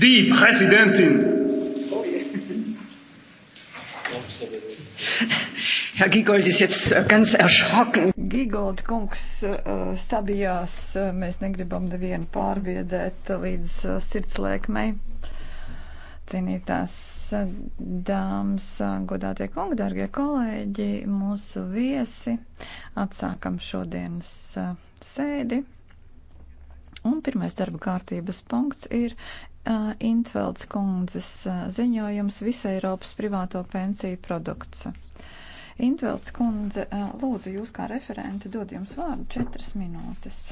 die Präsidentin. Herr Giegold ist jetzt äh, ganz erschrocken. Giegold kungs uh, sabijās, uh, mēs negribam nevienu pārbiedēt uh, līdz uh, sirdslēkmei. Cienītās uh, dāmas, uh, godātie kungi, dārgie kolēģi, mūsu viesi, atsākam šodienas uh, sēdi. Un pirmais darba kārtības punkts ir uh, Intvelds kundzes uh, ziņojums Visa Eiropas privāto pensiju produkts. Intvelds kundze, uh, lūdzu, jūs kā referenti dod jums vārdu četras minūtes.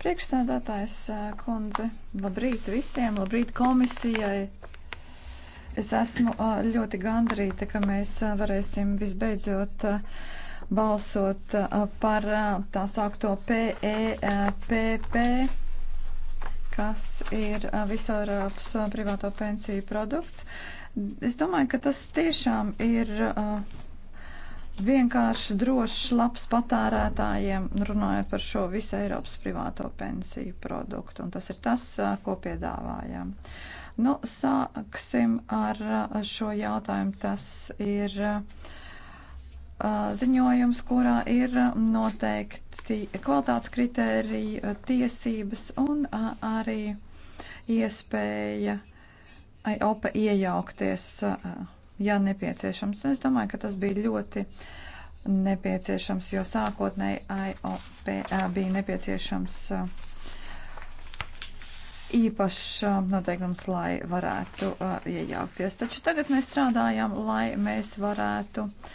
Priekšsēdētājs uh, kundze, labrīt visiem, labrīt komisijai. Es esmu uh, ļoti gandrīta, ka mēs uh, varēsim visbeidzot. Uh, balsot uh, par uh, tā sākto PEPP, kas ir uh, visā Eiropas privāto pensiju produkts. Es domāju, ka tas tiešām ir vienkārši drošs, labs patērētājiem, runājot par šo visu Eiropas privāto pensiju produktu. Un tas ir tas, ko piedāvājam. Nu, sāksim ar šo jautājumu. Tas ir uh, Uh, ziņojums, kurā ir noteikti kvalitātes kritērija, uh, tiesības un uh, arī iespēja OPA iejaukties, ja nepieciešams. Es domāju, ka tas bija ļoti nepieciešams, jo sākotnēji IOP bija nepieciešams īpašs noteikums, lai varētu iejaukties. Taču tagad mēs strādājam, lai mēs varētu uh,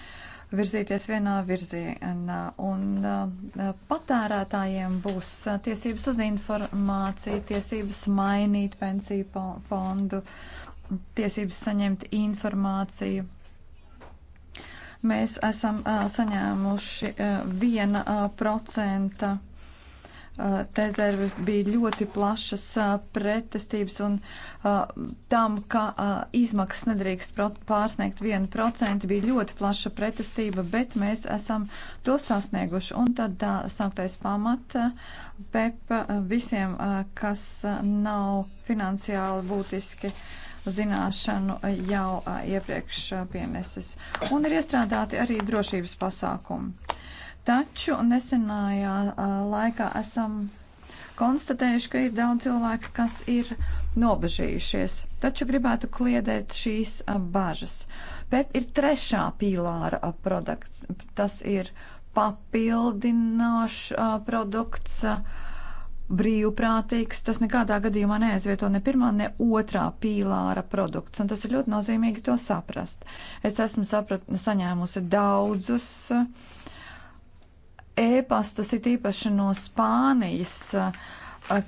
virzīties vienā virzienā, un uh, patērētājiem būs uh, tiesības uz informāciju, tiesības mainīt pensiju fondu, tiesības saņemt informāciju. Mēs esam uh, saņēmuši viena procenta Uh, rezerves bija ļoti plašas uh, pretestības un uh, tam, ka izmaksas nedrīkst pārsniegt 1%, bija ļoti plaša pretestība, bet mēs esam to sasnieguši. Un tad sāktais pamat PEP visiem, kas nav finansiāli būtiski zināšanu jau iepriekš pienesis. Un ir iestrādāti arī drošības pasākumi. Taču nesenājā laikā esam konstatējuši, ka ir daudz cilvēku, kas ir nobežījušies. Taču gribētu kliedēt šīs bažas. PEP ir trešā pīlāra produkts. Tas ir papildinošs produkts, brīvprātīgs. Tas nekādā gadījumā neaizvieto ne pirmā, ne otrā pīlāra produkts, un tas ir ļoti nozīmīgi to saprast. Es esmu saprat, saņēmusi daudzus uh, ēpastus, it īpaši no Spānijas,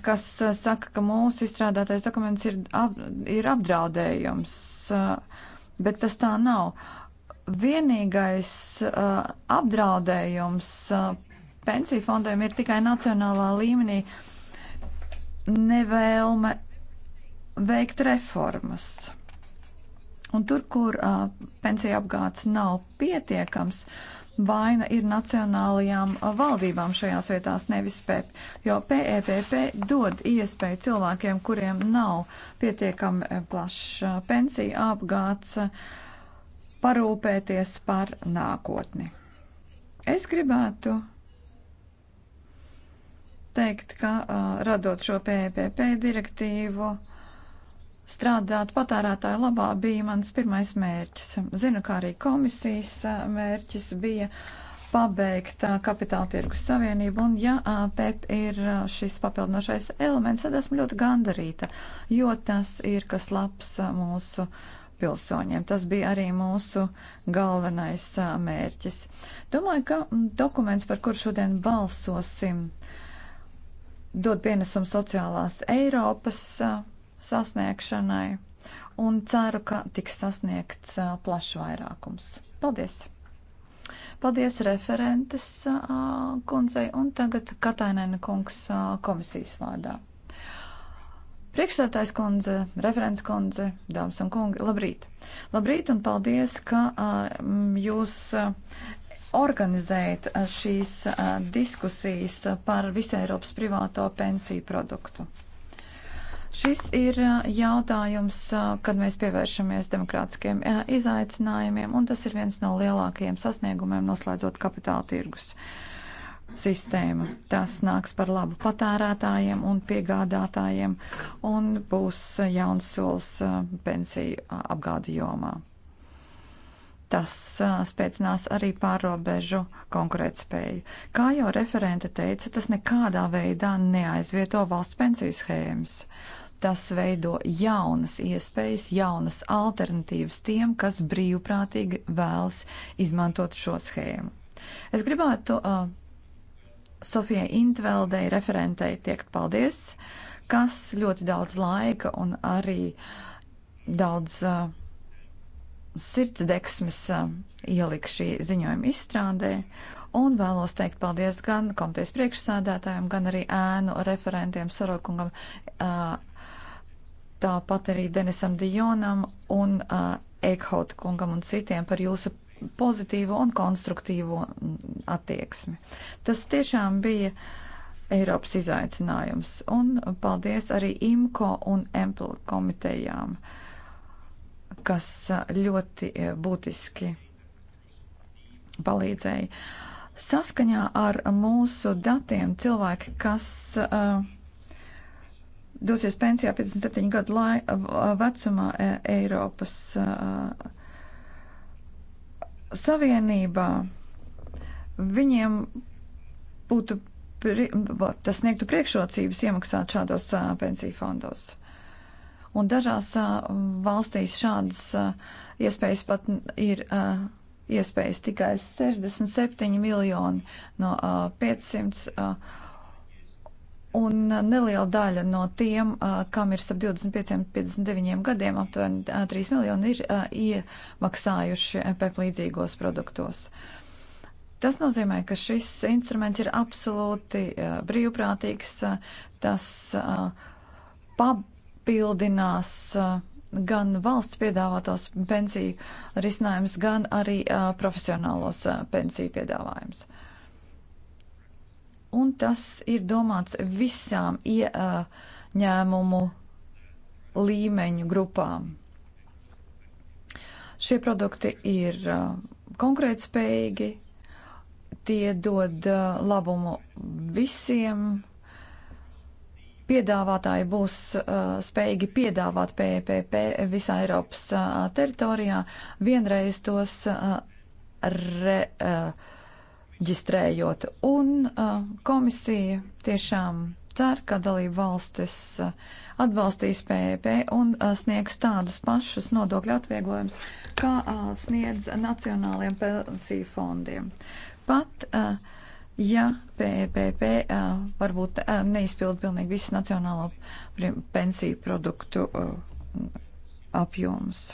kas saka, ka mūsu izstrādātais dokuments ir, ap, ir apdraudējums, bet tas tā nav. Vienīgais apdraudējums pensiju fondiem ir tikai nacionālā līmenī nevēlme veikt reformas. Un tur, kur uh, pensija apgāds nav pietiekams, uh, vaina ir nacionālajām valdībām šajās vietās, nevis PEP, jo PEPP e dod iespēju cilvēkiem, kuriem nav pietiekami eh, plašs pensija apgāds, eh, parūpēties par nākotni. Es gribētu teikt, ka eh, radot šo PEPP e direktīvu, Strādāt patērētāju labā bija mans pirmais mērķis. Zinu, kā arī komisijas mērķis bija pabeigt kapitāla tirgus savienību, un ja PEP ir šis papildinošais elements, tad esmu ļoti gandarīta, jo tas ir kas labs mūsu pilsoņiem. Tas bija arī mūsu galvenais mērķis. Domāju, ka dokuments, par kur šodien balsosim, dod pienesumu sociālās Eiropas sasniegšanai un ceru, ka tiks sasniegts plašs vairākums. Paldies! Paldies referentes kundzei un tagad Katainēna kungs komisijas vārdā. Priekšsētājs kundze, referents kundze, dāmas un kungi, labrīt! Labrīt un paldies, ka jūs organizējat šīs diskusijas par visu Eiropas privāto pensiju produktu. Šis ir jautājums, kad mēs pievēršamies demokrātiskiem izaicinājumiem, un tas ir viens no lielākajiem sasniegumiem noslēdzot kapitāla tirgus sistēmu. Tas nāks par labu patērētājiem un piegādātājiem un būs jauns solis pensiju apgādi jomā. Tas spēcinās arī pārobežu konkurētspēju. Kā jau referente teica, tas nekādā veidā neaizvieto valsts pensiju schēmas Tas veido jaunas iespējas, jaunas alternatīvas tiem, kas brīvprātīgi vēlas izmantot šo schēmu. Es gribētu uh, Sofijai Intveldei referentei tiekt paldies, kas ļoti daudz laika un arī daudz uh, sirds deksmes uh, ielika šī ziņojuma izstrādē. Un vēlos teikt paldies gan komitejas priekšsādātājiem, gan arī ēnu referentiem Sorokungam. Uh, tāpat arī Denisam Dijonam un uh, Eikhaut kungam un citiem par jūsu pozitīvo un konstruktīvo attieksmi. Tas tiešām bija Eiropas izaicinājums, un paldies arī IMCO un EMPL komitejām, kas ļoti būtiski palīdzēja. Saskaņā ar mūsu datiem cilvēki, kas uh, dosies pensijā 57 gadu lai, vecumā e, Eiropas e, Savienībā, viņiem būtu, tas sniegtu priekšrocības iemaksāt šādos e, pensiju fondos. Un dažās valstīs šādas iespējas pat ir iespējas tikai 67 miljoni no 500 Un neliela daļa no tiem, kam ir starp 25 un 59 gadiem, aptuveni 3 miljoni, ir iemaksājuši PEP līdzīgos produktos. Tas nozīmē, ka šis instruments ir absolūti brīvprātīgs, tas papildinās gan valsts piedāvātos pensiju risinājumus, gan arī profesionālos pensiju piedāvājumus un tas ir domāts visām ieņēmumu līmeņu grupām. Šie produkti ir uh, konkurētspējīgi, tie dod uh, labumu visiem. Piedāvātāji būs uh, spējīgi piedāvāt PPP e visā Eiropas uh, teritorijā, vienreiz tos uh, re, uh, reģistrējot. Un uh, komisija tiešām cer, ka dalību valstis uh, atbalstīs PEP e un uh, sniegs tādus pašus nodokļu atvieglojumus, kā uh, sniedz nacionāliem pensiju fondiem. Pat, uh, ja PEP e uh, varbūt uh, neizpild pilnīgi visus nacionālo pensiju produktu uh, apjomus.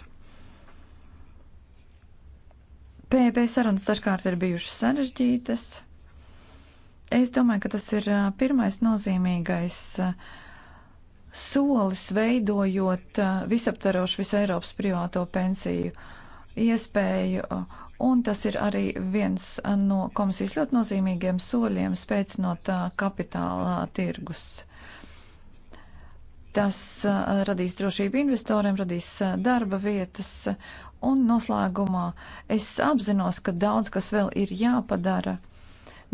PB sarunas dažkārt ir bijušas sarežģītas. Es domāju, ka tas ir pirmais nozīmīgais solis veidojot visaptverošu visu Eiropas privāto pensiju iespēju, un tas ir arī viens no komisijas ļoti nozīmīgiem soļiem spēcinot kapitāla tirgus. Tas radīs drošību investoriem, radīs darba vietas Un noslēgumā es apzinos, ka daudz kas vēl ir jāpadara,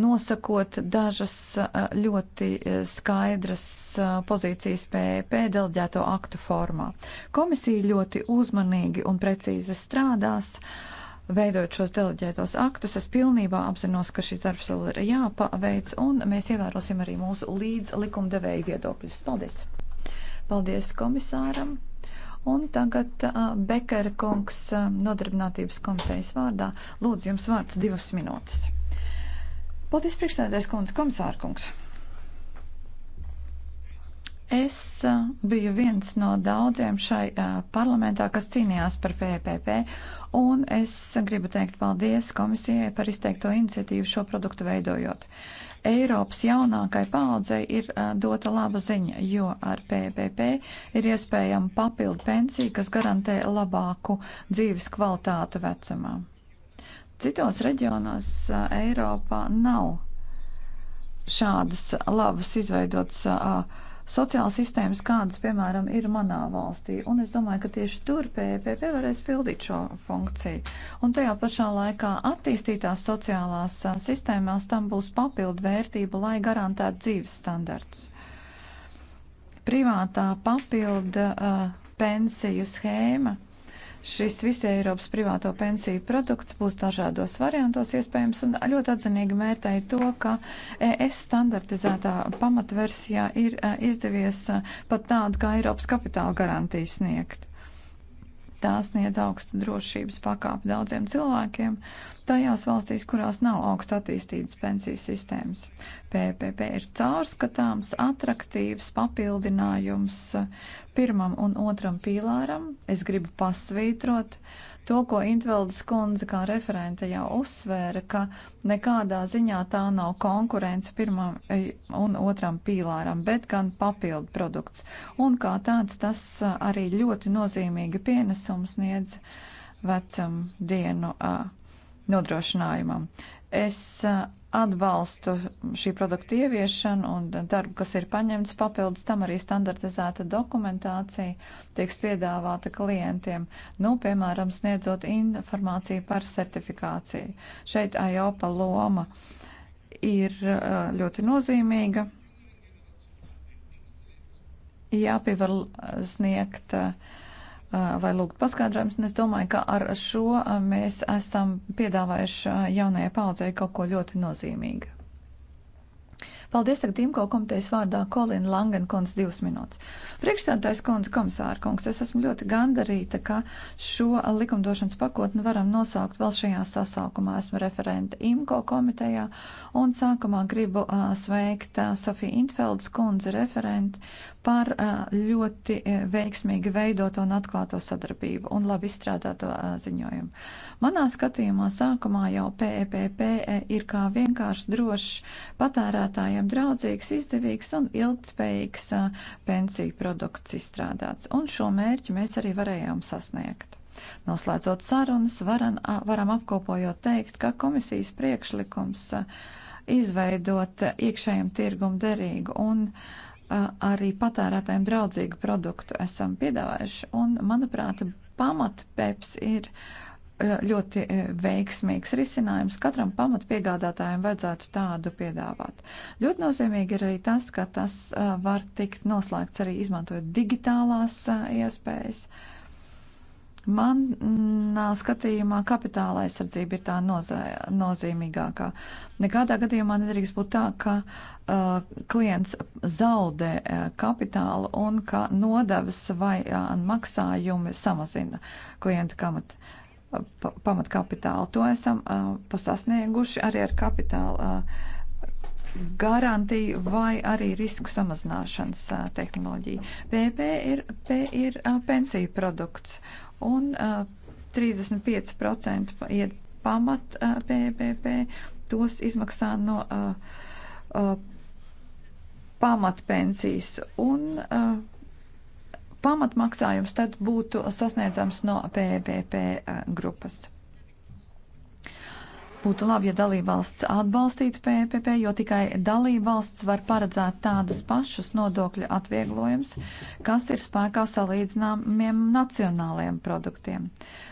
nosakot dažas eh, ļoti eh, skaidras eh, pozīcijas PEP deleģēto aktu formā. Komisija ļoti uzmanīgi un precīzi strādās. Veidojot šos deleģētos aktus, es pilnībā apzinos, ka šis darbs vēl ir jāpaveic, un mēs ievērosim arī mūsu līdz likumdevēju viedokļus. Paldies! Paldies komisāram! Un tagad uh, Bekara kungs uh, nodarbinātības komitejas vārdā. Lūdzu, jums vārds divas minūtes. Paldies, priekšsēdētājs kundze, komisāra kungs. Es uh, biju viens no daudziem šai uh, parlamentā, kas cīnījās par PPP, un es gribu teikt paldies komisijai par izteikto iniciatīvu šo produktu veidojot. Uh, Eiropas jaunākai paaudzei ir eh, dota laba ziņa, jo ar PPP ir iespējama papildu pensija, kas garantē labāku dzīves kvalitātu vecumā. Citos reģionos eh, Eiropā nav šādas labas izveidotas uh, sociālas sistēmas, kādas, piemēram, ir manā valstī. Un es domāju, ka tieši tur PPP e varēs pildīt šo funkciju. Un tajā pašā laikā attīstītās sociālās sistēmās tam būs papildu vērtība, lai garantētu dzīves standarts. Privātā papilda uh, pensiju schēma Šis visi Eiropas privāto pensiju produkts būs dažādos variantos iespējams un ļoti atzinīgi mērtēja to, ka ES standartizētā pamatversijā ir e, izdevies e, pat tādu kā Eiropas kapitāla garantiju sniegt. Tā sniedz augstu drošības pakāpi daudziem cilvēkiem. Uh, tajās valstīs, kurās nav augst attīstītas pensiju sistēmas. PPP ir caurskatāms, atraktīvs papildinājums pirmam un otram pīlāram. Es gribu pasvītrot to, ko Intveldes kundze kā referente jau uzsvēra, ka nekādā ziņā tā nav konkurence pirmam un otram pīlāram, bet gan papildu produkts. Un kā tāds tas arī ļoti nozīmīgi pienesums sniedz vecam dienu. Uh, nodrošinājumam. Es atbalstu šī produktu ieviešanu un darbu, kas ir paņemts papildus tam arī standartizēta dokumentācija tiks piedāvāta klientiem, nu, piemēram, sniedzot informāciju par certifikāciju. Šeit AJOPA loma ir ļoti nozīmīga. Jāpievar sniegt uh, vai lūgt paskaidrojums, un es domāju, ka ar šo mēs esam piedāvājuši jaunajai paudzei kaut ko ļoti nozīmīgu. Paldies, tagad Imko komitejas vārdā Kolina Langenkons divas minūtes. Priekšstādājs kundze, komisāra kungs, es esmu ļoti gandarīta, ka šo likumdošanas pakotni varam nosaukt vēl šajā sasaukumā. Esmu referenta Imko komitejā un sākumā gribu uh, sveikt uh, Sofiju Intfeldes kundzi referenti par ļoti veiksmīgi veidoto un atklāto sadarbību un labi izstrādāto ziņojumu. Manā skatījumā sākumā jau PEPP e ir kā vienkārši drošs, patērētājiem draudzīgs, izdevīgs un ilgtspējīgs pensiju produkts izstrādāts, un šo mērķu mēs arī varējām sasniegt. Noslēdzot sarunas, varam, varam apkopojot teikt, ka komisijas priekšlikums izveidot iekšējiem tirgumu derīgu un uh, arī patērētājiem draudzīgu produktu esam piedāvājuši. Un, manuprāt, pamatpeps ir e, ļoti e, veiksmīgs risinājums. Katram pamatpiegādātājam vajadzētu tādu piedāvāt. Ļoti nozīmīgi ir arī tas, ka tas e, var tikt noslēgts arī izmantojot digitālās iespējas. Uh, Manā skatījumā kapitāla aizsardzība ir tā nozē, nozīmīgākā. Nekādā gadījumā nedrīkst būt tā, ka uh, klients zaudē uh, kapitālu un ka nodevas vai uh, maksājumi samazina klienta kamat, uh, pa, pamatkapitālu. To esam uh, pasasnieguši arī ar kapitālu. Uh, garantiju vai arī risku samazināšanas uh, tehnoloģiju. PP ir, P ir uh, pensiju produkts un uh, 35% iet pamat uh, PPP, tos izmaksā no uh, uh, pamatpensijas un uh, pamatmaksājums tad būtu sasniedzams no PPP uh, grupas. Būtu labi, ja dalībvalsts atbalstītu PPP, jo tikai dalībvalsts var paredzēt tādus pašus nodokļu atvieglojumus, kas ir spēkā salīdzināmiem nacionālajiem produktiem.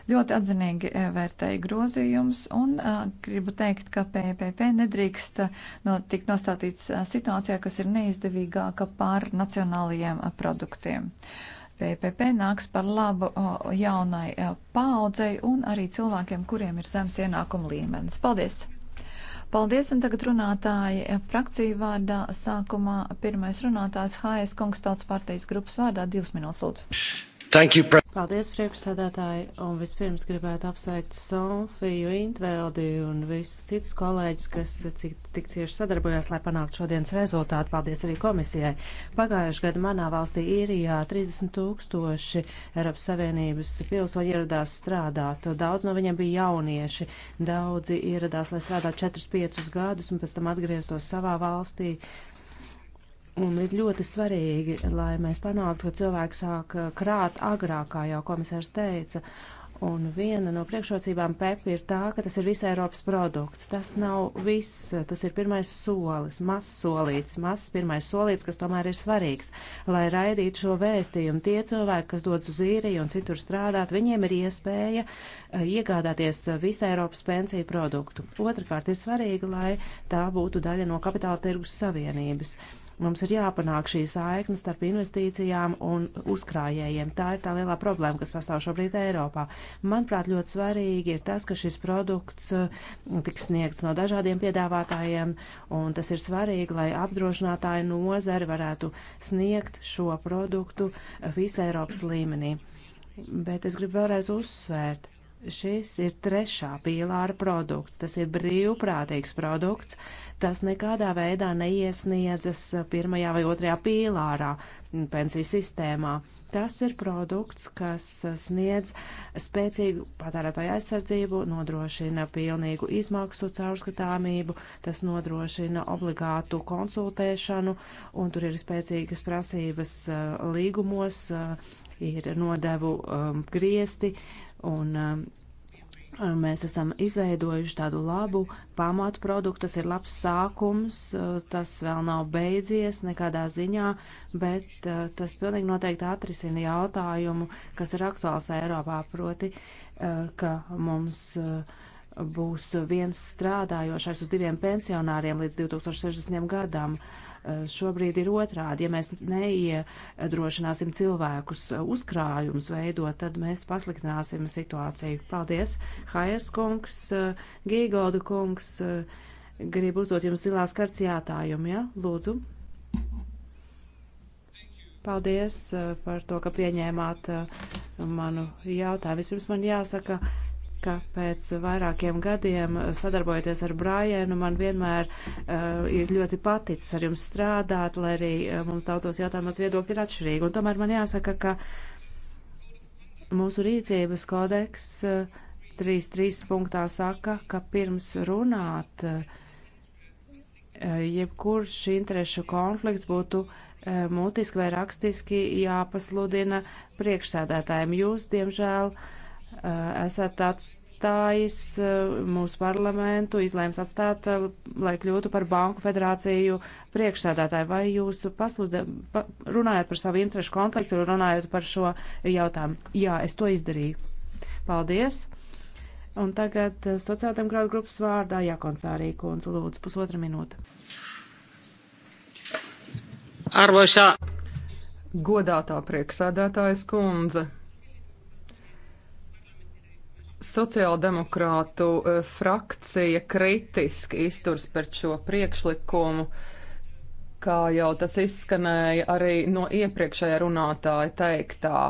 Ļoti atzinīgi eh, vērtēju grozījumus un uh, gribu teikt, ka PPP nedrīkst eh, no, tikt nostātīts situācijā, kas ir neizdevīgāka pār nacionālajiem produktiem. Uh, PPP nāks par labu jaunai paaudzei un arī cilvēkiem, kuriem ir zems ienākuma līmenis. Paldies! Paldies, un tagad runātāji e, frakciju vārdā sākumā pirmais runātājs HS Kungs tautas partijas grupas vārdā divas minūtes lūdzu. You, Paldies, priekšsēdētāji, un vispirms gribētu apsveikt Sofiju Intveldi un visus citus kolēģus, kas cik, tik cieši sadarbojās, lai panāktu šodienas rezultātu. Paldies arī komisijai. Pagājuši gadu manā valstī īrijā 30 tūkstoši Eiropas Savienības pilsoņi ieradās strādāt. Daudz no viņiem bija jaunieši, daudzi ieradās, lai strādātu 4-5 gadus un pēc tam atgrieztos savā valstī Un ir ļoti svarīgi, lai mēs panāktu, ka cilvēki sāk uh, krāt agrāk, kā jau komisārs teica. Un viena no priekšrocībām PEP ir tā, ka tas ir visai Eiropas produkts. Tas nav viss, tas ir pirmais solis, mazs solīts, mazs pirmais solīts, kas tomēr ir svarīgs, lai raidītu šo vēstījumu. Tie cilvēki, kas dodas uz īriju un citur strādāt, viņiem ir iespēja uh, iegādāties visai Eiropas pensiju produktu. Otrakārt ir svarīgi, lai tā būtu daļa no kapitāla tirgus savienības Mums ir jāpanāk šī saikne starp investīcijām un uzkrājējiem. Tā ir tā lielā problēma, kas pastāv šobrīd Eiropā. Manuprāt, ļoti svarīgi ir tas, ka šis produkts mm, tiks sniegts no dažādiem piedāvātājiem, un tas ir svarīgi, lai apdrošinātāja nozari varētu sniegt šo produktu eh, visai Eiropas līmenī. Bet es gribu vēlreiz uzsvērt, šis ir trešā pīlāra produkts. Tas ir brīvprātīgs produkts tas nekādā veidā neiesniedzas pirmajā vai otrajā pīlārā pensiju sistēmā. Tas ir produkts, kas sniedz spēcīgu patērētāju aizsardzību, nodrošina pilnīgu izmaksu caurskatāmību, tas nodrošina obligātu konsultēšanu, un tur ir spēcīgas prasības uh, līgumos, uh, ir nodevu um, griesti, un um, Mēs esam izveidojuši tādu labu pamatu produktu, tas ir labs sākums, eh, tas vēl nav beidzies nekādā ziņā, bet eh, tas pilnīgi noteikti atrisina jautājumu, kas ir aktuāls Eiropā, proti, eh, ka mums uh, būs viens strādājošais uz diviem pensionāriem līdz 2060. gadam. Eh, šobrīd ir otrādi. Ja mēs neiedrošināsim cilvēkus uzkrājumus veidot, tad mēs pasliktināsim situāciju. Paldies, Haiers kungs, eh, Gīgolda kungs. Eh, gribu uzdot jums zilās karts jātājumu, ja? Lūdzu. Paldies par to, ka pieņēmāt manu jautājumu. Vispirms man jāsaka, ka pēc vairākiem gadiem eh, sadarbojoties ar Brājienu, man vienmēr uh, ir ļoti paticis ar jums strādāt, lai arī uh, mums daudzos jautājumos viedokļi ir atšķirīgi. Un tomēr man jāsaka, ka mūsu rīcības kodeks uh, 3.3. punktā saka, ka pirms runāt, uh, jebkurš interešu konflikts būtu uh, mutiski vai rakstiski jāpasludina priekšsēdētājiem. Jūs, diemžēl, uh, Eh, esat atstājis eh, mūsu parlamentu, izlēms atstāt, eh, lai kļūtu par Banku federāciju priekšsēdētāju. Vai jūs pasludē, pa, runājat par savu interešu konfliktu, runājot par šo jautājumu? Jā, es to izdarīju. Paldies! Un tagad sociāldemokrāta grupas vārdā Jākonsārī kundze lūdzu pusotra minūte. Arvošā. Godātā prieksēdētājas kundze, Sociāldemokrātu eh, frakcija kritiski izturs par šo priekšlikumu, kā jau tas izskanēja arī no iepriekšējā runātāja teiktā.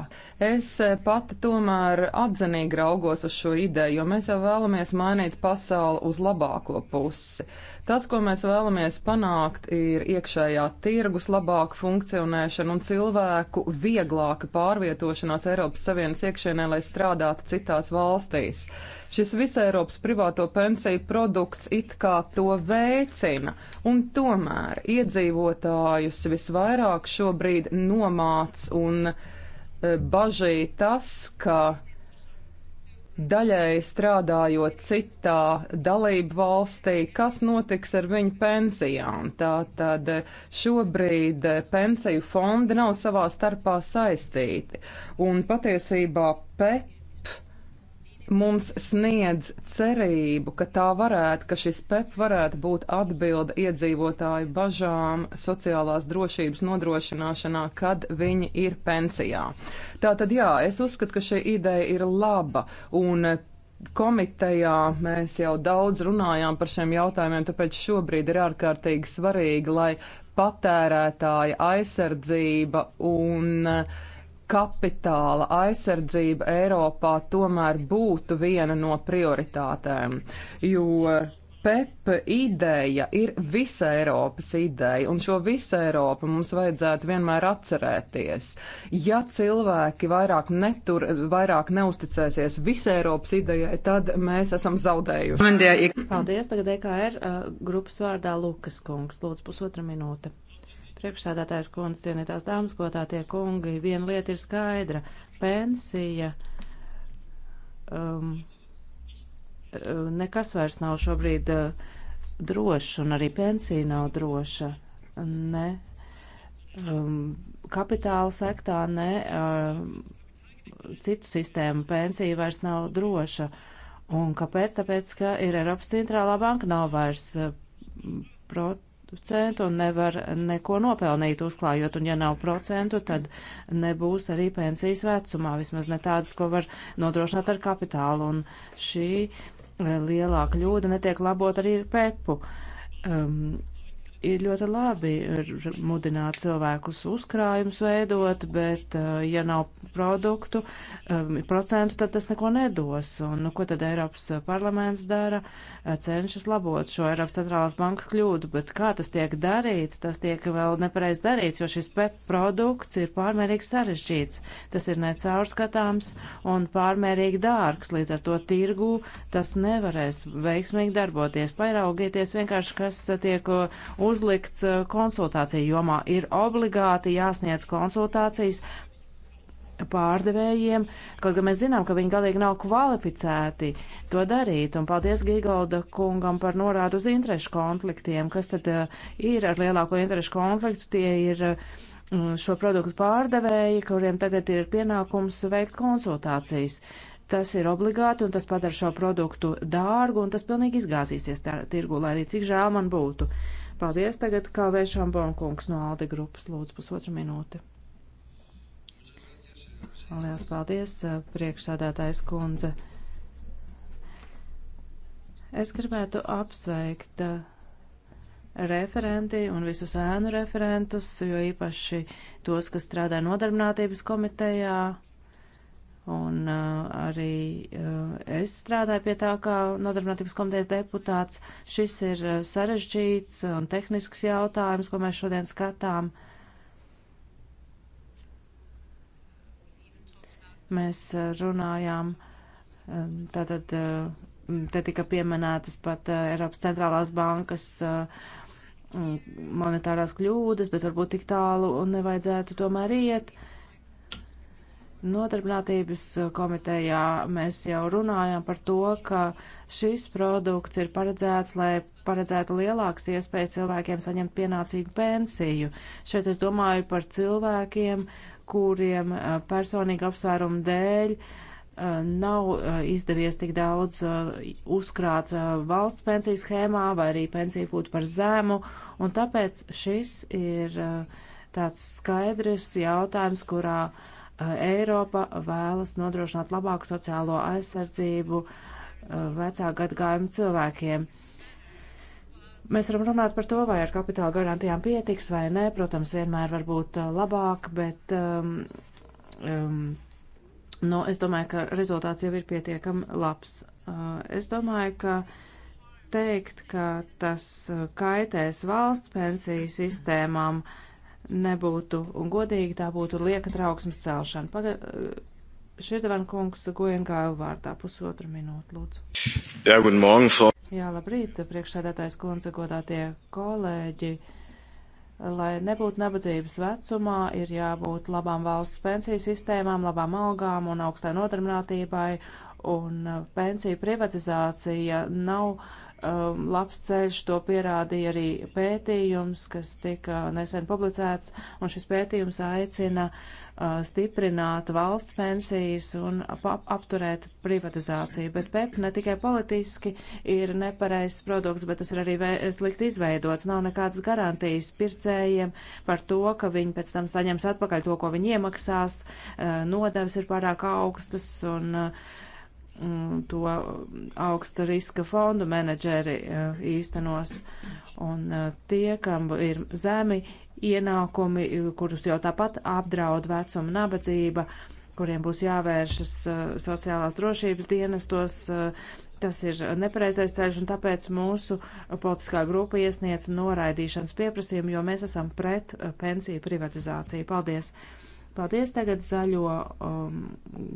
Es eh, pati tomēr atzinīgi raugos uz šo ideju, jo mēs jau vēlamies mainīt pasauli uz labāko pusi. Tas, ko mēs vēlamies panākt, ir iekšējā tirgus labāka funkcionēšana un cilvēku vieglāka pārvietošanās Eiropas Savienības iekšienē, lai strādātu citās valstīs. Šis visa Eiropas privāto pensiju produkts it kā to veicina, un tomēr iedzīvotājus visvairāk šobrīd nomāc un e, bažīja tas, ka daļai strādājot citā dalību valstī, kas notiks ar viņu pensijām. Tātad šobrīd pensiju fondi nav savā starpā saistīti. Un patiesībā PET mums sniedz cerību, ka tā varētu, ka šis PEP varētu būt atbilde iedzīvotāju bažām sociālās drošības nodrošināšanā, kad viņi ir pensijā. Tātad jā, es uzskatu, ka šī ideja ir laba un komitejā mēs jau daudz runājām par šiem jautājumiem, tāpēc šobrīd ir ārkārtīgi svarīgi, lai patērētāja aizsardzība un uh, kapitāla aizsardzība Eiropā tomēr būtu viena no prioritātēm, jo PEP ideja ir visa Eiropas ideja, un šo visu Eiropu mums vajadzētu vienmēr atcerēties. Ja cilvēki vairāk, netur, vairāk neusticēsies visai Eiropas idejai, tad mēs esam zaudējuši. Paldies, tagad EKR uh, grupas vārdā Lukas Kungs. Lūdzu, pusotra minūte. Priekšsādātājs kundze, cienītās dāmas, gotā tie kungi, viena lieta ir skaidra - pensija. Um, nekas vairs nav šobrīd uh, drošs, un arī pensija nav droša. Ne um, kapitāla sektā, ne um, citu sistēmu pensija vairs nav droša. Un kāpēc? Tāpēc, ka ir Eiropas centrālā banka nav vairs uh, prot procentu un nevar neko nopelnīt uzklājot, un ja nav procentu, tad nebūs arī pensijas vecumā, vismaz ne tādas, ko var nodrošināt ar kapitālu, un šī eh, lielā kļūda netiek labot arī ar pepu. Um, ir ļoti labi mudināt cilvēkus uzkrājumus veidot, bet eh, ja nav produktu, eh, procentu, tad tas neko nedos. Un nu, ko tad Eiropas parlaments dara? Eh, cenšas labot šo Eiropas centrālās bankas kļūdu, bet kā tas tiek darīts, tas tiek vēl nepareiz darīts, jo šis PEP e produkts ir pārmērīgi sarežģīts. Tas ir necaurskatāms un pārmērīgi dārgs, līdz ar to tirgu tas nevarēs veiksmīgi darboties. Pairaugieties vienkārši, kas tiek uz uzlikts eh, konsultāciju jomā. Ir obligāti jāsniedz konsultācijas pārdevējiem, kaut gan mēs zinām, ka viņi galīgi nav kvalificēti to darīt. Un paldies Gigolda kungam par norādu uz interešu konfliktiem, kas tad eh, ir ar lielāko interešu konfliktu. Tie ir eh, mm, šo produktu pārdevēji, kuriem tagad ir pienākums veikt konsultācijas. Tas ir obligāti un tas padara šo produktu dārgu un tas pilnīgi izgāzīsies tirgu, lai arī cik žēl man būtu. Paldies tagad, kā vēršām Bonkungs no Alde grupas, lūdzu, pusotru minūti. Liels paldies, eh, priekšsādātājs kundze. Es gribētu apsveikt eh, referenti un visus ēnu referentus, jo īpaši tos, kas strādā nodarbinātības komitejā Un uh, arī uh, es strādāju pie tā, kā nodarbinātības komitejas deputāts. Šis ir uh, sarežģīts un tehnisks jautājums, ko mēs šodien skatām. Mēs uh, runājām, um, tātad uh, te tika pieminētas pat uh, Eiropas centrālās bankas. Uh, monetārās kļūdas, bet varbūt tik tālu un nevajadzētu tomēr iet. Uh, Nodarbinātības uh, komitejā mēs jau runājām par to, ka šis produkts ir paredzēts, lai paredzētu lielākas iespējas cilvēkiem saņemt pienācīgu pensiju. Šeit es domāju par cilvēkiem, kuriem uh, personīgi apsvērumu dēļ uh, nav izdevies tik daudz uzkrāt valsts pensiju schēmā vai arī pensija būtu par zemu, un tāpēc šis ir tāds skaidrs jautājums, kurā uh, Eiropa vēlas nodrošināt labāku sociālo aizsardzību uh, vecāku gadgājumu cilvēkiem. Mēs varam runāt par to, vai ar kapitāla garantijām pietiks vai nē. Protams, vienmēr var būt uh, labāk, bet um, um, nu, es domāju, ka rezultāts jau ir pietiekami labs. Uh, es domāju, ka teikt, ka tas uh, kaitēs valsts pensiju sistēmām, uh, nebūtu un godīgi tā būtu lieka trauksmes celšana. Paga eh, Širdevan kungs Gojenkailu vārdā pusotru minūtu, lūdzu. Jā, guten morgen, Frau. Jā, labrīt, priekšsēdētājs kundze, godātie kolēģi. Lai nebūtu nabadzības vecumā, ir jābūt labām valsts pensiju sistēmām, labām algām un augstai nodarbinātībai, un pensiju privatizācija nav um, labs ceļš, to pierādīja arī pētījums, kas tika nesen publicēts, un šis pētījums aicina uh, stiprināt valsts pensijas un ap apturēt privatizāciju. Bet PEP ne tikai politiski ir nepareizs produkts, bet tas ir arī slikti izveidots. Nav nekādas garantijas pircējiem par to, ka viņi pēc tam saņems atpakaļ to, ko viņi iemaksās, uh, nodevs ir pārāk augstas un. Uh, Mm, to augsta riska fondu menedžeri e, īstenos. Un e, tie, kam ir zemi ienākumi, e, kurus jau tāpat apdraud vecuma nabadzība, kuriem būs jāvēršas sociālās drošības dienestos, tas ir nepareizais ceļš, un tāpēc mūsu politiskā grupa iesniedz noraidīšanas pieprasījumu, jo mēs esam pret pensiju privatizāciju. Paldies! Paldies tagad zaļo um,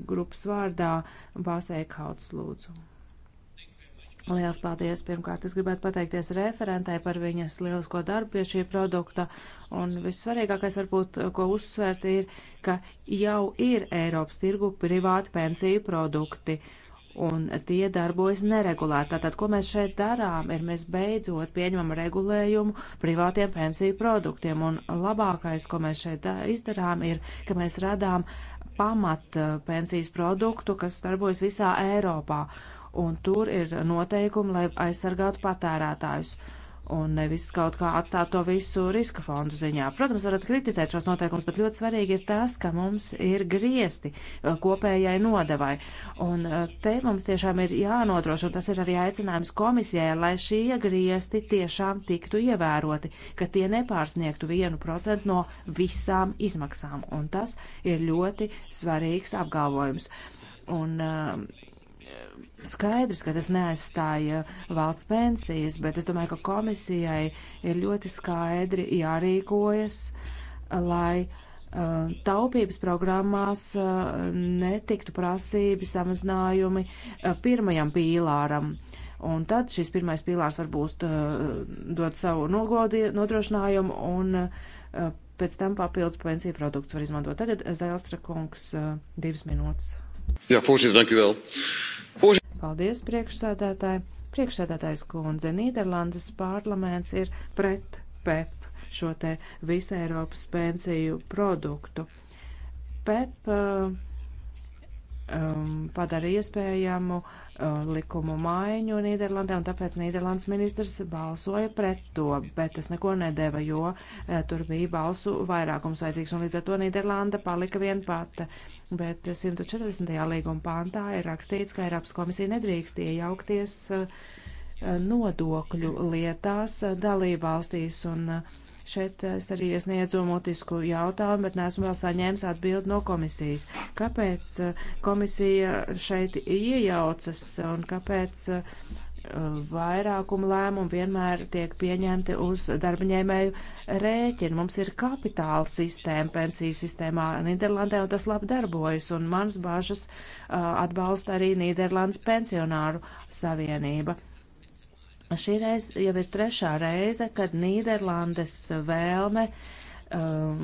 grupas vārdā Bāsēja Kauts lūdzu. Liels paldies! Pirmkārt, es gribētu pateikties referentai par viņas lielisko darbu pie šī produkta. Un vissvarīgākais, varbūt, ko uzsvērt, ir, ka jau ir Eiropas tirgu privāti pensiju produkti. Uh, un tie darbojas neregulēti. Tātad, ko mēs šeit darām, ir mēs beidzot pieņemam regulējumu privātiem pensiju produktiem, un labākais, ko mēs šeit izdarām, ir, ka mēs radām pamat eh, pensijas produktu, kas darbojas visā Eiropā, un tur ir noteikumi, lai aizsargātu patērētājus un nevis kaut kā atstāt to visu riska fondu ziņā. Protams, varat kritizēt šos noteikumus, bet ļoti svarīgi ir tas, ka mums ir griesti uh, kopējai nodevai. Un uh, te mums tiešām ir jānodrošina, tas ir arī aicinājums komisijai, lai šie griesti tiešām tiktu ievēroti, ka tie nepārsniegtu 1% no visām izmaksām. Un tas ir ļoti svarīgs apgalvojums. Un, uh, skaidrs, ka tas neaizstāja valsts pensijas, bet es domāju, ka komisijai ir ļoti skaidri jārīkojas, lai uh, taupības programmās uh, netiktu prasībi samazinājumi uh, pirmajam pīlāram. Un tad šis pirmais pīlārs var būt uh, dot savu nogodi, nodrošinājumu un uh, pēc tam papildus pensiju produkts var izmantot. Tagad Zelstra kungs uh, divas minūtes. Jā, forši, danki vēl. Forši. Paldies, priekšsēdētāji. Priekšsēdētājs kundze, Nīderlandes parlaments ir pret PEP, šo te visu Eiropas pensiju produktu. PEP eh, um, padara iespējamu uh, Uh, likumu maiņu Nīderlandē, un tāpēc Nīderlandes ministrs balsoja pret to, bet tas neko nedēva, jo uh, tur bija balsu vairākums vajadzīgs, un līdz ar to Nīderlanda palika vienpata. Bet 140. līguma pāntā ir rakstīts, ka Eiropas komisija nedrīkst iejaukties uh, nodokļu lietās dalībvalstīs, un uh, Šeit es arī iesniedzu mutisku jautājumu, bet neesmu vēl saņēmis atbildi no komisijas. Kāpēc eh, komisija šeit iejaucas un kāpēc eh, vairākuma lēmumi vienmēr tiek pieņemti uz darbaņēmēju rēķinu. Mums ir kapitāla sistēma pensiju sistēmā Nīderlandē, un tas labi darbojas, un mans bažas uh, atbalsta arī Nīderlandes pensionāru savienība. Šī reize jau ir trešā reize, kad Nīderlandes vēlme um,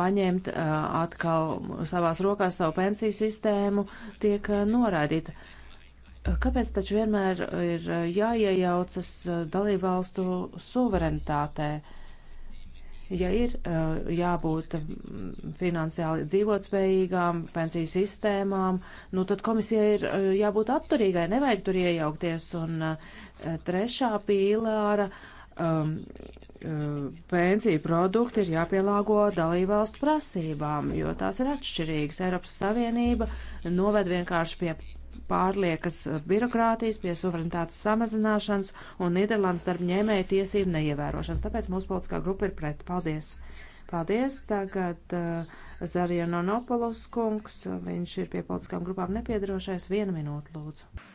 paņemt uh, atkal savās rokās savu pensiju sistēmu tiek uh, noraidīta. Uh, kāpēc taču vienmēr ir uh, jāiejaucas uh, dalībvalstu suverenitātē? Uh, ja ir eh, jābūt mm, finansiāli dzīvotspējīgām pensiju sistēmām, nu tad komisija ir eh, jābūt atturīgai, nevajag tur iejaukties. Un eh, trešā pīlāra um, pensiju produkti ir jāpielāgo dalībvalstu prasībām, jo tās ir atšķirīgas. Eiropas Savienība noved vienkārši pie pārliekas birokrātijas, pie suverenitātes samazināšanas un Nīderlandes darbņēmēju tiesību neievērošanas. Tāpēc mūsu politiskā grupa ir pret. Paldies! Paldies! Tagad uh, Zarija Nonopolus kungs, viņš ir pie politiskām grupām nepiedarošais. Vienu minūtu lūdzu.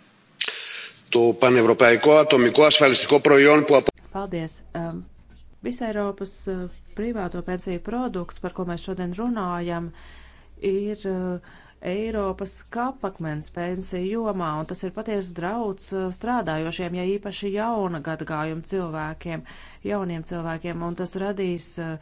To paneiropaiko atomiko asfalistiko projonu. Po... Paldies! Um, Visa Eiropas uh, privāto pensiju produkts, par ko mēs šodien runājam, ir uh, Eiropas kapakmens pensiju jomā, un tas ir patiesi drauds eh, strādājošiem, ja īpaši jauna gadgājuma cilvēkiem. Uh, jauniem cilvēkiem, un tas radīs uh,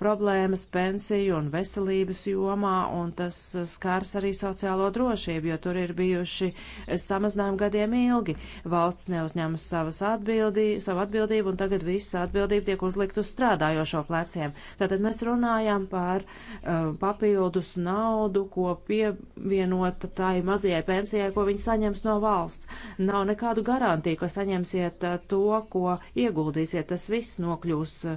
problēmas pensiju un veselības jomā, un tas uh, skars arī sociālo drošību, jo tur ir bijuši uh, samazinājumi gadiem ilgi. Valsts neuzņemas savas atbildī, savu atbildību, un tagad viss atbildība tiek uzlikt uz strādājošo pleciem. Tātad mēs runājam par uh, papildus naudu, ko pievienota tai mazajai pensijai, ko viņi saņems no valsts. Nav nekādu garantiju, ka saņemsiet uh, to, ko ieguldīsiet. Tas viss nokļūs eh,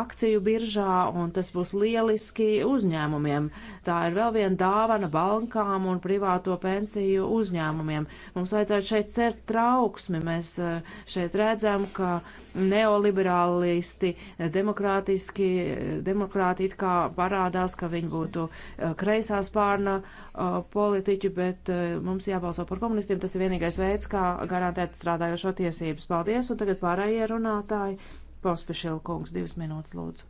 akciju biržā, un tas būs lieliski uzņēmumiem. Tā ir vēl viena dāvana bankām un privāto pensiju uzņēmumiem. Mums vajadzētu šeit cert trauksmi. Mēs eh, šeit redzam, ka neoliberālisti eh, demokrātiski, demokrāti it kā parādās, ka viņi būtu kreisā spārna politiķi, bet mums jābalso par komunistiem. Tas ir vienīgais veids, kā garantēt strādājošo tiesības. Paldies, un tagad pārējie runātāji. Pospešil kungs, divas minūtes lūdzu.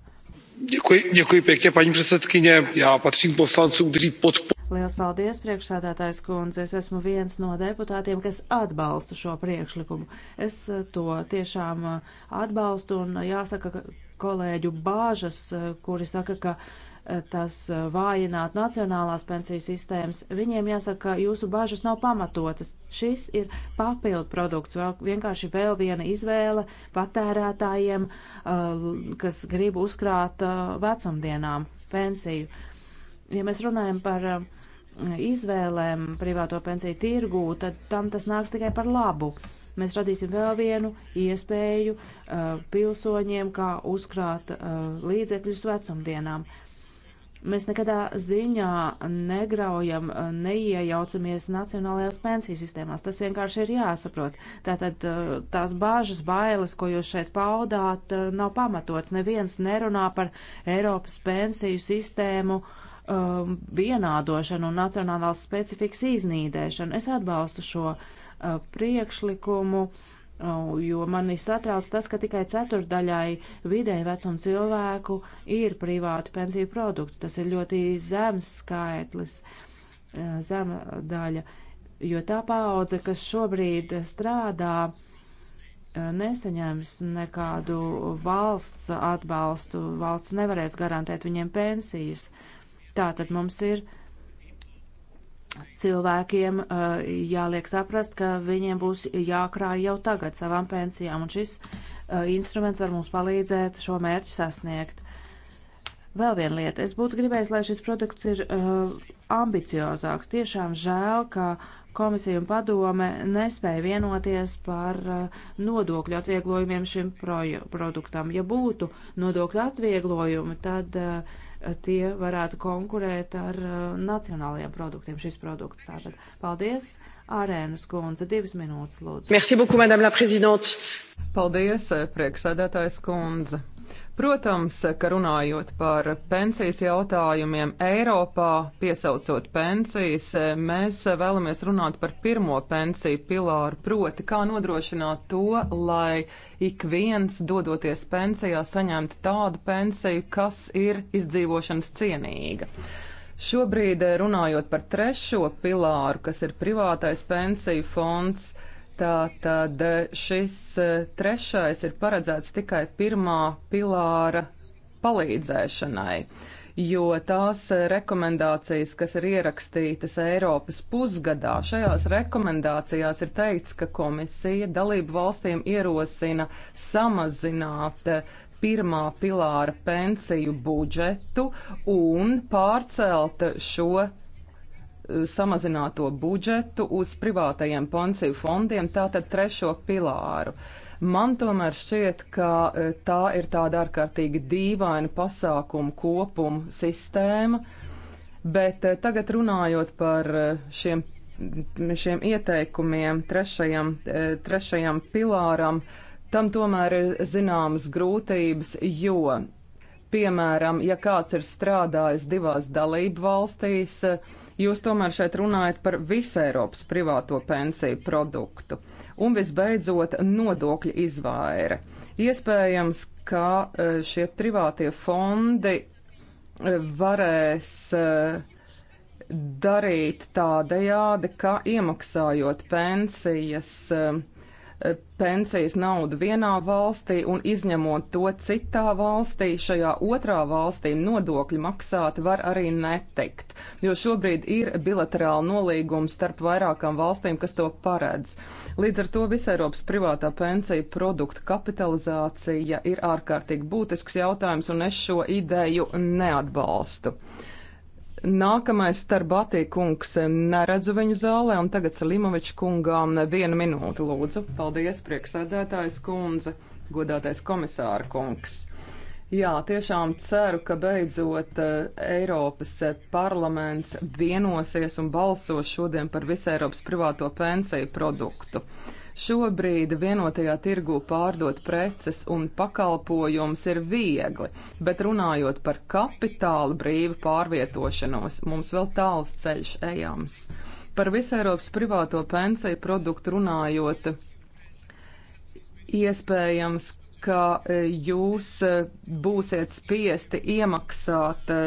Děkuji, děkuji pěkně, paní předsedkyně. Já patřím poslancům, kteří podporují. Liels paldies, priekšsādātājs kundze. Es esmu viens no deputātiem, kas atbalsta šo priekšlikumu. Es to tiešām atbalstu un jāsaka kolēģu bāžas, kuri saka, ka tas vājināt nacionālās pensiju sistēmas, viņiem jāsaka, ka jūsu bažas nav pamatotas. Šis ir papildu produkts, vienkārši vēl viena izvēle patērētājiem, kas grib uzkrāt vecumdienām pensiju. Ja mēs runājam par izvēlēm privāto pensiju tirgū, tad tam tas nāks tikai par labu. Mēs radīsim vēl vienu iespēju uh, pilsoņiem, kā uzkrāt uh, līdzekļus vecumdienām. Uh, Mēs nekadā ziņā negraujam, neiejaucamies nacionālajās pensiju sistēmās. Tas vienkārši ir jāsaprot. Tātad eh, tās bāžas, bailes, ko jūs šeit paudāt, eh, nav pamatots. Neviens nerunā par Eiropas pensiju sistēmu um, vienādošanu un nacionālās specifikas iznīdēšanu. Es atbalstu šo uh, priekšlikumu. Uh, jo mani satrauc tas, ka tikai ceturdaļai vidēji vecuma cilvēku ir privāti pensiju produkti. Tas ir ļoti zems skaitlis, eh, zema daļa, jo tā paudze, kas šobrīd strādā, eh, nesaņems nekādu valsts atbalstu, valsts nevarēs garantēt viņiem pensijas. Tātad mums ir uh, cilvēkiem uh, jāliek saprast, ka viņiem būs jākrāj jau tagad savām pensijām, un šis uh, instruments var mums palīdzēt šo mērķi sasniegt. Vēl viena lieta. Es būtu gribējis, lai šis produkts ir uh, ambiciozāks. Tiešām žēl, ka komisija un padome nespēja vienoties par uh, nodokļu atvieglojumiem šim produktam. Ja būtu nodokļu atvieglojumi, tad uh, tie varētu konkurēt ar uh, nacionālajiem produktiem, šis produkts tātad. Paldies, Arēnas kundze, divas minūtes lūdzu. Merci beaucoup, madame la présidente. Paldies, eh, prieksēdētājs kundze. Protams, ka runājot par pensijas jautājumiem Eiropā, piesaucot pensijas, mēs vēlamies runāt par pirmo pensiju pilāru, proti, kā nodrošināt to, lai ik viens dodoties pensijā saņemtu tādu pensiju, kas ir izdzīvošanas cienīga. Šobrīd runājot par trešo pilāru, kas ir privātais pensiju fonds, uh, Tātad šis e, trešais ir paredzēts tikai pirmā pilāra palīdzēšanai, jo tās e, rekomendācijas, kas ir ierakstītas Eiropas pusgadā, šajās rekomendācijās ir teikts, ka komisija dalību valstīm ierosina samazināt e, pirmā pilāra pensiju budžetu un pārcelt šo samazināto budžetu uz privātajiem pensiju fondiem, tātad trešo pilāru. Man tomēr šķiet, ka e, tā ir tāda ārkārtīgi dīvaina pasākumu kopuma sistēma, bet e, tagad runājot par e, šiem, šiem ieteikumiem trešajam, trešajam pilāram, tam tomēr ir zināmas grūtības, jo, piemēram, ja kāds ir strādājis divās dalību valstīs, Jūs tomēr šeit runājat par visu Eiropas privāto pensiju produktu. Un visbeidzot, nodokļa izvaire. Iespējams, ka e, šie privātie fondi e, varēs e, darīt tādējādi, ka iemaksājot pensijas, uh, pensijas naudu vienā valstī un izņemot to citā valstī, šajā otrā valstī nodokļu maksāt var arī netikt, jo šobrīd ir bilaterāla nolīguma starp vairākām valstīm, kas to paredz. Līdz ar to visa Eiropas privātā pensija produkta kapitalizācija ir ārkārtīgi būtisks jautājums, un es šo ideju neatbalstu. Nākamais starbatī kungs neredzu viņu zālē, un tagad Salimoviča kungām viena minūte lūdzu. Paldies, prieksēdētājs kundze, godātais komisāra kungs. Jā, tiešām ceru, ka beidzot eh, Eiropas parlaments vienosies un balsos šodien par visu Eiropas privāto pensiju produktu. Uh, Šobrīd vienotajā tirgu pārdot preces un pakalpojums ir viegli, bet runājot par kapitāla brīvu pārvietošanos, mums vēl tāls ceļš ejams. Par visu Eiropas privāto pensiju produktu runājot, iespējams, ka e, jūs e, būsiet spiesti iemaksāt e,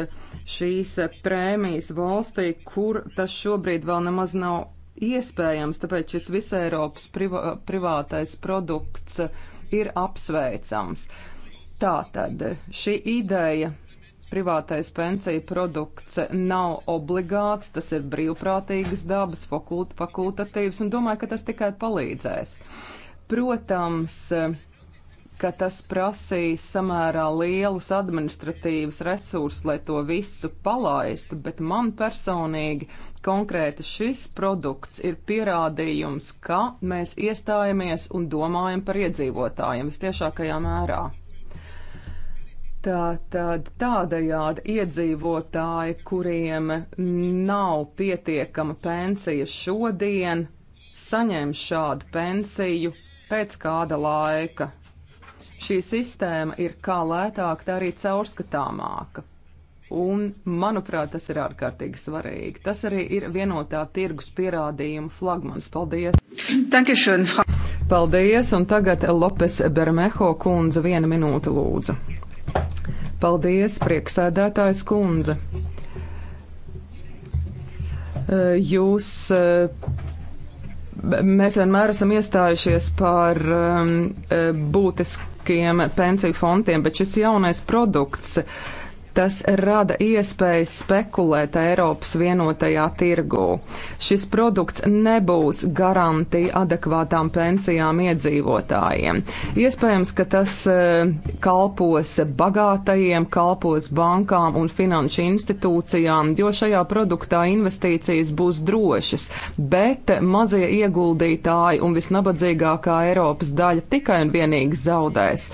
šīs prēmijas valstī, kur tas šobrīd vēl nemaz nav iespējams, tāpēc šis visai Eiropas privā, privātais produkts ir apsveicams. Tātad šī ideja privātais pensiju produkts nav obligāts, tas ir brīvprātīgas dabas, fakult, fakultatīvs, un domāju, ka tas tikai palīdzēs. Protams, ka tas prasīs samērā lielus administratīvus resursus, lai to visu palaistu, bet man personīgi konkrēti šis produkts ir pierādījums, ka mēs iestājamies un domājam par iedzīvotājiem visciešākajā mērā. Tā, tad tādējādi iedzīvotāji, kuriem nav pietiekama pensija šodien, saņem šādu pensiju pēc kāda laika. Šī sistēma ir kā lētāka, tā arī caurskatāmāka. Un, manuprāt, tas ir ārkārtīgi svarīgi. Tas arī ir vienotā tirgus pierādījuma flagmans. Paldies! Dankeschön, Frau! Paldies, un tagad Lopes Bermeho kundze viena minūte lūdzu. Paldies, prieksēdētājs kundze. E, jūs e, mēs vienmēr esam iestājušies par um, e, būtisku lielākiem pensiju fondiem, bet šis jaunais produkts uh, Tas rada iespējas spekulēt Eiropas vienotajā tirgū. Šis produkts nebūs garantija adekvātām pensijām iedzīvotājiem. Iespējams, ka tas e, kalpos bagātajiem, kalpos bankām un finanšu institūcijām, jo šajā produktā investīcijas būs drošas, bet mazie ieguldītāji un visnabadzīgākā Eiropas daļa tikai un vienīgi zaudēs.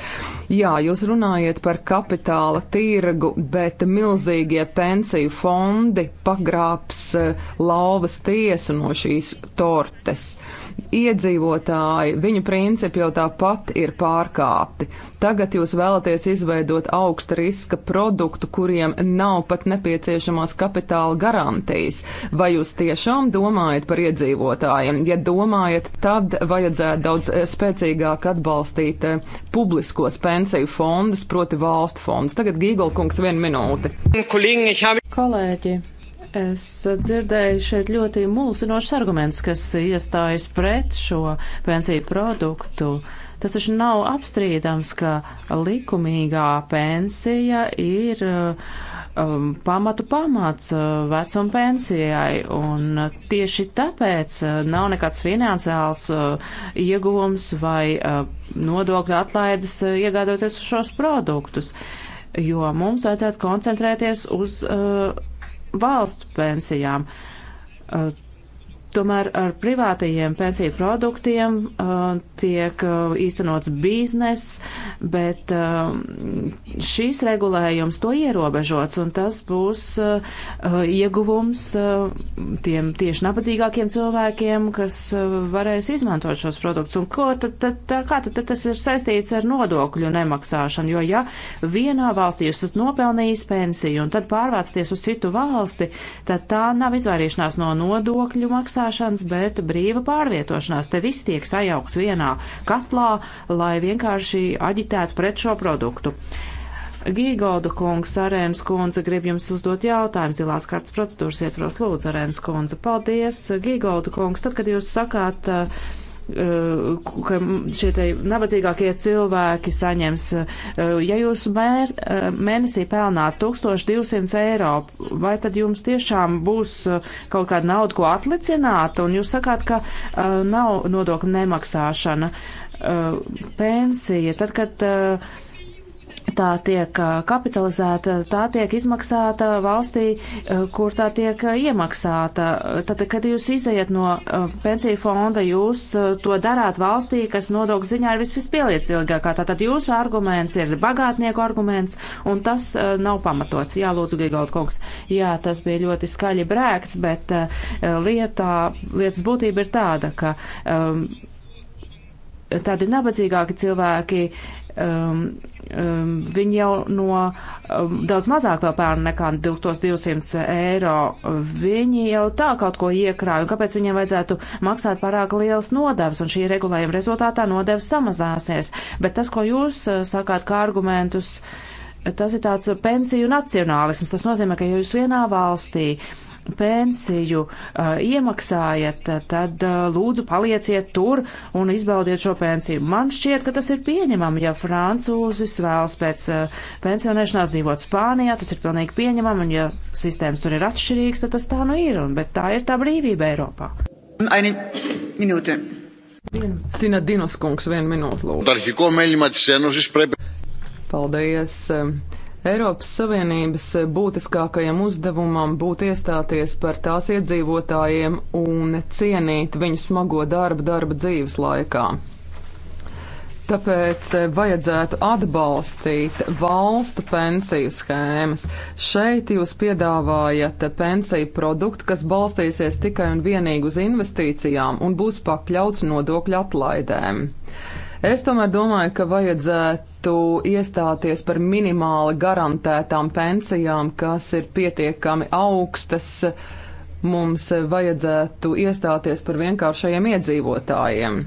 Jā, jūs runājat par kapitāla tirgu, bet milzīgie pensiju fondi pagrābs eh, lauvas tiesu no šīs tortes iedzīvotāji, viņu principi jau tāpat ir pārkāpti. Tagad jūs vēlaties izveidot augsta riska produktu, kuriem nav pat nepieciešamās kapitāla garantijas. Vai jūs tiešām domājat par iedzīvotājiem? Ja domājat, tad vajadzētu daudz eh, spēcīgāk atbalstīt eh, publiskos pensiju fondus, proti valstu fondus. Tagad Gīgolkungs vienu minūti. Kolēģi, Es dzirdēju šeit ļoti mulsinošs arguments, kas iestājas pret šo pensiju produktu. Tas taču nav apstrīdams, ka likumīgā pensija ir um, pamatu pamats uh, vecuma pensijai, un tieši tāpēc uh, nav nekāds finansiāls uh, ieguvums vai uh, nodokļa atlaides uh, iegādoties šos produktus jo mums vajadzētu koncentrēties uz uh, valstu pensijām. Uh, Tomēr ar privātajiem pensiju produktiem uh, tiek uh, īstenots bizness, bet uh, šīs regulējums to ierobežots, un tas būs uh, ieguvums uh, tiem tieši nabadzīgākiem cilvēkiem, kas uh, varēs izmantot šos produktus. Un ko tad, tad, tā, kā tad, tad tas ir saistīts ar nodokļu nemaksāšanu? Jo ja vienā valstī jūs esat nopelnījis pensiju un tad pārvācaties uz citu valsti, tad tā nav izvairīšanās no nodokļu maksāšanas maksāšanas, bet brīva pārvietošanās. Te viss tiek sajaukts vienā katlā, lai vienkārši aģitētu pret šo produktu. Gīgolda kungs, Arēnas kundze, grib jums uzdot jautājumu zilās kartas procedūras ietvaros. Lūdzu, Arēnas kundze, paldies. Gīgolda kungs, tad, kad jūs sakāt, uh, Uh, ka šie te nabadzīgākie cilvēki saņems. Uh, ja jūs mēr, uh, mēnesī pelnāt 1200 eiro, vai tad jums tiešām būs kaut kāda nauda, ko atlicināt, un jūs sakāt, ka nav nodokļu nemaksāšana, pensija, tad, kad tā tiek kapitalizēta, tā tiek izmaksāta valstī, kur tā tiek iemaksāta. Tad, kad jūs izējat no pensiju fonda, jūs to darāt valstī, kas nodokļu ziņā ir vispieliecīgākā. Tātad jūsu arguments ir bagātnieku arguments, un tas nav pamatots. Jā, lūdzu, Gigaut kungs. Jā, tas bija ļoti skaļi brēkts, bet lietā, lietas būtība ir tāda, ka. Um, tādi nabadzīgāki cilvēki um, um, viņi jau no um, daudz mazāk vēl pērna nekā 2200 eiro. Viņi jau tā kaut ko iekrāja, un kāpēc viņiem vajadzētu maksāt pārāk liels nodevs, un šī regulējuma rezultātā nodevs samazāsies. Bet tas, ko jūs uh, sakāt kā argumentus, tas ir tāds pensiju nacionālisms. Tas nozīmē, ka ja jūs vienā valstī uh, pensiju uh, iemaksājat, uh, tad uh, lūdzu palieciet tur un izbaudiet šo pensiju. Man šķiet, ka tas ir pieņemami, ja francūzis vēlas pēc uh, pensionēšanās dzīvot Spānijā, tas ir pilnīgi pieņemami, un ja sistēmas tur ir atšķirīgas, tad tas tā nu ir, un, bet tā ir tā brīvība Eiropā. Aini minūte. Sinadinos kungs, vienu minūtu lūdzu. Paldies. Uh, Eiropas Savienības būtiskākajam uzdevumam būtu iestāties par tās iedzīvotājiem un cienīt viņu smago darbu darba dzīves laikā. Tāpēc vajadzētu atbalstīt valstu pensiju schēmas. Šeit jūs piedāvājat pensiju produktu, kas balstīsies tikai un vienīgi uz investīcijām un būs pakļauts nodokļu atlaidēm. Uh, Es tomēr domāju, ka vajadzētu iestāties par minimāli garantētām pensijām, kas ir pietiekami augstas. Mums vajadzētu iestāties par vienkāršajiem iedzīvotājiem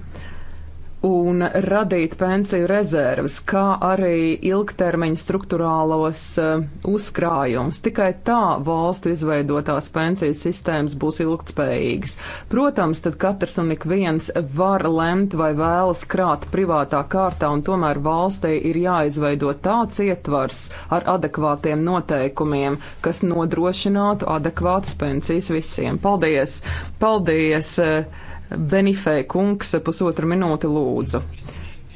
un radīt pensiju rezerves, kā arī ilgtermiņa struktūrālos eh, uzkrājumus. Tikai tā valsts izveidotās pensijas sistēmas būs ilgtspējīgas. Protams, tad katrs un ik viens var lemt vai vēlas krāt privātā kārtā, un tomēr valstī ir jāizveido tāds ietvars ar adekvātiem noteikumiem, kas nodrošinātu adekvātas pensijas visiem. Paldies! Paldies! Uh, Benifei kungs, pusotra minūte lūdzu.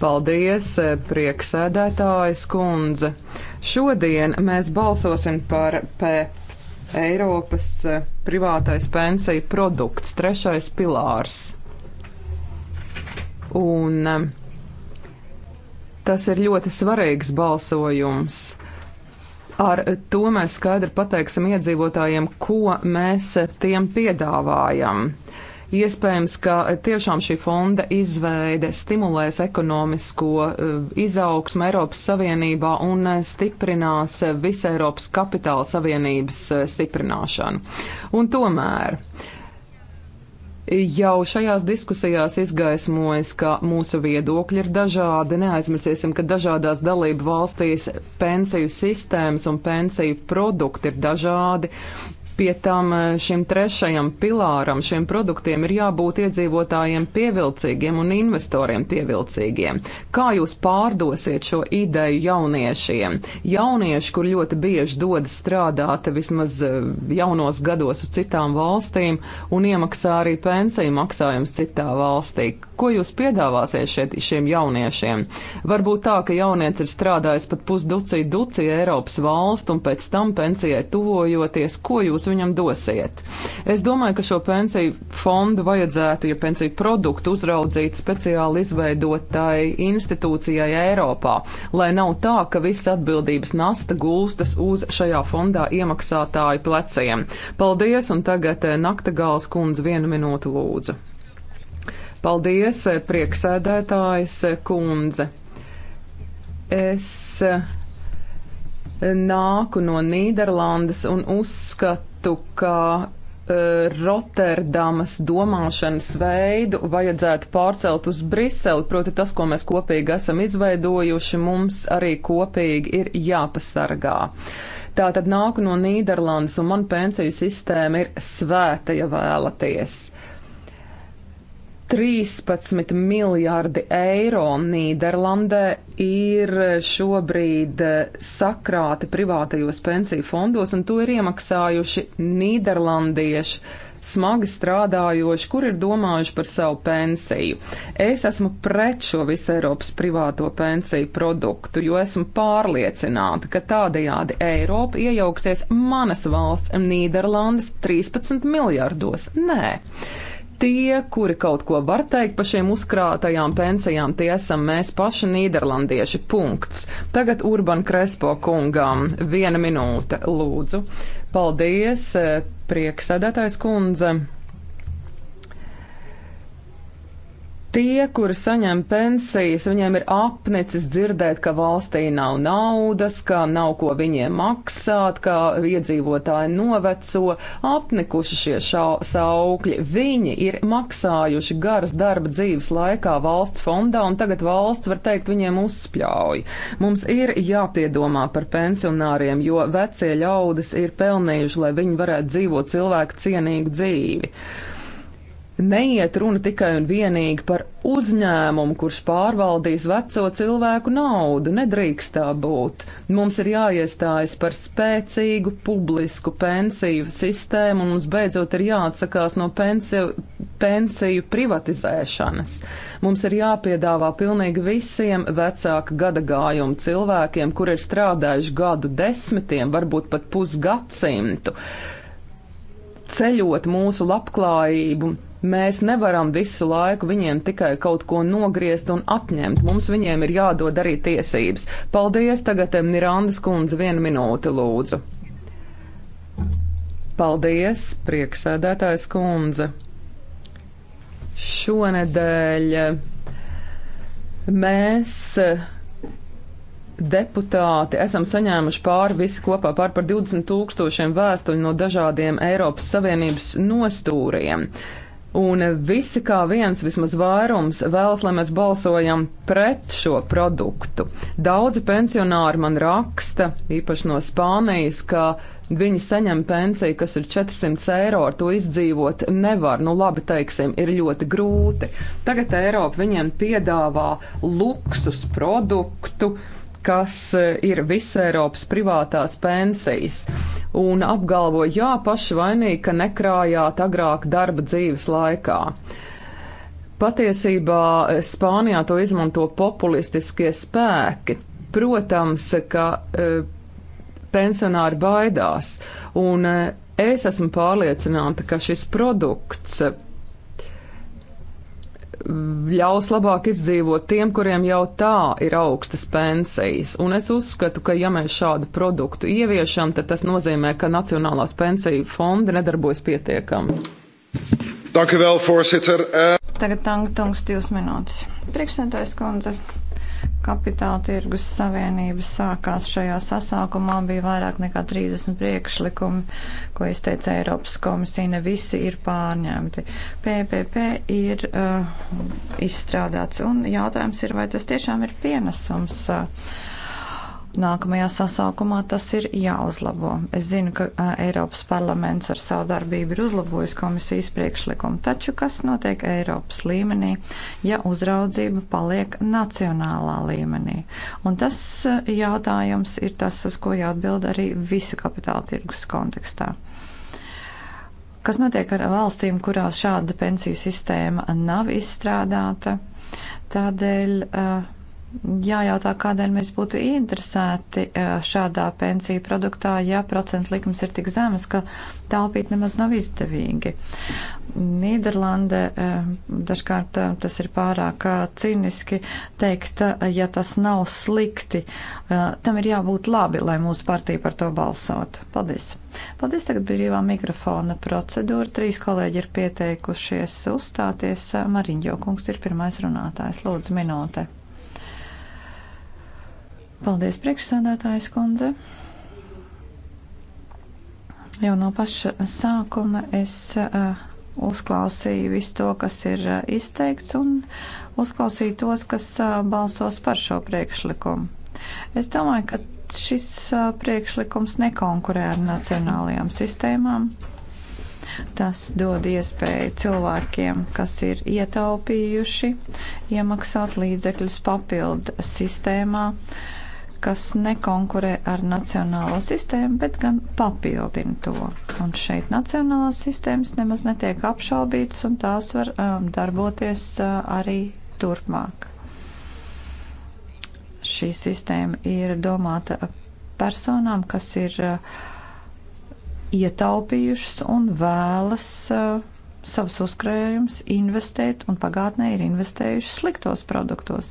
Paldies, prieksēdētājas kundze. Šodien mēs balsosim par PEP Eiropas privātais pensija produkts, trešais pilārs. Un um, tas ir ļoti svarīgs balsojums. Ar to mēs skaidri pateiksim iedzīvotājiem, ko mēs tiem piedāvājam. Iespējams, ka tiešām šī fonda izveide stimulēs ekonomisko eh, izaugsmu Eiropas Savienībā un eh, stiprinās eh, visu Eiropas kapitāla savienības stiprināšanu. Un tomēr. Jau šajās diskusijās izgaismojas, ka mūsu viedokļi ir dažādi. Neaizmirsīsim, ka dažādās dalību valstīs pensiju sistēmas un pensiju produkti ir dažādi. Pie tam eh, šim trešajam pilāram, šiem produktiem ir jābūt iedzīvotājiem pievilcīgiem un investoriem pievilcīgiem. Kā jūs pārdosiet šo ideju jauniešiem? Jaunieši, kur ļoti bieži dodas strādāt vismaz eh, jaunos gados uz citām valstīm un iemaksā arī pensiju maksājums citā valstī. Ko jūs piedāvāsiet šeit, šiem jauniešiem? Varbūt tā, ka jaunieci ir strādājis pat pusducī ducī Eiropas valstu un pēc tam pensijai tuvojoties, ko jūs jūs viņam dosiet. Es domāju, ka šo pensiju fondu vajadzētu, ja pensiju produktu uzraudzīt speciāli izveidotai institūcijai Eiropā, lai nav tā, ka visa atbildības nasta gulstas uz šajā fondā iemaksātāju pleciem. Paldies, un tagad eh, Naktagāls kundze vienu minūtu lūdzu. Paldies, eh, prieksēdētājs eh, kundze. Es nāku no Nīderlandes un uzskatu, uzskatu, ka e, Rotterdamas domāšanas veidu vajadzētu pārcelt uz Briseli, proti tas, ko mēs kopīgi esam izveidojuši, mums arī kopīgi ir jāpasargā. Tā tad nāku no Nīderlandes, un man pensiju sistēma ir svēta, ja vēlaties. 13 miljārdi eiro Nīderlandē ir šobrīd sakrāti privātajos pensiju fondos, un to ir iemaksājuši nīderlandieši smagi strādājoši, kur ir domājuši par savu pensiju. Es esmu pret šo visu Eiropas privāto pensiju produktu, jo esmu pārliecināta, ka tādajādi Eiropa iejauksies manas valsts Nīderlandes 13 miljardos. Nē. Tie, kuri kaut ko var teikt par šiem uzkrātajām pensijām, tie esam mēs paši nīderlandieši. Punkts. Tagad Urban Krespo kungām viena minūte, lūdzu. Paldies, eh, prieksēdētājs kundze. Tie, kuri saņem pensijas, viņiem ir apnicis dzirdēt, ka valstī nav naudas, ka nav ko viņiem maksāt, ka iedzīvotāji noveco, apnikuši šie šā, saukļi. Viņi ir maksājuši garas darba dzīves laikā valsts fondā, un tagad valsts, var teikt, viņiem uzspļauj. Mums ir jāpiedomā par pensionāriem, jo vecie ļaudis ir pelnījuši, lai viņi varētu dzīvot cilvēku cienīgu dzīvi neiet runa tikai un vienīgi par uzņēmumu, kurš pārvaldīs veco cilvēku naudu. Nedrīkst tā būt. Mums ir jāiestājas par spēcīgu publisku pensiju sistēmu, un mums beidzot ir jāatsakās no pensiju, pensiju privatizēšanas. Mums ir jāpiedāvā pilnīgi visiem vecāka gada gājuma cilvēkiem, kur ir strādājuši gadu desmitiem, varbūt pat pusgadsimtu ceļot mūsu labklājību, Mēs nevaram visu laiku viņiem tikai kaut ko nogriezt un atņemt. Mums viņiem ir jādod arī tiesības. Paldies, tagad Mirandas kundze vienu minūti lūdzu. Paldies, prieksēdētājs kundze. Šonedēļ mēs deputāti esam saņēmuši pāri visi kopā pār par 20 tūkstošiem vēstuļu no dažādiem Eiropas Savienības nostūriem. Uh, Un visi kā viens, vismaz vairums, vēlas, lai mēs balsojam pret šo produktu. Daudzi pensionāri man raksta, īpaši no Spānijas, ka viņi saņem pensiju, kas ir 400 eiro, ar to izdzīvot nevar. Nu, labi, teiksim, ir ļoti grūti. Tagad Eiropa viņiem piedāvā luksus produktu. Uh, kas e, ir visa Eiropas privātās pensijas, un apgalvo, jā, paši vainīgi, ka nekrājāt agrāk darba dzīves laikā. Patiesībā e, Spānijā to izmanto populistiskie spēki. Protams, ka e, pensionāri baidās, un e, es esmu pārliecināta, ka šis produkts ļaus labāk izdzīvot tiem, kuriem jau tā ir augstas pensijas. Un es uzskatu, ka ja mēs šādu produktu ieviešam, tad tas nozīmē, ka Nacionālās pensiju fonda nedarbojas pietiekami. Dank u wel, voorzitter. Uh... Tagad tangu tungs divas minūtes. Priekšsēdājas kundze kapitāla tirgus savienības sākās šajā sasākumā, bija vairāk nekā 30 priekšlikumi, ko izteica Eiropas komisija, ne visi ir pārņemti. PPP ir uh, izstrādāts un jautājums ir, vai tas tiešām ir pienesums. Uh, nākamajā sasaukumā tas ir jāuzlabo. Es zinu, ka Eiropas parlaments ar savu darbību ir uzlabojis komisijas priekšlikumu, taču kas notiek Eiropas līmenī, ja uzraudzība paliek nacionālā līmenī? Un tas jautājums ir tas, uz ko jāatbild arī visa kapitāla tirgus kontekstā. Kas notiek ar valstīm, kurās šāda pensiju sistēma nav izstrādāta? Tādēļ uh, Jājautā, kādēļ mēs būtu interesēti e, šādā pensiju produktā, ja procentu likums ir tik zemes, ka taupīt nemaz nav izdevīgi. Nīderlande e, dažkārt e, tas ir pārāk ciniski teikt, ja tas nav slikti, tam ir jābūt labi, lai mūsu partija par to balsotu. Paldies! Paldies, tagad brīvā mikrofona procedūra. Trīs kolēģi ir pieteikušies uzstāties. Mariņģo kungs ir pirmais runātājs. Lūdzu, minūte. Paldies, priekšsēdētājs kundze. Jau no paša sākuma es uh, uzklausīju visu to, kas ir uh, izteikts, un uzklausīju tos, kas uh, balsos par šo priekšlikumu. Es domāju, ka šis uh, priekšlikums nekonkurē ar nacionālajām sistēmām. Tas dod iespēju cilvēkiem, kas ir ietaupījuši, iemaksāt līdzekļus papildu sistēmā. Uh, kas nekonkurē ar nacionālo sistēmu, bet gan papildina to. Un šeit nacionālās sistēmas nemaz netiek apšaubītas, un tās var um, darboties uh, arī turpmāk. Šī sistēma ir domāta personām, kas ir uh, ietaupījušas un vēlas uh, savus uzkrājumus investēt, un pagātnē ir investējuši sliktos produktos.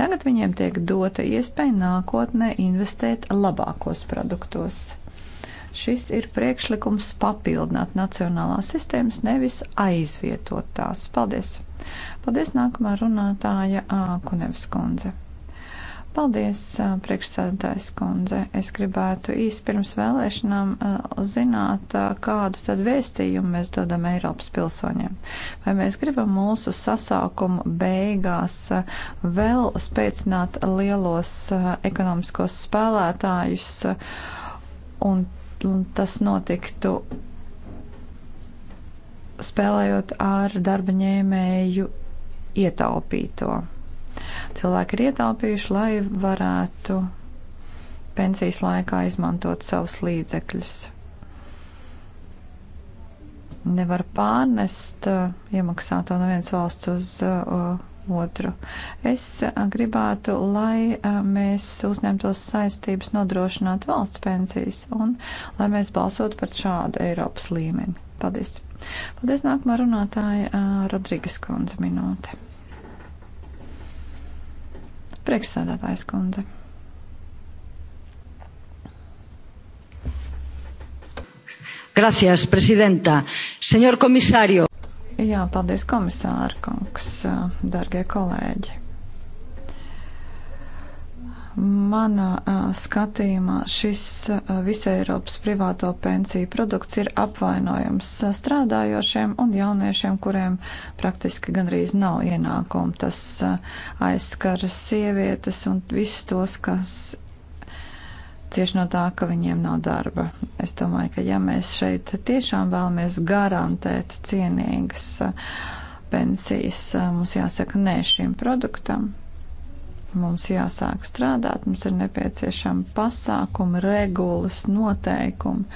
Tagad viņiem tiek dota iespēja nākotnē investēt labākos produktos. Šis ir priekšlikums papildināt nacionālās sistēmas, nevis aizvietot tās. Paldies! Paldies nākamā runātāja Kunevs Kundze. Paldies, priekšsēdētājs kundze. Es gribētu īsi pirms vēlēšanām zināt, kādu tad vēstījumu mēs dodam Eiropas pilsoņiem. Vai mēs gribam mūsu sasaukumu beigās vēl spēcināt lielos ekonomiskos spēlētājus un tas notiktu spēlējot ar darba ņēmēju ietaupīto. Cilvēki ir ietaupījuši, lai varētu pensijas laikā izmantot savus līdzekļus. Nevar pārnest uh, iemaksāto no vienas valsts uz uh, uh, otru. Es gribētu, lai mēs uzņemtos saistības nodrošināt valsts pensijas un lai mēs balsotu par šādu Eiropas līmeni. Paldies! Paldies nākamā runātāja Rodrīgas kundze minūte. Priekšsēdētājs kundze. Gracias, presidenta. Señor komisārio. Jā, paldies komisāra kungs, dargie kolēģi. Manā skatījumā šis visai Eiropas privāto pensiju produkts ir apvainojums strādājošiem un jauniešiem, kuriem praktiski gandrīz nav ienākumu. Tas aizskara sievietes un visus tos, kas cieši no tā, ka viņiem nav darba. Es domāju, ka ja mēs šeit tiešām vēlamies garantēt cienīgas pensijas, mums jāsaka nē šim produktam mums jāsāk strādāt, mums ir nepieciešama pasākuma, regulas, noteikumi,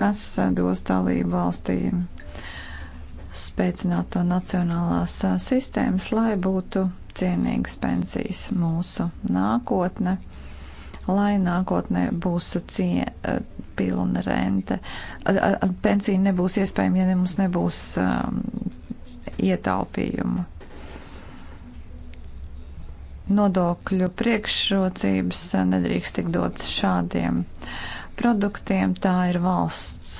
kas uh, dos dalību valstīm spēcināt to nacionālās uh, sistēmas, lai būtu cienīgas pensijas mūsu nākotne, lai nākotnē būs cie, uh, pilna rente. Pensija nebūs iespējama, ja mums nebūs um, ietaupījumu nodokļu priekšrocības nedrīkst tik dots šādiem produktiem. Tā ir valsts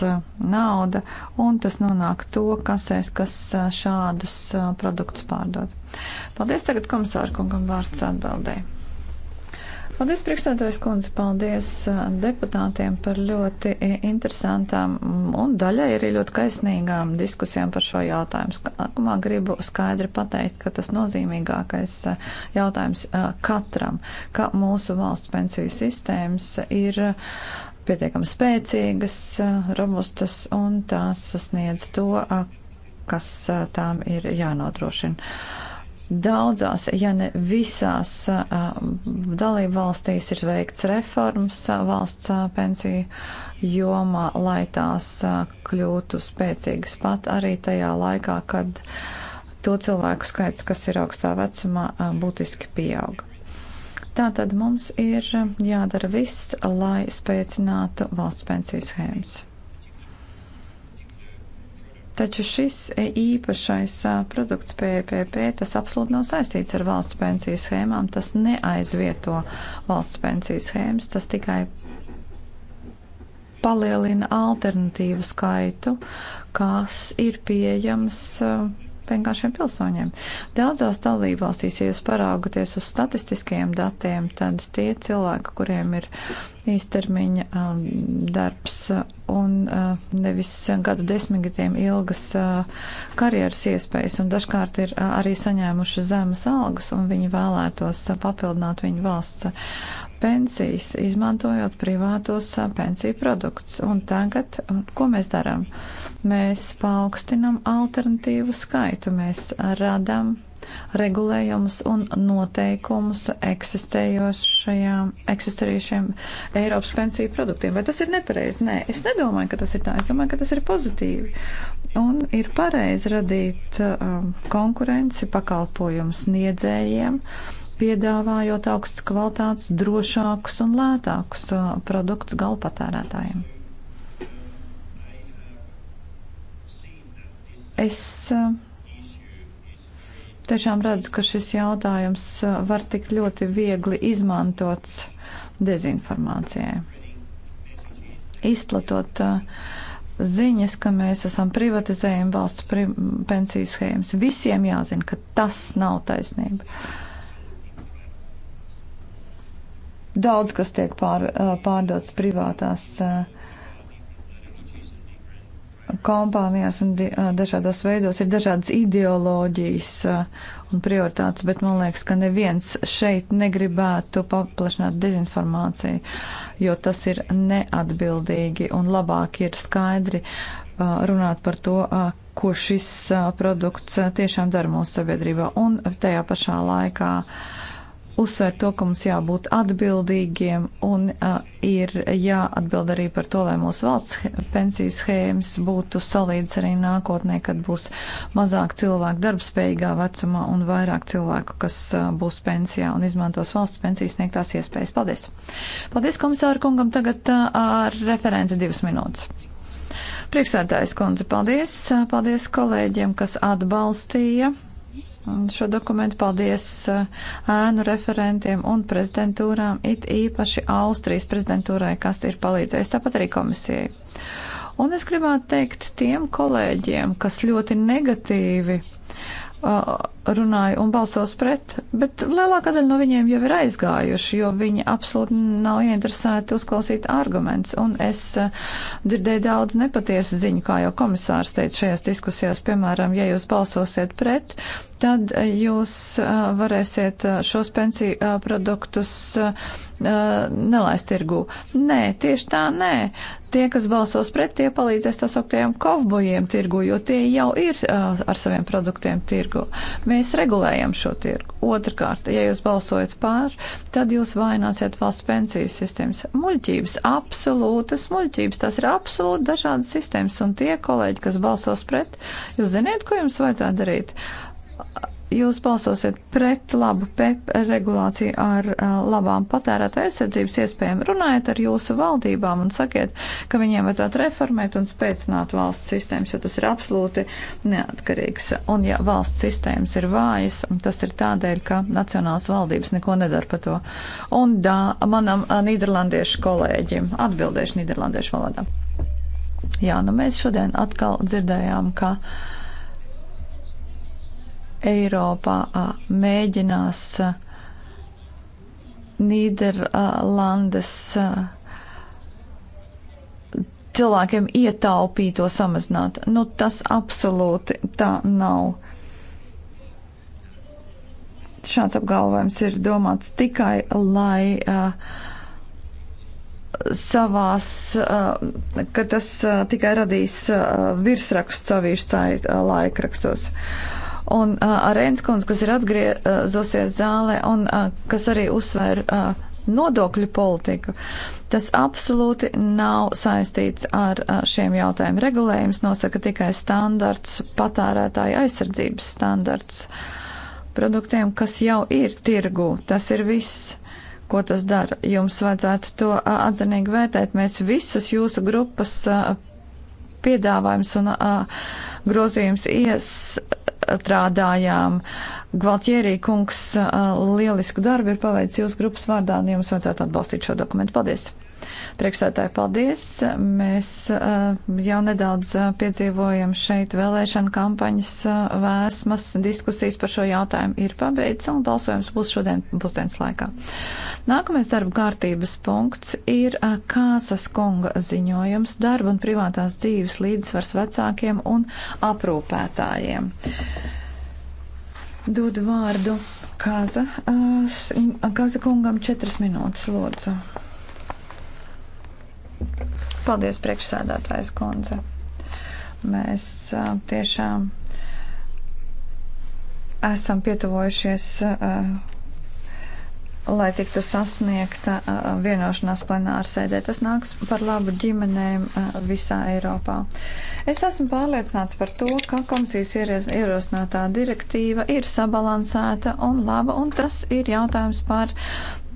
nauda, un tas nonāk to kasēs, kas šādus produktus pārdod. Paldies tagad komisāru kungam vārds atbildēja. Paldies, priekšsēdājas kundze, paldies deputātiem par ļoti interesantām un daļai arī ļoti kaisnīgām diskusijām par šo jautājumu. Sākumā gribu skaidri pateikt, ka tas nozīmīgākais jautājums katram, ka mūsu valsts pensiju sistēmas ir pietiekami spēcīgas, robustas un tās sasniedz to, kas tām ir jānodrošina Daudzās, ja ne visās dalību valstīs ir veikts reformas valsts pensiju jomā, lai tās kļūtu spēcīgas pat arī tajā laikā, kad to cilvēku skaits, kas ir augstā vecumā, būtiski pieauga. Tātad mums ir jādara viss, lai spēcinātu valsts pensiju schēmas. Taču šis īpašais produkts PPP, tas absolūti nav saistīts ar valsts pensiju schēmām, tas neaizvieto valsts pensiju schēmas, tas tikai palielina alternatīvu skaitu, kas ir pieejams vienkāršiem pilsoņiem. Daudzās dalībvalstīs, ja jūs paraugaties uz statistiskajiem datiem, tad tie cilvēki, kuriem ir uh, īstermiņa um, darbs un uh, nevis gadu desmitgadiem ilgas uh, karjeras iespējas, un dažkārt ir uh, arī saņēmuši zemes algas, un viņi vēlētos uh, papildināt viņu valsts uh, pensijas, izmantojot privātos uh, pensiju produktus. Un tagad, un ko mēs darām? Mēs paaugstinam alternatīvu skaitu, mēs radam regulējumus un noteikumus eksistējošajiem Eiropas pensiju produktiem. Vai tas ir nepareizi? Nē, es nedomāju, ka tas ir tā. Es domāju, ka tas ir pozitīvi. Un ir pareizi radīt um, konkurenci pakalpojumu sniedzējiem piedāvājot augstas kvalitātes, drošākus un lētākus uh, produktus galvpatērētājiem. Es uh, Tiešām redzu, ka šis jautājums eh, var tik ļoti viegli izmantots dezinformācijai. Izplatot eh, ziņas, ka mēs esam privatizējumi valsts pri pensiju schēmas. Visiem jāzina, ka tas nav taisnība. Daudz kas tiek pār, eh, pārdots privātās uh, kompānijās un dažādos veidos ir dažādas ideoloģijas un prioritātes, bet man liekas, ka neviens šeit negribētu paplašināt dezinformāciju, jo tas ir neatbildīgi un labāk ir skaidri runāt par to, ko šis produkts tiešām dara mūsu sabiedrībā un tajā pašā laikā uh, uzsver to, ka mums jābūt atbildīgiem un uh, ir jāatbild arī par to, lai mūsu valsts pensiju schēmas būtu salīdz arī nākotnē, kad būs mazāk cilvēku darbspējīgā vecumā un vairāk cilvēku, kas uh, būs pensijā un izmantos valsts pensijas sniegtās iespējas. Paldies! Paldies komisāru kungam tagad uh, ar referenti divas minūtes. Priekšsēdājas kundze, paldies! Paldies kolēģiem, kas atbalstīja šo dokumentu. Paldies eh, ēnu referentiem un prezidentūrām, it īpaši Austrijas prezidentūrai, kas ir palīdzējis, tāpat arī komisijai. Un es gribētu teikt tiem kolēģiem, kas ļoti negatīvi uh, runāja un balsos pret, bet lielākā daļa no viņiem jau ir aizgājuši, jo viņi absolūti nav ieinteresēti uzklausīt arguments. Un es eh, dzirdēju daudz nepatiesu ziņu, kā jau komisārs teica šajās diskusijās, piemēram, ja jūs balsosiet pret, tad jūs eh, varēsiet eh, šos pensiju produktus nelaist tirgū. Nē, tieši tā nē. Tie, kas balsos pret, tie palīdzēs tā sauktajiem kovbojiem tirgu, jo tie jau ir ar saviem produktiem tirgu. Mēs regulējam šo tirgu. Otrkārt, ja jūs balsojat pār, tad jūs vaināsiet valsts pensiju sistēmas muļķības, absolūtas muļķības. Tas ir absolūti dažādas sistēmas, un tie kolēģi, kas balsos pret, jūs ziniet, ko jums vajadzētu darīt? jūs balsosiet pret labu PEP e regulāciju ar uh, labām patērētāju aizsardzības iespējām, runājiet ar jūsu valdībām un sakiet, ka viņiem vajadzētu reformēt un spēcināt valsts sistēmas, jo tas ir absolūti neatkarīgs. Un ja valsts sistēmas ir vājas, tas ir tādēļ, ka nacionāls valdības neko nedara par to. Un dā, manam uh, nīderlandiešu kolēģim atbildēšu nīderlandiešu valodā. Jā, nu mēs šodien atkal dzirdējām, ka. Uh, Eiropā mēģinās Nīderlandes cilvēkiem ietaupīto samazināt. Nu, tas absolūti tā nav. Šāds apgalvojums ir domāts tikai, lai uh, savās, uh, ka tas uh, tikai radīs uh, virsrakstu savīšu cairu uh, laikrakstos. Uh, un uh, Arēnskundze, kas ir atgriezusies zālē un uh, kas arī uzsver uh, nodokļu politiku, tas absolūti nav saistīts ar uh, šiem jautājumiem. Regulējums nosaka tikai standarts, patērētāja aizsardzības standarts produktiem, kas jau ir tirgu. Tas ir viss ko tas dara. Jums vajadzētu to atzinīgi vērtēt. Mēs visus jūsu grupas piedāvājums un grozījums ies strādājām. Gvaltjerī kungs uh, lielisku darbu ir paveicis jūsu grupas vārdā, un jums vajadzētu atbalstīt šo dokumentu. Paldies! Priekšsētāji, paldies! Mēs eh, jau nedaudz eh, piedzīvojam šeit vēlēšana kampaņas eh, vēsmas. Diskusijas par šo jautājumu ir pabeigts un balsojums būs šodien pusdienas laikā. Nākamais darba kārtības punkts ir Kāsas kunga ziņojums - darba un privātās dzīves līdzsvars vecākiem un aprūpētājiem. Dodu vārdu Kāza, Kāza kungam četras minūtes lūdzu. Paldies, priekšsēdētājs kundze. Mēs tiešām esam pietuvojušies, lai tiktu sasniegta vienošanās plenāra sēdē. Tas nāks par labu ģimenēm visā Eiropā. Es esmu pārliecināts par to, ka komisijas ierosinātā direktīva ir sabalansēta un laba, un tas ir jautājums par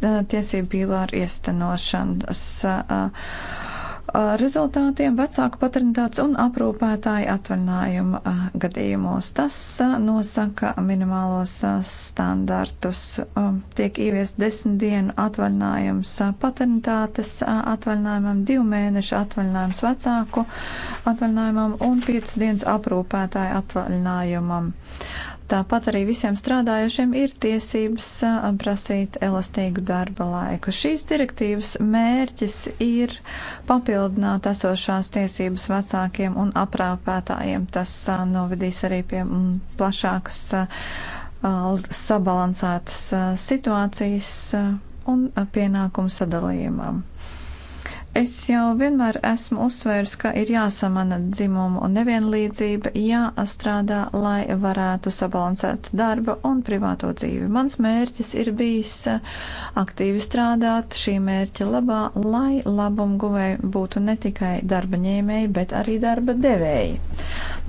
tiesību bīlā ar iestenošanas rezultātiem vecāku paternitātes un aprūpētāju atvaļinājuma gadījumos. Tas nosaka minimālos standartus. Tiek ieviest desmit dienu atvaļinājums paternitātes atvaļinājumam, divu mēnešu atvaļinājums vecāku atvaļinājumam un piecas dienas aprūpētāju atvaļinājumam. Tāpat arī visiem strādājošiem ir tiesības prasīt elastīgu darba laiku. Šīs direktīvas mērķis ir papildināt esošās tiesības vecākiem un aprāpētājiem. Tas novedīs arī pie plašākas sabalansētas situācijas un pienākumu sadalījumam. Es jau vienmēr esmu uzsvērs, ka ir jāsamana dzimumu un nevienlīdzība, jāstrādā, lai varētu sabalansēt darba un privāto dzīvi. Mans mērķis ir bijis eh, aktīvi strādāt šī mērķa labā, lai labumguvēji būtu ne tikai darba ņēmēji, bet arī darba devēji.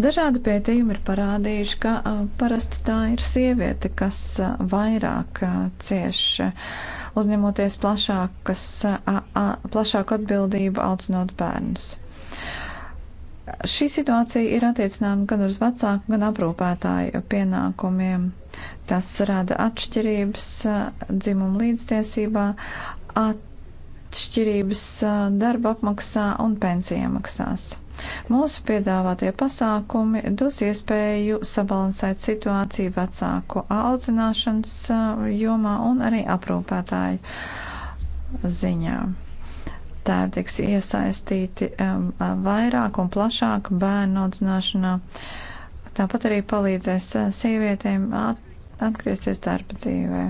Dažādi pētījumi ir parādījuši, ka eh, parasti tā ir sieviete, kas eh, vairāk cieši uzņemoties plašākas, plašāku atbildību audzinot bērnus. Šī situācija ir attiecināma gan uz vecāku, gan aprūpētāju pienākumiem. Tas rada atšķirības dzimumu līdztiesībā, atšķirības darba apmaksā un pensija maksās. Mūsu piedāvātie pasākumi dos iespēju sabalansēt situāciju vecāku audzināšanas jomā un arī aprūpētāju ziņā. Tēvi tiks iesaistīti vairāk un plašāk bērnu audzināšanā. Tāpat arī palīdzēs sievietēm atgriezties darba dzīvē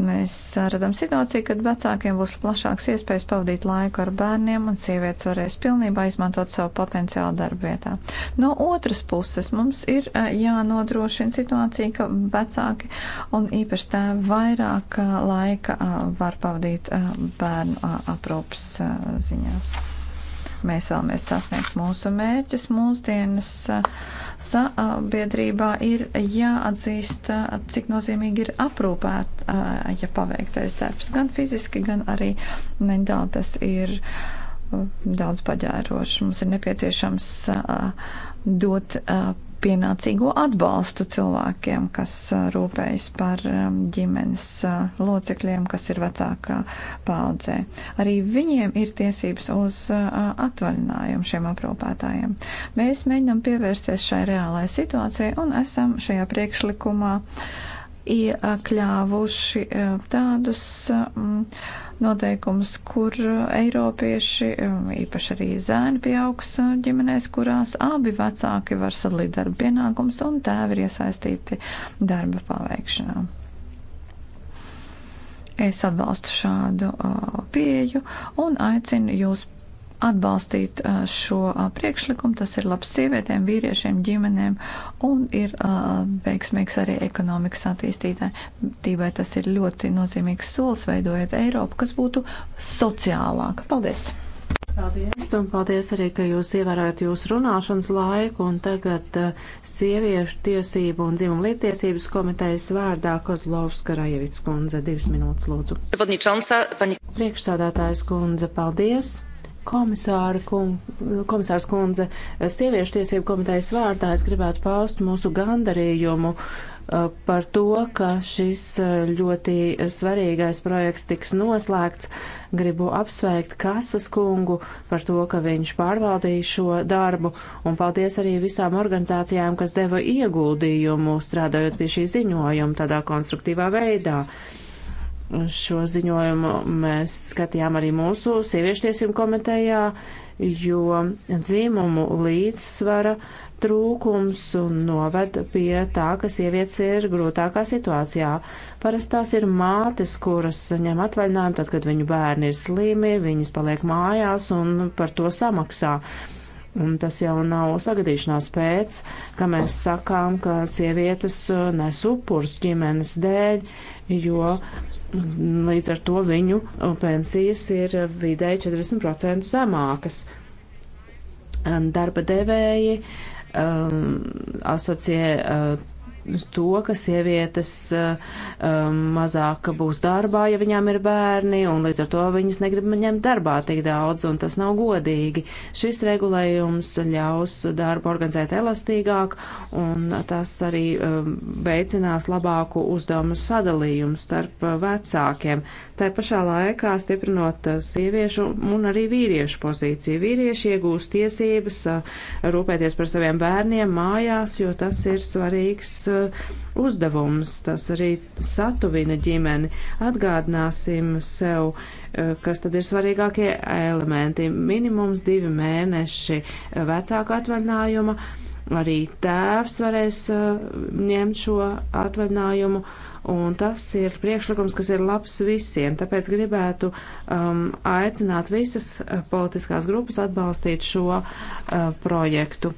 mēs radām situāciju, kad vecākiem būs plašāks iespējas pavadīt laiku ar bērniem un sievietes varēs pilnībā izmantot savu potenciālu darbvietā. No otras puses mums ir jānodrošina situācija, ka vecāki un īpaši tēvi vairāk laika var pavadīt bērnu aprūpas ziņā. Mēs vēlamies sasniegt mūsu mērķus mūsdienas. Uh, sabiedrībā ir jāatzīst, cik nozīmīgi ir aprūpēt, ja paveiktais darbs gan fiziski, gan arī mentāli tas ir daudz paģēroši. Mums ir nepieciešams dot pienācīgo atbalstu cilvēkiem, kas rūpējas par ģimenes locekļiem, kas ir vecākā paudzē. Arī viņiem ir tiesības uz atvaļinājumu šiem aprūpētājiem. Mēs mēģinam pievērsties šai reālajai situācijai un esam šajā priekšlikumā iekļāvuši tādus. Mm, noteikumus, kur Eiropieši, um, īpaši arī zēni pieaugs uh, ģimenēs, kurās abi vecāki var sadalīt darba pienākumus un tēvi ir iesaistīti darba paveikšanā. Es atbalstu šādu uh, pieju un aicinu jūs atbalstīt šo priekšlikumu. Tas ir labs sievietēm, vīriešiem, ģimenēm un ir veiksmīgs arī ekonomikas attīstībai. Tas ir ļoti nozīmīgs solis veidojot Eiropu, kas būtu sociālāka. Paldies! Paldies, un paldies arī, ka jūs ievērojat jūsu runāšanas laiku, un tagad sieviešu tiesību un dzimumu līdztiesības komitejas vārdā Kozlovska Rajevits kundze, divas minūtes lūdzu. Priekšsādātājs kundze, paldies! komisāra kung, komisārs kundze, sieviešu tiesību komitejas vārdā es gribētu paust mūsu gandarījumu uh, par to, ka šis uh, ļoti svarīgais projekts tiks noslēgts. Gribu apsveikt Kasas kungu par to, ka viņš pārvaldīja šo darbu, un paldies arī visām organizācijām, kas deva ieguldījumu strādājot pie šī ziņojuma tādā konstruktīvā veidā. Uh, Šo ziņojumu mēs skatījām arī mūsu sieviešu tiesību komitejā, jo dzīmumu līdzsvara trūkums noved pie tā, ka sievietes ir grūtākā situācijā. Parasti tās ir mātes, kuras ņem atvaļinājumu tad, kad viņu bērni ir slimi, viņas paliek mājās un par to samaksā. Un tas jau nav sagadīšanās pēc, ka mēs sakām, ka sievietes nes upurs ģimenes dēļ, jo Līdz ar to viņu pensijas ir vidēji 40% zemākas. Darba devēji um, asociē uh, to, ka sievietes um, mazāk būs darbā, ja viņām ir bērni, un līdz ar to viņas negrib ņemt darbā tik daudz, un tas nav godīgi. Šis regulējums ļaus darbu organizēt elastīgāk, un tas arī um, veicinās labāku uzdevumu sadalījumu starp vecākiem. Tā pašā laikā stiprinot sieviešu un arī vīriešu pozīciju. Vīrieši iegūs tiesības uh, rūpēties par saviem bērniem mājās, jo tas ir svarīgs uh, Uh, uzdevumus, tas arī satuvina ģimeni. Atgādināsim sev, uh, kas tad ir svarīgākie elementi. Minimums divi mēneši vecāka atvaļinājuma, arī tēvs varēs uh, ņemt šo atvaļinājumu un tas ir priekšlikums, kas ir labs visiem. Tāpēc gribētu um, aicināt visas politiskās grupas atbalstīt šo uh, projektu.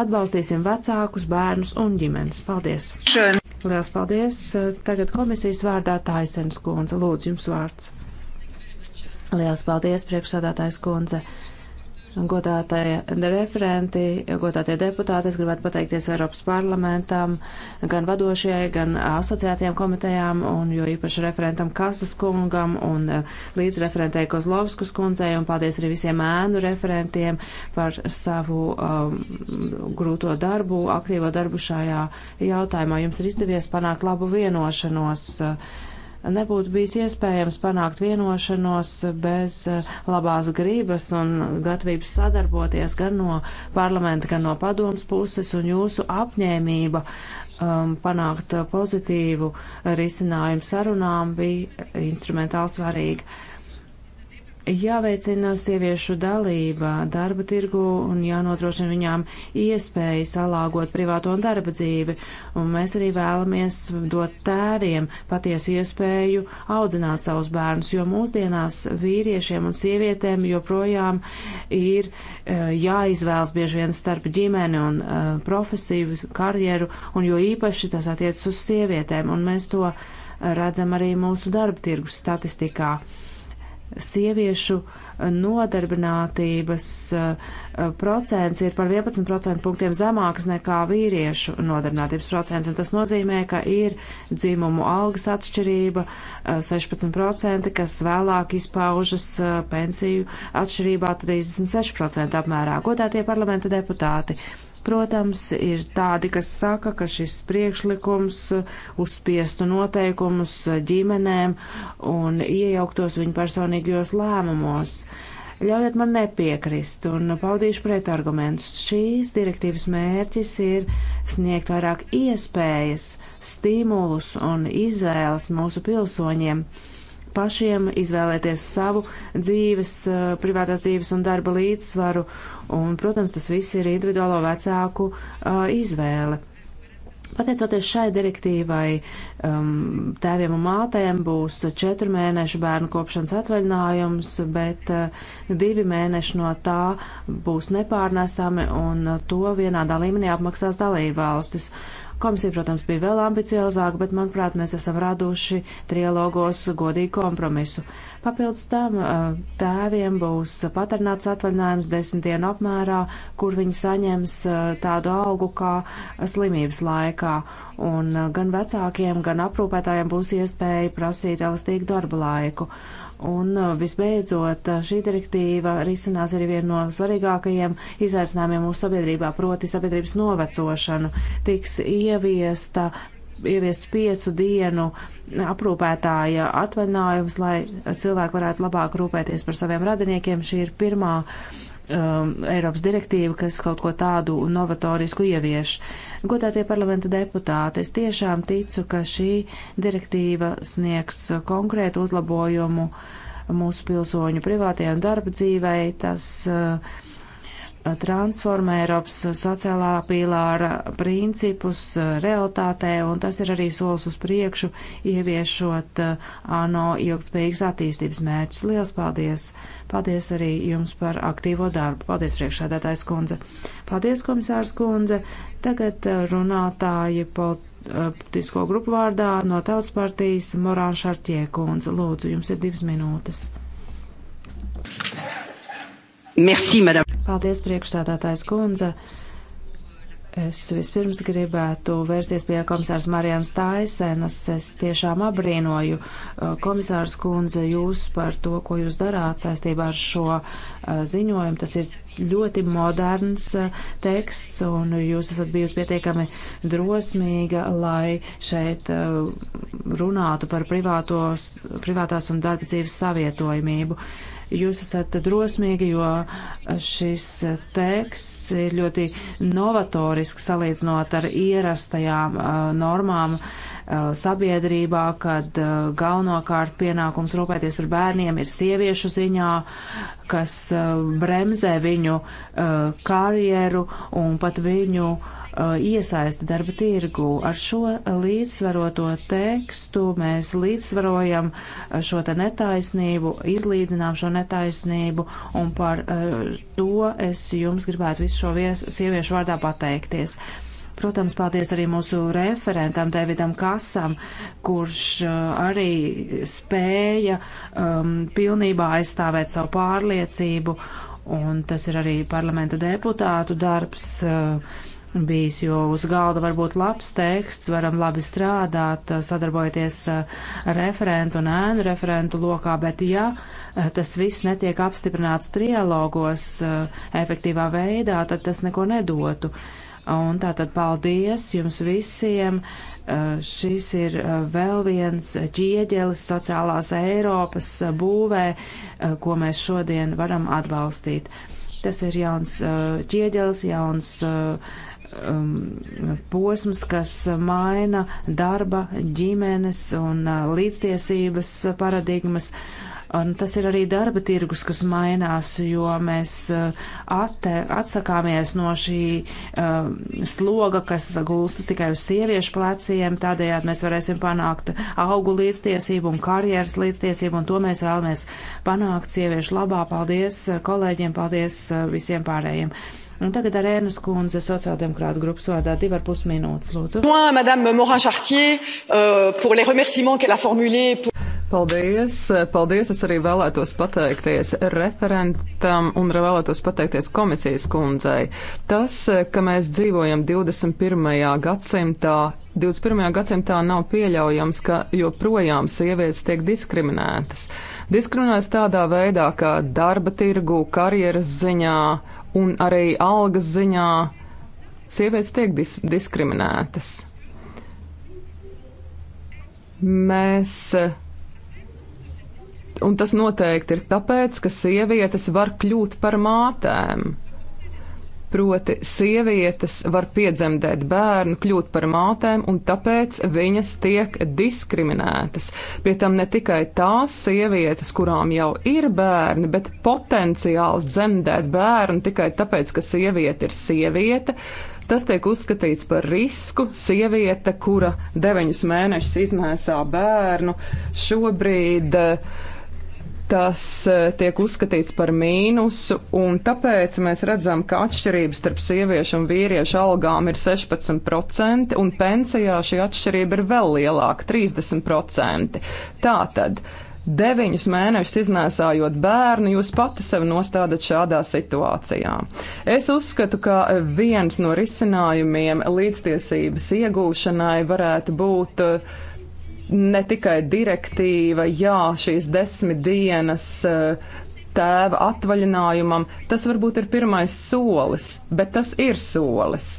Atbalstīsim vecākus, bērnus un ģimenes. Paldies! Šodien. Lielas paldies! Tagad komisijas vārdā Taisens kundze. Lūdzu, jums vārds. Lielas paldies, priekšsādātājs kundze. Godātie referenti, godātie deputāti, es gribētu pateikties Eiropas parlamentam, gan vadošajai, gan asociētajām komitejām, un jo īpaši referentam Kasas kungam un eh, līdzreferentei Kozlovskas kundzei, un paldies arī visiem ēnu referentiem par savu um, grūto darbu, aktīvo darbu šajā jautājumā. Jums ir izdevies panākt labu vienošanos. Uh, nebūtu bijis iespējams panākt vienošanos bez eh, labās grības un gatavības sadarboties gan no parlamenta, gan no padomas puses un jūsu apņēmība um, panākt pozitīvu risinājumu sarunām bija instrumentāli svarīga. Jāveicina sieviešu dalība darba tirgu un jānodrošina viņām iespējas salāgot privāto un darba dzīvi. Un mēs arī vēlamies dot tēriem patiesu iespēju audzināt savus bērnus, jo mūsdienās vīriešiem un sievietēm joprojām ir eh, jāizvēlas bieži vien starp ģimeni un eh, profesiju, karjeru, un jo īpaši tas attiecas uz sievietēm, un mēs to redzam arī mūsu darba tirgus statistikā sieviešu nodarbinātības eh, procents ir par 11% punktiem zemāks nekā vīriešu nodarbinātības procents, un tas nozīmē, ka ir dzimumu algas atšķirība 16%, eh, kas vēlāk izpaužas eh, pensiju atšķirībā 36% apmērā. Godātie parlamenta deputāti! Protams, ir tādi, kas saka, ka šis priekšlikums uzspiestu noteikumus ģimenēm un iejauktos viņu personīgajos lēmumos. Ļaujiet man nepiekrist un paudīšu pretargumentus. Šīs direktīvas mērķis ir sniegt vairāk iespējas, stimulus un izvēles mūsu pilsoņiem pašiem izvēlēties savu dzīves, eh, privātās dzīves un darba līdzsvaru. Un, protams, tas viss ir individuālo vecāku eh, izvēle. Pateicoties šai direktīvai, um, tēviem un mātēm būs četru mēnešu bērnu kopšanas atvaļinājums, bet uh, divi mēneši no tā būs nepārnesami un to vienādā līmenī apmaksās dalībvalstis. Uh, Komisija, protams, bija vēl ambiciozāka, bet, manuprāt, mēs esam raduši trialogos godīgu kompromisu. Papildus tam tēviem būs paternāts atvaļinājums desmit dienu apmērā, kur viņi saņems tādu algu kā slimības laikā. Un gan vecākiem, gan aprūpētājiem būs iespēja prasīt elastīgu darba laiku. Uh, Un uh, visbeidzot, uh, šī direktīva risinās arī vienu no svarīgākajiem izaicinājumiem mūsu sabiedrībā, proti sabiedrības novecošanu. Tiks ieviesta ieviests piecu dienu aprūpētāja atvaļinājums, lai cilvēki varētu labāk rūpēties par saviem radiniekiem. Šī ir pirmā um, Eiropas direktīva, kas kaut ko tādu novatorisku ievieš. Godātie parlamenta deputāti, es tiešām ticu, ka šī direktīva sniegs konkrētu uzlabojumu mūsu pilsoņu privātajai un darba dzīvei. Tas, uh, transformē Eiropas sociālā pīlāra principus eh, realitātē, un tas ir arī solis uz priekšu, ieviešot eh, ANO ilgspējīgas attīstības mērķus. Lielas paldies! Paldies arī jums par aktīvo darbu. Paldies, priekšsēdētājs kundze! Paldies, komisārs kundze! Tagad eh, runātāji politisko grupu vārdā no Tautas partijas Morāna Šartie kundze. Lūdzu, jums ir divas minūtes. Thank you. Merci, madame. Paldies, priekšsēdētājs kundze. Es vispirms gribētu vērsties pie komisārs Marijans Taisenas. Es tiešām apbrīnoju uh, komisārs kundze jūs par to, ko jūs darāt saistībā ar šo uh, ziņojumu. Tas ir ļoti moderns uh, teksts un jūs esat bijusi pietiekami drosmīga, lai šeit runātu par privātos, privātās un darba dzīves savietojumību. Uh, Jūs esat drosmīgi, jo šis teksts ir ļoti novatorisks salīdzinot ar ierastajām uh, normām uh, sabiedrībā, kad uh, galvenokārt pienākums rūpēties par bērniem ir sieviešu ziņā, kas uh, bremzē viņu uh, karjeru un pat viņu uh, Uh, iesaisti darba tirgu. Ar šo līdzsvaroto tekstu mēs līdzsvarojam uh, šo te netaisnību, izlīdzinām šo netaisnību, un par uh, to es jums gribētu visu šo vies, sieviešu vārdā pateikties. Protams, paldies arī mūsu referentam Davidam Kasam, kurš arī spēja um, pilnībā aizstāvēt savu pārliecību, un tas ir arī parlamenta deputātu darbs. Uh, bijis, jo uz galda var būt labs teksts, varam labi strādāt, sadarbojoties eh, referentu un ēnu referentu lokā, bet ja eh, tas viss netiek apstiprināts trialogos eh, efektīvā veidā, tad tas neko nedotu. Un tātad paldies jums visiem. Šis ir vēl viens ķieģelis sociālās Eiropas būvē, ko mēs šodien varam atbalstīt. Tas ir jauns ķieģelis, jauns um, posms, kas maina darba, ģimenes un uh, līdztiesības paradigmas. Un tas ir arī darba tirgus, kas mainās, jo mēs uh, atte, atsakāmies no šī uh, sloga, kas gulstas tikai uz sieviešu pleciem. Tādējādi mēs varēsim panākt augu līdztiesību un karjeras līdztiesību, un to mēs vēlamies panākt sieviešu labā. Paldies uh, kolēģiem, paldies uh, visiem pārējiem. Un tagad ar Ēnas kundze sociāldemokrātu grupas vārdā divi ar pus minūtes, lūdzu. Madame Morin-Chartier, euh, pour les remerciements qu'elle a formulés. Pour... Paldies! Paldies! Es arī vēlētos pateikties referentam un vēlētos pateikties komisijas kundzei. Tas, ka mēs dzīvojam 21. gadsimtā, 21. gadsimtā nav pieļaujams, ka joprojām sievietes tiek diskriminētas. Diskriminētas tādā veidā, ka darba tirgu, karjeras ziņā, uh, un arī algas ziņā sievietes tiek dis diskriminētas. Mēs un tas noteikti ir tāpēc, ka sievietes var kļūt par mātēm. Proti, sievietes var piedzemdēt bērnu, kļūt par mātēm, un tāpēc viņas tiek diskriminētas. Pie tam ne tikai tās sievietes, kurām jau ir bērni, bet potenciāls dzemdēt bērnu tikai tāpēc, ka sieviete ir sieviete. Tas tiek uzskatīts par risku. Sieviete, kura deviņus mēnešus iznēsā bērnu, šobrīd uh, tas eh, tiek uzskatīts par mīnusu, un tāpēc mēs redzam, ka atšķirības starp sieviešu un vīriešu algām ir 16%, un pensijā šī atšķirība ir vēl lielāka - 30%. Tātad. Deviņus mēnešus iznēsājot bērnu, jūs pati sevi nostādat šādā situācijā. Es uzskatu, ka viens no risinājumiem līdztiesības iegūšanai varētu būt uh, ne tikai direktīva, jā, šīs desmit dienas eh, tēva atvaļinājumam, tas varbūt ir pirmais solis, bet tas ir solis.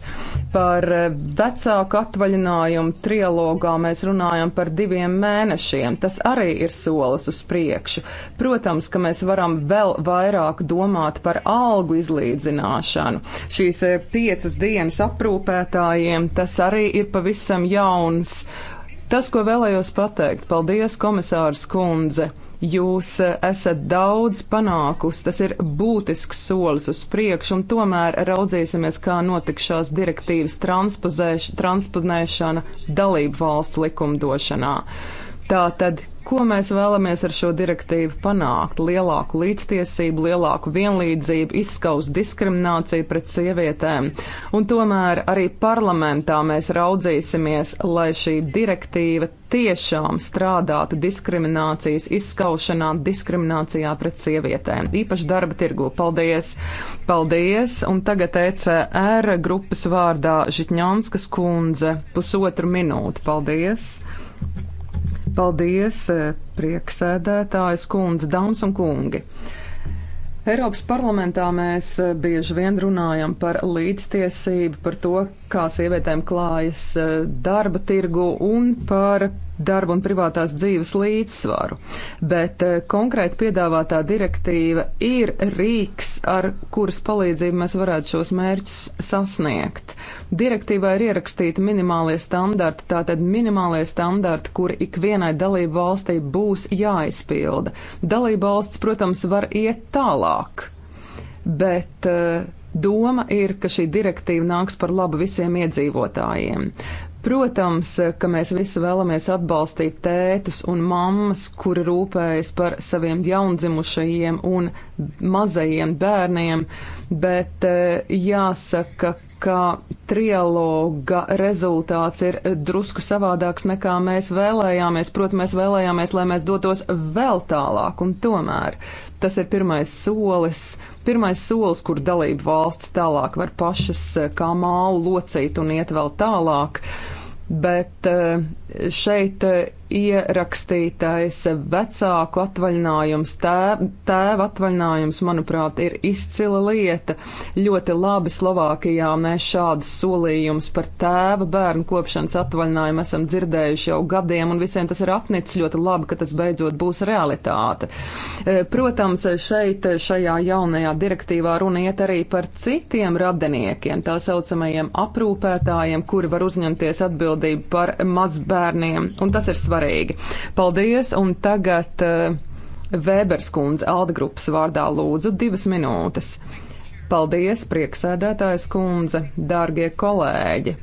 Par eh, vecāku atvaļinājumu trilogā mēs runājam par diviem mēnešiem. Tas arī ir solis uz priekšu. Protams, ka mēs varam vēl vairāk domāt par algu izlīdzināšanu. Šīs eh, piecas dienas aprūpētājiem tas arī ir pavisam jauns Tas, ko vēlējos pateikt, paldies, komisārs Kundze! Jūs eh, esat daudz panākusi, tas ir būtisks solis uz priekšu, un tomēr raudzīsimies, kā notiks šās direktīvas transponēšana dalību valstu likumdošanā. Tā tad Ko mēs vēlamies ar šo direktīvu panākt? Lielāku līdztiesību, lielāku vienlīdzību, izskaust diskrimināciju pret sievietēm. Un tomēr arī parlamentā mēs raudzīsimies, lai šī direktīva tiešām strādātu diskriminācijas izskaušanā, diskriminācijā pret sievietēm, īpaši darba tirgu. Paldies! Paldies! Un tagad ECR grupas vārdā Žitņānskas kundze pusotru minūti. Paldies! Paldies, eh, prieksēdētājs kundze, dāmas un kungi! Eiropas parlamentā mēs eh, bieži vien runājam par līdztiesību, par to, kā sievietēm klājas eh, darba tirgu un par darba un privātās dzīves līdzsvaru, bet eh, konkrēti piedāvātā direktīva ir rīks, ar kuras palīdzību mēs varētu šos mērķus sasniegt. Direktīvā ir ierakstīti minimālie standarti, tātad minimālie standarti, kuri ikvienai dalību valstī būs jāizpilda. Dalība valsts, protams, var iet tālāk, bet eh, doma ir, ka šī direktīva nāks par labu visiem iedzīvotājiem. Protams, ka mēs visi vēlamies atbalstīt tētus un mammas, kuri rūpējas par saviem jaundzimušajiem un mazajiem bērniem, bet eh, jāsaka, ka trialoga rezultāts ir drusku savādāks nekā mēs vēlējāmies. Protams, mēs vēlējāmies, lai mēs dotos vēl tālāk, un tomēr tas ir pirmais solis pirmais solis, kur dalību valsts tālāk var pašas eh, kā mālu locīt un iet vēl tālāk. Uh, bet eh, šeit eh, ierakstītais vecāku atvaļinājums, tēva tēv atvaļinājums, manuprāt, ir izcila lieta. Ļoti labi Slovākijā mēs šādas solījumus par tēva bērnu kopšanas atvaļinājumu esam dzirdējuši jau gadiem, un visiem tas ir apnicis ļoti labi, ka tas beidzot būs realitāte. Eh, protams, šeit šajā jaunajā direktīvā runa iet arī par citiem radiniekiem, tā saucamajiem aprūpētājiem, kuri var uzņemties atbildību atbildību par mazbērniem, un tas ir svarīgi. Paldies, un tagad uh, eh, Vēbers kundze Alda grupas vārdā lūdzu divas minūtes. Paldies, prieksēdētājs kundze, dārgie kolēģi!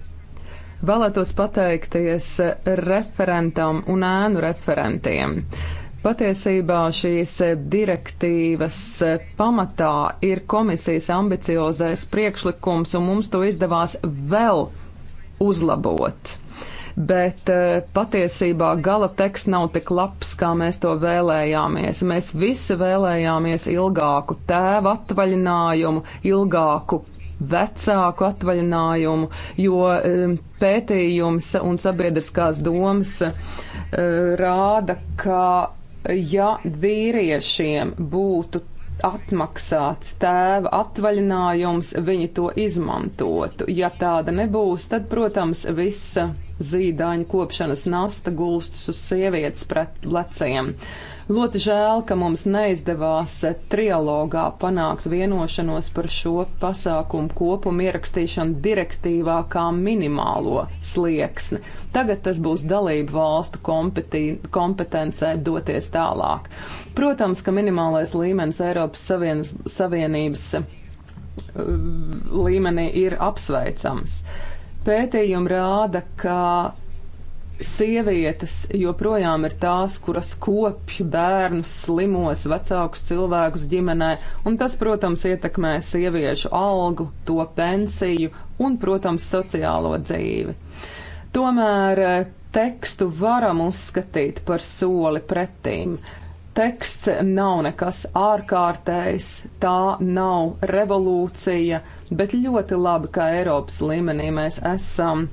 Vēlētos pateikties referentam un ēnu referentiem. Patiesībā šīs direktīvas pamatā ir komisijas ambiciozais priekšlikums, un mums to izdevās vēl uzlabot. Bet eh, patiesībā gala teksts nav tik labs, kā mēs to vēlējāmies. Mēs visi vēlējāmies ilgāku tēva atvaļinājumu, ilgāku vecāku atvaļinājumu, jo eh, pētījums un sabiedriskās domas eh, rāda, ka ja vīriešiem būtu atmaksāts tēva atvaļinājums, viņi to izmantotu. Ja tāda nebūs, tad, protams, visa zīdaiņa kopšanas nasta gulstas uz sievietes pret pleciem. Uh, Ļoti žēl, ka mums neizdevās trialogā panākt vienošanos par šo pasākumu kopumu ierakstīšanu direktīvā kā minimālo slieksni. Tagad tas būs dalību valstu kompetencē doties tālāk. Protams, ka minimālais līmenis Eiropas Savienas, Savienības uh, līmenī ir apsveicams. Pētījumi rāda, ka sievietes joprojām ir tās, kuras kopj bērnus, slimos, vecākus cilvēkus ģimenē, un tas, protams, ietekmē sieviešu algu, to pensiju un, protams, sociālo dzīvi. Tomēr eh, tekstu varam uzskatīt par soli pretīm teksts nav nekas ārkārtējs, tā nav revolūcija, bet ļoti labi, ka Eiropas līmenī mēs esam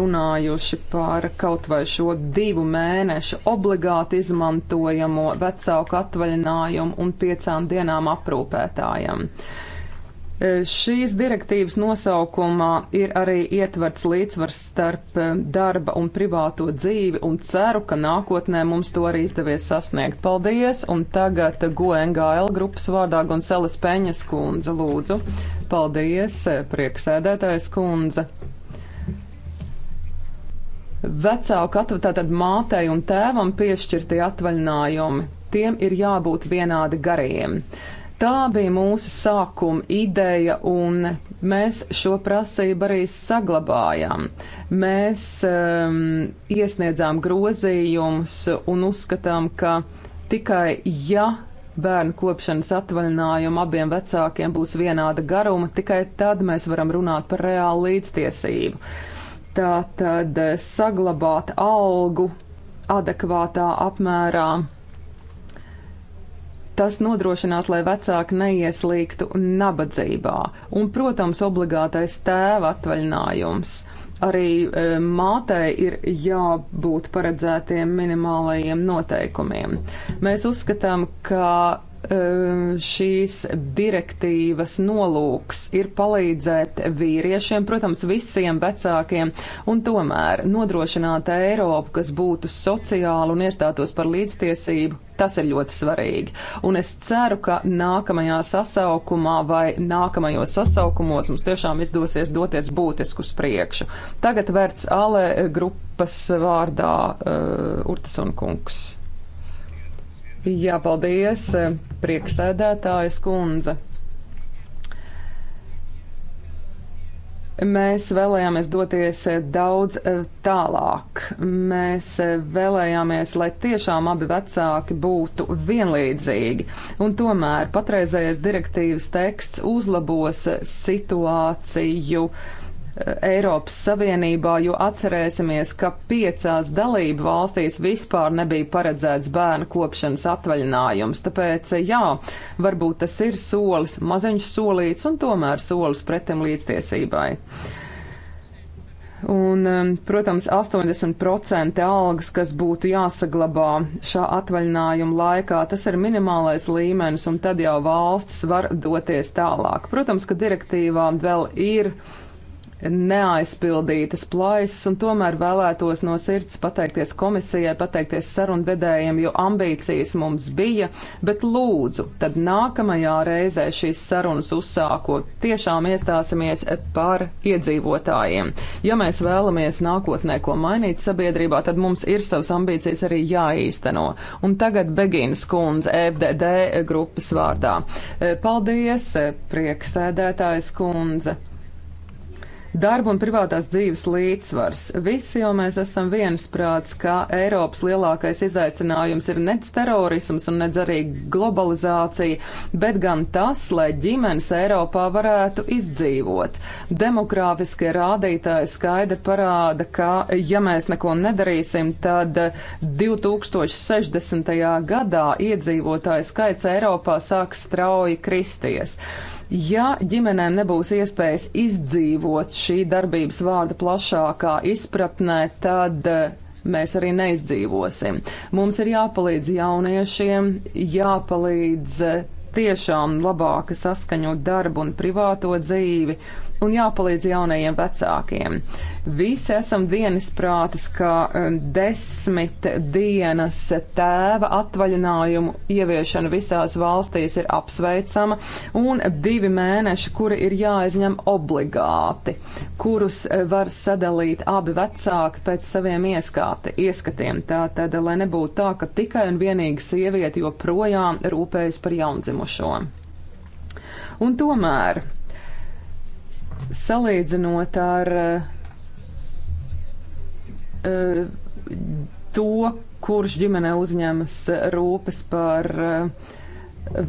runājuši par kaut vai šo divu mēnešu obligāti izmantojamo vecāku atvaļinājumu un piecām dienām aprūpētājiem. E, šīs direktīvas nosaukumā ir arī ietverts līdzsvars starp e, darba un privāto dzīvi, un ceru, ka nākotnē mums to arī izdevies sasniegt. Paldies! Un tagad GONGL e grupas vārdā Gonseles Peņas kundze lūdzu. Paldies, prieksēdētājs kundze! vecāku atvaļinājumu, tātad mātei un tēvam piešķirtie atvaļinājumi, tiem ir jābūt vienādi gariem. Tā bija mūsu sākuma ideja, un mēs šo prasību arī saglabājām. Mēs um, iesniedzām grozījumus un uzskatām, ka tikai ja bērnu kopšanas atvaļinājumu abiem vecākiem būs vienāda garuma, tikai tad mēs varam runāt par reālu līdztiesību. Tā tad eh, saglabāt algu adekvātā apmērā Tas nodrošinās, lai vecāki neieslīgtu nabadzībā. Un, protams, obligātais tēva atvaļinājums. Arī e, mātei ir jābūt paredzētiem minimālajiem noteikumiem. Mēs uzskatām, ka Ehm, šīs direktīvas nolūks ir palīdzēt vīriešiem, protams, visiem vecākiem, un tomēr nodrošināt Eiropu, kas būtu sociāli un iestātos par līdztiesību. Tas ir ļoti svarīgi. Un es ceru, ka nākamajā sasaukumā vai nākamajos sasaukumos mums tiešām izdosies doties būtisku priekšu. Tagad vērts Ale grupas vārdā uh, eh, Urtas un Kungs. Jā, paldies, eh, prieksēdētājas kundze. Mēs vēlējāmies doties eh, daudz eh, tālāk. Mēs vēlējāmies, lai tiešām abi vecāki būtu vienlīdzīgi. Un tomēr patreizējais direktīvas teksts uzlabos situāciju uh, Eiropas Savienībā, jo atcerēsimies, ka piecās dalību valstīs vispār nebija paredzēts bērnu kopšanas atvaļinājums. Tāpēc, jā, varbūt tas ir solis, maziņš solīts un tomēr solis pretim līdztiesībai. Un, um, protams, 80% algas, kas būtu jāsaglabā šā atvaļinājuma laikā, tas ir minimālais līmenis, un tad jau valstis var doties tālāk. Protams, ka direktīvā vēl ir uh, neaizpildītas plaisas, un tomēr vēlētos no sirds pateikties komisijai, pateikties sarunvedējiem, jo ambīcijas mums bija, bet lūdzu, tad nākamajā reizē šīs sarunas uzsākot, tiešām iestāsimies par iedzīvotājiem. Ja mēs vēlamies nākotnē ko mainīt sabiedrībā, tad mums ir savas ambīcijas arī jāīsteno. Un tagad Begīnas kundze e FDD grupas vārdā. Paldies, prieksēdētājs kundze! Darba un privātās dzīves līdzsvars. Visi jau mēs esam viensprāts, ka Eiropas lielākais izaicinājums ir nec terorisms un nec arī globalizācija, bet gan tas, lai ģimenes Eiropā varētu izdzīvot. Demokrāfiskie rādītāji skaidri parāda, ka ja mēs neko nedarīsim, tad 2060. gadā iedzīvotāju skaits Eiropā sāks strauji kristies. Ja ģimenēm nebūs iespējas izdzīvot šī darbības vārda plašākā izpratnē, tad eh, mēs arī neizdzīvosim. Mums ir jāpalīdz jauniešiem, jāpalīdz eh, tiešām labāk saskaņot darbu un privāto dzīvi, un jāpalīdz jaunajiem vecākiem. Visi esam dienas prātas, ka um, desmit dienas tēva atvaļinājumu ieviešana visās valstīs ir apsveicama un divi mēneši, kuri ir jāizņem obligāti, kurus eh, var sadalīt abi vecāki pēc saviem ieskāti, ieskatiem. Tātad, lai nebūtu tā, ka tikai un vienīgi sieviete joprojām rūpējas par jaundzimušo. Un tomēr salīdzinot ar uh, to, kurš ģimenē uzņemas rūpes par uh,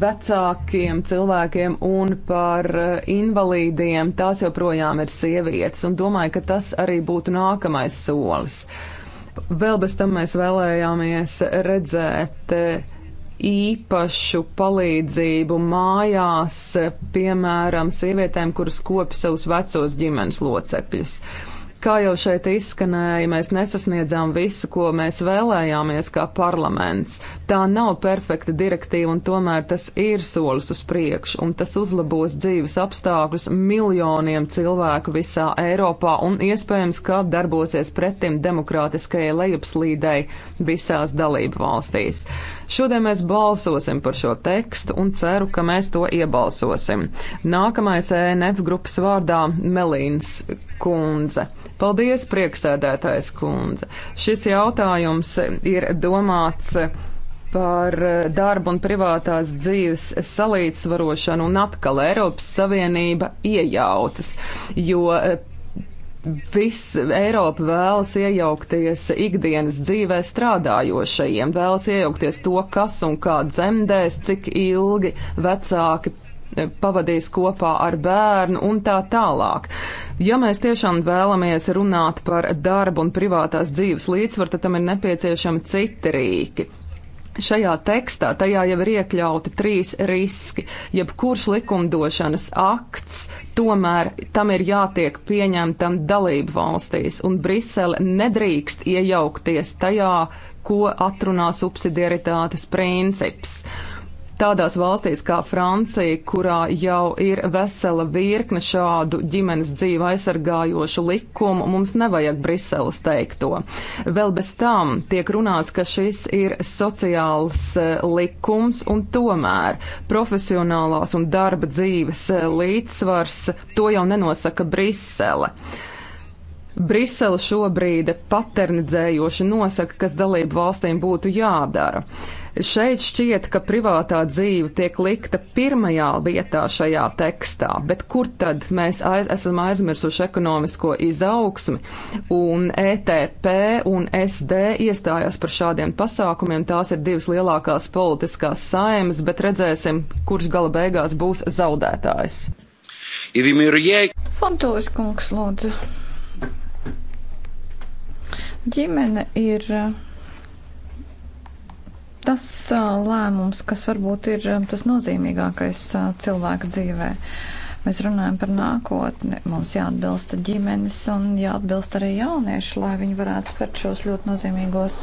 vecākiem cilvēkiem un par eh, invalīdiem, tās joprojām ir sievietes, un domāju, ka tas arī būtu nākamais solis. Vēl bez tam mēs vēlējāmies redzēt īpašu palīdzību mājās, piemēram, sievietēm, kuras kopi savus vecos ģimenes locekļus. Kā jau šeit izskanēja, mēs nesasniedzām visu, ko mēs vēlējāmies kā parlaments. Tā nav perfekta direktīva, un tomēr tas ir solis uz priekšu, un tas uzlabos dzīves apstākļus miljoniem cilvēku visā Eiropā, un iespējams, ka darbosies pretim demokrātiskajai lejupslīdei visās dalību valstīs. Šodien mēs balsosim par šo tekstu un ceru, ka mēs to iebalsosim. Nākamais ENF grupas vārdā Melīns Kundze. Paldies, prieksēdētājs kundze. Šis jautājums ir domāts par darbu un privātās dzīves salīdzvarošanu, un atkal Eiropas Savienība iejaucas, jo eh, Viss Eiropa vēlas iejaukties ikdienas dzīvē strādājošajiem, vēlas iejaukties to, kas un kā dzemdēs, cik ilgi vecāki pavadīs kopā ar bērnu un tā tālāk. Ja mēs tiešām vēlamies runāt par darbu un privātās dzīves līdzsvaru, tad tam ir nepieciešami citi rīki. Šajā tekstā tajā jau ir iekļauti trīs riski. Jebkurš likumdošanas akts, tomēr tam ir jātiek pieņemtam dalību valstīs, un Brisele nedrīkst iejaukties tajā, ko atrunā subsidiaritātes princips. Uh, Tādās valstīs kā Francija, kurā jau ir vesela virkne šādu ģimenes dzīvi aizsargājošu likumu, mums nevajag Briseles teikto. Vēl bez tam tiek runāts, ka šis ir sociāls eh, likums un tomēr profesionālās un darba dzīves eh, līdzsvars to jau nenosaka Brisele. Brisele šobrīd paternizējoši nosaka, kas dalību valstīm būtu jādara. Uh, Šeit šķiet, ka privātā dzīve tiek likta pirmajā vietā šajā tekstā, bet kur tad mēs aiz, esam aizmirsuši ekonomisko izaugsmi? Un ETP un SD iestājās par šādiem pasākumiem. Tās ir divas lielākās politiskās saimas, bet redzēsim, kurš gala beigās būs zaudētājs. Fontolis kungs, lūdzu. Ģimene ir. Uh tas lēmums, kas varbūt ir tas nozīmīgākais cilvēka dzīvē. Mēs runājam par nākotni. Mums jāatbilst ģimenes un jāatbilst arī jaunieši, lai viņi varētu spērt šos ļoti nozīmīgos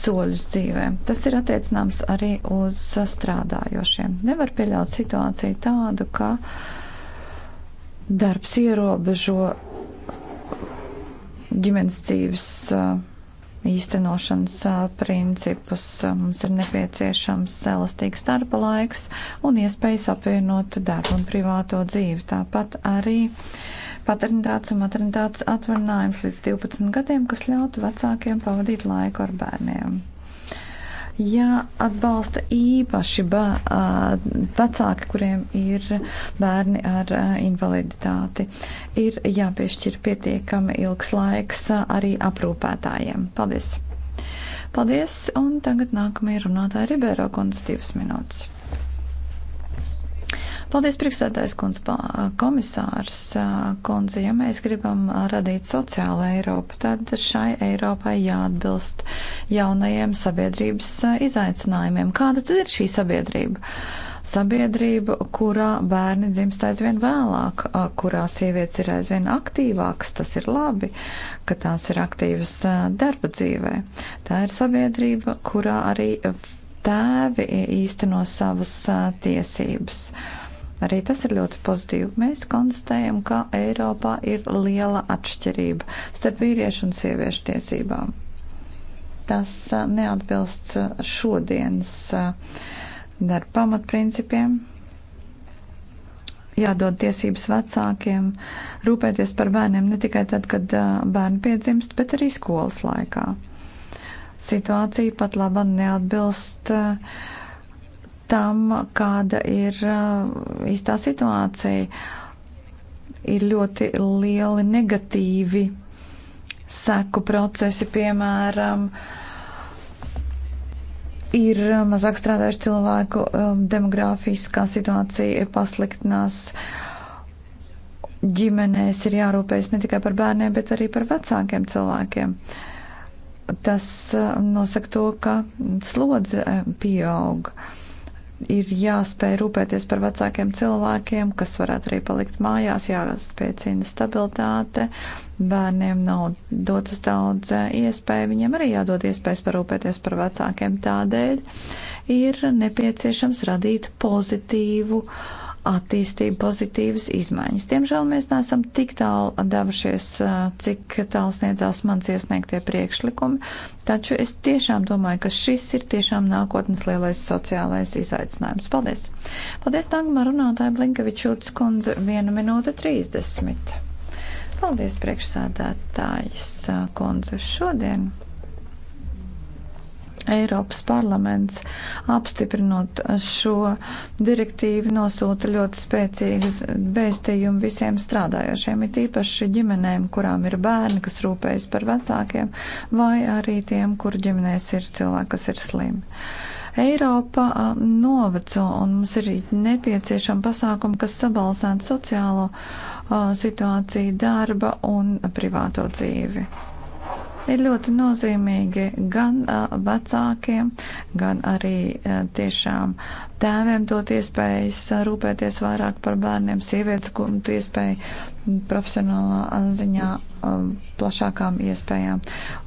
soļus dzīvē. Tas ir attiecināms arī uz strādājošiem. Nevar pieļaut situāciju tādu, ka darbs ierobežo ģimenes dzīves uh, īstenošanas principus. Mums ir nepieciešams elastīgs darba laiks un iespējas apvienot darbu un privāto dzīvi. Tāpat arī paternitātes un maternitātes atvaļinājums līdz 12 gadiem, kas ļautu vecākiem pavadīt laiku ar bērniem jāatbalsta īpaši ba, vecāki, kuriem ir bērni ar invaliditāti. Ir jāpiešķir pietiekami ilgs laiks arī aprūpētājiem. Paldies! Paldies, un tagad nākamie runātāji Ribēro konstitīvas minūtes. Paldies, priekšsēdājs kundz, komisārs kundze. Ja mēs gribam radīt sociālu Eiropu, tad šai Eiropai jāatbilst jaunajiem sabiedrības izaicinājumiem. Kāda tad ir šī sabiedrība? sabiedrība, kurā bērni dzimst aizvien vēlāk, kurā sievietes ir aizvien aktīvākas, tas ir labi, ka tās ir aktīvas darba dzīvē. Tā ir sabiedrība, kurā arī tēvi īsteno savas tiesības. Uh, Arī tas ir ļoti pozitīvi. Mēs konstatējam, ka Eiropā ir liela atšķirība starp vīriešu un sieviešu tiesībām. Tas neatbilst šodienas darba pamatprincipiem, jādod tiesības vecākiem, rūpēties par bērniem ne tikai tad, kad bērni piedzimst, bet arī skolas laikā. Situācija pat laba neatbilst tam, kāda ir uh, īstā situācija. Ir ļoti lieli negatīvi seku procesi, piemēram, ir uh, mazāk strādājuši cilvēku, um, demogrāfiskā situācija pasliktinās ģimenēs ir jārūpējas ne tikai par bērniem, bet arī par vecākiem cilvēkiem. Tas uh, nosaka to, ka slodze pieaug. Uh, ir jāspēj rūpēties par vecākiem cilvēkiem, kas varētu arī palikt mājās, jāspēcina stabilitāte, bērniem nav dotas daudz eh, iespēju, viņiem arī jādod iespējas parūpēties par vecākiem. Tādēļ ir nepieciešams radīt pozitīvu uh, attīstību, pozitīvas izmaiņas. Diemžēl mēs neesam tik tālu devušies, cik tālu sniedzās mans iesniegtie priekšlikumi, taču es tiešām domāju, ka šis ir tiešām nākotnes lielais sociālais izaicinājums. Paldies! Paldies, Dagmar runātāja Blinkevičūtas kundze, 1 minūte 30. Paldies, priekšsādātājas kundze, šodien! Eiropas parlaments apstiprinot šo direktīvu nosūta ļoti spēcīgas vēstījumu visiem strādājošiem, it īpaši ģimenēm, kurām ir bērni, kas rūpējas par vecākiem, vai arī tiem, kur ģimenēs ir cilvēki, kas ir slimi. Eiropa noveco un mums ir nepieciešama pasākuma, kas sabalansētu sociālo situāciju, darba un privāto dzīvi ir ļoti nozīmīgi gan uh, vecākiem, gan arī uh, tiešām tēviem dot iespējas rūpēties vairāk par bērniem, sievietes gūt iespēju profesionālā ziņā plašākām iespējām.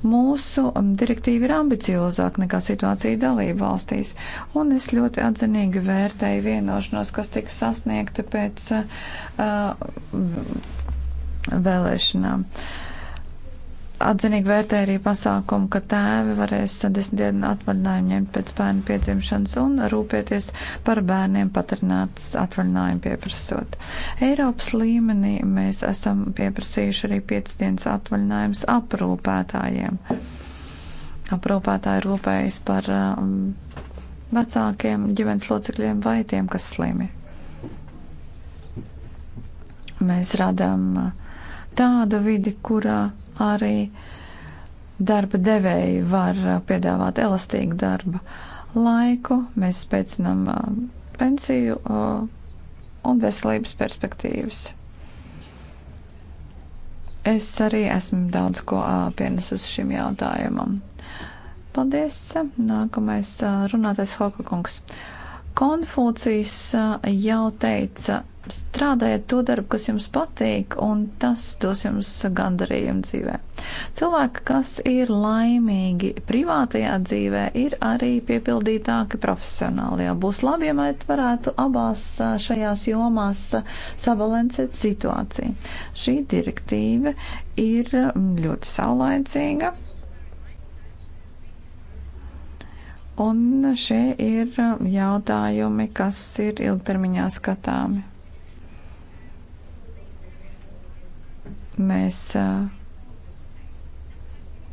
Mūsu direktīva ir ambiciozāka nekā situācija dalība valstīs, un es ļoti atzinīgi vērtēju vienošanos, kas tika sasniegta pēc uh, vēlēšanām. Uh, atzinīgi vērtē arī pasākumu, ka tēvi varēs desmit dienu atvaļinājumu ņemt pēc bērnu piedzimšanas un rūpēties par bērniem patarinātas atvaļinājumu pieprasot. Eiropas līmenī mēs esam pieprasījuši arī piecas dienas atvaļinājumus aprūpētājiem. Aprūpētāji rūpējas par um, vecākiem ģimenes locekļiem vai tiem, kas slimi. Mēs radām uh, tādu vidi, kurā arī darba devēji var uh, piedāvāt elastīgu darba laiku. Mēs spēcinām uh, pensiju uh, un veselības perspektīvas. Es arī esmu daudz ko pienesusi šim jautājumam. Paldies! Nākamais runātais Hoka kungs. Uh, Konfūcijas uh, jau teica, strādājiet to darbu, kas jums patīk, un tas dos jums gandarījumu dzīvē. Cilvēki, kas ir laimīgi privātajā dzīvē, ir arī piepildītāki profesionālajā. Būs labi, ja mēs varētu abās uh, šajās jomās uh, sabalansēt situāciju. Šī direktīva ir mm, ļoti saulaicīga Un šie ir jautājumi, kas ir ilgtermiņā skatāmi. Mēs uh,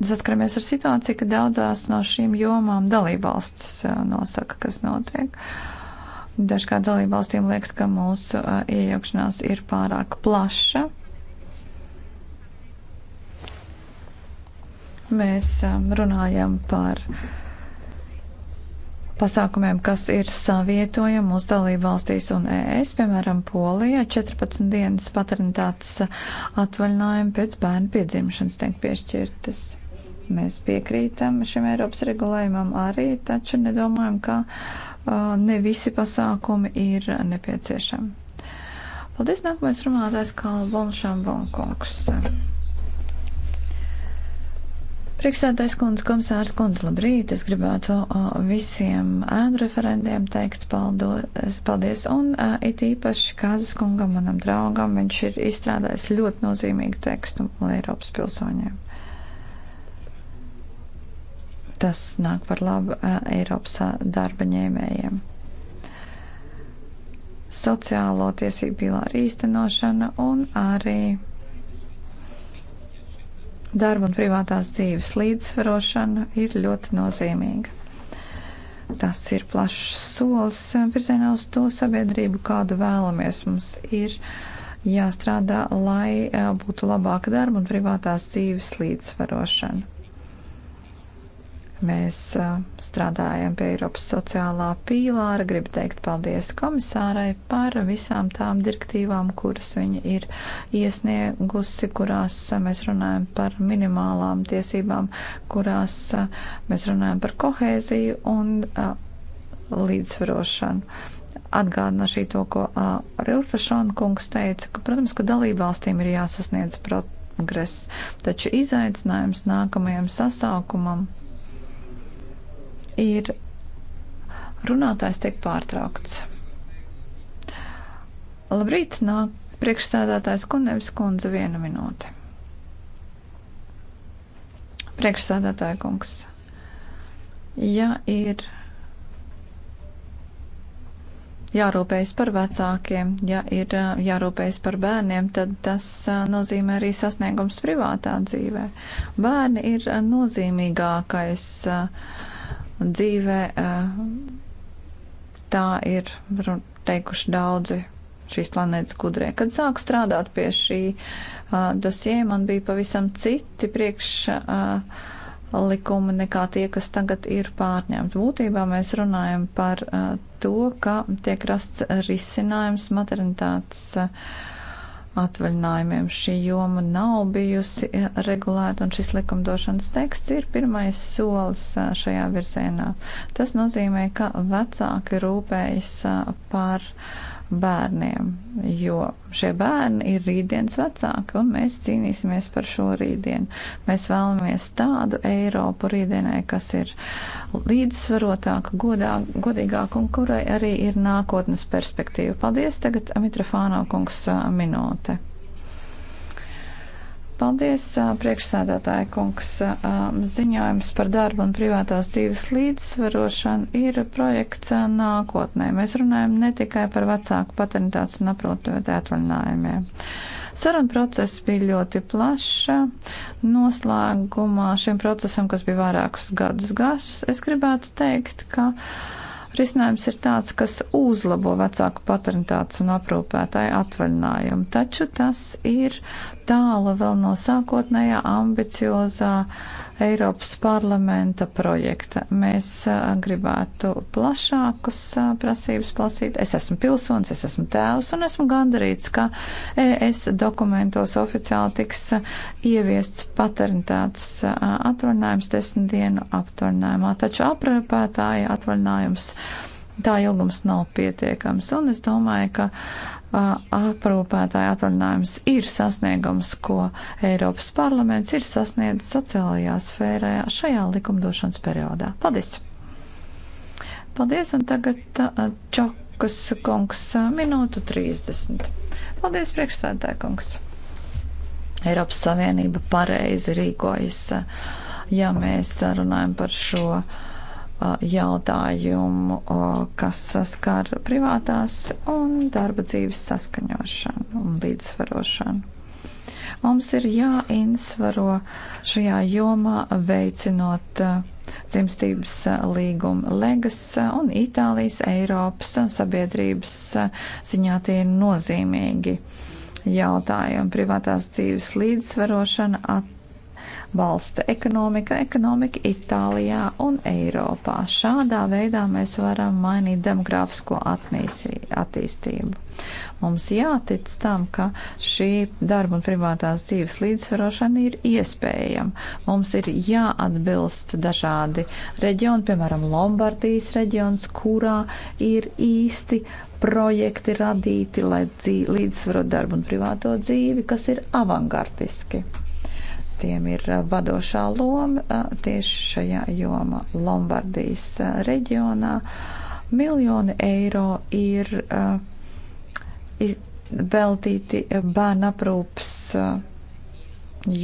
saskaramies ar situāciju, ka daudzās no šīm jomām dalībvalsts uh, nosaka, kas notiek. Dažkārt dalībvalstīm liekas, ka mūsu uh, iejaukšanās ir pārāk plaša. Mēs um, runājam par uh, pasākumiem, kas ir savietojami mūsu dalību valstīs un ES, piemēram, Polijā 14 dienas paternitātes atvaļinājumi pēc bērnu piedzimšanas tiek piešķirtas. Mēs piekrītam šim Eiropas regulējumam arī, taču nedomājam, ka uh, ne visi pasākumi ir nepieciešami. Paldies, nākamais runātājs Kalvonšam Bonkungs. Priekšsēdājs kundze, komisārs kundze, labrīt! Es gribētu visiem ēnu referentiem teikt paldos, paldies, un e, it īpaši Kāzas kungam, manam draugam, viņš ir izstrādājis ļoti nozīmīgu tekstu Eiropas pilsoņiem. Tas nāk par labu e, Eiropas e, darba ņēmējiem sociālo tiesību pīlāru īstenošana un arī Darba un privātās dzīves līdzsvarošana ir ļoti nozīmīga. Tas ir plašs solis virzienā uz to sabiedrību, kādu vēlamies. Mums ir jāstrādā, lai būtu labāka darba un privātās dzīves līdzsvarošana Mēs strādājam pie Eiropas sociālā pīlāra. Gribu teikt paldies komisārai par visām tām direktīvām, kuras viņa ir iesniegusi, kurās mēs runājam par minimālām tiesībām, kurās mēs runājam par kohēziju un līdzsvarošanu. Atgādināšu to, ko Rilfešona kungs teica, ka, protams, ka dalībvalstīm ir jāsasniedz progress, taču izaicinājums nākamajam sasaukumam ir runātājs tiek pārtraukts. Labrīt, nāk priekšsēdētājs Kunevis kundze viena minūte. Priekšsēdētāja kungs, ja ir jārūpējas par vecākiem, ja ir jārūpējas par bērniem, tad tas nozīmē arī sasniegums privātā dzīvē. Bērni ir nozīmīgākais uh, dzīvē. Tā ir teikuši daudzi šīs planētas gudrie. Kad sāku strādāt pie šī uh, dosie, man bija pavisam citi priekš. Uh, likumi nekā tie, kas tagad ir pārņemti. Būtībā mēs runājam par uh, to, ka tiek rasts risinājums maternitātes uh, atvaļinājumiem. Šī joma nav bijusi eh, regulēta, un šis likumdošanas teksts ir pirmais solis eh, šajā virzienā. Tas nozīmē, ka vecāki rūpējas eh, par uh, bērniem, jo šie bērni ir rītdienas vecāki, un mēs cīnīsimies par šo rītdienu. Mēs vēlamies tādu Eiropu rītdienai, kas ir līdzsvarotāka, godā, godīgāka, un kurai arī ir nākotnes perspektīva. Paldies, tagad Mitrofānā kungs minūte. Paldies, priekšsēdētāja kungs. Ziņojums par darbu un privātās dzīves līdzsvarošanu ir projekts nākotnē. Mēs runājam ne tikai par vecāku paternitātes un aprūpēt atvaļinājumiem. Saruna process bija ļoti plaša. Noslēgumā šim procesam, kas bija vairākus gadus gars, es gribētu teikt, ka. Uh, Risinājums ir tāds, kas uzlabo vecāku paternitātes un aprūpētāju atvaļinājumu, taču tas ir tālu vēl no sākotnējā ambiciozā uh, Eiropas parlamenta projekta. Mēs gribētu plašākus prasības plasīt. Es esmu pilsonis, es esmu tēvs un esmu gandarīts, ka ES dokumentos oficiāli tiks ieviests paternitātes atvaļinājums desmit dienu aptvaļinājumā. Taču aprēpētāja atvaļinājums tā ilgums nav pietiekams. Un es domāju, ka aprūpētāja atvaļinājums ir sasniegums, ko Eiropas parlaments ir sasniedzis sociālajā sfērā šajā likumdošanas periodā. Paldies! Paldies, un tagad Čakas kungs minūtu 30. Paldies, priekšstādātāja kungs! Eiropas Savienība pareizi rīkojas, ja mēs runājam par šo uh, jautājumu, kas skar privātās un darba dzīves saskaņošanu un līdzsvarošanu. Mums ir jāinsvaro šajā jomā veicinot dzimstības līguma legas un Itālijas Eiropas sabiedrības ziņā tie ir nozīmīgi jautājumi. Privātās dzīves līdzsvarošana at balsta ekonomika, ekonomika Itālijā un Eiropā. Šādā veidā mēs varam mainīt demografisko attīstību. Mums jātic tam, ka šī darba un privātās dzīves līdzsvarošana ir iespējama. Mums ir jāatbilst dažādi reģioni, piemēram, Lombardijas reģions, kurā ir īsti projekti radīti, lai līdzsvarot darbu un privāto dzīvi, kas ir avangardiski. Tiem ir vadošā loma tieši šajā jomā Lombardijas reģionā. Miljoni eiro ir veltīti bērnu aprūps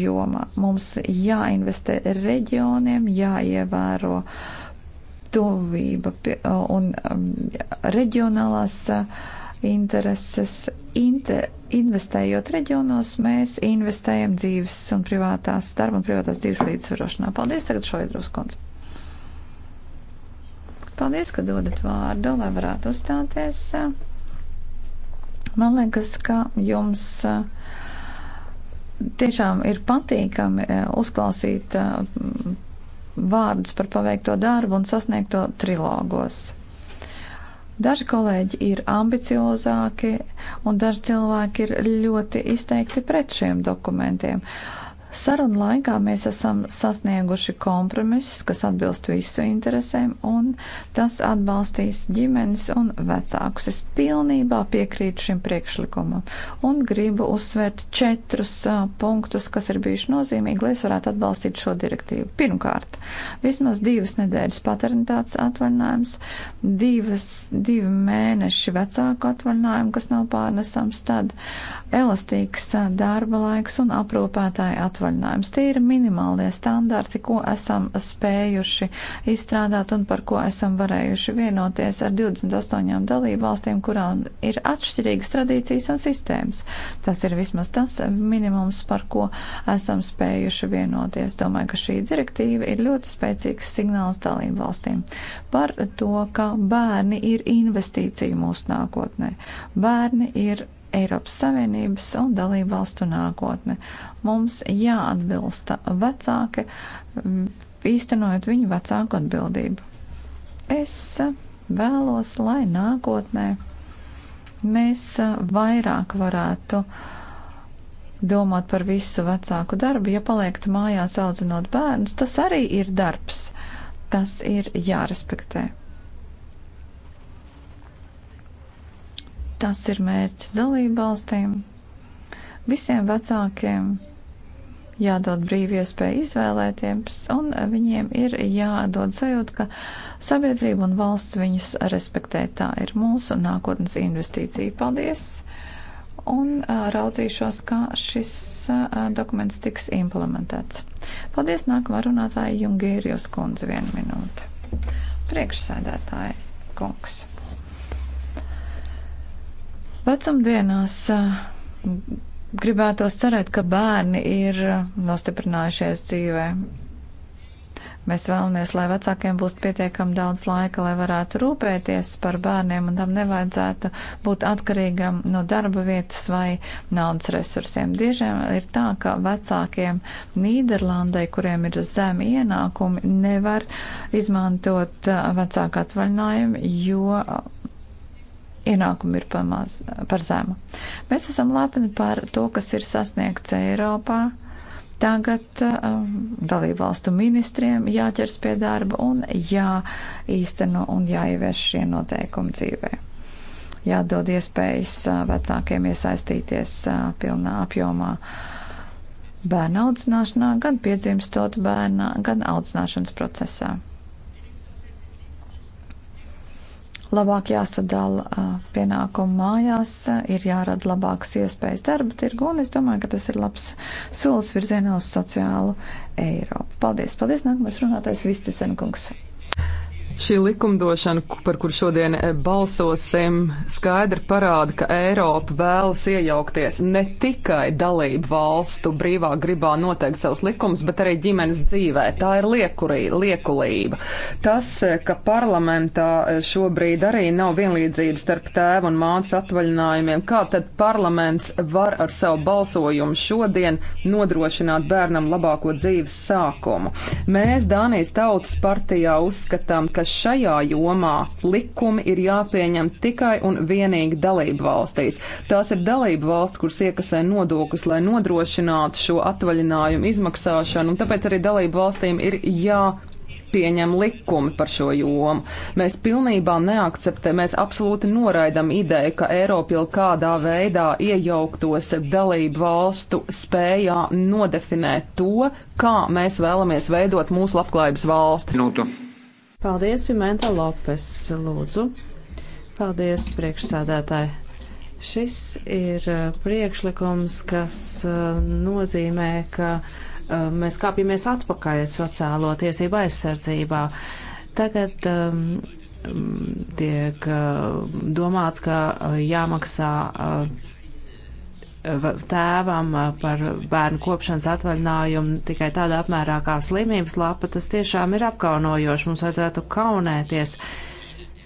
jomā. Mums jāinvestē reģioniem, jāievēro tuvība un reģionālās uh, intereses. Inte, investējot reģionos, mēs investējam dzīves un privātās darba un privātās dzīves līdzsvarošanā. Paldies tagad Šoidros kundze. Paldies, ka dodat vārdu, lai varētu uzstāties. Man liekas, ka jums eh, tiešām ir patīkami eh, uzklausīt eh, vārdus par paveikto darbu un sasniegto trilogos. Daži kolēģi ir ambiciozāki, un daži cilvēki ir ļoti izteikti pret šiem dokumentiem. Uh, Sarunu laikā mēs esam sasnieguši kompromisus, kas atbilst visu interesēm, un tas atbalstīs ģimenes un vecākus. Es pilnībā piekrītu šim priekšlikumam un gribu uzsvērt četrus uh, punktus, kas ir bijuši nozīmīgi, lai es varētu atbalstīt šo direktīvu. Pirmkārt, vismaz divas nedēļas paternitātes atvaļinājums, divas, divi mēneši vecāku atvaļinājumu, kas nav pārnesams tad. Uh, elastīgs darba laiks un aprūpētāja atvaļinājums. Tie ir minimālie standarti, ko esam spējuši izstrādāt un par ko esam varējuši vienoties ar 28 dalību valstīm, kurām ir atšķirīgas tradīcijas un sistēmas. Tas ir vismaz tas minimums, par ko esam spējuši vienoties. Domāju, ka šī direktīva ir ļoti spēcīgs signāls dalību valstīm par to, ka bērni ir investīcija mūsu nākotnē. Bērni ir Eiropas Savienības un dalību valstu nākotne. Mums jāatbilsta vecāki, īstenojot viņu vecāku atbildību. Es vēlos, lai nākotnē mēs vairāk varētu domāt par visu vecāku darbu. Ja paliektu mājās audzinot bērnus, tas arī ir darbs. Tas ir jārespektē. Tas ir mērķis dalību valstīm. Visiem vecākiem jādod brīvi iespēja izvēlēties, un viņiem ir jādod sajūta, ka sabiedrība un valsts viņus respektē. Tā ir mūsu nākotnes investīcija. Paldies! Un raudzīšos, kā šis dokuments tiks implementēts. Paldies! Nākamā runātāja Jungērijos kundze vienu minūti. Priekšsēdētāji kungs. Vecumdienās gribētos cerēt, ka bērni ir nostiprinājušies dzīvē. Mēs vēlamies, lai vecākiem būtu pietiekami daudz laika, lai varētu rūpēties par bērniem, un tam nevajadzētu būt atkarīgam no darba vietas vai naudas resursiem. Diežiem ir tā, ka vecākiem Nīderlandai, kuriem ir zemi ienākumi, nevar izmantot vecāku atvaļinājumu, jo ienākumi ir pamaz, par zemu. Mēs esam lepni par to, kas ir sasniegts Eiropā. Tagad um, dalībvalstu ministriem jāķers pie darba un jāīsteno un jāievieš šie noteikumi dzīvē. Jādod iespējas uh, vecākiem iesaistīties uh, pilnā apjomā bērnu audzināšanā, gan piedzimstot bērnā, gan audzināšanas procesā. Labāk jāsadala pienākumu mājās, ir jārada labākas iespējas darba tirgu, un es domāju, ka tas ir labs solis virzienā uz sociālu Eiropu. Paldies! Paldies! Nākamais runātais Vistis Enkungs. Šī likumdošana, par kur šodien e, balsosim, skaidri parāda, ka Eiropa vēlas iejaukties ne tikai dalību valstu brīvā gribā noteikt savus likumus, bet arī ģimenes dzīvē. Tā ir liekurī, liekulība. Tas, e, ka parlamentā e, šobrīd arī nav vienlīdzības starp tēvu un mātes atvaļinājumiem, kā tad parlaments var ar savu balsojumu šodien nodrošināt bērnam labāko dzīves sākumu. Mēs Dānijas tautas partijā uzskatām, ka šajā jomā likumi ir jāpieņem tikai un vienīgi dalību valstīs. Tās ir dalību valsts, kuras iekasē nodokļus, lai nodrošinātu šo atvaļinājumu izmaksāšanu, un tāpēc arī dalību valstīm ir jā pieņem likumi par šo jomu. Mēs pilnībā neakceptējam, mēs absolūti noraidam ideju, ka Eiropa jau kādā veidā iejauktos dalību valstu spējā nodefinēt to, kā mēs vēlamies veidot mūsu labklājības valsti. Minūtu. Paldies, Pimenta Lopes, lūdzu. Paldies, priekšsādātāji. Šis ir uh, priekšlikums, kas uh, nozīmē, ka uh, mēs kāpjamies atpakaļ sociālo tiesību aizsardzībā. Tagad um, tiek domāts, ka jāmaksā. Uh, tēvam uh, par bērnu kopšanas atvaļinājumu tikai tādā apmērā kā slimības lapa, tas tiešām ir apkaunojoši. Mums vajadzētu kaunēties.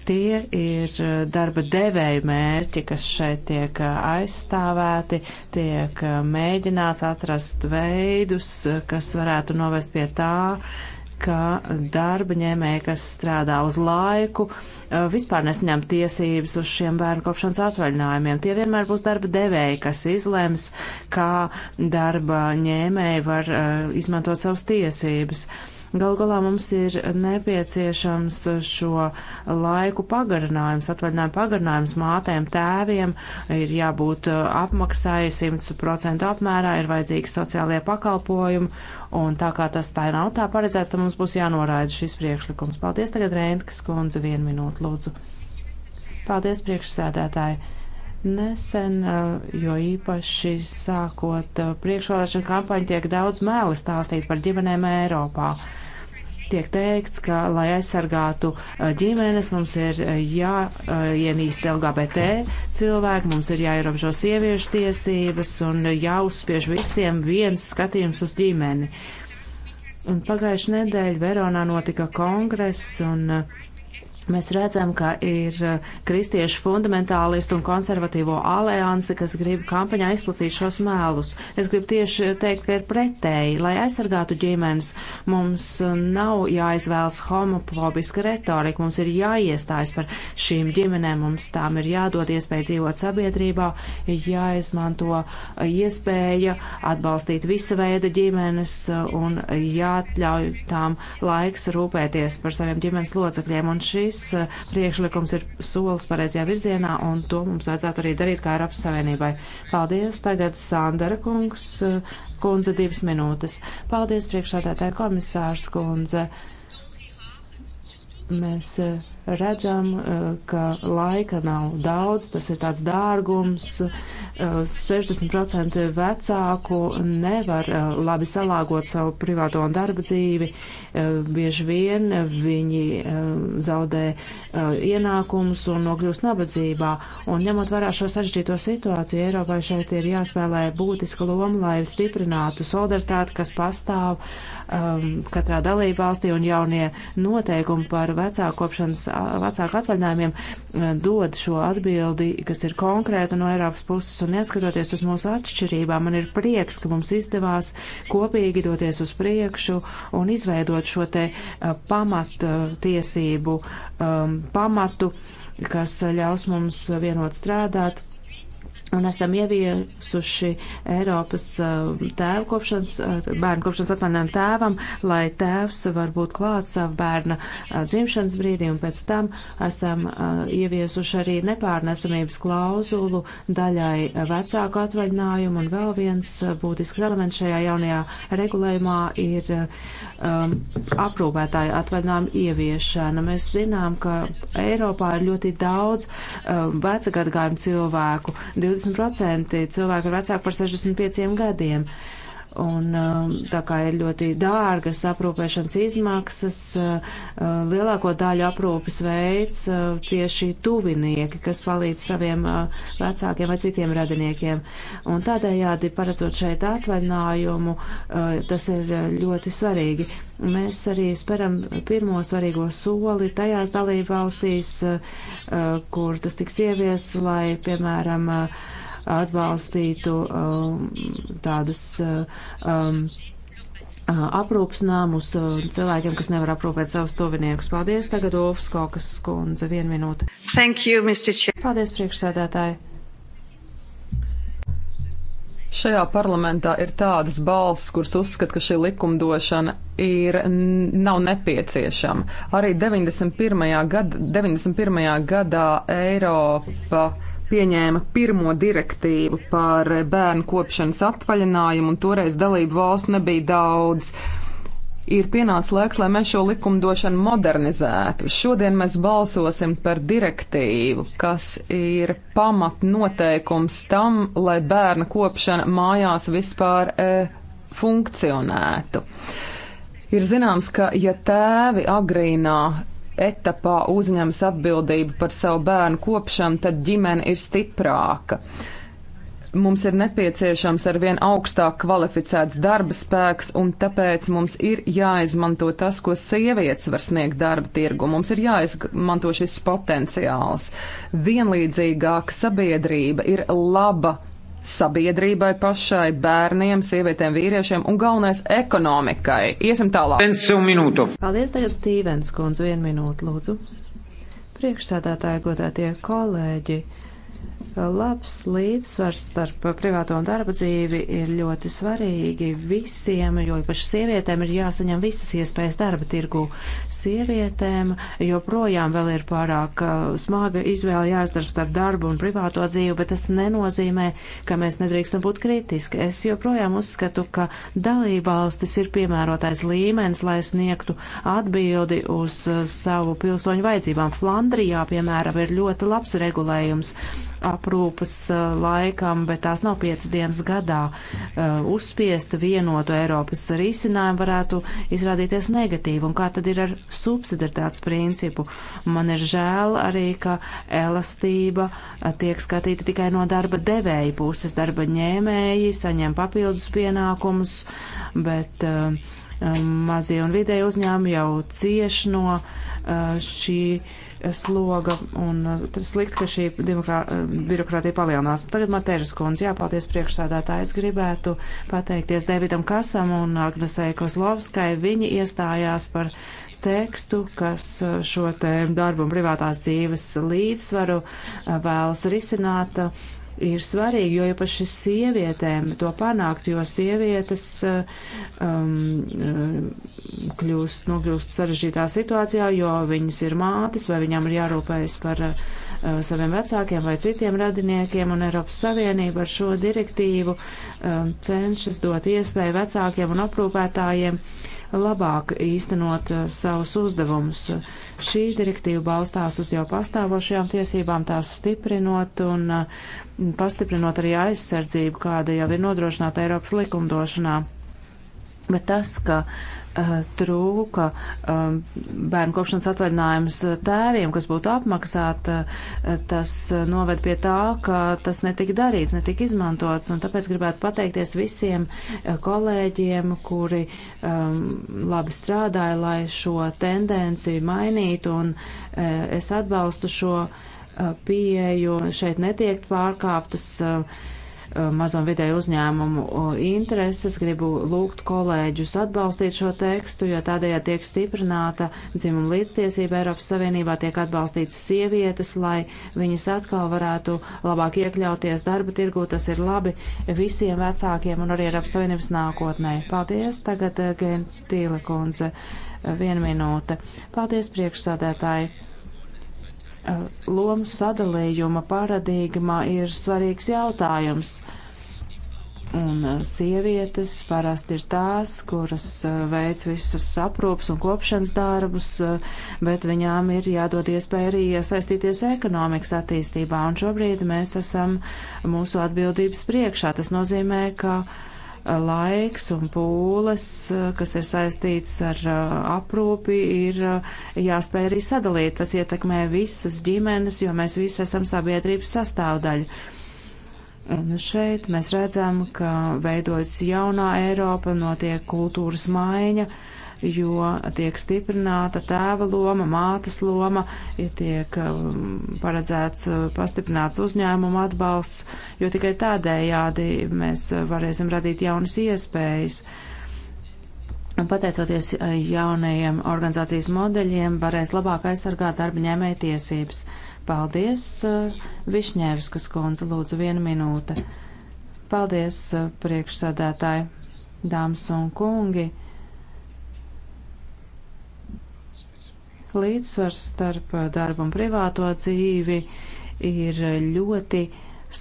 Tie ir uh, darba devēju mērķi, kas šeit tiek uh, aizstāvēti, tiek mēģināts atrast veidus, kas varētu novest pie tā, ka darba ņēmēji, kas strādā uz laiku, uh, vispār nesaņem tiesības uz šiem bērnu kopšanas atvaļinājumiem. Tie vienmēr būs darba devēji, kas izlems, kā darba ņēmēji var uh, izmantot savas tiesības. Uh, Gal galā mums ir nepieciešams šo laiku pagarinājums, atvaļinājumu pagarinājums mātēm, tēviem, ir jābūt apmaksāja 100% apmērā, ir vajadzīgi sociālie pakalpojumi, un tā kā tas tā nav tā paredzēts, tad mums būs jānoraida šis priekšlikums. Paldies tagad Rēntkas kundze, vienu minūtu lūdzu. Paldies priekšsēdētāji. Nesen, jo īpaši sākot priekšvēlēšana kampaņa, tiek daudz mēli stāstīt par ģimenēm Eiropā. Uh, tiek teikts, ka, lai aizsargātu eh, ģimenes, mums ir eh, jāienīst LGBT cilvēki, mums ir jāierobežo sieviešu tiesības un jāuzspiež visiem viens skatījums uz ģimeni. Un pagājuši nedēļa Veronā notika kongress, un uh, Mēs redzam, ka ir uh, kristiešu fundamentālistu un konservatīvo alianse, kas grib kampaņā izplatīt šos mēlus. Es gribu tieši teikt, ka ir pretēji. Lai aizsargātu ģimenes, mums uh, nav jāizvēlas homofobiska retorika, mums ir jāiestājas par šīm ģimenēm, mums tām ir jādod iespēja dzīvot sabiedrībā, jāizmanto uh, iespēja atbalstīt visa veida ģimenes un jāatļauj tām laiks rūpēties par saviem ģimenes locekļiem. Un šis Eh, priekšlikums ir solis pareizajā virzienā, un to mums vajadzētu arī darīt kā Eiropas Savienībai. Paldies, tagad Sandara kungs, eh, kundze divas minūtes. Paldies, priekšsādātāja komisārs kundze. Mēs uh, redzam, eh, ka laika nav daudz, tas ir tāds dārgums. 60% eh, vecāku nevar eh, labi salāgot savu privāto un darba dzīvi. Bieži vien viņi zaudē ienākumus un nokļūst nabadzībā. Un ņemot vērā šo sarežģīto situāciju, Eiropai šeit ir jāspēlē būtiska loma, lai stiprinātu solidaritāti, kas pastāv um, katrā dalībvalstī un jaunie noteikumi par vecāku kopšanas, vecāku atvaļinājumiem uh, dod šo atbildi, kas ir konkrēta no Eiropas puses un ieskatoties uz mūsu atšķirībām, man ir prieks, ka mums izdevās kopīgi doties uz priekšu un izveidot šo te uh, pamat uh, tiesību um, pamatu, kas ļaus mums vienot strādāt un esam ieviesuši Eiropas uh, tēvu kopšanas, uh, bērnu kopšanas atvainājumu tēvam, lai tēvs var būt klāt savu bērna uh, dzimšanas brīdī, un pēc tam esam ieviesuši arī nepārnesamības klauzulu daļai vecāku atvaļinājumu, un vēl viens būtisks elements šajā jaunajā regulējumā ir um, aprūpētāju atvaļinājumu ieviešana. Mēs zinām, ka Eiropā ir ļoti daudz um, vecagādgājumu cilvēku. 20 20% cilvēku ir vecāki par 65 gadiem. Un um, tā kā ir ļoti dārgas aprūpēšanas izmaksas, uh, uh, lielāko daļu aprūpes veids uh, tieši tuvinieki, kas palīdz saviem vecākiem vai citiem radiniekiem. Un tādējādi paredzot šeit atvaļinājumu, tas ir ļoti svarīgi. Mēs arī speram pirmo svarīgo soli tajās dalībvalstīs, kur tas tiks ieviests, lai, piemēram, atbalstītu um, tādas uh, um, uh, aprūpas nāmus uh, cilvēkiem, kas nevar aprūpēt savus tuviniekus. Paldies, tagad Ofs Kokas skundze, vienu minūti. Thank you, Mr. Chair. Paldies, priekšsēdētāji. Šajā parlamentā ir tādas balss, kuras uzskata, ka šī likumdošana ir, nav nepieciešama. Arī 91. Gada, 91. gadā Eiropa pieņēma pirmo direktīvu par bērnu kopšanas atvaļinājumu, un toreiz dalību valsts nebija daudz. Ir pienācis laiks, lai mēs šo likumdošanu modernizētu. Šodien mēs balsosim par direktīvu, kas ir pamatnoteikums tam, lai bērna kopšana mājās vispār e, funkcionētu. Ir zināms, ka ja tēvi agrīnā etapā uzņemas atbildību par savu bērnu kopšanu, tad ģimene ir stiprāka. Mums ir nepieciešams ar vien augstāk kvalificēts darba spēks, un tāpēc mums ir jāizmanto tas, ko sievietes var sniegt darba tirgu. Mums ir jāizmanto šis potenciāls. Vienlīdzīgāka sabiedrība ir laba sabiedrībai pašai, bērniem, sievietēm, vīriešiem un galvenais - ekonomikai. Iesim tālāk. Paldies, tagad Stīvens kundz, vienu minūtu lūdzu. Priekšsēdētāji, godētie kolēģi, Labs līdzsvars starp privāto un darba dzīvi ir ļoti svarīgi visiem, jo īpaši sievietēm ir jāsaņem visas iespējas darba tirgu. Sievietēm joprojām vēl ir pārāk uh, smaga izvēle jāizdara starp darbu un privāto dzīvi, bet tas nenozīmē, ka mēs nedrīkstam būt kritiski. Es joprojām uzskatu, ka dalībvalstis ir piemērotais līmenis, lai sniegtu atbildi uz uh, savu pilsoņu vajadzībām. Flandrijā, piemēram, ir ļoti labs regulējums aprūpas eh, laikam, bet tās nav piecas dienas gadā. Eh, uzspiest vienotu Eiropas risinājumu varētu izrādīties negatīvi, un kā tad ir ar subsidaritātes principu? Man ir žēl arī, ka elastība eh, tiek skatīta tikai no darba devēja puses. Darba ņēmēji saņem papildus pienākumus, bet mazie un vidēji uzņēmumi jau cieš no šī sloga, un uh, slikti, ka šī uh, birokrātija palielinās. Tagad Matēžas kundze, jāpaldies priekšsādātāji, es gribētu pateikties Davidam Kasam un Agnesei Kozlovskai. Viņi iestājās par tekstu, kas uh, šo te darbu un privātās dzīves līdzsvaru vēlas risināt ir svarīgi, jo īpaši sievietēm to panākt, jo sievietes eh, um, eh, kļūst, nokļūst sarežģītā situācijā, jo viņas ir mātes vai viņām ir jārūpējas par uh, saviem vecākiem vai citiem radiniekiem, un Eiropas Savienība ar šo direktīvu um, cenšas dot iespēju vecākiem un aprūpētājiem uh, labāk īstenot uh, savus uzdevumus. Šī direktīva balstās uz jau pastāvošajām tiesībām, tās stiprinot un uh, pastiprinot arī aizsardzību, kāda jau ir nodrošināta Eiropas likumdošanā. Bet tas, ka Eh, trūka eh, bērnu kopšanas atvaļinājums tēviem, kas būtu apmaksāta, eh, tas noved pie tā, ka tas netika darīts, netika izmantots, un tāpēc gribētu pateikties visiem kolēģiem, kuri labi strādāja, lai šo tendenci mainītu, un es atbalstu šo pieeju, šeit netiek pārkāptas uh, Uh, mazo un vidēju uzņēmumu uh, intereses. Gribu lūgt kolēģus atbalstīt šo tekstu, jo tādējādi tiek stiprināta dzimuma līdztiesība Eiropas Savienībā, tiek atbalstītas sievietes, lai viņas atkal varētu labāk iekļauties darba tirgū. Tas ir labi visiem vecākiem un arī Eiropas Savienības nākotnē. Paldies, tagad uh, Gentīle kundze, viena minūte. Paldies, priekšsādētāji. Eh, lomu sadalījuma paradigma ir svarīgs jautājums. Un eh, sievietes parasti ir tās, kuras eh, veic visus aprūps un kopšanas darbus, bet viņām ir jādod iespēja arī iesaistīties ekonomikas attīstībā. Un šobrīd mēs esam mūsu atbildības priekšā. Tas nozīmē, ka uh, laiks un pūles, eh, kas ir saistīts ar eh, aprūpi, ir eh, jāspēj arī sadalīt. Tas ietekmē visas ģimenes, jo mēs visi esam sabiedrības sastāvdaļa. Un šeit mēs redzam, ka veidojas jaunā Eiropa, notiek kultūras maiņa. Uh, jo tiek stiprināta tēva loma, mātes loma, ja tiek um, paredzēts uh, pastiprināts uzņēmuma atbalsts, jo tikai tādējādi mēs varēsim radīt jaunas iespējas. Un pateicoties uh, jaunajiem organizācijas modeļiem, varēs labāk aizsargāt darba ņēmēja tiesības. Paldies, uh, Višņēviskas kundze, lūdzu vienu minūte. Paldies, priekšsādātāji, dāmas un kungi. Līdzsvars starp darbu un privāto dzīvi ir ļoti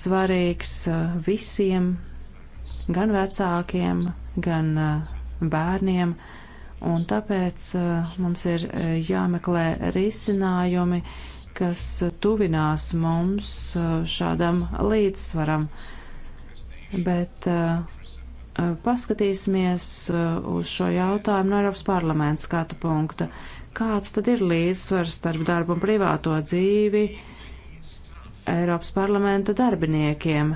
svarīgs visiem, gan vecākiem, gan bērniem, un tāpēc mums ir jāmeklē risinājumi, kas tuvinās mums šādam līdzsvaram. Bet paskatīsimies uz šo jautājumu no Eiropas parlamenta skatu punkta. Kāds tad ir līdzsvars starp darbu un privāto dzīvi Eiropas parlamenta darbiniekiem?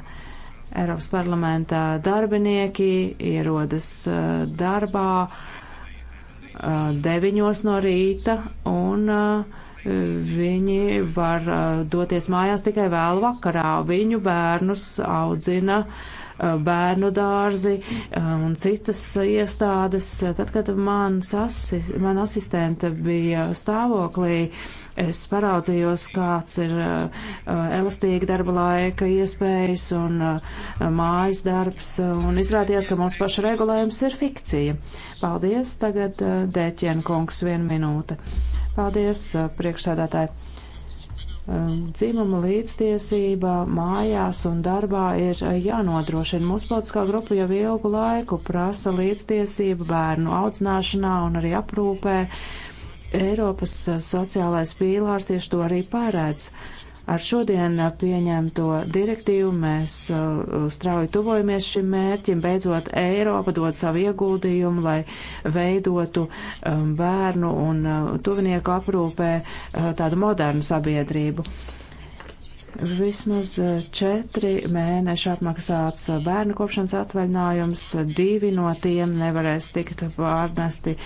Eiropas parlamenta darbinieki ierodas eh, darbā eh, deviņos no rīta un eh, viņi var doties mājās tikai vēl vakarā. Viņu bērnus audzina uh, Eh, bērnu dārzi eh, un citas iestādes. Tad, kad mans asi, man asistente bija stāvoklī, es paraudzījos, kāds ir eh, elastīgi darba laika iespējas un mājas darbs, un izrādījās, ka mums paša regulējums ir fikcija. Paldies, tagad Dēķienkungs, viena minūte. Paldies, priekšsēdētāji. Um, dzimuma līdztiesība mājās un darbā ir uh, jānodrošina. Mūsu politiskā grupa jau ilgu laiku prasa līdztiesību bērnu audzināšanā un arī aprūpē. Eiropas uh, sociālais pīlārs tieši to arī pārēdz. Ar šodien pieņemto direktīvu mēs uh, strauji tuvojamies šim mērķim. Beidzot, Eiropa dod savu ieguldījumu, lai veidotu um, bērnu un uh, tuvinieku aprūpē uh, tādu modernu sabiedrību. Vismaz četri mēneši apmaksāts bērnu kopšanas atvaļinājums, divi no tiem nevarēs tikt pārnesti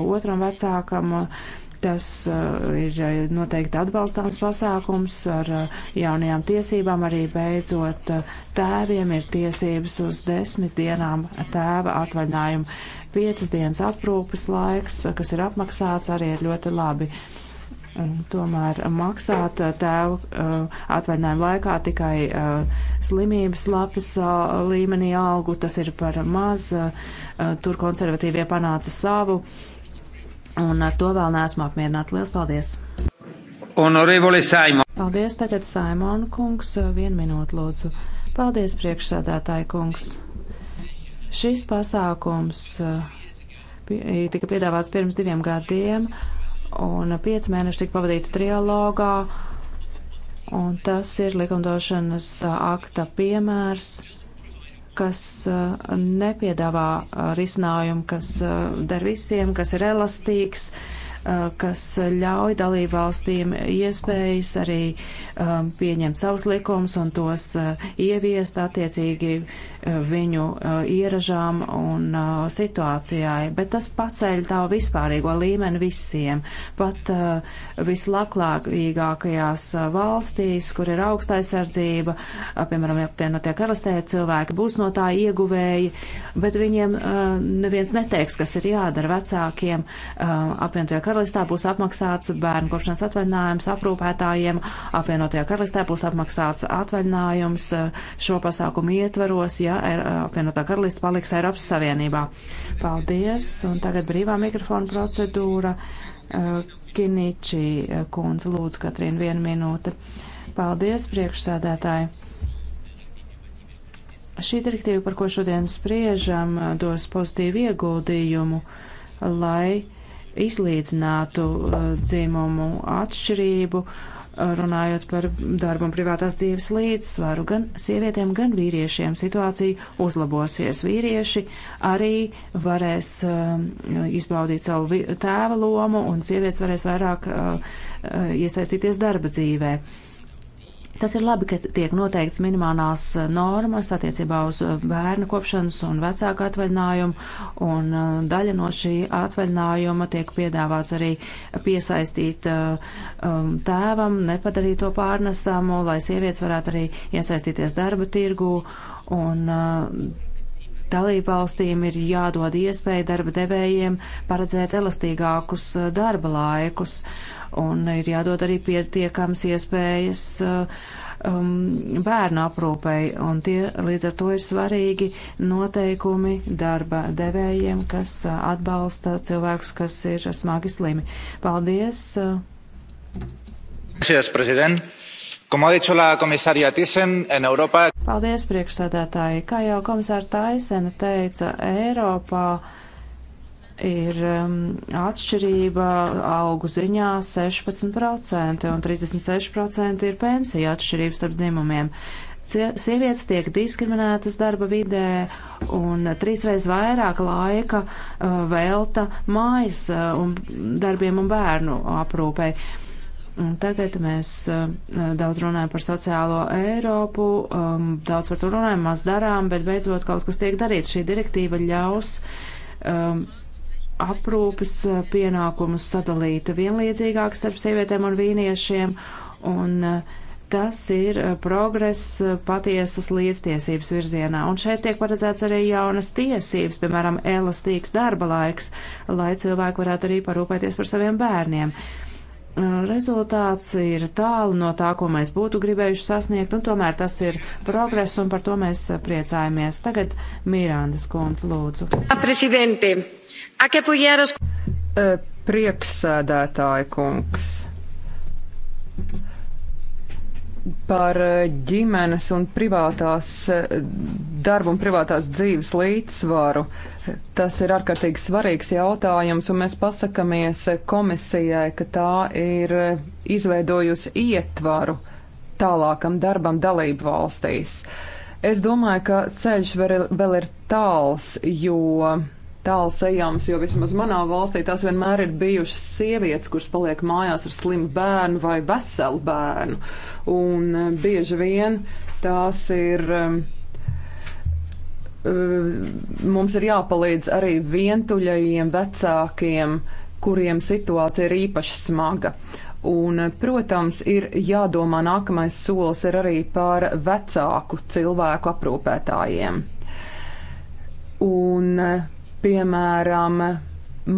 otram vecākam. Uh, Tas uh, ir uh, noteikti atbalstāms pasākums ar uh, jaunajām tiesībām. Arī beidzot tēviem ir tiesības uz desmit dienām tēva atvaļinājumu. Piecas dienas aprūpes laiks, kas ir apmaksāts, arī ir ļoti labi. Un tomēr maksāt tēvu uh, atvaļinājumu laikā tikai uh, slimības lapas uh, līmenī algu, tas ir par maz. Tur konservatīvie panāca savu. Un ar to vēl neesmu apmierināts. Lielas paldies! Honorevole Saimon. Paldies tagad Saimonu kungs, vienu minūtu lūdzu. Paldies priekšsēdētāji kungs. Šis pasākums eh, tika piedāvāts pirms diviem gadiem, un pieci mēneši tika pavadīti trialogā, un tas ir likumdošanas eh, akta piemērs kas eh, nepiedāvā eh, risinājumu, kas eh, der visiem, kas ir elastīgs, kas ļauj dalībvalstīm iespējas arī um, pieņemt savus likumus un tos uh, ieviest attiecīgi uh, viņu uh, ieražām un uh, situācijai. Bet tas paceļ tā vispārīgo līmeni visiem, pat uh, vislaklākajās uh, valstīs, kur ir augsta aizsardzība, uh, piemēram, apvienotie karalistē cilvēki būs no tā ieguvēji, bet viņiem uh, neviens neteiks, kas ir jādara vecākiem. Uh, apvienotie karalistā būs apmaksāts bērnu kopšanas atvaļinājums aprūpētājiem, apvienotie apvienotajā karalistē būs apmaksāts atvaļinājums eh, šo pasākumu ietvaros, ja eh, apvienotā karalista paliks Eiropas Savienībā. Paldies, un tagad brīvā mikrofona procedūra. Eh, Kiniči kundze, lūdzu, Katrīna, viena minūte. Paldies, priekšsēdētāji. Šī direktīva, par ko šodien spriežam, dos pozitīvu ieguldījumu, lai izlīdzinātu dzimumu atšķirību runājot par darbu un privātās dzīves līdzsvaru, gan sievietēm, gan vīriešiem situācija uzlabosies. Vīrieši arī varēs um, izbaudīt savu tēva lomu, un sievietes varēs vairāk uh, uh, iesaistīties darba dzīvē. Tas ir labi, ka tiek noteikts minimālās normas attiecībā uz bērnu kopšanas un vecāku atvaļinājumu, un uh, daļa no šī atvaļinājuma tiek piedāvāts arī piesaistīt uh, um, tēvam, nepadarīt to pārnesamu, lai sievietes varētu arī iesaistīties darba tirgu. Un, uh, Dalībvalstīm ir jādod iespēja darba devējiem paredzēt elastīgākus darba laikus. Uh, un ir jādod arī pietiekams iespējas eh, um, bērnu aprūpei, un tie līdz ar to ir svarīgi noteikumi darba devējiem, kas eh, atbalsta cilvēkus, kas ir smagi slimi. Paldies! Gracias, presidente. Como ha dicho la comisaria Thyssen, en Europa. Paldies, priekšsēdētāji. Kā jau komisāra Taisena teica, Eiropā ir um, atšķirība augu ziņā 16% un 36% ir pensija atšķirība starp dzimumiem. Sievietes tiek diskriminētas darba vidē un trīsreiz vairāk laika uh, velta mājas uh, un darbiem un bērnu aprūpei. Un tagad mēs uh, daudz runājam par sociālo Eiropu, um, daudz par to runājam, maz darām, bet beidzot kaut kas tiek darīts. Šī direktīva ļaus um, aprūpes eh, pienākumus sadalīt vienlīdzīgāk starp sievietēm un vīniešiem, un eh, tas ir eh, progress patiesas līdztiesības virzienā. Un šeit tiek paredzēts arī jaunas tiesības, piemēram, elastīgs darba laiks, lai cilvēki varētu arī parūpēties par saviem bērniem. Uh, rezultāts ir tālu no tā, ko mēs būtu gribējuši sasniegt, un tomēr tas ir progress, un par to mēs priecājamies. Tagad Mirandas kundze lūdzu. Priekšsēdētāja kungs par eh, ģimenes un privātās eh, darba un privātās dzīves līdzsvaru. Tas ir ārkārtīgi svarīgs jautājums, un mēs pasakamies eh, komisijai, ka tā ir izveidojusi ietvaru tālākam darbam dalību valstīs. Es domāju, ka ceļš vēl ir tāls, jo tāls ejams, jo vismaz manā valstī tās vienmēr ir bijušas sievietes, kuras paliek mājās ar slimu bērnu vai veselu bērnu. Un eh, bieži vien tās ir. Ehm, eh, mums ir jāpalīdz arī vientuļajiem vecākiem, kuriem situācija ir īpaši smaga. Un, eh, protams, ir jādomā nākamais solis ir arī par vecāku cilvēku aprūpētājiem. Un Piemēram,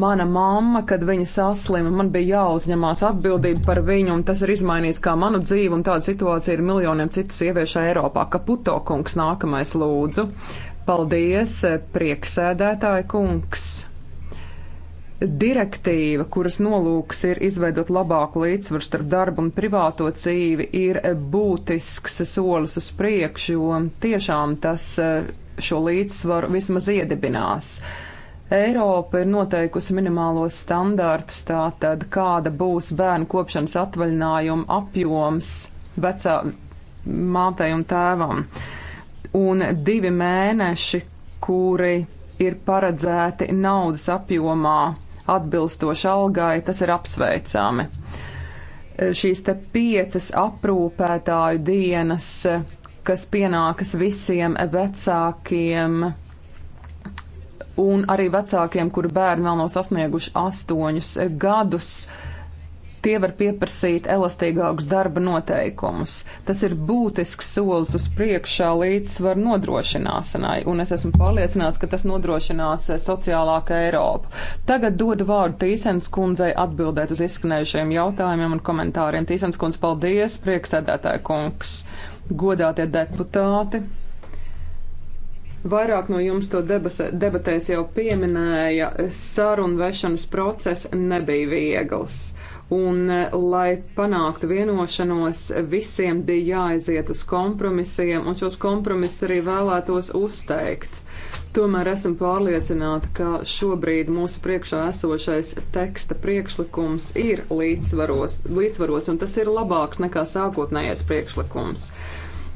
mana mamma, kad viņa saslima, man bija jāuzņemās atbildība par viņu, un tas ir izmainījis kā manu dzīvi, un tāda situācija ir miljoniem citu sieviešu Eiropā. Kaputo kungs nākamais lūdzu. Paldies, prieksēdētāja kungs. Direktīva, kuras nolūks ir izveidot labāku līdzsvaru starp darbu un privāto dzīvi, ir būtisks solis uz priekšu, jo tiešām tas eh, šo līdzsvaru vismaz iedibinās. Uh, Eiropa ir noteikusi minimālos standārtus, tātad kāda būs bērnu kopšanas atvaļinājuma apjoms vecā mātei un tēvam. Un divi mēneši, kuri ir paredzēti naudas apjomā atbilstoši algai, tas ir apsveicami. Šīs te piecas aprūpētāju dienas, kas pienākas visiem vecākiem, un arī vecākiem, kuru bērni vēl nav sasnieguši astoņus gadus. Tie var pieprasīt elastīgākus darba noteikumus. Tas ir būtisks solis uz priekšā līdzsvaru nodrošināšanai, un es esmu pārliecināts, ka tas nodrošinās sociālāku Eiropu. Tagad dodu vārdu Tīsens kundzei atbildēt uz izskanējušiem jautājumiem un komentāriem. Tīsens kundze, paldies, prieksēdētāja kungs, godātie deputāti! Vairāk no jums to debasē, debatēs jau pieminēja, sarunvešanas process nebija viegls. Un, lai panāktu vienošanos, visiem bija jāaiziet uz kompromisiem, un šos kompromisus arī vēlētos uzteikt. Tomēr esam pārliecināti, ka šobrīd mūsu priekšā esošais teksta priekšlikums ir līdzsvaros, līdzsvaros un tas ir labāks nekā sākotnējais priekšlikums.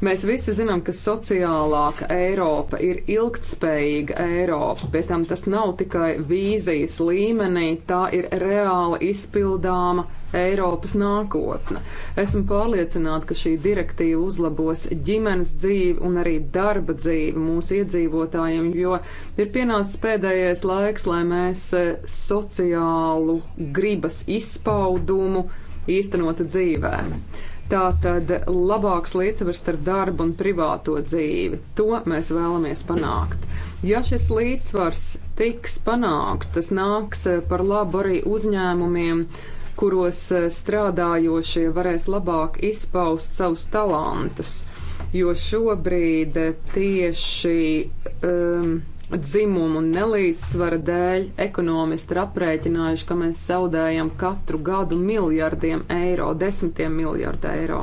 Mēs visi zinām, ka sociālāka Eiropa ir ilgtspējīga Eiropa, bet tam tas nav tikai vīzijas līmenī, tā ir reāli izpildāma Eiropas nākotne. Esmu pārliecināta, ka šī direktīva uzlabos ģimenes dzīvi un arī darba dzīvi mūsu iedzīvotājiem, jo ir pienācis pēdējais laiks, lai mēs e, sociālu gribas izpaudumu īstenotu dzīvēm. Tā tad labāks līdzsvars starp darbu un privāto dzīvi. To mēs vēlamies panākt. Ja šis līdzsvars tiks panāks, tas nāks eh, par labu arī uzņēmumiem, kuros eh, strādājošie varēs labāk izpaust savus talantus, jo šobrīd eh, tieši. Um, dzimumu un nelīdzsvara dēļ ekonomisti ir aprēķinājuši, ka mēs zaudējam katru gadu miljardiem eiro, desmitiem miljardu eiro.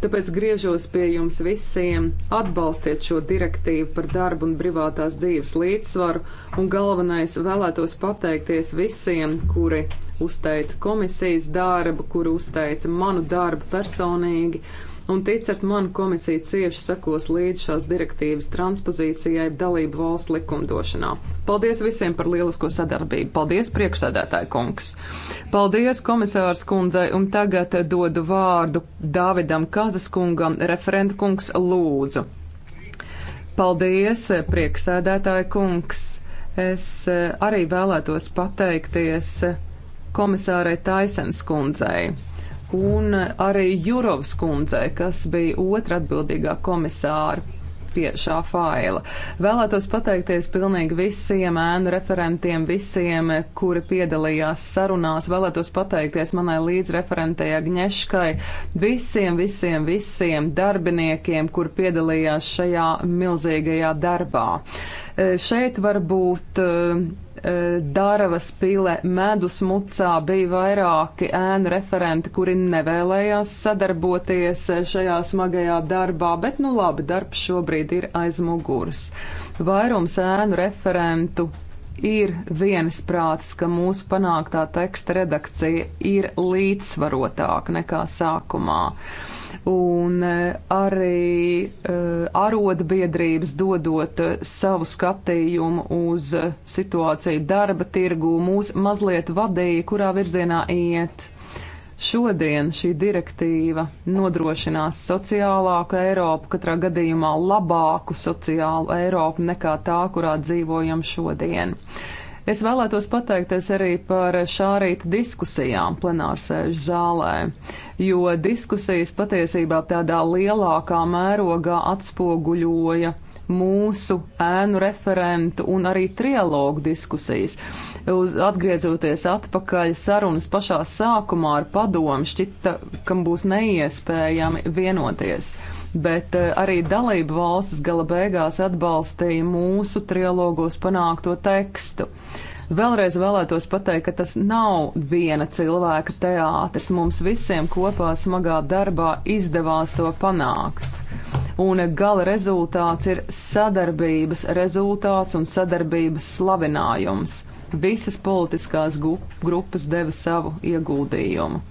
Tāpēc griežos pie jums visiem, atbalstiet šo direktīvu par darbu un privātās dzīves līdzsvaru, un galvenais vēlētos pateikties visiem, kuri uzteica komisijas darbu, kuri uzteica manu darbu personīgi Un ticat man, komisija cieši sekos līdz šās direktīvas transpozīcijai dalību valsts likumdošanā. Paldies visiem par lielisko sadarbību. Paldies, priekšsēdētāji kungs. Paldies komisārs kundzei, un tagad dodu vārdu Dāvidam Kazaskungam, referent kungs lūdzu. Paldies, priekšsēdētāji kungs. Es eh, arī vēlētos pateikties eh, komisārai Taisens kundzei un arī Jurovs kundzei, kas bija otra atbildīgā komisāra pie šā faila. Vēlētos pateikties pilnīgi visiem ēnu referentiem, visiem, kuri piedalījās sarunās. Vēlētos pateikties manai līdzreferentējai Gņeškai, visiem, visiem, visiem darbiniekiem, kuri piedalījās šajā milzīgajā darbā. Šeit var būt Eh, Dāravas pile medus mucā bija vairāki ēnu referenti, kuri nevēlējās sadarboties eh, šajā smagajā darbā, bet nu labi, darbs šobrīd ir aiz muguras. Vairums ēnu referentu ir viensprāts, ka mūsu panāktā teksta redakcija ir līdzsvarotāka nekā sākumā. Uh, un eh, arī eh, arotbiedrības dodot eh, savu skatījumu uz situāciju darba tirgū mūs mazliet vadīja, kurā virzienā iet. Šodien šī direktīva nodrošinās sociālāku Eiropu, katrā gadījumā labāku sociālu Eiropu nekā tā, kurā dzīvojam šodien. Uh, Es vēlētos pateikties arī par šā rīta diskusijām plenārsēžu zālē, jo diskusijas patiesībā tādā lielākā mērogā atspoguļoja mūsu ēnu referentu un arī trialogu diskusijas. Uz, atgriezoties atpakaļ sarunas pašā sākumā ar padomu, šķita, kam būs neiespējami vienoties bet eh, arī dalību valstis gala beigās atbalstīja mūsu trilogos panākto tekstu. Vēlreiz vēlētos pateikt, ka tas nav viena cilvēka teātris. Mums visiem kopā smagā darbā izdevās to panākt. Un gala rezultāts ir sadarbības rezultāts un sadarbības slavinājums. Visas politiskās grupas deva savu ieguldījumu.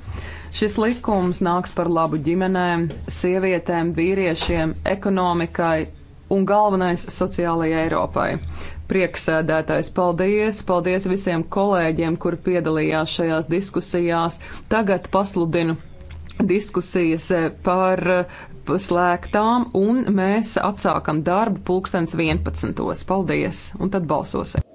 Šis likums nāks par labu ģimenēm, sievietēm, vīriešiem, ekonomikai un galvenais sociālajai Eiropai. Prieksēdētājs, paldies! Paldies visiem kolēģiem, kuri piedalījās šajās diskusijās. Tagad pasludinu diskusijas eh, par eh, slēgtām, un mēs atsākam darbu pulkstens 11. Paldies! Un tad balsosim!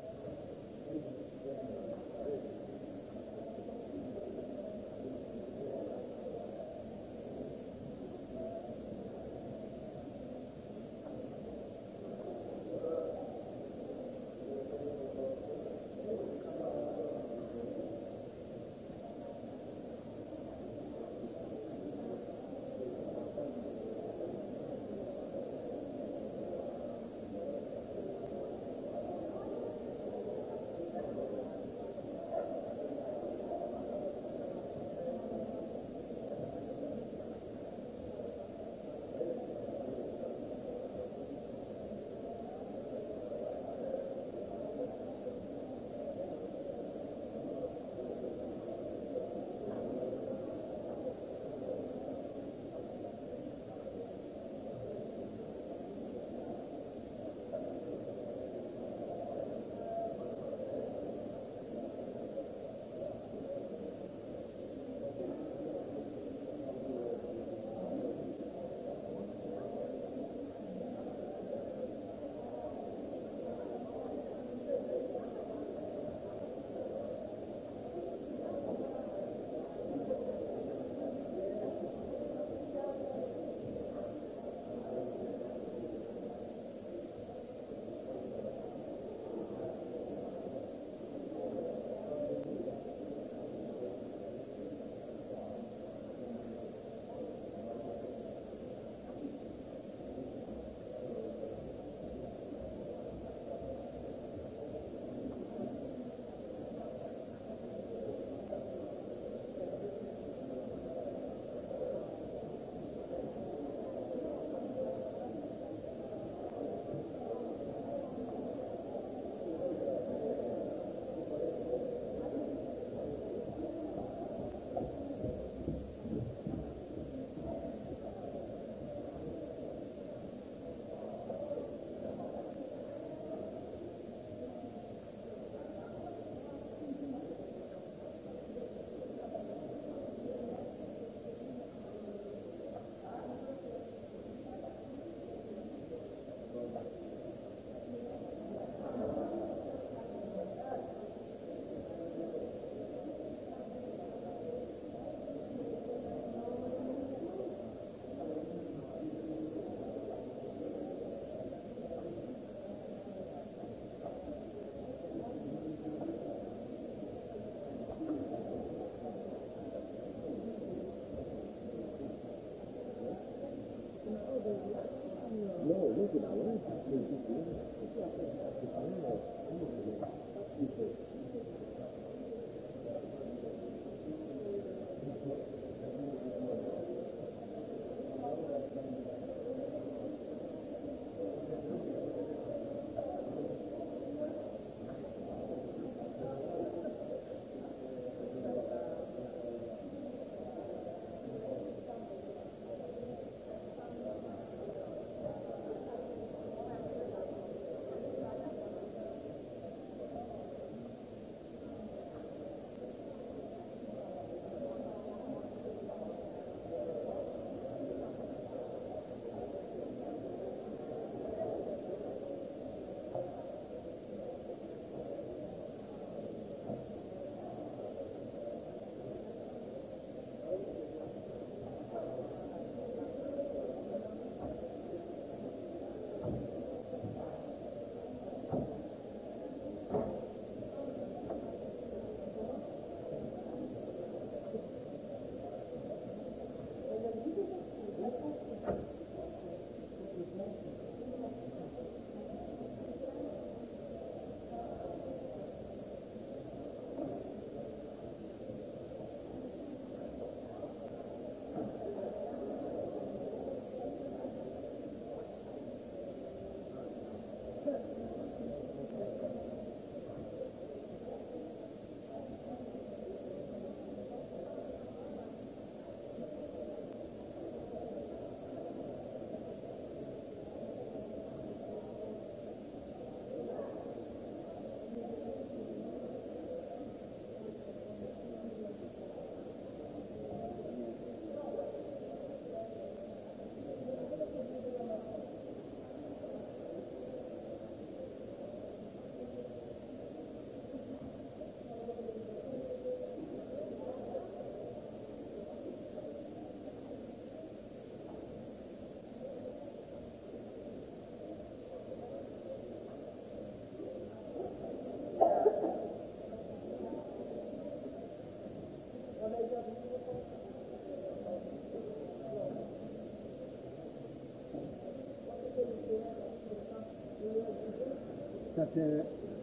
ne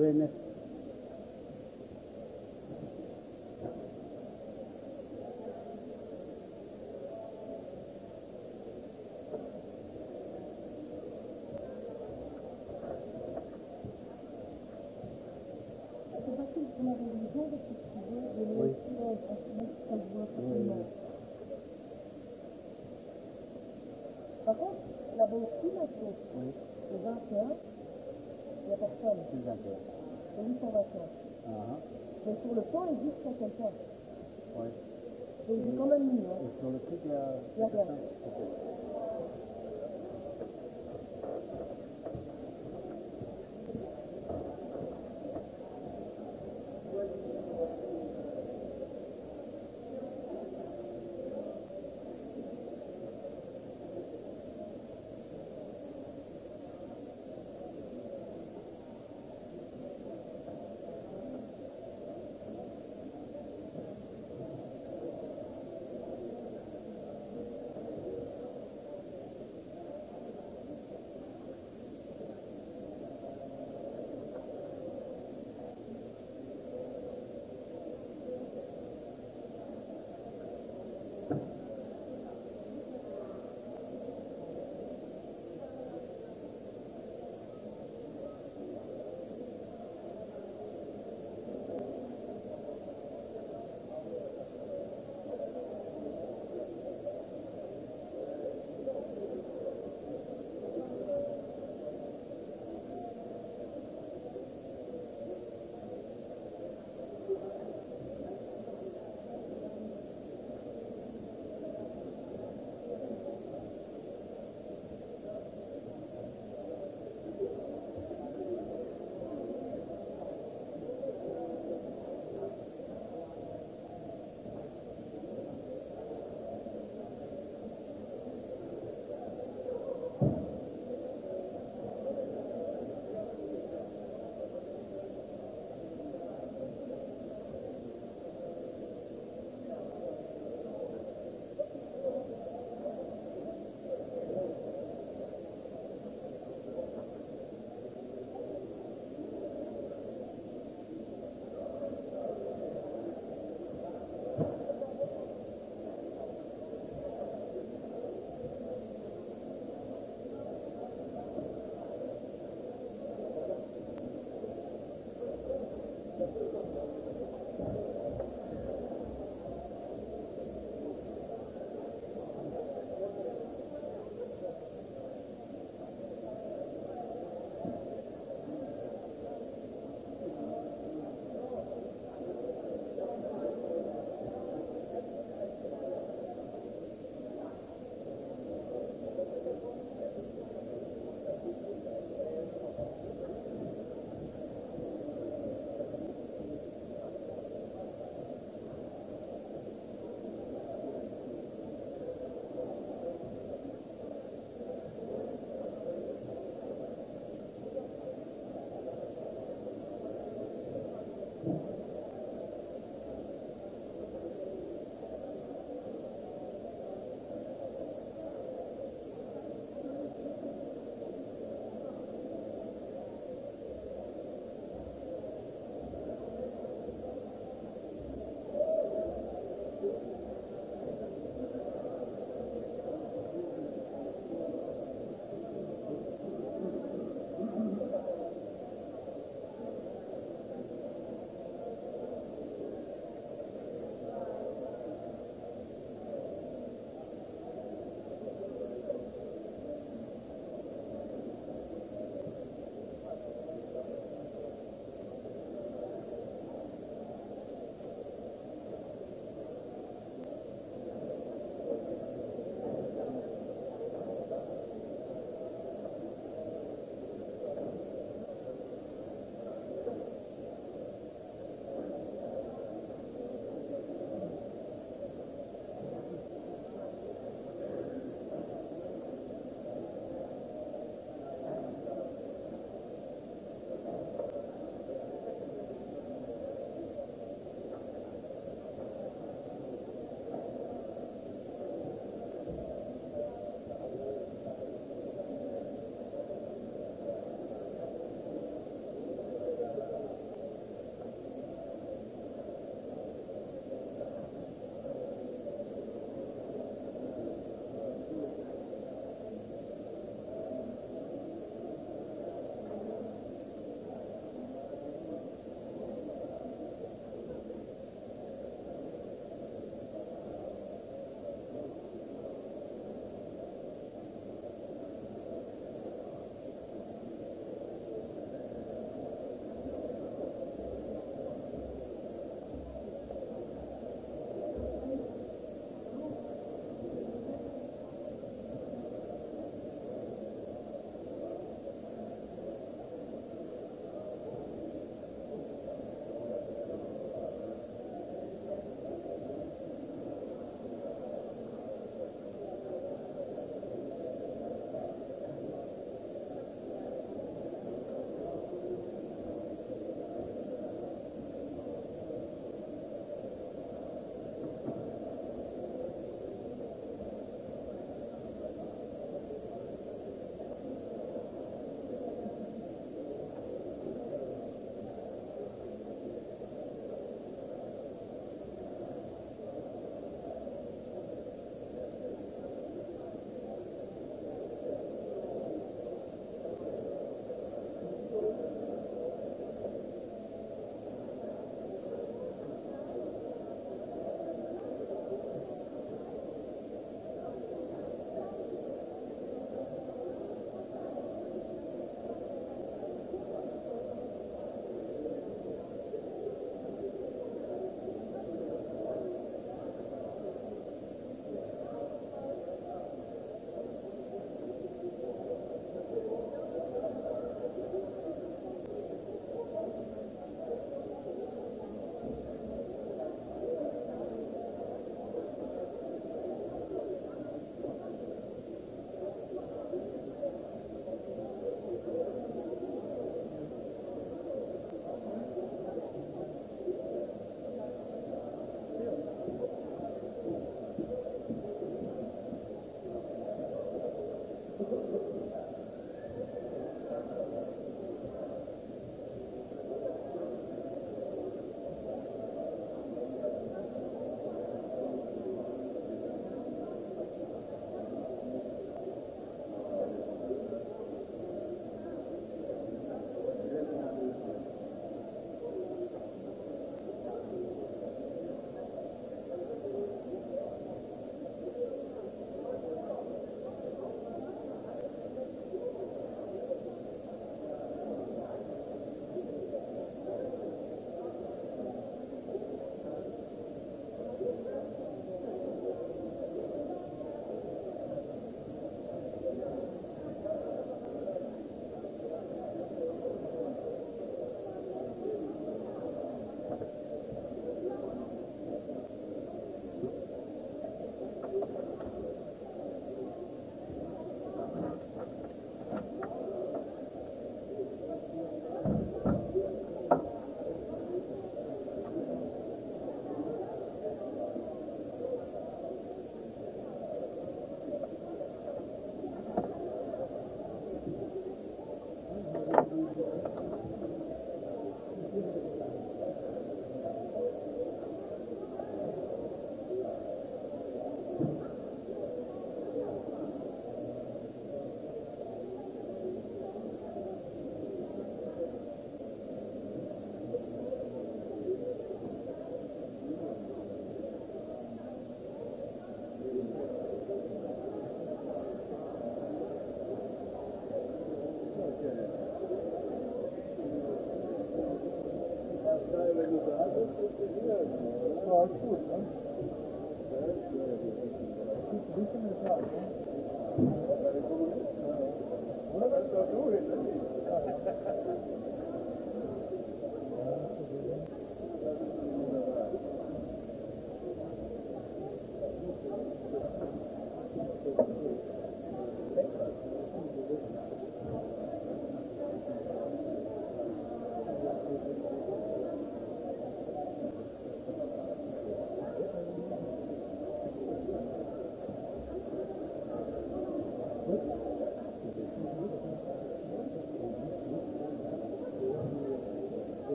rene Par contre, la bonne personne qui les intéresse. C'est juste en vacances. Uh -huh. Mais sur le temps, ils disent que ça quelqu'un. Oui. Donc j'ai quand même mis. Hein. Et sur le truc, la, la glace. Okay.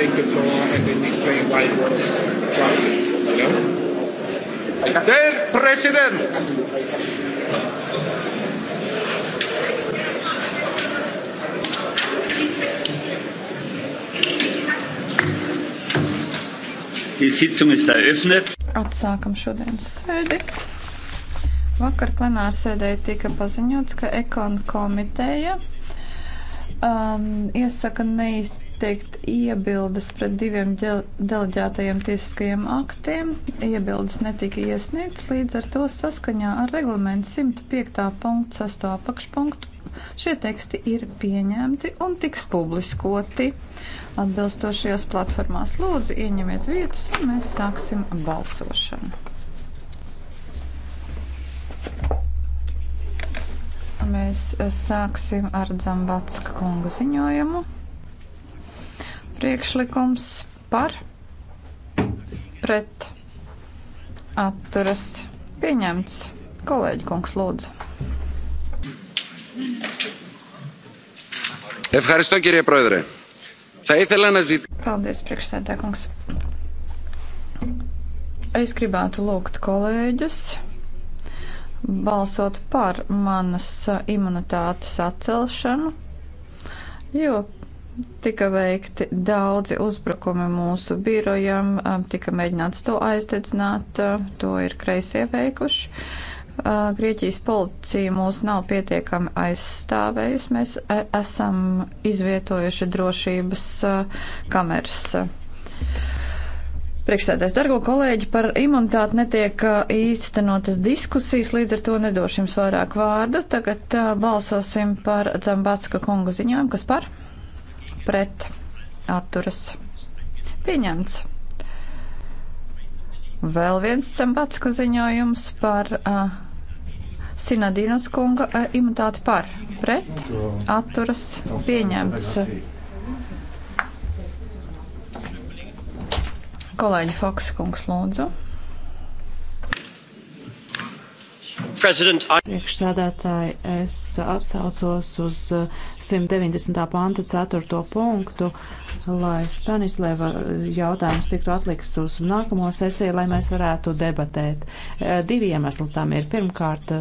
take the floor and then explain why it was drafted. You know? Der Präsident! Die Sitzung ist eröffnet. Atsākam šodienas sēdi. Vakar plenārsēdē tika paziņots, ka ekonu komiteja um, iesaka neizteikt iebildes pret diviem deleģētajiem tiesiskajiem aktiem. Iebildes netika iesniegts, līdz ar to saskaņā ar reglamentu 105. punktu 6. apakšpunktu šie teksti ir pieņemti un tiks publiskoti atbilstošajās platformās. Lūdzu, ieņemiet vietas un mēs sāksim balsošanu. Mēs sāksim ar Dzambatska kungu ziņojumu priekšlikums par pret atturas pieņemts. Kolēģi kungs lūdzu. Ευχαριστώ κύριε Πρόεδρε. Θα ήθελα να ζητήσω. Paldies, priekšsēdē kungs. Es gribētu lūgt kolēģus balsot par manas imunitātes atcelšanu, jo Tika veikti daudzi uzbrukumi mūsu birojam, tika mēģināts to aizdedzināt, to ir kreisie veikuši. Grieķijas policija mūs nav pietiekami aizstāvējusi, mēs e, esam izvietojuši drošības kameras. Priekšsēdēs, dargo kolēģi, par imunitāti netiek īstenotas diskusijas, līdz ar to nedošu jums vairāk vārdu. Tagad balsosim par Dzambatska kunga ziņām, kas par? pret atturas pieņemts. Vēl viens Cembatska ziņojums par uh, Sinadīnas kunga uh, imunitāti par pret atturas pieņemts. Kolēģi Foks kungs lūdzu. I... Priekšsēdētāji, es atsaucos uz 190. panta 4. punktu, lai Stanislava jautājums tiktu atlikts uz nākamo sesiju, lai mēs varētu debatēt. E, divi iemesli tam ir. Pirmkārt,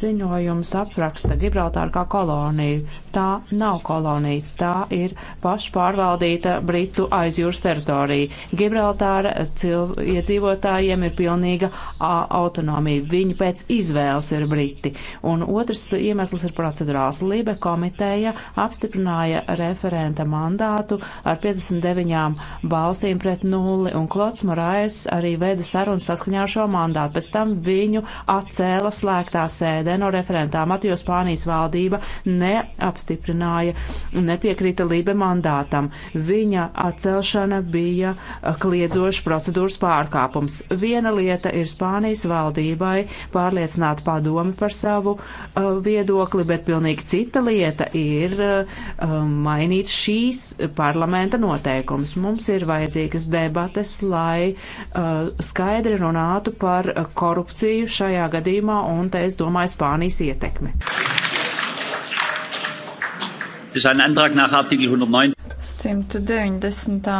ziņojums apraksta Gibraltāru kā koloniju. Tā nav kolonija, tā ir pašpārvaldīta Britu aizjūras teritorija. Gibraltāra iedzīvotājiem ir pilnīga autonomija. Viņi pēc izvēles izvēles ir Briti. Un otrs iemesls ir procedurāls. Libe komiteja apstiprināja referenta mandātu ar 59 balsīm pret nulli, un Klots Morais arī veida sarunas saskaņā ar šo mandātu. Pēc tam viņu atcēla slēgtā sēdē no referentām, jo Spānijas valdība neapstiprināja, nepiekrita Libe mandātam. Viņa atcelšana bija kliedzoša procedūras pārkāpums. Viena lieta ir Spānijas valdībai pārliecināt pārliecināt padomi par savu uh, viedokli, bet pilnīgi cita lieta ir uh, um, mainīt šīs parlamenta noteikumus. Mums ir vajadzīgas debates, lai uh, skaidri runātu par uh, korupciju šajā gadījumā, un te es domāju Spānijas ietekmi. Das ist ein Antrag nach Artikel 190. 190.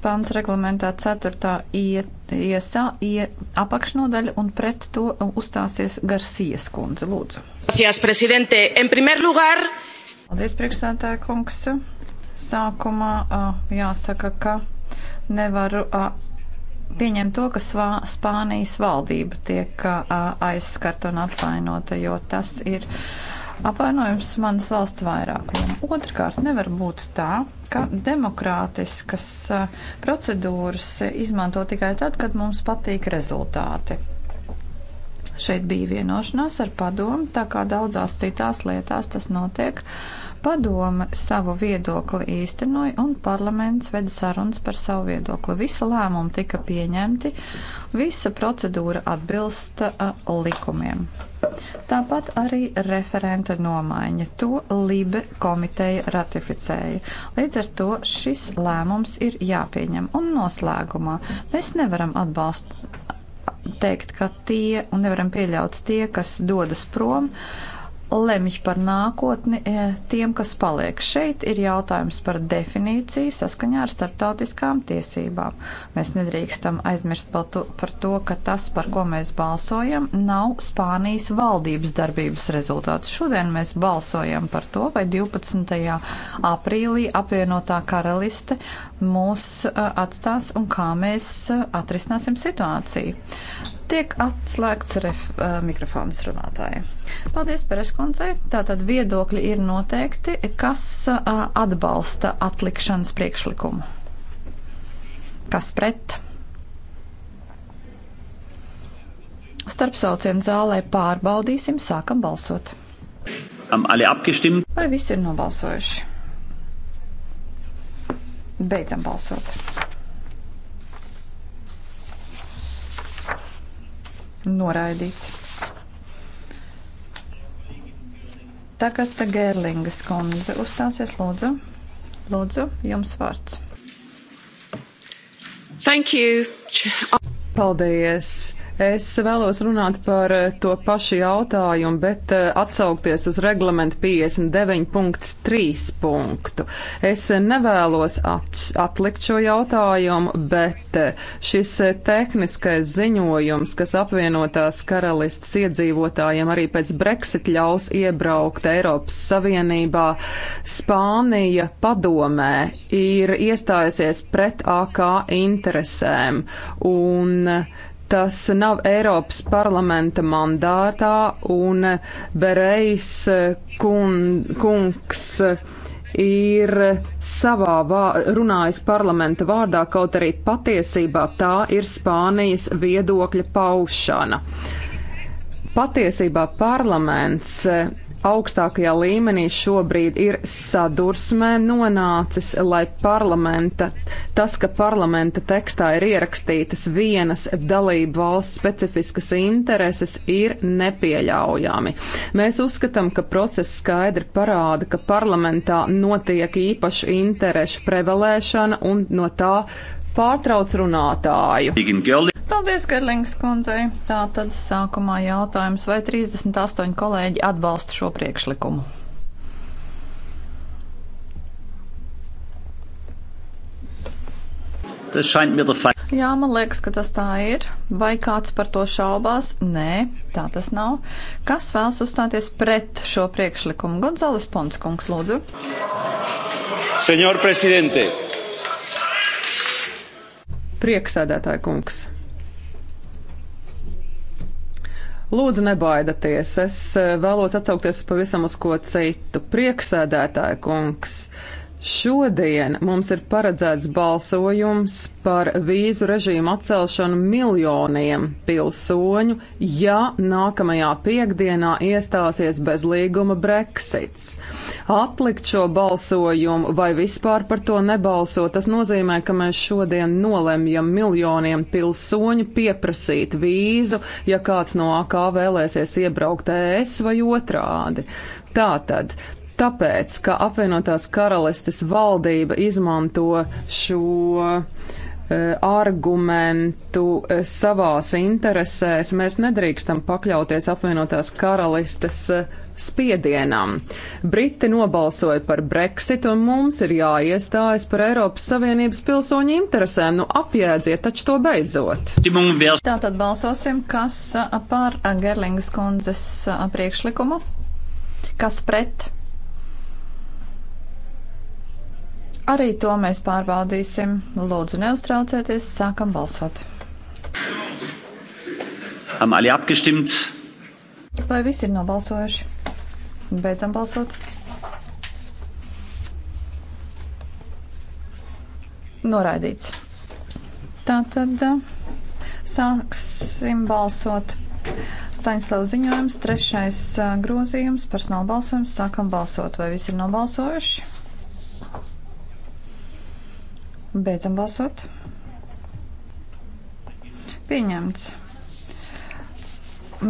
pants reglamentā 4. iesā ie, apakšnodaļa un pret to uzstāsies Garcijas kundze. Lūdzu. Gracias, presidente. En primer lugar. Paldies, priekšsētāja kungs. Sākumā jāsaka, ka nevaru pieņem to, ka svā, Spānijas valdība tiek aizskarta un apvainota, jo tas ir. Uh, apvainojums manas valsts vairākumam. Otrkārt, nevar būt tā, ka demokrātiskas procedūras izmanto tikai tad, kad mums patīk rezultāti. Šeit bija vienošanās ar padomu, tā kā daudzās citās lietās tas notiek. Uh, Padome savu viedokli īstenoja un parlaments veda sarunas par savu viedokli. Visa lēmuma tika pieņemti, visa procedūra atbilst uh, likumiem. Tāpat arī referenta nomaiņa. To Libe komiteja ratificēja. Līdz ar to šis lēmums ir jāpieņem. Un noslēgumā mēs nevaram atbalst, teikt, ka tie un nevaram pieļaut tie, kas dodas prom. Uh, lemj par nākotni e, tiem, kas paliek. Šeit ir jautājums par definīciju saskaņā ar starptautiskām tiesībām. Mēs nedrīkstam aizmirst par to, ka tas, par ko mēs balsojam, nav Spānijas valdības darbības rezultāts. Šodien mēs balsojam par to, vai 12. aprīlī apvienotā karaliste mūs e, atstās un kā mēs e, atrisināsim situāciju. Tiek atslēgts ref, uh, mikrofons runātājai. Paldies, Pereskundzei. Tātad viedokļi ir noteikti, kas uh, atbalsta atlikšanas priekšlikumu. Kas pret? Starpsaucienu zālē pārbaudīsim, sākam balsot. Vai visi ir nobalsojuši? Beidzam balsot. Noraidīts. Tagad Gērlingas kundze uzstāsies, lūdzu. Lūdzu, jums vārds. Thank you. Paldies. Es vēlos runāt par eh, to pašu jautājumu, bet eh, atsaukties uz reglamentu 59.3 punktu. Es nevēlos at, atlikt šo jautājumu, bet eh, šis tehniskais ziņojums, kas apvienotās karalists iedzīvotājiem arī pēc Brexit ļaus iebraukt Eiropas Savienībā, Spānija padomē ir iestājusies pret AK interesēm. Un Tas nav Eiropas parlamenta mandātā, un Berejs kun, kungs ir savā vā, runājis parlamenta vārdā, kaut arī patiesībā tā ir Spānijas viedokļa paušana. Patiesībā parlaments augstākajā līmenī šobrīd ir sadursmē nonācis, lai parlamenta, tas, ka parlamenta tekstā ir ierakstītas vienas dalību valsts specifiskas intereses, ir nepieļaujami. Mēs uzskatām, ka process skaidri parāda, ka parlamentā notiek īpaši interešu prevalēšana un no tā pārtrauc runātāju. Paldies, Gerlings kundzei. Tā tad sākumā jautājums, vai 38 kolēģi atbalsta šo priekšlikumu? Jā, man liekas, ka tas tā ir. Vai kāds par to šaubās? Nē, tā tas nav. Kas vēlas uzstāties pret šo priekšlikumu? Gonzales Ponskungs, lūdzu. Senor prezidente, Prieksēdētāja kungs. Lūdzu, nebaidieties. Es eh, vēlos atsaukties pavisam uz ko citu. Prieksēdētāja kungs. Uh, Šodien mums ir paredzēts balsojums par vīzu režīmu atcelšanu miljoniem pilsoņu, ja nākamajā piekdienā iestāsies bez līguma Brexits. Atlikt šo balsojumu vai vispār par to nebalsot, tas nozīmē, ka mēs šodien nolemjam miljoniem pilsoņu pieprasīt vīzu, ja kāds no AK vēlēsies iebraukt ES vai otrādi. Tātad Tāpēc, ka apvienotās karalistes valdība izmanto šo e, argumentu e, savās interesēs, mēs nedrīkstam pakļauties apvienotās karalistes e, spiedienam. Briti nobalsoja par Brexit, un mums ir jāiestājas par Eiropas Savienības pilsoņu interesēm. Nu, apjēdziet taču to beidzot. Tātad balsosim, kas par Gerlingas kundzes priekšlikumu, kas pret. Arī to mēs pārbaudīsim. Lūdzu, neuztraucieties, sākam balsot. Vai visi ir nobalsojuši? Beidzam balsot. Noraidīts. Tātad sāksim balsot. Staņslav ziņojums, trešais grozījums, personāla balsojums, sākam balsot. Vai visi ir nobalsojuši? Beidzam balsot. Pieņemts.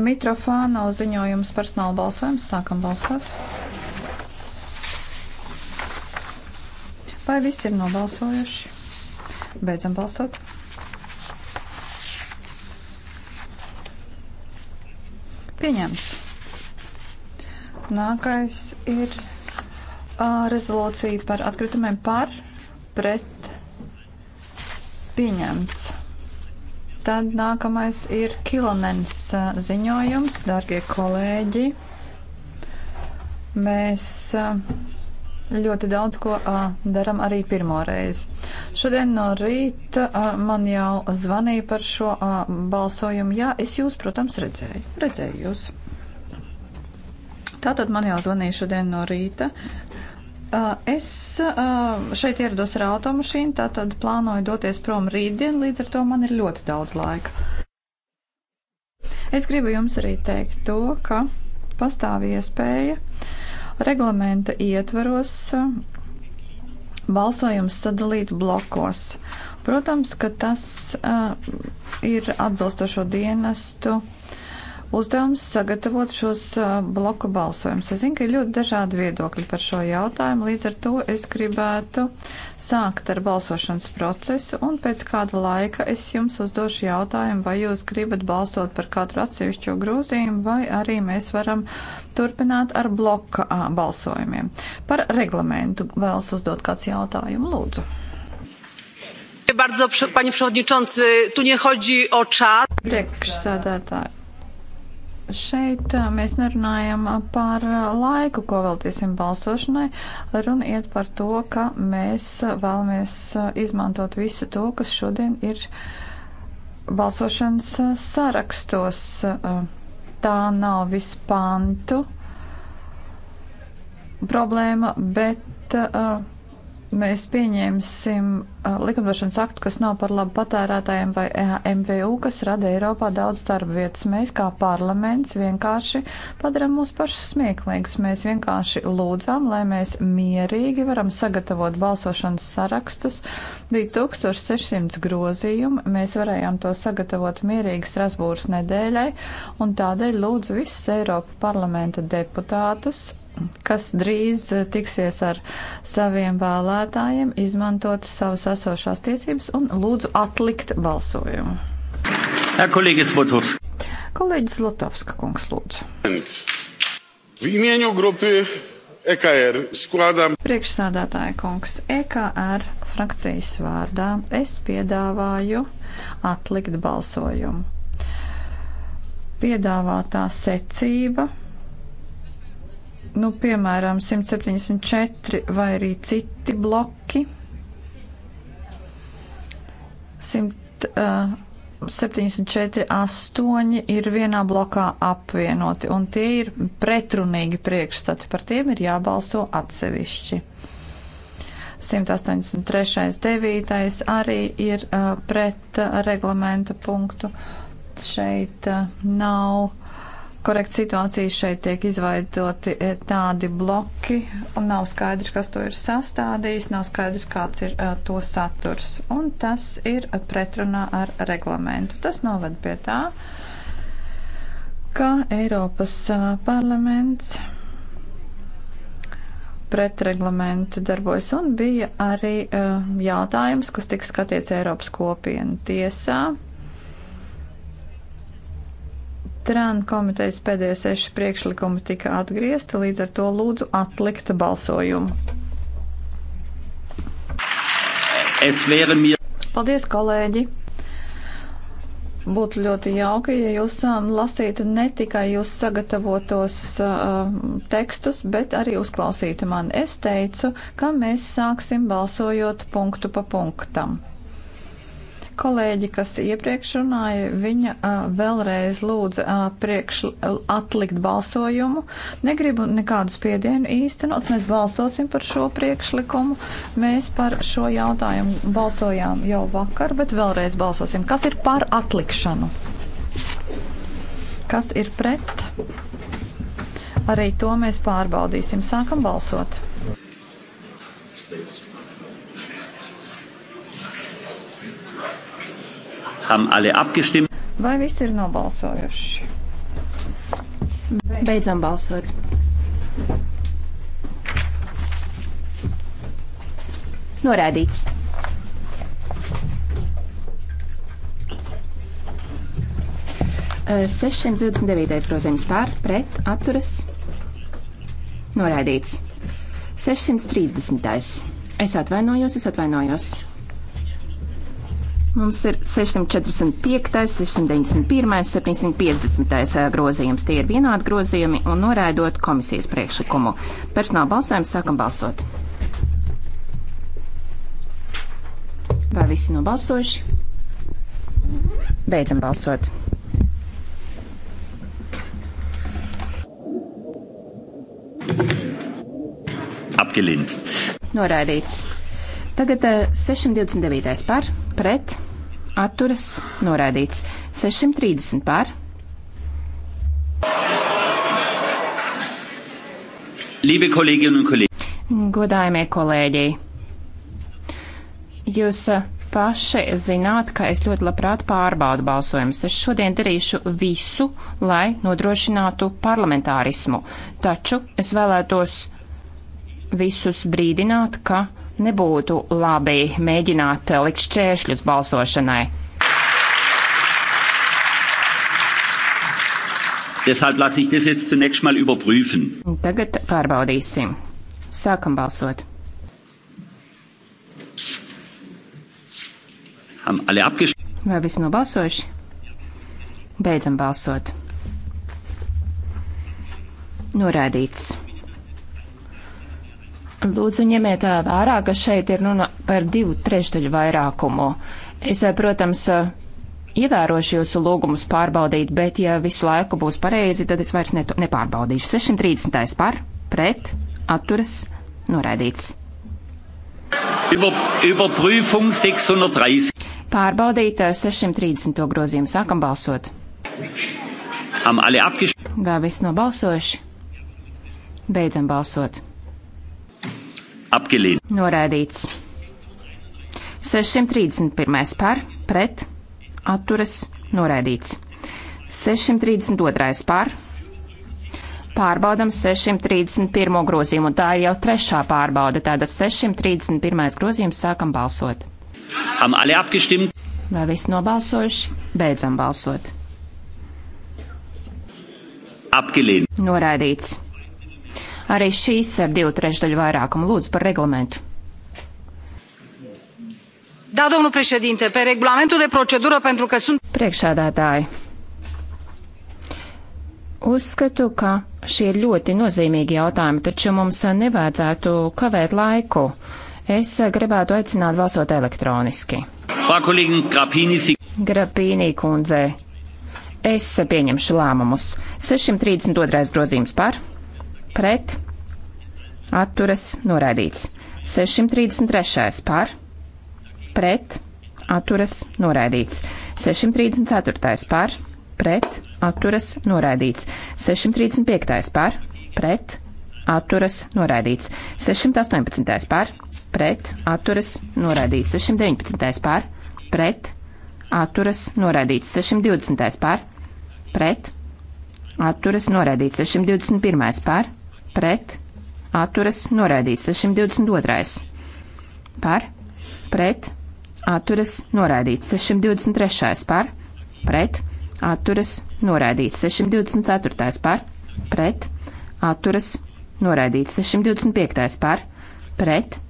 Mitrofāna ziņojums personāla balsojums. Sākam balsot. Vai visi ir nobalsojuši? Beidzam balsot. Pieņemts. Nākais ir uh, rezolūcija par atkritumiem par pret Pieņemts. Tad nākamais ir Kilonens uh, ziņojums, darbie kolēģi. Mēs uh, ļoti daudz ko uh, darām arī pirmoreiz. Šodien no rīta man jau zvanīja par šo balsojumu. Jā, es jūs, protams, redzēju. Redzēju jūs. Tātad man jau zvanīja šodien no rīta Uh, es uh, šeit ierados ar automašīnu, tātad plānoju doties prom rītdien, līdz ar to man ir ļoti daudz laika. Es gribu jums arī teikt to, ka pastāv iespēja reglamenta ietvaros uh, balsojums sadalīt blokos. Protams, ka tas uh, ir atbilstošo dienestu uh, uzdevums sagatavot šos bloku balsojumus. Es zinu, ka ir ļoti dažādi viedokļi par šo jautājumu, līdz ar to es gribētu sākt ar balsošanas procesu, un pēc kāda laika es jums uzdošu jautājumu, vai jūs gribat balsot par katru atsevišķo grozījumu, vai arī mēs varam turpināt ar bloka balsojumiem. Par reglamentu vēlas uzdot kāds jautājumu, lūdzu. Bardzo, panie przewodniczący, tu nie chodzi o czas. Priekšsēdētāji, Šeit mēs nerunājam par laiku, ko veltīsim balsošanai. Runa iet par to, ka mēs vēlamies izmantot visu to, kas šodien ir balsošanas sarakstos. Tā nav vispantu problēma, bet. Uh, mēs pieņemsim uh, likumdošanas aktu, kas nav par labu patērētājiem vai eh, MVU, kas rada Eiropā daudz darba vietas. Mēs kā parlaments vienkārši padaram mūs pašus smieklīgus. Mēs vienkārši lūdzām, lai mēs mierīgi varam sagatavot balsošanas sarakstus. Bija 1600 grozījumu, mēs varējām to sagatavot mierīgi Strasbūras nedēļai, un tādēļ lūdzu visus Eiropa parlamenta deputātus kas drīz eh, tiksies ar saviem vēlētājiem, izmantot savas esošās tiesības un lūdzu atlikt balsojumu. Kolēģis Lotovska. Kolēģis Lotovska kungs lūdzu. EKR e składam. Priekšsādātāja kungs, EKR frakcijas vārdā es piedāvāju atlikt balsojumu. Piedāvātā secība nu, piemēram, 174 vai arī citi bloki. 174, 8 ir vienā blokā apvienoti, un tie ir pretrunīgi priekšstati. Par tiem ir jābalso atsevišķi. 183, 9 arī ir uh, pret uh, reglamentu punktu. Šeit uh, nav korekta situācija šeit tiek izveidoti e, tādi bloki, un nav skaidrs, kas to ir sastādījis, nav skaidrs, kāds ir uh, to saturs. Un tas ir pretrunā ar reglamentu. Tas noved pie tā, ka Eiropas uh, parlaments pretreglamentu darbojas un bija arī uh, jautājums, kas tika skatīts Eiropas kopienu tiesā Trānu komitejas pēdējie seši priekšlikumi tika atgriezti, līdz ar to lūdzu atlikt balsojumu. Paldies, kolēģi! Būtu ļoti jauki, ja jūs um, lasītu ne tikai jūs sagatavotos uh, tekstus, bet arī uzklausītu mani. Es teicu, ka mēs sāksim balsojot punktu pa punktam kolēģi, kas iepriekš runāja, viņa a, vēlreiz lūdza a, priekš atlikt balsojumu. Negribu nekādu spiedienu īstenot, mēs balsosim par šo priekšlikumu. Mēs par šo jautājumu balsojām jau vakar, bet vēlreiz balsosim. Kas ir par atlikšanu? Kas ir pret? Arī to mēs pārbaudīsim. Sākam balsot! Haben alle abgestimmt? Vai visi ir nobalsojuši? Beidzam balsot. Norādīts. Uh, 629. grozījums pār, pret, atturas. Norādīts. 630. Es atvainojos, es atvainojos. Mums ir 645, 691, 750 grozījums. Tie ir vienādi grozījumi un noraidot komisijas priekšlikumu. Personāla balsojums sākam balsot. Vai visi nobalsojuši? Beidzam balsot. Apgelint. Noraidīts. Tagad 629. par, pret, atturas noraidīts. 630 par. Liebe Kolleginnen und Kollegen. Godājumie kolēģi, jūs eh, paši zināt, ka es ļoti labprāt pārbaudu balsojumus. Es šodien darīšu visu, lai nodrošinātu parlamentārismu, taču es vēlētos visus brīdināt, ka nebūtu labi mēģināt likt šķēršļus balsošanai. Deshalb lasse ich das jetzt zunächst mal überprüfen. Tagad pārbaudīsim. Sākam balsot. Vai visi nobalsojuši? Beidzam balsot. Noraidīts. Lūdzu, ņemiet vērā, ka šeit ir runa par divu trešdaļu vairākumu. Es, protams, ievērošu jūsu lūgumus pārbaudīt, bet ja visu laiku būs pareizi, tad es vairs neto, nepārbaudīšu. 630. par, pret, atturas, noraidīts. Überprüfung 630. Pārbaudīt 630. grozījumu sākam balsot. Vai viss nobalsojuši? Beidzam balsot. Abgelehnt. Noraidīts. 631. par, pret, atturas, noraidīts. 632. par. Pārbaudam 631. grozījumu, un tā ir jau trešā pārbauda. Tātad 631. grozījums sākam balsot. Vai visi nobalsojuši? Beidzam balsot. Abgelehnt. Noraidīts. Arī šīs ar divu trešdaļu vairākumu lūdzu par reglamentu. Da, domnul președinte, pe regulamentul de procedură, pentru că sunt... Priekšādātāji, Uzskatu, ka šie ir ļoti nozīmīgi jautājumi, taču mums nevajadzētu kavēt laiku. Es gribētu aicināt balsot elektroniski. Grapīnī kundze, es pieņemšu lēmumus. 632. grozījums par, pret, atturas noraidīts. 633. par, pret, atturas noraidīts. 634. par, pret, atturas noraidīts. 635. par, pret, atturas noraidīts. 618. par, pret, atturas noraidīts. 619. par, pret, atturas noraidīts. 620. par, pret, atturas noraidīts. 621. par, pret, atturas noraidīts. 622. par, pret, atturas noraidīts. 623. par, pret, atturas noraidīts. 624. par, pret, atturas noraidīts. 625. par, pret,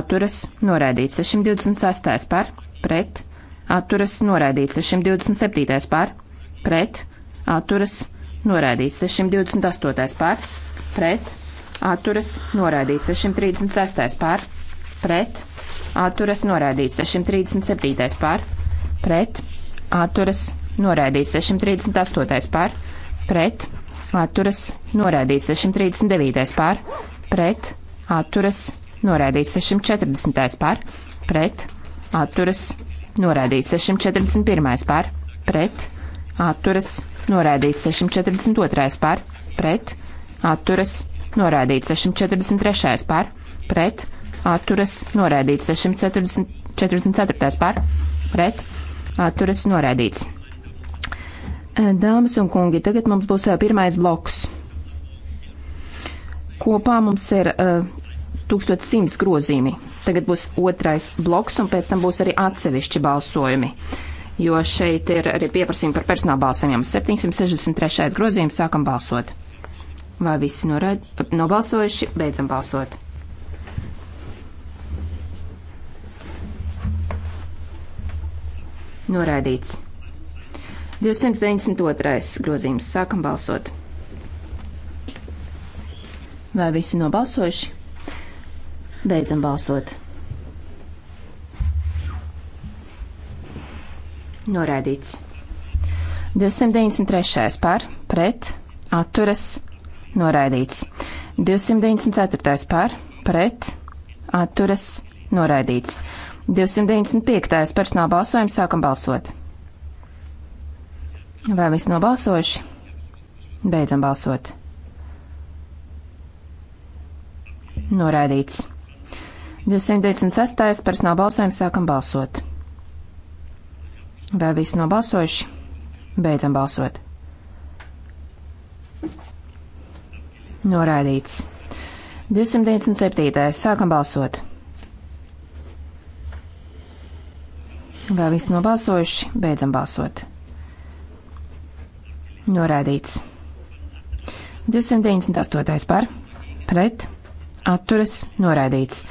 atturas noraidīts. 626. par, pret, atturas noraidīts. 627. par, pret, atturas noraidīts. 628. par, pret, atturas, noraidīts 636. par, pret, atturas, noraidīts 637. par, pret, atturas, noraidīts 638. par, pret, atturas, noraidīts 639. par, pret, atturas, noraidīts 640. par, pret, atturas, noraidīts 641. par, pret, atturas, noraidīts 642. par, pret, atturas noraidīts 643. par, pret, atturas noraidīts 644. par, pret, atturas noraidīts. Dāmas un kungi, tagad mums būs pirmais bloks. Kopā mums ir uh, 1100 grozīmi. Tagad būs otrais bloks, un pēc tam būs arī atsevišķi balsojumi. Jo šeit ir arī pieprasījumi par personāla balsojumiem. 763. grozījums sākam balsot. Vai visi noraid, nobalsojuši? Beidzam balsot. Noraidīts. 292. grozījums. Sākam balsot. Vai visi nobalsojuši? Beidzam balsot. Noraidīts. 293. par, pret, atturas, noraidīts. 294. par, pret, atturas, noraidīts. 295. personāla balsojums sākam balsot. Vai viss nobalsojuši? Beidzam balsot. Noraidīts. 296. personāla balsojums sākam balsot. Vai visi nobalsojuši? Beidzam balsot. Noraidīts. 297. Sākam balsot. Vai viss nobalsojuši? Beidzam balsot. Noraidīts. 298. par, pret, atturas, noraidīts.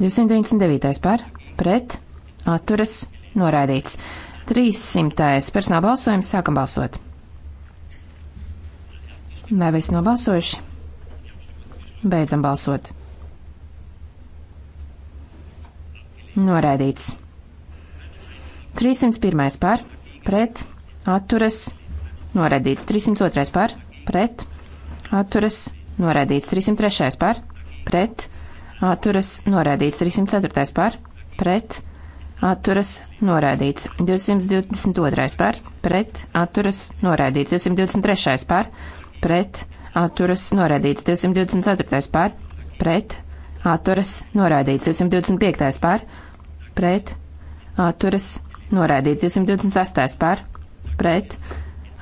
299. par, pret, atturas, noraidīts. 300. personāla balsojums, sākam balsot. Vai viss nobalsojuši? Beidzam balsot. Noraidīts. 301. par, pret, atturas, noraidīts. 302. par, pret, atturas, noraidīts. 303. par, pret, atturas, noraidīts. 304. par, pret, atturas, noraidīts. 222. par, pret, atturas, noraidīts. 223. par, pret, atturas noraidīts 224. par, pret, atturas noraidīts 225. par, pret, atturas noraidīts 226. par, pret,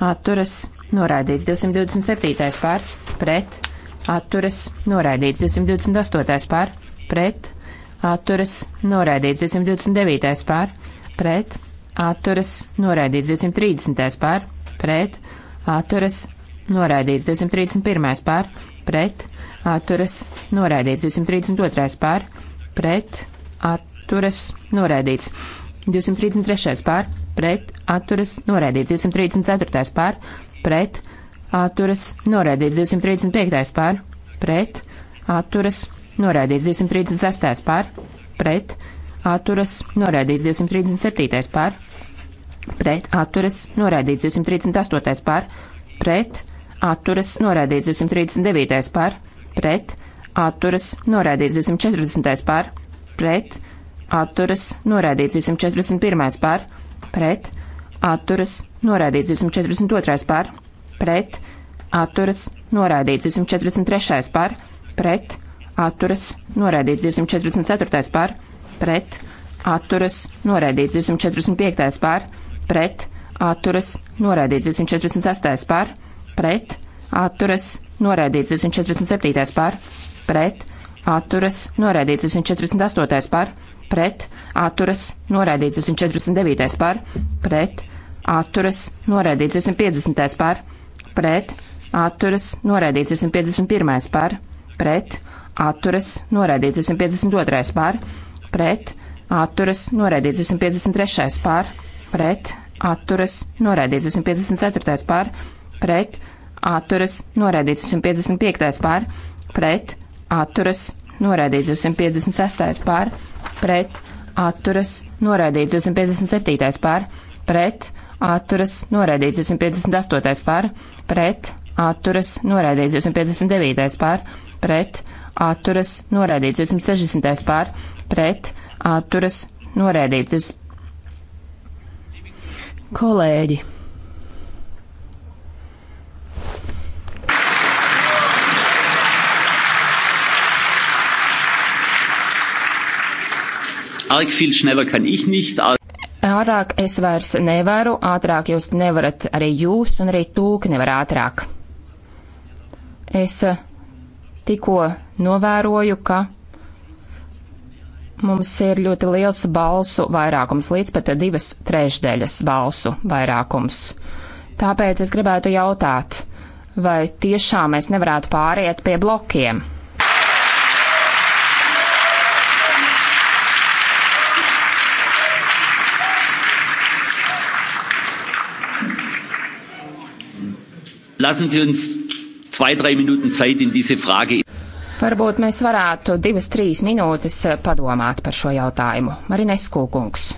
atturas noraidīts 227. par, pret, atturas noraidīts 228. par, pret, atturas noraidīts 229. par, pret, atturas noraidīts 230. par, pret, atturas noraidīts 231. pār, pret, atturas, noraidīts 232. pār, pret, atturas, noraidīts 233. pār, pret, atturas, noraidīts 234. pār, pret, atturas, noraidīts 235. pār, pret, atturas, noraidīts 236. pār, pret, atturas, noraidīts 237. pār, pret, atturas, noraidīts 238. pār, pret, atturas noraidīts 239. par, pret, atturas noraidīts 240. par, pret, atturas noraidīts 241. par, pret, atturas noraidīts 242. par, pret, atturas noraidīts 243. par, pret, atturas noraidīts 244. par, pret, atturas noraidīts 245. par, pret, atturas noraidīts 248. par, pret, atturas, noraidīts 247. par, pret, atturas, noraidīts 248. par, pret, atturas, noraidīts 249. par, pret, atturas, noraidīts 250. par, pret, atturas, noraidīts 251. par, pret, atturas, noraidīts 252. par, pret, atturas, noraidīts 253. par, pret, atturas, noraidīts 254. par, pret, atturas, noraidīts 155. pār, pret, atturas, noraidīts 256. pār, pret, atturas, noraidīts 257. pār, pret, atturas, noraidīts 258. pār, pret, atturas, noraidīts 259. pār, pret, atturas, noraidīts 260. pār, pret, atturas, noraidīts. Kolēģi! Arg viel schneller kann ich nicht. Ārāk es vairs nevaru, ātrāk jūs nevarat arī jūs, un arī tūk nevar ātrāk. Es eh, tikko novēroju, ka mums ir ļoti liels balsu vairākums, līdz pat divas trešdaļas balsu vairākums. Tāpēc es gribētu jautāt, vai tiešām mēs nevarētu pāriet pie blokiem? Lassen Sie uns zwei, drei Minuten Zeit in diese Frage. Varbūt mēs varētu divas, trīs minūtes eh, padomāt par šo jautājumu. Marines Kūkungs.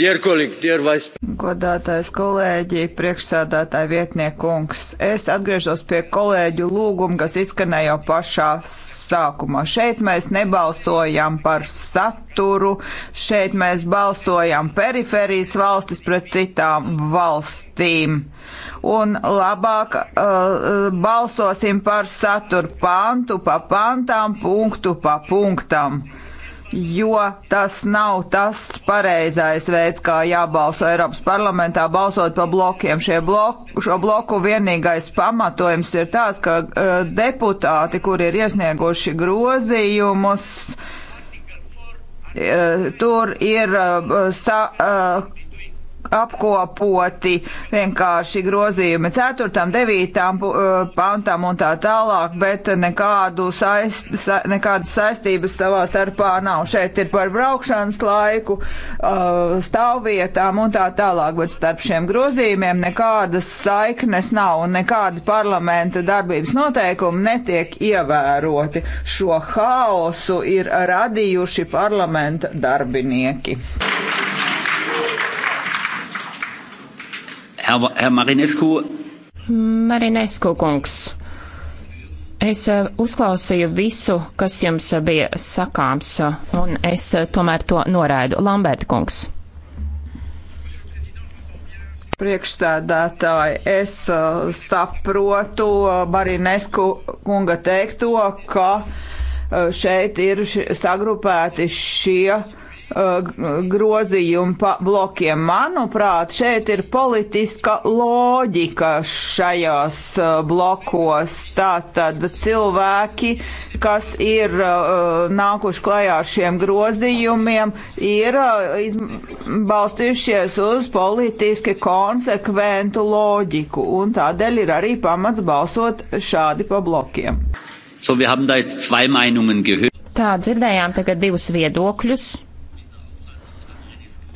Dear colleague, dear vice... Godātais kolēģi, priekšsādātāja vietniekungs, es atgriežos pie kolēģu lūguma, kas izskanēja jau pašā sākumā. Šeit mēs nebalsojam par saturu, šeit mēs balsojam periferijas valstis pret citām valstīm. Un labāk uh, balsosim par saturu pantu pa pantām, punktu pa punktam. Uh, jo tas nav tas pareizais veids, kā jābalso Eiropas parlamentā, balsot pa blokiem. Blok, šo bloku vienīgais pamatojums ir tāds, ka uh, deputāti, kuri ir iesnieguši grozījumus, uh, tur ir uh, sa, uh, apkopoti vienkārši grozījumi 4., 9. Eh, pantam un tā tālāk, bet nekādu saist, sa, nekādas saistības savā starpā nav. Šeit ir par braukšanas laiku, eh, stāvvietām un tā tālāk, bet starp šiem grozījumiem nekādas saiknes nav un nekādi parlamenta darbības noteikumi netiek ievēroti. Šo haosu ir radījuši parlamenta darbinieki. Thank you. Herr, Herr Marinescu. Marinescu kungs. Es eh, uzklausīju visu, kas jums eh, bija sakāms, eh, un es tomēr to noraidu. Lamberta kungs. Priekšsēdētāji, es uh, saprotu uh, Barinesku kunga teikto, ka uh, šeit ir ši, sagrupēti šie uh, Uh, grozījumu blokiem. Manuprāt, šeit ir politiska loģika šajos uh, blokos. Tātad cilvēki, kas ir uh, nākuši klajā ar šiem grozījumiem, ir balstījušies uz politiski konsekventu loģiku, un tādēļ ir arī pamats balsot šādi pa blokiem. So, Tā dzirdējām tagad divus viedokļus.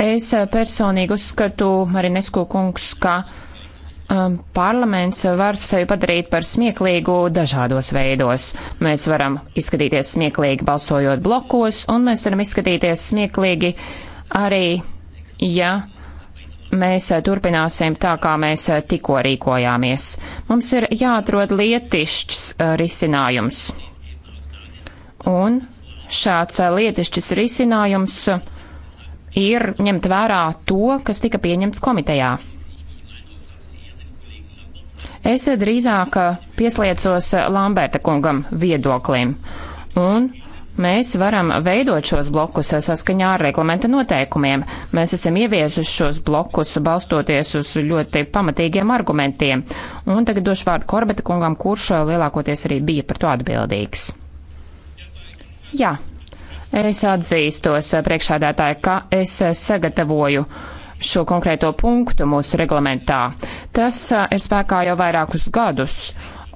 Es eh, personīgi uzskatu, Marinesko kungs, ka um, parlaments var sevi padarīt par smieklīgu dažādos veidos. Mēs varam izskatīties smieklīgi balsojot blokos, un mēs varam izskatīties smieklīgi arī, ja mēs eh, turpināsim tā, kā mēs eh, tikko rīkojāmies. Mums ir jāatrod lietišķs risinājums. Un šāds lietišķis risinājums. Uh, ir ņemt vērā to, kas tika pieņemts komitejā. Es drīzāk pieslēdzos Lamberta kungam viedoklim, un mēs varam veidot šos blokus saskaņā ar reglamenta noteikumiem. Mēs esam ieviesuši šos blokus balstoties uz ļoti pamatīgiem argumentiem, un tagad došu vārdu Korbeta kungam, kurš lielākoties arī bija par to atbildīgs. Jā. Es atzīstos eh, priekšādātāju, ka es eh, sagatavoju šo konkrēto punktu mūsu reglamentā. Tas eh, ir spēkā jau vairākus gadus,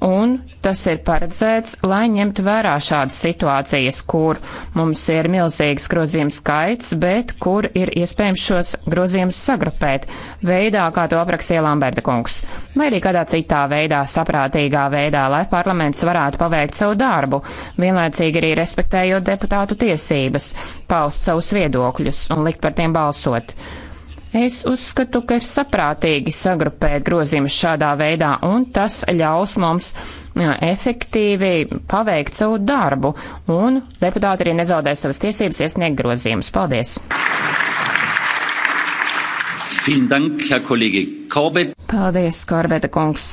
un tas ir paredzēts, lai ņemtu vērā šādas situācijas, kur mums ir milzīgs grozījums skaits, bet kur ir iespējams šos grozījumus sagrupēt veidā, kā to aprakstīja Lamberta kungs, vai arī kādā citā veidā, saprātīgā veidā, lai parlaments varētu paveikt savu darbu, vienlaicīgi arī respektējot deputātu tiesības, paust savus viedokļus un likt par tiem balsot. Es uzskatu, ka ir saprātīgi sagrupēt grozījumus šādā veidā, un tas ļaus mums jā, efektīvi paveikt savu darbu, un deputāti arī nezaudē savas tiesības iesniegt grozījumus. Paldies! Dank, Paldies, Korbeta kungs!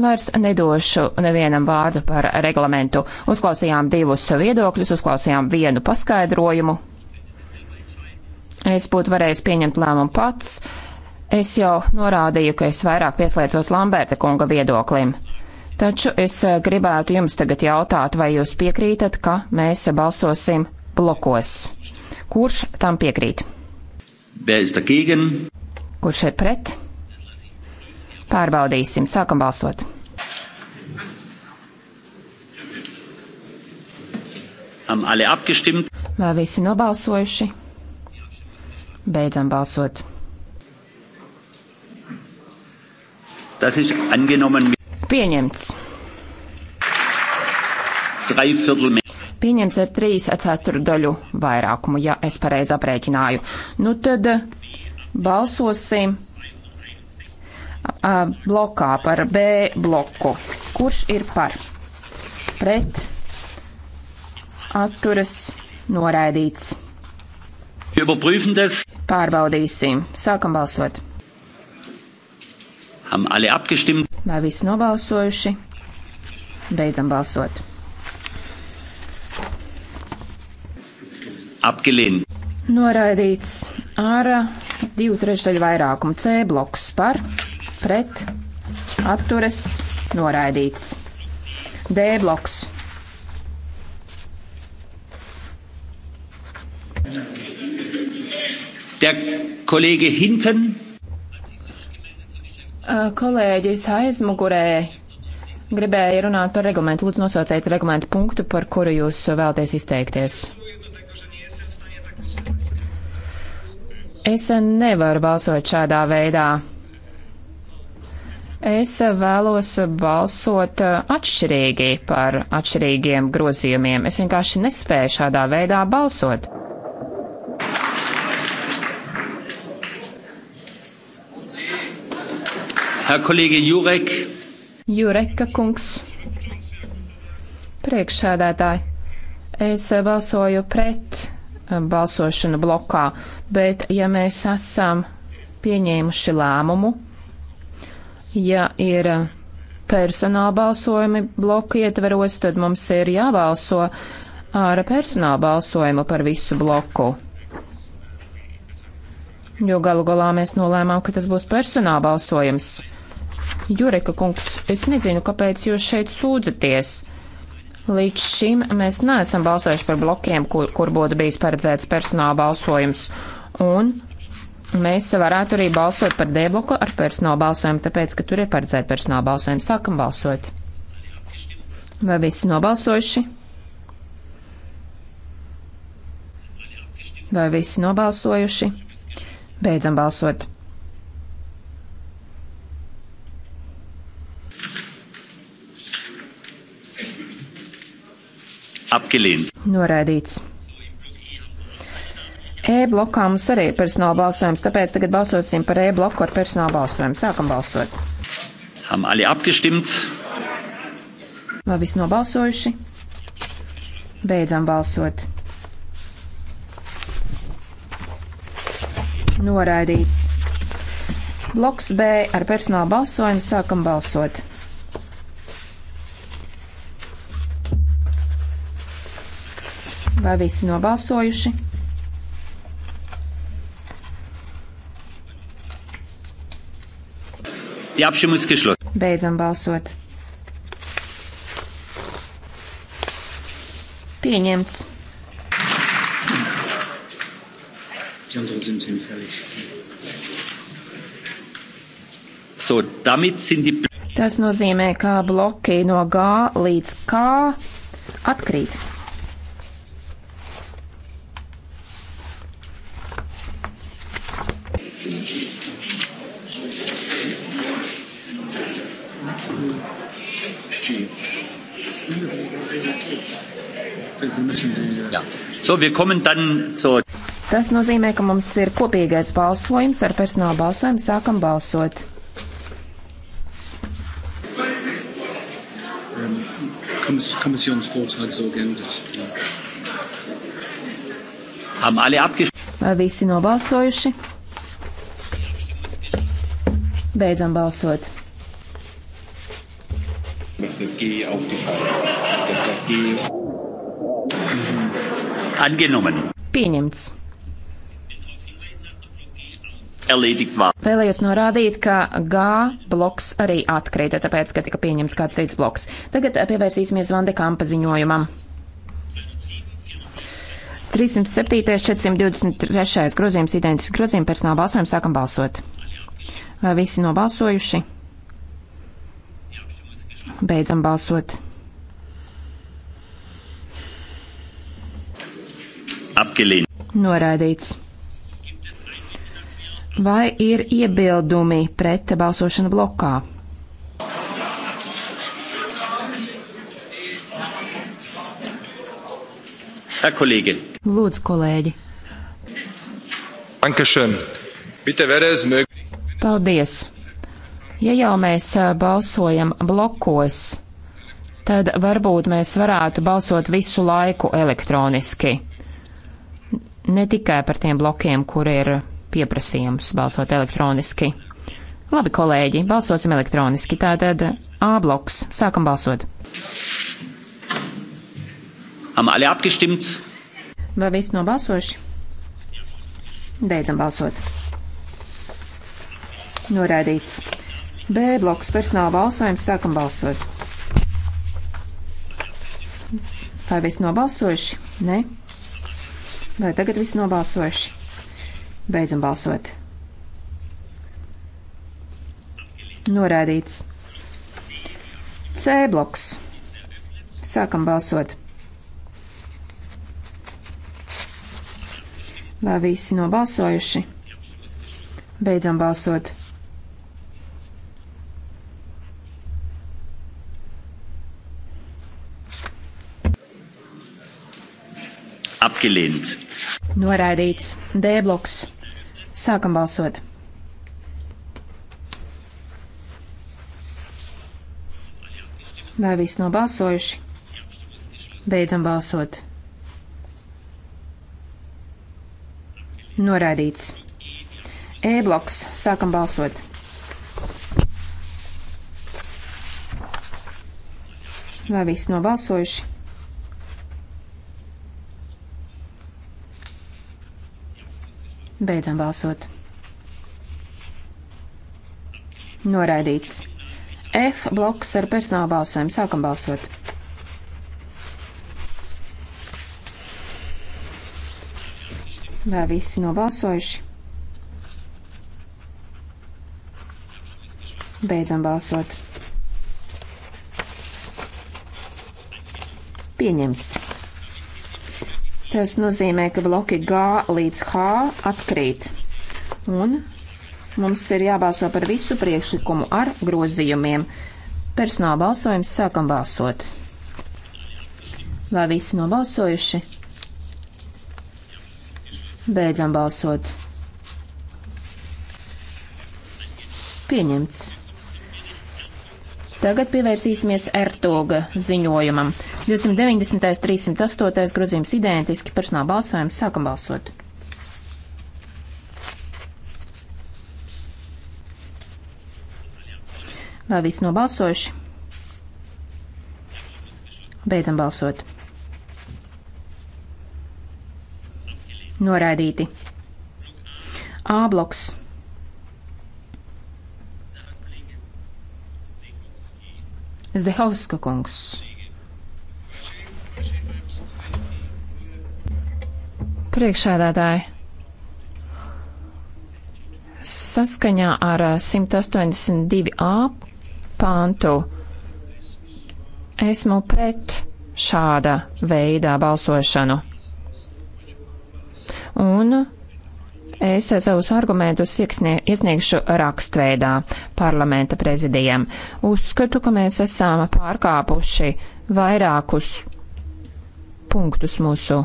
vairs nedošu nevienam vārdu par reglamentu. Uzklausījām divus viedokļus, uzklausījām vienu paskaidrojumu. Es būtu varējis pieņemt lēmumu pats. Es jau norādīju, ka es vairāk pieslēdzos Lamberta kunga viedoklim. Taču es eh, gribētu jums tagad jautāt, vai jūs piekrītat, ka mēs balsosim blokos. Kurš tam piekrīt? Kurš ir pret? Pārbaudīsim, sākam balsot. Vai visi nobalsojuši? Beidzam balsot. Tas ir angenomen. Pieņemts. Pieņems ar trīs ceturdaļu vairākumu, ja es pareizi aprēķināju. Nu tad eh, balsosim eh, blokā par B bloku. Kurš ir par? Pret, atturas, noraidīts. Pārbaudīsim. Sākam balsot. Vai visi nobalsojuši? Beidzam balsot. Apgelehnt. Noraidīts ar divu trešdaļu vairākumu C bloks par, pret, atturas, noraidīts. D bloks. Der Kollege hinten. Kolēģis aizmugurē gribēja runāt par reglamentu. Lūdzu, nosauciet reglamentu punktu, par kuru jūs vēlaties izteikties. Es nevaru balsot šādā veidā. Es vēlos balsot atšķirīgi par atšķirīgiem grozījumiem. Es vienkārši nespēju šādā veidā balsot. Herr kolēģi Jurek. Jureka kungs. Priekšsēdētāji, es balsoju pret eh, balsošanu blokā, bet ja mēs esam pieņēmuši lēmumu, ja ir eh, personāla balsojumi bloku ietveros, tad mums ir jābalso ar personāla balsojumu par visu bloku jo galu galā mēs nolēmām, ka tas būs personāla balsojums. Jureka kungs, es nezinu, kāpēc jūs šeit sūdzaties. Līdz šim mēs neesam balsojuši par blokiem, kur, kur būtu bijis paredzēts personāla balsojums, un mēs varētu arī balsot par D bloku ar personāla balsojumu, tāpēc, ka tur ir paredzēta personāla balsojuma. Sākam balsot. Vai visi nobalsojuši? Vai visi nobalsojuši? Beidzam balsot. Apgelehnt. Noraidīts. E blokā mums arī ir personāla balsojums, tāpēc tagad balsosim par E bloku ar personāla balsojumu. Sākam balsot. Haben alle abgestimmt? Vai viss nobalsojuši? Beidzam balsot. Noraidīts. Bloks B ar personālu balsojumu sākam balsot. Vai visi nobalsojuši? Die Abstimmung ist geschlossen. Beidzam balsot. Pieņemts. Die anderen sind hinfällig. So, damit sind die... Tas nozīmē, ka bloki no G līdz K atkrīt. Ja. So, wir kommen dann zur Tas nozīmē, ka mums ir kopīgais balsojums ar personālu balsojumu. Sākam balsot. Vai visi nobalsojuši? Beidzam balsot. Angenommen. Pieņemts. Vēlējos norādīt, ka G bloks arī atkrita, tāpēc, ka tika pieņemts kāds cits bloks. Tagad pievērsīsimies Vande Kampa ziņojumam. 307, 423 grozījums, identisks grozījums, personāla balsojums, sākam balsot. Vai visi nobalsojuši? Beidzam balsot. Apgelīn. Noraidīts. Vai ir iebildumi pret balsošanu blokā? Herr Kollege. Lūdzu, kolēģi. Dankeschön. Bitte wäre es möglich. Paldies. Ja jau mēs balsojam blokos, tad varbūt mēs varētu balsot visu laiku elektroniski. Ne tikai par tiem blokiem, kur ir pieprasījums balsot elektroniski. Labi, kolēģi, balsosim elektroniski. Tātad A bloks. Sākam balsot. Vai viss nobalsojuši? Beidzam balsot. Noraidīts. B bloks personāla balsojums. Sākam balsot. Vai viss nobalsojuši? Nē. Vai tagad viss nobalsojuši? Beidzam balsot. Norādīts. C bloks. Sākam balsot. Vai visi nobalsojuši? Beidzam balsot. Abgelehnt. Noraidīts D bloks. Sākam balsot. Vai viss nobalsojuši? Beidzam balsot. Noraidīts. E bloks. Sākam balsot. Vai viss nobalsojuši? Beidzam balsot. Noraidīts. F bloks ar personāla balsojumu. Sākam balsot. Vai visi nobalsojuši? Beidzam balsot. Pieņemts. Tas nozīmē, ka bloki G līdz H atkrīt. Un mums ir jābalso par visu priekšlikumu ar grozījumiem. Personāla balsojums sākam balsot. Vai visi nobalsojuši? Beidzam balsot. Pieņemts. Tagad pievērsīsimies Ertoga ziņojumam. 290. 308. grozījums identiski personāla balsojums. Sākam balsot. Vai viss nobalsojuši? Beidzam balsot. Noraidīti. A bloks. Zdehovska kungs. Priekšēdētāji. Saskaņā ar 182a pāntu esmu pret šāda veidā balsošanu. Un Es savus argumentus iesniegšu rakstveidā parlamenta prezidijam. Uzskatu, ka mēs esam pārkāpuši vairākus punktus mūsu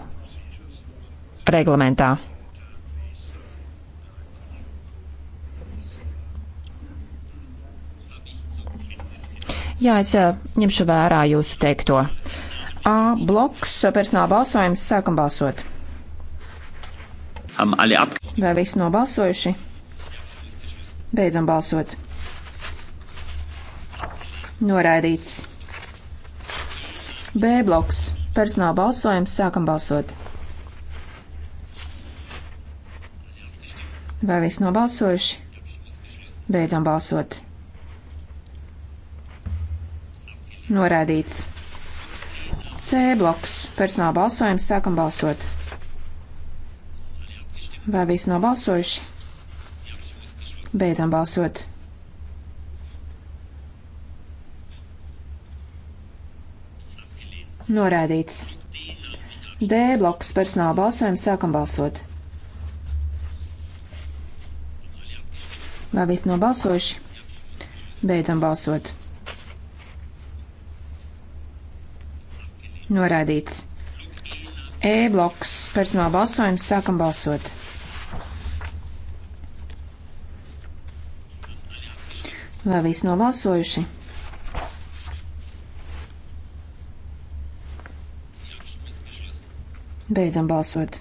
reglamentā. Jā, es eh, ņemšu vērā jūsu teikto. A bloks personāla balsojums. Sākam balsot. Vai visi nobalsojuši? Beidzam balsot. Noraidīts. B bloks. Personāla balsojums. Sākam balsot. Vai viss nobalsojuši? Beidzam balsot. Norādīts. C bloks. Personāla balsojums. Sākam balsot. Vai visi nobalsojuši? Beidzam balsot. Norādīts. D bloks personāla balsojums sākam balsot. Vai visi nobalsojuši? Beidzam balsot. Norādīts. E bloks personāla balsojums sākam balsot. Vai visi novalsojuši? Beidzam balsot.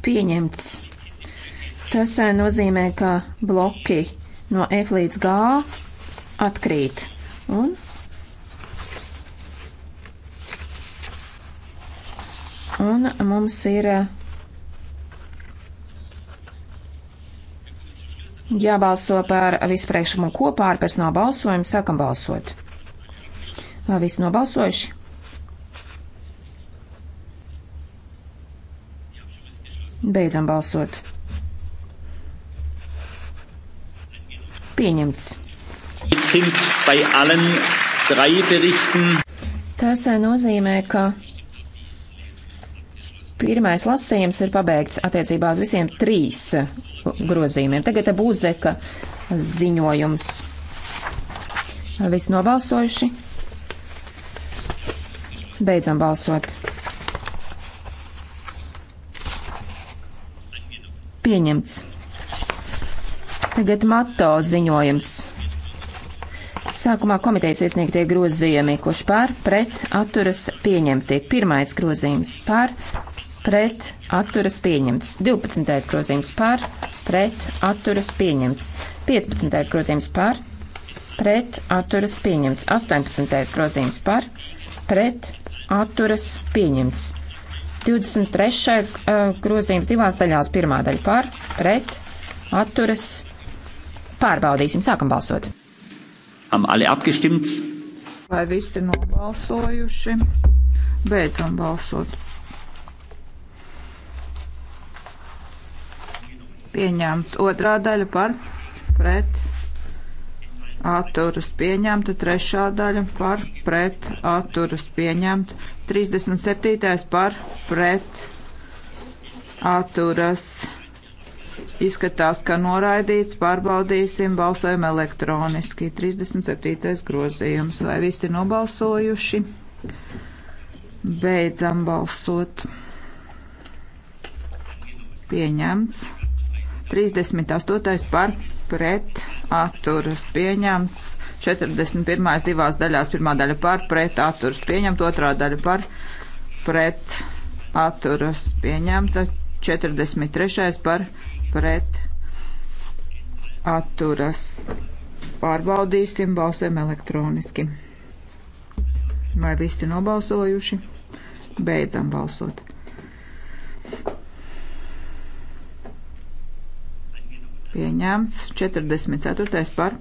Pieņemts. Tas eh, nozīmē, ka bloki no F līdz G atkrīt. Un Un mums ir eh, Jābalso par visu priekšlikumu kopā ar personālu balsojumu. Sākam balsot. Vai visi nobalsojuši? Beidzam balsot. Pieņemts. Tas nozīmē, ka Pirmais lasījums ir pabeigts attiecībā uz visiem trīs grozījumiem. Tagad te būs zeka ziņojums. Visi nobalsojuši. Beidzam balsot. Pieņemts. Tagad mato ziņojums. Sākumā komitejas iesniegtie grozījumi, kurš pār, pret, atturas, pieņemti. Pirmais grozījums pār, pret atturas pieņemts. 12. grozījums par, pret atturas pieņemts. 15. grozījums par, pret atturas pieņemts. 18. grozījums par, pret atturas pieņemts. 23. grozījums divās daļās. Pirmā daļa par, pret atturas. Pārbaudīsim, sākam balsot. Am alle abgestimmt? Vai visi nobalsojuši? Beidzam balsot. pieņemts. Otrā daļa par pret atturas pieņemta. Trešā daļa par pret atturas pieņemta. 37. par pret atturas izskatās, ka noraidīts. Pārbaudīsim, balsojam elektroniski. 37. grozījums. Vai visi nobalsojuši? Beidzam balsot. Pieņemts. 38. par pret atturas pieņemts, 41. divās daļās, pirmā daļa par pret atturas pieņemt, otrā daļa par pret atturas pieņemta, 43. par pret atturas. Pārbaudīsim, balsojam elektroniski. Vai visi nobalsojuši? Beidzam balsot. pieņemts, 44. par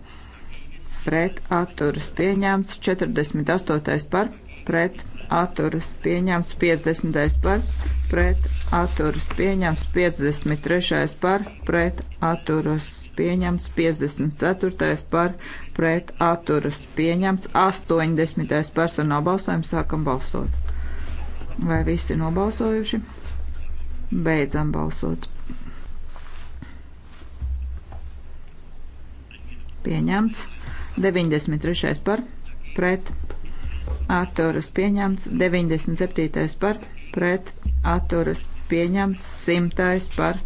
pret atturas pieņemts, 48. par pret atturas pieņemts, 50. par pret atturas pieņemts, 53. par pret atturas pieņemts, 54. par pret atturas pieņemts, 80. personāla balsojums sākam balsot. Vai visi nobalsojuši? Beidzam balsot. pieņemts. 93. par pret atturas pieņemts. 97. par pret atturas pieņemts. 100. par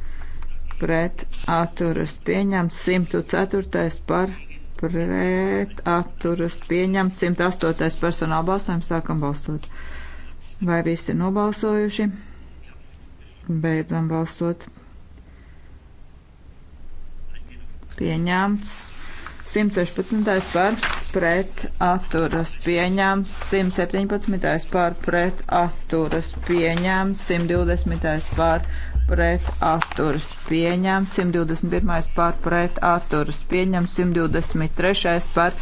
pret atturas pieņemts. 104. par pret atturas pieņemts. 108. personāla balsojums sākam balsot. Vai visi ir nobalsojuši? Beidzam balsot. Pieņemts 116. par pret atturas pieņēmts, 117. par pret atturas pieņēmts, 120. par pret atturas pieņēmts, 121. par pret atturas pieņēmts, 123. par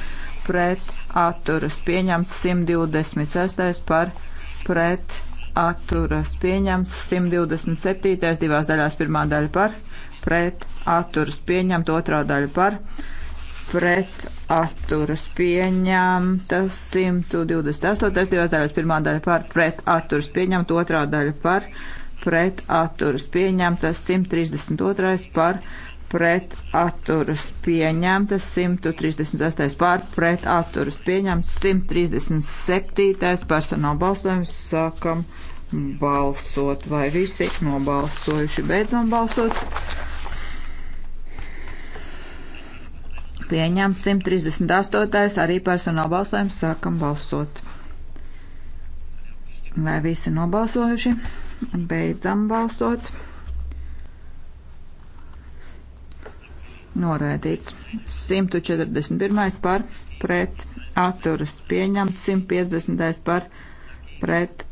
pret atturas pieņēmts, 126. par pret atturas pieņēmts, 127. divās daļās pirmā daļa par pret atturas pieņemta otrā daļa par pret pret atturas pieņemta 128. divās daļās pirmā daļa par pret atturas pieņemta, otrā daļa par pret atturas pieņemta 132. par pret atturas pieņemta 136. par pret atturas pieņemta 137. personāla balsojums sākam balsot vai visi nobalsojuši beidzam balsot. Pieņem 138. arī personāla balsojums. Sākam balsot. Vai visi nobalsojuši? Beidzam balsot. Noraidīts. 141. par pret atturas. Pieņemts 150. par pret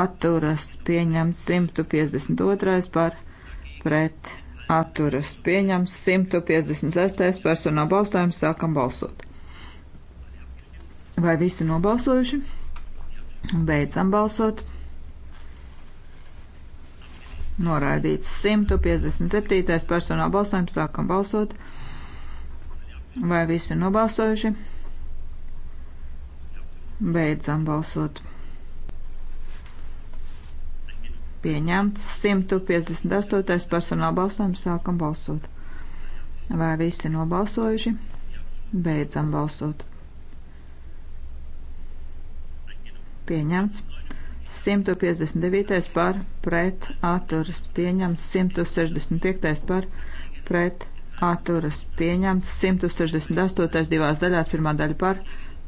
atturas. Pieņemts 152. par pret atturas atturas pieņems 156. personu nobalstājumu sākam balsot. Vai visi nobalsojuši? Beidzam balsot. Noraidīts 157. personāla balsojums. Sākam balsot. Vai visi nobalsojuši? Beidzam balsot. Pieņemts 158. personāla balsojums. Sākam balsot. Vai visi nobalsojuši? Beidzam balsot. Pieņemts 159. par pret atturas. Pieņemts 165. par pret atturas. Pieņemts 168. divās daļās. Pirmā daļa par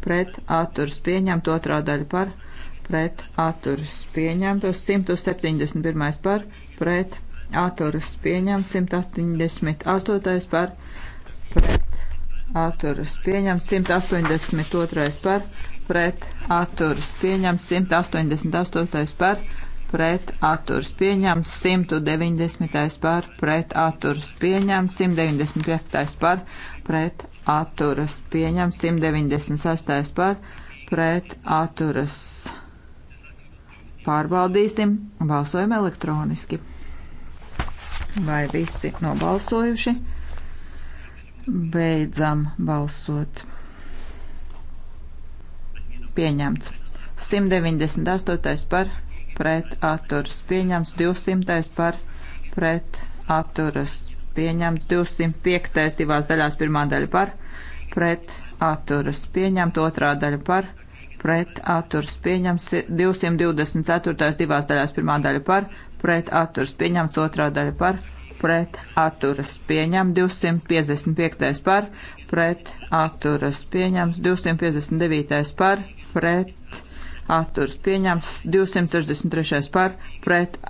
pret atturas. Pieņemta otrā daļa par pret pret atturas pieņemts, 171. par pret atturas pieņemts, 188. par pret atturas pieņemts, 182. par pret atturas pieņemts, 188. par pret atturas pieņemts, 190. par pret atturas pieņemts, 195. par pret atturas pieņemts, 196. par pret atturas pieņemts Pārbaudīsim, balsojam elektroniski. Vai visi nobalsojuši? Beidzam balsot. Pieņemts. 198. par pret atturas. Pieņemts 200. par pret atturas. Pieņemts 205. divās daļās pirmā daļa par pret atturas. Pieņemts otrā daļa par pret atturas pret atturs pieņems 224. divās daļās pirmā daļa par pret atturs pieņemts otrā daļa par pret atturas pieņem 255. par pret atturas pieņems 259. par pret atturas pieņems 263. par pret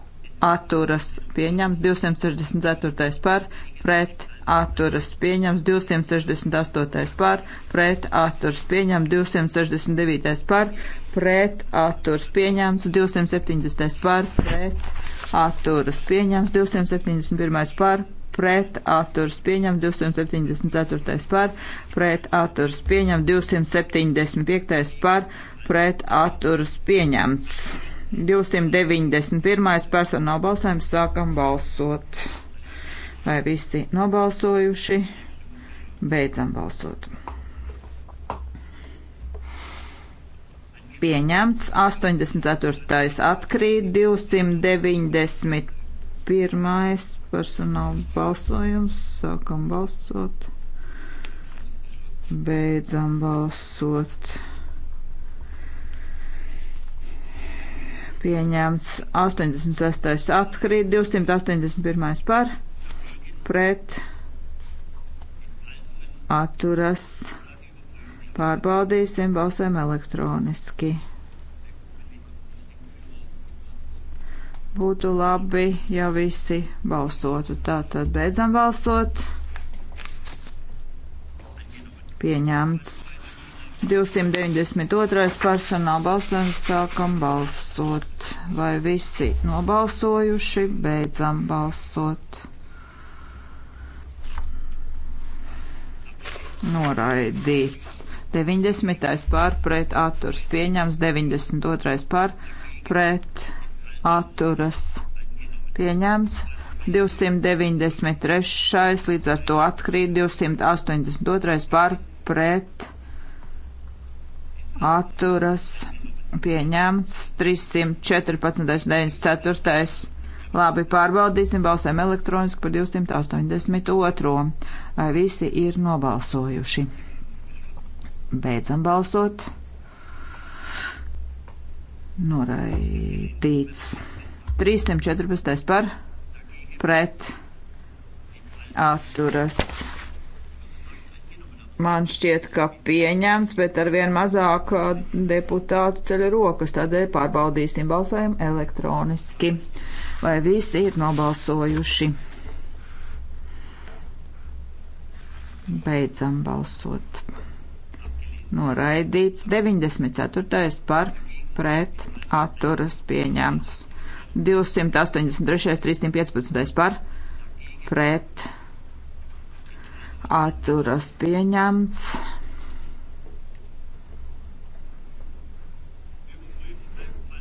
atturas pieņems 264. par pret atturas pieņems 268. par, pret atturas pieņems 269. par, pret atturas pieņems 270. par, pret atturas pieņems 271. par, pret atturas pieņems 274. par, pret atturas pieņems 275. par, pret atturas pieņems. 291. personāla balsojums sākam balsot. Vai visi nobalsojuši? Beidzam balsot. Pieņemts 84. atkrīt 291. personāla balsojums. Sākam balsot. Beidzam balsot. pieņemts 86. atkrīt, 281. par pret atturas pārbaudīsim, balsojam elektroniski. Būtu labi, ja visi balsotu. Tātad beidzam balsot. Pieņemts. 292. personāla balsojums sākam balsot. Vai visi nobalsojuši? Beidzam balsot. noraidīts. 90. pār pret atturs pieņems, 92. pār pret atturas pieņems, 293. līdz ar to atkrīt, 282. pār pret atturas pieņemts, 314. 94 Labi, pārbaudīsim, balsēm elektroniski par 282. Vai visi ir nobalsojuši? Beidzam balsot. Noraidīts. 314. par pret atturas man šķiet, ka pieņems, bet ar vien mazāk uh, deputātu ceļa rokas. Tādēļ pārbaudīsim balsojumu elektroniski. Vai visi ir nobalsojuši? Beidzam balsot. Noraidīts 94. par pret atturas pieņemts. 283. 315. par pret atturas pieņemts.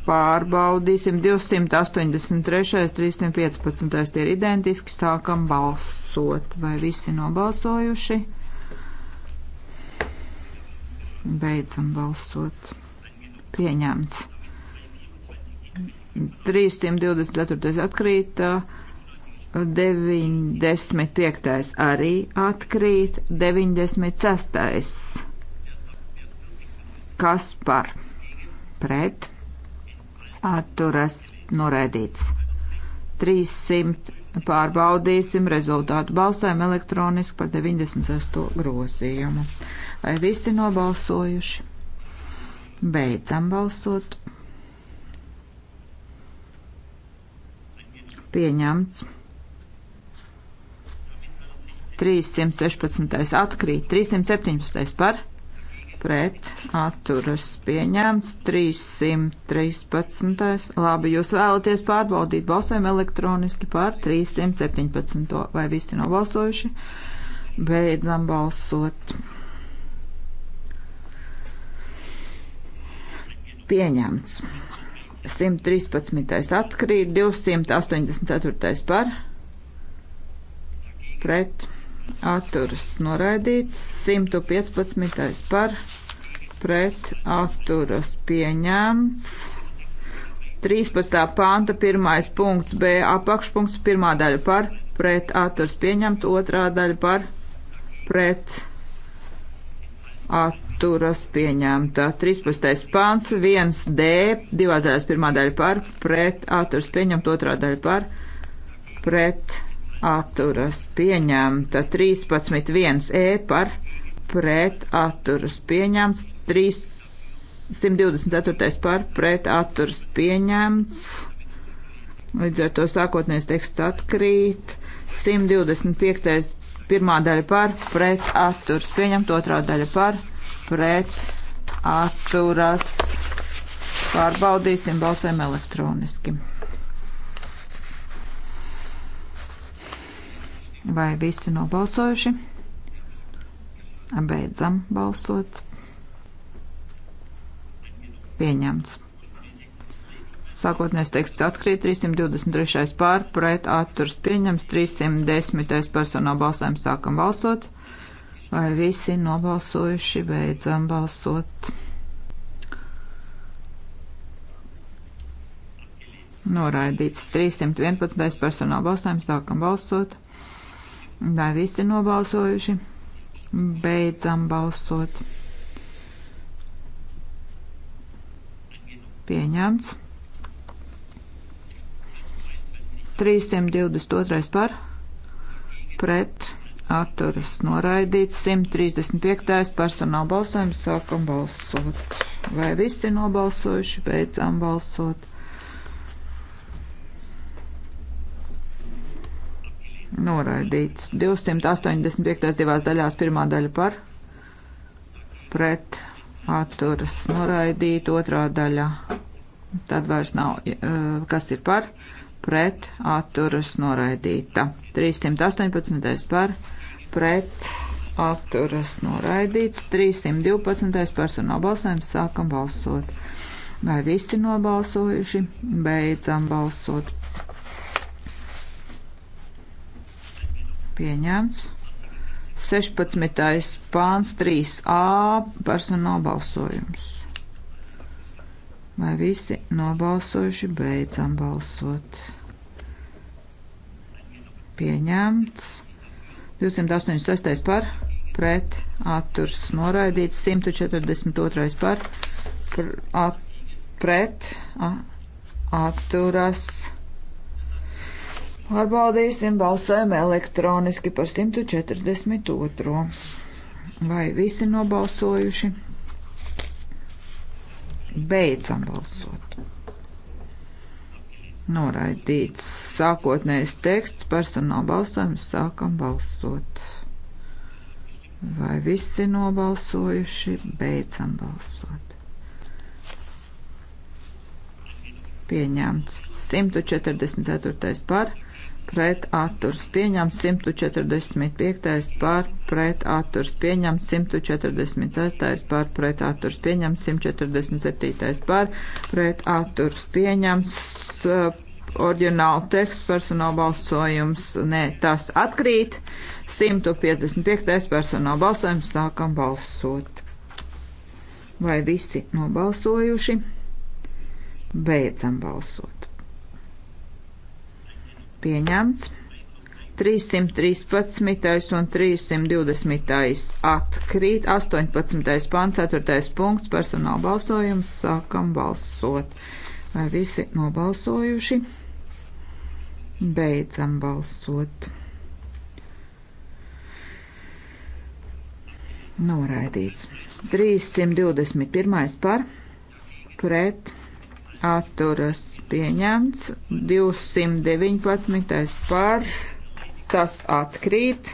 Pārbaudīsim 283, 315, tie ir identiski, sākam balsot. Vai visi nobalsojuši? Beidzam balsot. Pieņemts. 324 atkrīt. Uh, 95. arī atkrīt, 96. kas par pret atturas noraidīts. 300 pārbaudīsim rezultātu balsojumu elektroniski par 96. grozījumu. Vai visi nobalsojuši? Beidzam balsot. Pieņemts. 316. atkrīt, 317. par pret atturas pieņemts, 313. Labi, jūs vēlaties pārbaudīt balsojumu elektroniski par 317. Vai visi nobalsojuši? Beidzam balsot. Pieņemts. 113. atkrīt, 284. par pret atturas noraidīts, 115. par pret atturas pieņemts. 13. panta 1. punkts B apakšpunkts 1. daļa par pret atturas pieņemt, 2. daļa par pret atturas pieņemta. 13. pants 1 D, divās daļās 1. daļa par pret atturas pieņemt, 2. daļa par pret atturas pieņemt atturas pieņemta 13, 1 e par pret atturas pieņemts 3, 124 par pret atturas pieņemts. Līdz ar to sākotnējais teksts atkrīt. 125. pirmā daļa par pret atturs pieņemt, otrā daļa par pret atturas. Pārbaudīsim, balsēm elektroniski. Vai visi nobalsojuši? Beidzam balsot. Pieņemts. Sākotnēs teksts atkrīt 323. pār, pret atturs pieņems 310. personā balsojums sākam balsot. Vai visi nobalsojuši beidzam balsot? Noraidīts 311. personā balsojums sākam balsot. Vai visi nobalsojuši? Beidzam balsot. Pieņemts. 322 par, pret, atturas noraidīts, 135 personāla balsojums, sākam balsot. Vai visi nobalsojuši, beidzam balsot. Noraidīts. 285. divās daļās pirmā daļa par pret atturas noraidīt otrā daļa. Tad vairs nav, eh, kas ir par pret atturas noraidīta. 318. par pret atturas noraidīts. 312. personāla balsojums sākam balsot. Vai visi nobalsojuši? Beidzam balsot Pieņemts. 16. pāns 3a personāla balsojums. Vai visi nobalsojuši beidzam balsot? Pieņemts. 286. par pret atturs noraidīts. 142. par pr, at, pret a, atturas noraidīts Pārbaudīsim, balsojam elektroniski par 142. Vai visi nobalsojuši? Beidzam balsot. Noraidīts sākotnējs teksts, personāla balsojums, sākam balsot. Vai visi nobalsojuši? Beidzam balsot. Pieņemts 144. par pret atturs pieņemts 145. pār pret atturs pieņemts 146. pār pret atturs pieņemts 147. pār pret atturs pieņemts uh, oriģināla teksts personāla balsojums. Nē, tas atkrīt. 155. personāla balsojums sākam balsot. Vai visi nobalsojuši? Beidzam balsot pieņemts. 313. un 320. atkrīt. 18. pants, 4. punkts, personāla balsojums. Sākam balsot. Vai visi nobalsojuši? Beidzam balsot. Noraidīts. 321. par pret atturas pieņemts, 219. par, tas atkrīt,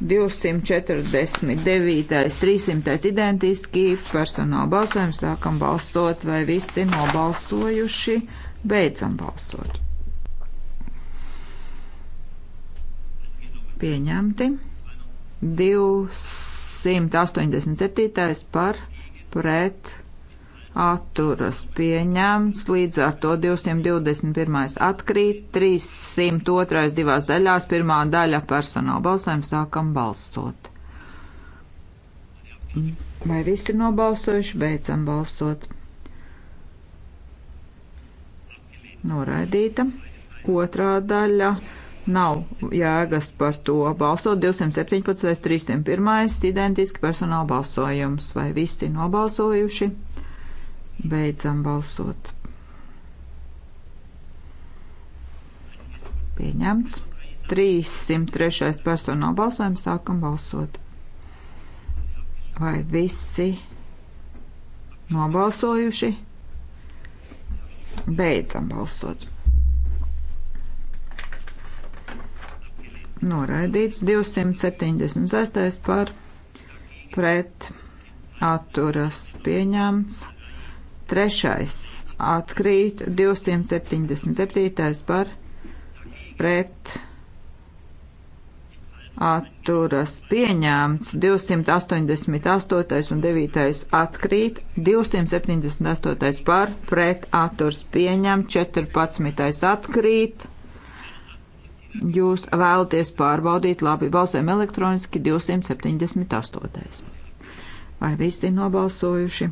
249. 300. identiski personāla balsojums, sākam balsot, vai visi nobalsojuši, beidzam balsot. Pieņemti. 287. par pret atturas pieņemts, līdz ar to 221. atkrīt, 302. divās daļās, pirmā daļa personāla balsojuma sākam balsot. Vai visi ir nobalsojuši, beidzam balsot? Noraidīta. Otrā daļa nav jēgas par to balsot. 217. 301. identiski personāla balsojums. Vai visi ir nobalsojuši? Beidzam balsot. Pieņemts. 303. personu nav balsojums. Sākam balsot. Vai visi nobalsojuši? Beidzam balsot. Noraidīts 276. par pret atturas pieņemts. Trešais atkrīt 277. par pret atturas pieņēmts 288. un 9. atkrīt 278. par pret atturas pieņēmts 14. atkrīt. Jūs vēlaties pārbaudīt labi balsēm elektroniski 278. Vai visi nobalsojuši?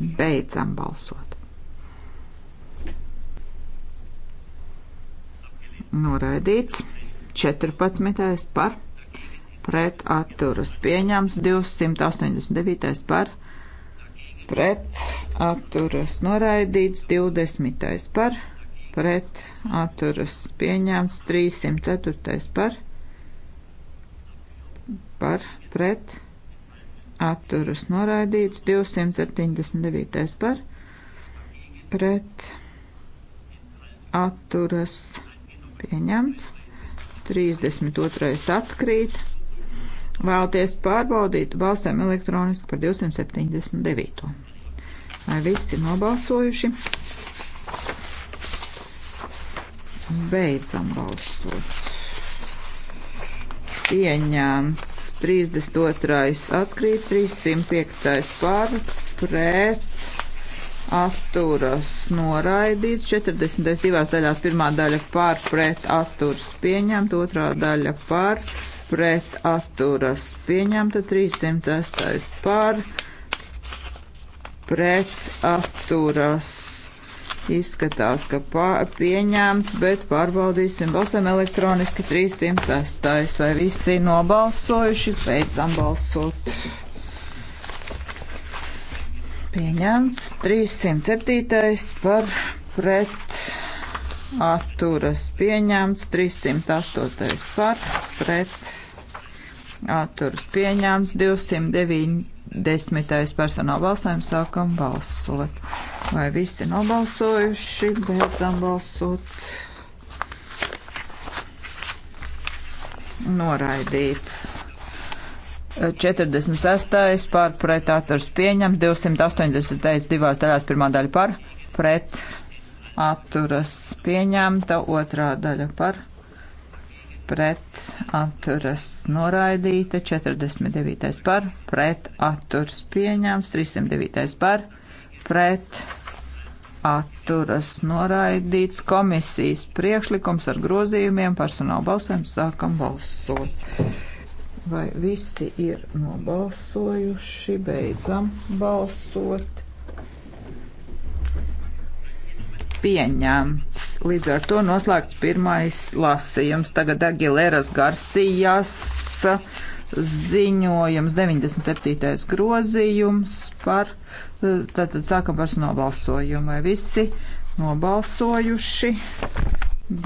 Beidzam balsot. Noraidīts 14. par pret atturas pieņems 289. par pret atturas noraidīts 20. par pret atturas pieņems 304. par par pret atturas noraidīts 279. par pret atturas pieņemts 32. atkrīt vēlties pārbaudīt balsēm elektroniski par 279. Vai visi ir nobalsojuši? Beidzam balsot. Pieņemts 32. atkrīt, 305. par, pret, atturas noraidīts, 42. daļās pirmā daļa par, pret, atturas pieņemt, otrā daļa par, pret, atturas pieņemta, 306. par, pret, atturas Izskatās, ka pieņēmts, bet pārbaudīsim. Balsojam elektroniski 306. Vai visi nobalsojuši? Beidzam balsot. Pieņemts 307. par pret atturas. Pieņemts 308. par pret atturas. Pieņemts 209. Desmitais personāla balsojums sākam balsot. Vai visi nobalsojuši? Beidzam balsot. Noraidīts. 46. par pret atturs pieņem, 280. divās daļās pirmā daļa par pret atturas pieņemta, otrā daļa par pret pret atturas noraidīta, 49. par pret atturas pieņēmts, 309. par pret atturas noraidīts komisijas priekšlikums ar grozījumiem personāla balsēm sākam balsot. Vai visi ir nobalsojuši? Beidzam balsot. pieņemts. Līdz ar to noslēgts pirmais lasījums. Tagad Agilēras Garcijas ziņojums 97. grozījums par, tātad sākam personāla balsojumu, vai visi nobalsojuši,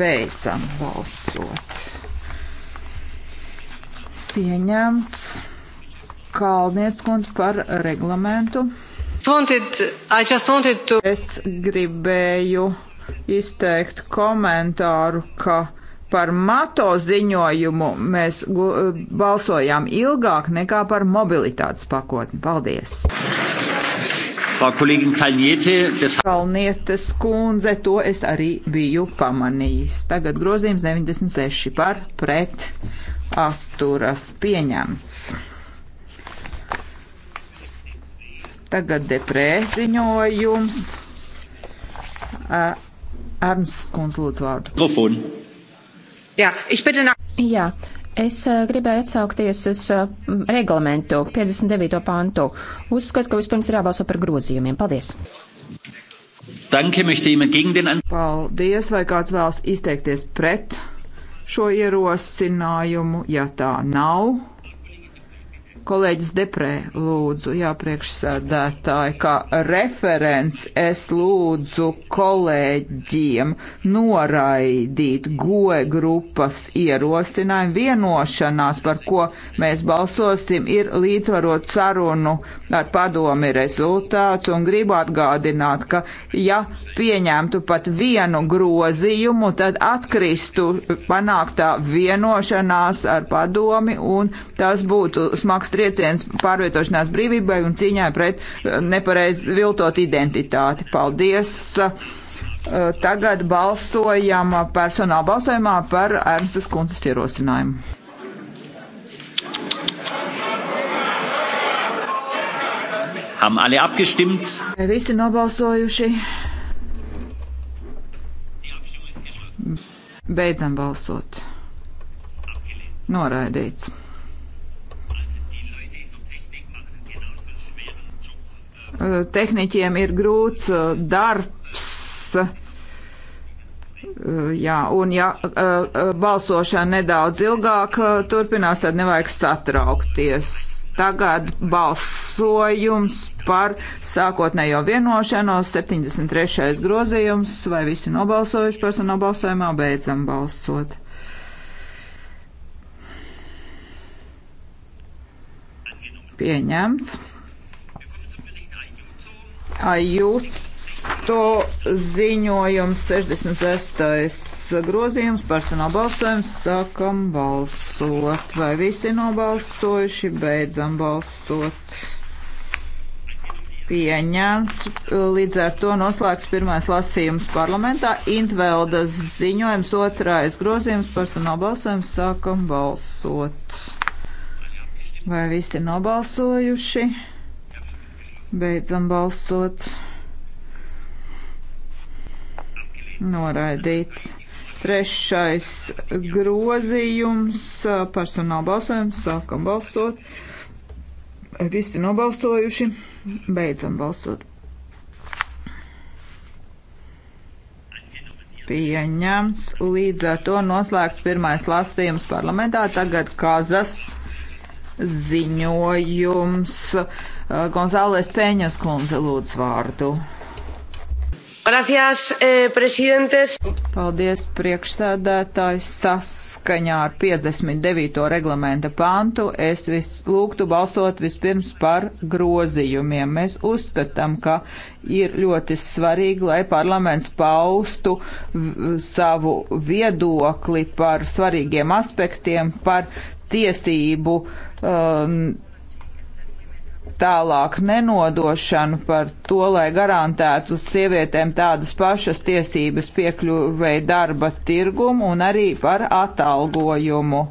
beidzam balsot. Pieņemts Kalniec kundze par reglamentu wanted, wanted to... Es gribēju izteikt komentāru, ka par mato ziņojumu mēs balsojām ilgāk nekā par mobilitātes pakotni. Paldies! Kalnietes kundze, to es arī biju pamanījis. Tagad grozījums 96 par pret atturas pieņemts. Tagad deprēziņojums. Ernsts Kunz, lūdzu vārdu. Mikrofonu. Jā, es bitte nāk. Jā, es eh, gribēju atsaukties uz eh, reglamentu 59. pantu. Uzskatu, ka vispirms ir jābalso par grozījumiem. Paldies. Danke, möchte jemand gegen den Paldies, vai kāds vēlas izteikties pret šo ierosinājumu, ja tā nav? Kolēģis Deprē lūdzu, jā, priekšsēdētāji, kā referents es lūdzu kolēģiem noraidīt goe grupas ierosinājumu. Vienošanās, par ko mēs balsosim, ir līdzvarot sarunu ar padomi rezultāts un gribu atgādināt, ka ja pieņemtu pat vienu grozījumu, tad atkristu panāktā vienošanās ar padomi un tas būtu smags trieciens pārvietošanās brīvībai un cīņai pret eh, nepareiz viltot identitāti. Paldies! Eh, tagad balsojam personāla balsojumā par Ernstas kundzes ierosinājumu. Haben alle abgestimmt? Visi nobalsojuši. Beidzam balsot. Noraidīts. tehniķiem ir grūts uh, darbs. Uh, jā, un ja uh, balsošana nedaudz ilgāk turpinās, tad nevajag satraukties. Tagad balsojums par sākotnējo vienošanos, 73. grozījums, vai visi nobalsojuši personu balsojumā, beidzam balsot. Pieņemts. Ajuto ziņojums 66. grozījums personāla balsojums. Sākam balsot. Vai visi nobalsojuši? Beidzam balsot. Pieņemts. Līdz ar to noslēgts pirmais lasījums parlamentā. Intveldas ziņojums otrais grozījums personāla balsojums. Sākam balsot. Vai visi nobalsojuši? Beidzam balsot. Noraidīts. Trešais grozījums - personāla balsojums. Sākam balsot. Visi nobalsojuši. Beidzam balsot. Pieņemts. Līdz ar to noslēgts pirmais lasījums parlamentā. Tagad Kazas ziņojums. Eh, Gonzālēs Pēņas kundze lūdz vārdu. Gracias, eh, presidentes. Paldies, priekšsēdētājs. Saskaņā ar 59. reglamenta pantu es vis, lūgtu balsot vispirms par grozījumiem. Mēs uzskatām, ka ir ļoti svarīgi, lai parlaments paustu savu viedokli par svarīgiem aspektiem, par tiesību um, tālāk nenodošanu par to, lai garantētu sievietēm tādas pašas tiesības piekļuvēja darba tirgumu un arī par atalgojumu.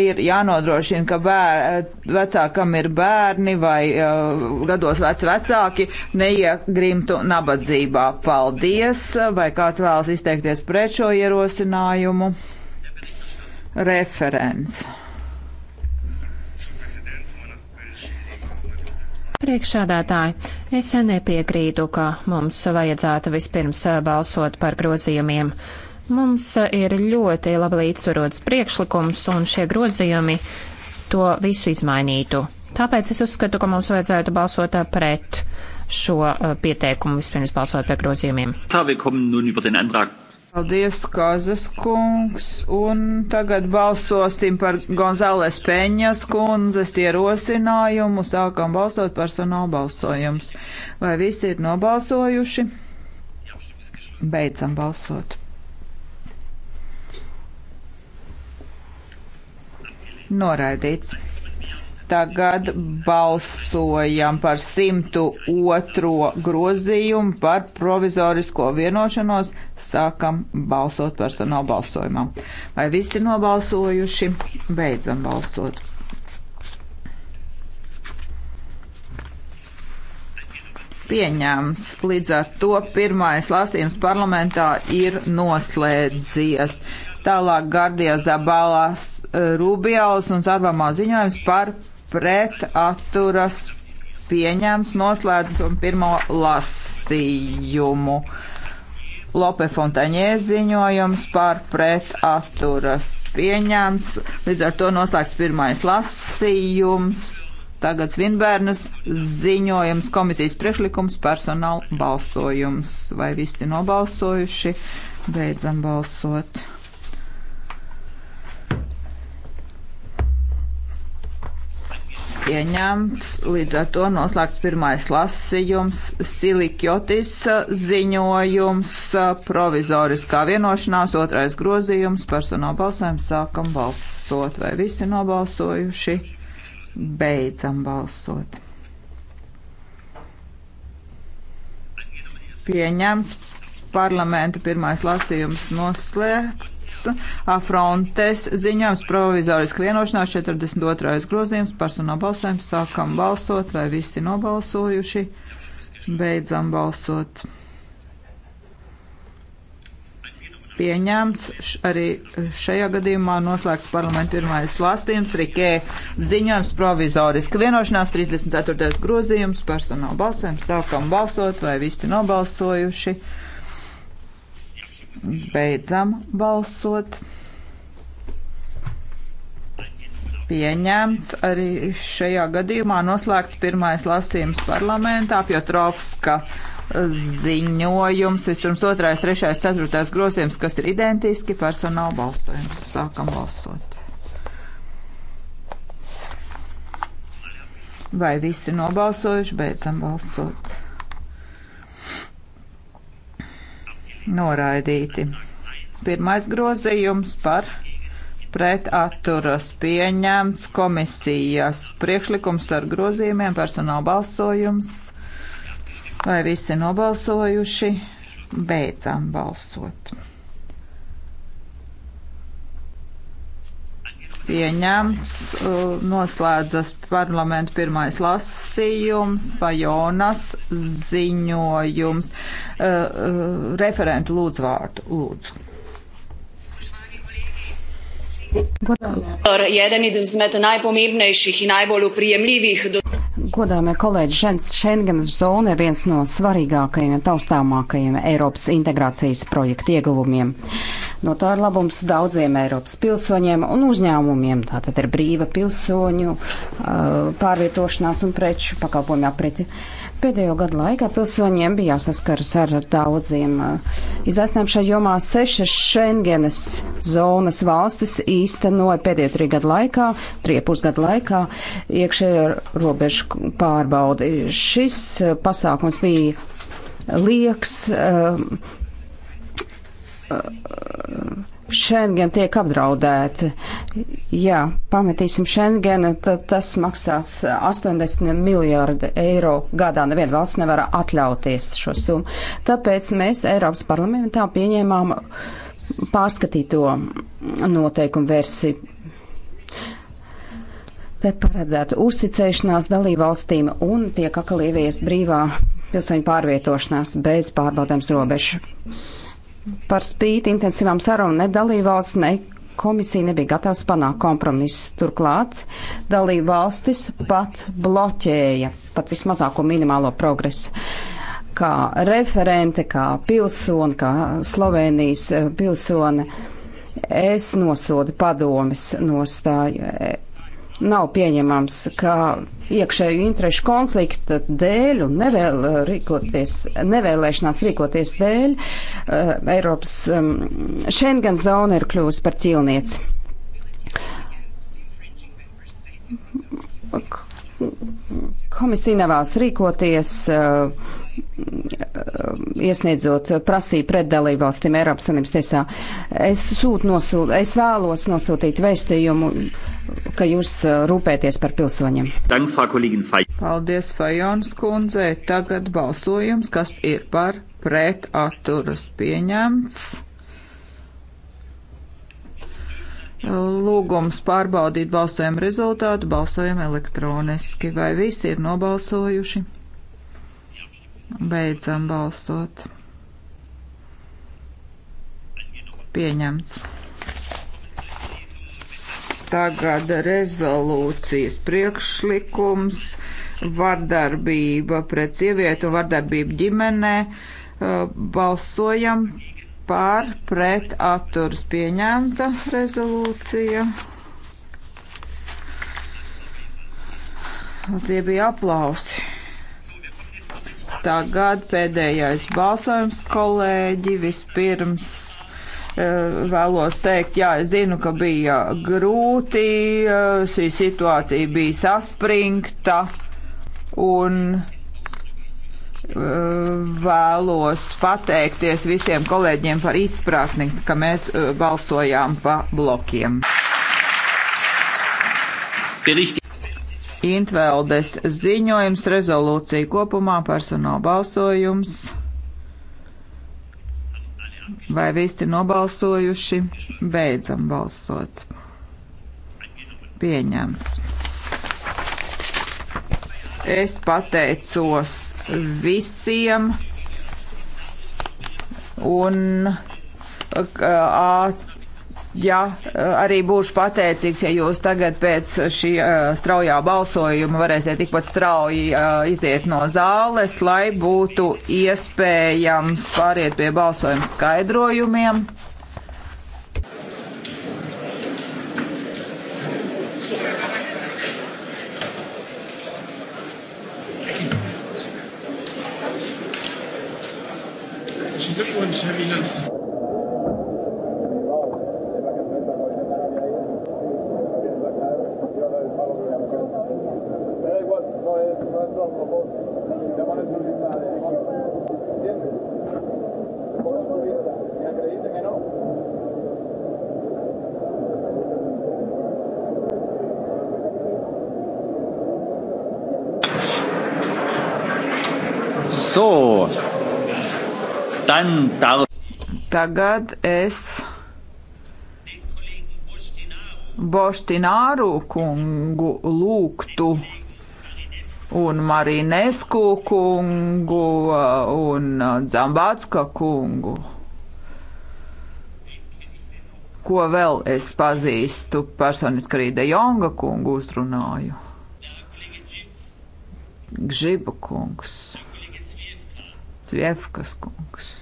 Ir jānodrošina, ka bēr, vecākam ir bērni vai uh, gados vec vecāki neiegrimtu nabadzībā. Paldies! Vai kāds vēlas izteikties pret šo ierosinājumu? Referents. Priekšādātāji, es nepiekrītu, ka mums vajadzētu vispirms balsot par grozījumiem. Mums ir ļoti labi līdzsvarots priekšlikums, un šie grozījumi to visu izmainītu. Tāpēc es uzskatu, ka mums vajadzētu balsot pret šo pieteikumu vispirms balsot par grozījumiem. Tā, Paldies, Kazas kungs, un tagad balsosim par Gonzāles Peņas kundzes ierosinājumu. Sākam balsot personāla balsojums. Vai visi ir nobalsojuši? Beidzam balsot. Noraidīts. Tagad balsojam par 102. grozījumu par provizorisko vienošanos. Sākam balsot personāla balsojumā. Vai visi ir nobalsojuši? Beidzam balsot. pieņemts. Līdz ar to pirmais lasījums parlamentā ir noslēdzies. Tālāk Gardijas Zabalas eh, Rubiaus un Sarvamā ziņojums par pret atturas pieņēms noslēdzam pirmo lasījumu. Lope Fontaņē ziņojums par pret atturas pieņēms. Līdz ar to noslēgts pirmais lasījums. Tagad Svinbērnas ziņojums komisijas priekšlikums personāla balsojums. Vai visi nobalsojuši? Beidzam balsot. pieņemts. Līdz ar to noslēgts pirmais lasījums Silikjotis ziņojums provizoriskā vienošanās, otrais grozījums personāla balsojums sākam balsot. Vai visi nobalsojuši? Beidzam balsot. Pieņemts parlamenta pirmais lasījums noslēgts punkts. Frontes ziņojums provizoriski vienošanās 42. grozījums. Personāla balsojums sākam balsot, vai visi nobalsojuši. Beidzam balsot. Pieņemts arī šajā gadījumā noslēgts parlamenta pirmais lāstījums. Rikē ziņojums provizoriski vienošanās 34. grozījums. Personāla balsojums sākam balsot, vai visi nobalsojuši. Beidzam balsot. Pieņemts arī šajā gadījumā noslēgts pirmais lasījums parlamentā, Piotrovska ziņojums, vispirms otrais, trešais, ceturtais grozījums, kas ir identiski personāla balsojums. Sākam balsot. Vai visi nobalsojuši? Beidzam balsot. noraidīti. Pirmais grozījums par pret atturas pieņemts komisijas priekšlikums ar grozījumiem personāla balsojums. Vai visi nobalsojuši? Beidzām balsot. pieņemts, noslēdzas parlamentu pirmais lasījums, Fajonas ziņojums. E, e, referentu lūdzu vārdu, lūdzu. Jedan izmed najpomembnejših in najbolj uprijemljivih. Godāmie kolēģi, Schengenas zona ir viens no svarīgākajiem un taustāmākajiem Eiropas integrācijas projekta ieguvumiem. No tā ir labums daudziem Eiropas pilsoņiem un uzņēmumiem. Tā tad ir brīva pilsoņu uh, pārvietošanās un preču pakalpojumu apreti. Uh, Pēdējo gadu laikā pilsoņiem bija jāsaskaras ar daudziem eh, izaicinājumiem šajā jomā. Sešas Schengenes zonas valstis īstenoja pēdējo trīs gadu laikā, trīs pusgadu laikā iekšējo robežu pārbaudi. Šis eh, pasākums bija lieks. Uh, eh, uh, Schengen tiek apdraudēti. Jā, pametīsim Schengenu, tad tas maksās 80 miljārdi eiro gadā. Neviena valsts nevar atļauties šo summu. Tāpēc mēs Eiropas parlamentā pieņēmām pārskatīto noteikumu versiju. Te paredzēta uzticēšanās dalībvalstīm un tiek akalīvies brīvā pilsoņu pārvietošanās bez pārbaudēms robežu. Par spīti intensīvām sarunām ne dalībvalsts, ne komisija nebija gatavs panākt kompromisu. Turklāt dalību valstis pat bloķēja pat vismazāko minimālo progresu. Kā referente, kā pilsone, kā Slovenijas pilsone, es nosodu padomis nostāju. Nav pieņemams, ka iekšēju interešu konflikta dēļ un nevēl eh, rīkoties, nevēlēšanās rīkoties dēļ eh, Eiropas ehm, Schengen zona ir kļuvusi par ķilnieci. Komisija nevēlas rīkoties. Uh, iesniedzot prasību pret dalībvalstīm Eiropas Savienības tiesā. Es, sūtu, nosūtu, es vēlos nosūtīt vēstījumu, ka jūs uh, rūpēties par pilsoņiem. Paldies, Fajons kundze. Tagad balsojums, kas ir par pret atturas pieņemts. Lūgums pārbaudīt balsojumu rezultātu, balsojam elektroniski. Vai visi ir nobalsojuši? Beidzam balsot. Pieņemts. Tagad rezolūcijas priekšlikums vardarbība pret sievietu, vardarbība ģimenē. Uh, balsojam par pret atturs pieņemta rezolūcija. Tie bija aplausi gada pēdējais balsojums, kolēģi. Vispirms eh, vēlos teikt, jā, es zinu, ka bija grūti, eh, šī situācija bija saspringta un eh, vēlos pateikties visiem kolēģiem par izpratni, ka mēs balsojām pa blokiem. Bericht Intveldes ziņojums, rezolūcija kopumā, personāla balsojums. Vai visi nobalsojuši? Beidzam balsot. Pieņemts. Es pateicos visiem un ātri ja eh, arī būšu pateicīgs, ja jūs tagad pēc šī uh, straujā balsojuma varēsiet tikpat strauji uh, iziet no zāles, lai būtu iespējams pāriet pie balsojuma skaidrojumiem. Herzlichen Glückwunsch, Herr Wieland. Tagad es Boštināru kungu lūgtu un Marinesku kungu uh, un uh, Dzambātska kungu. Ko vēl es pazīstu personiski arī De Jonga kungu uzrunāju? Gžiba kungs, Cviefkas kungs.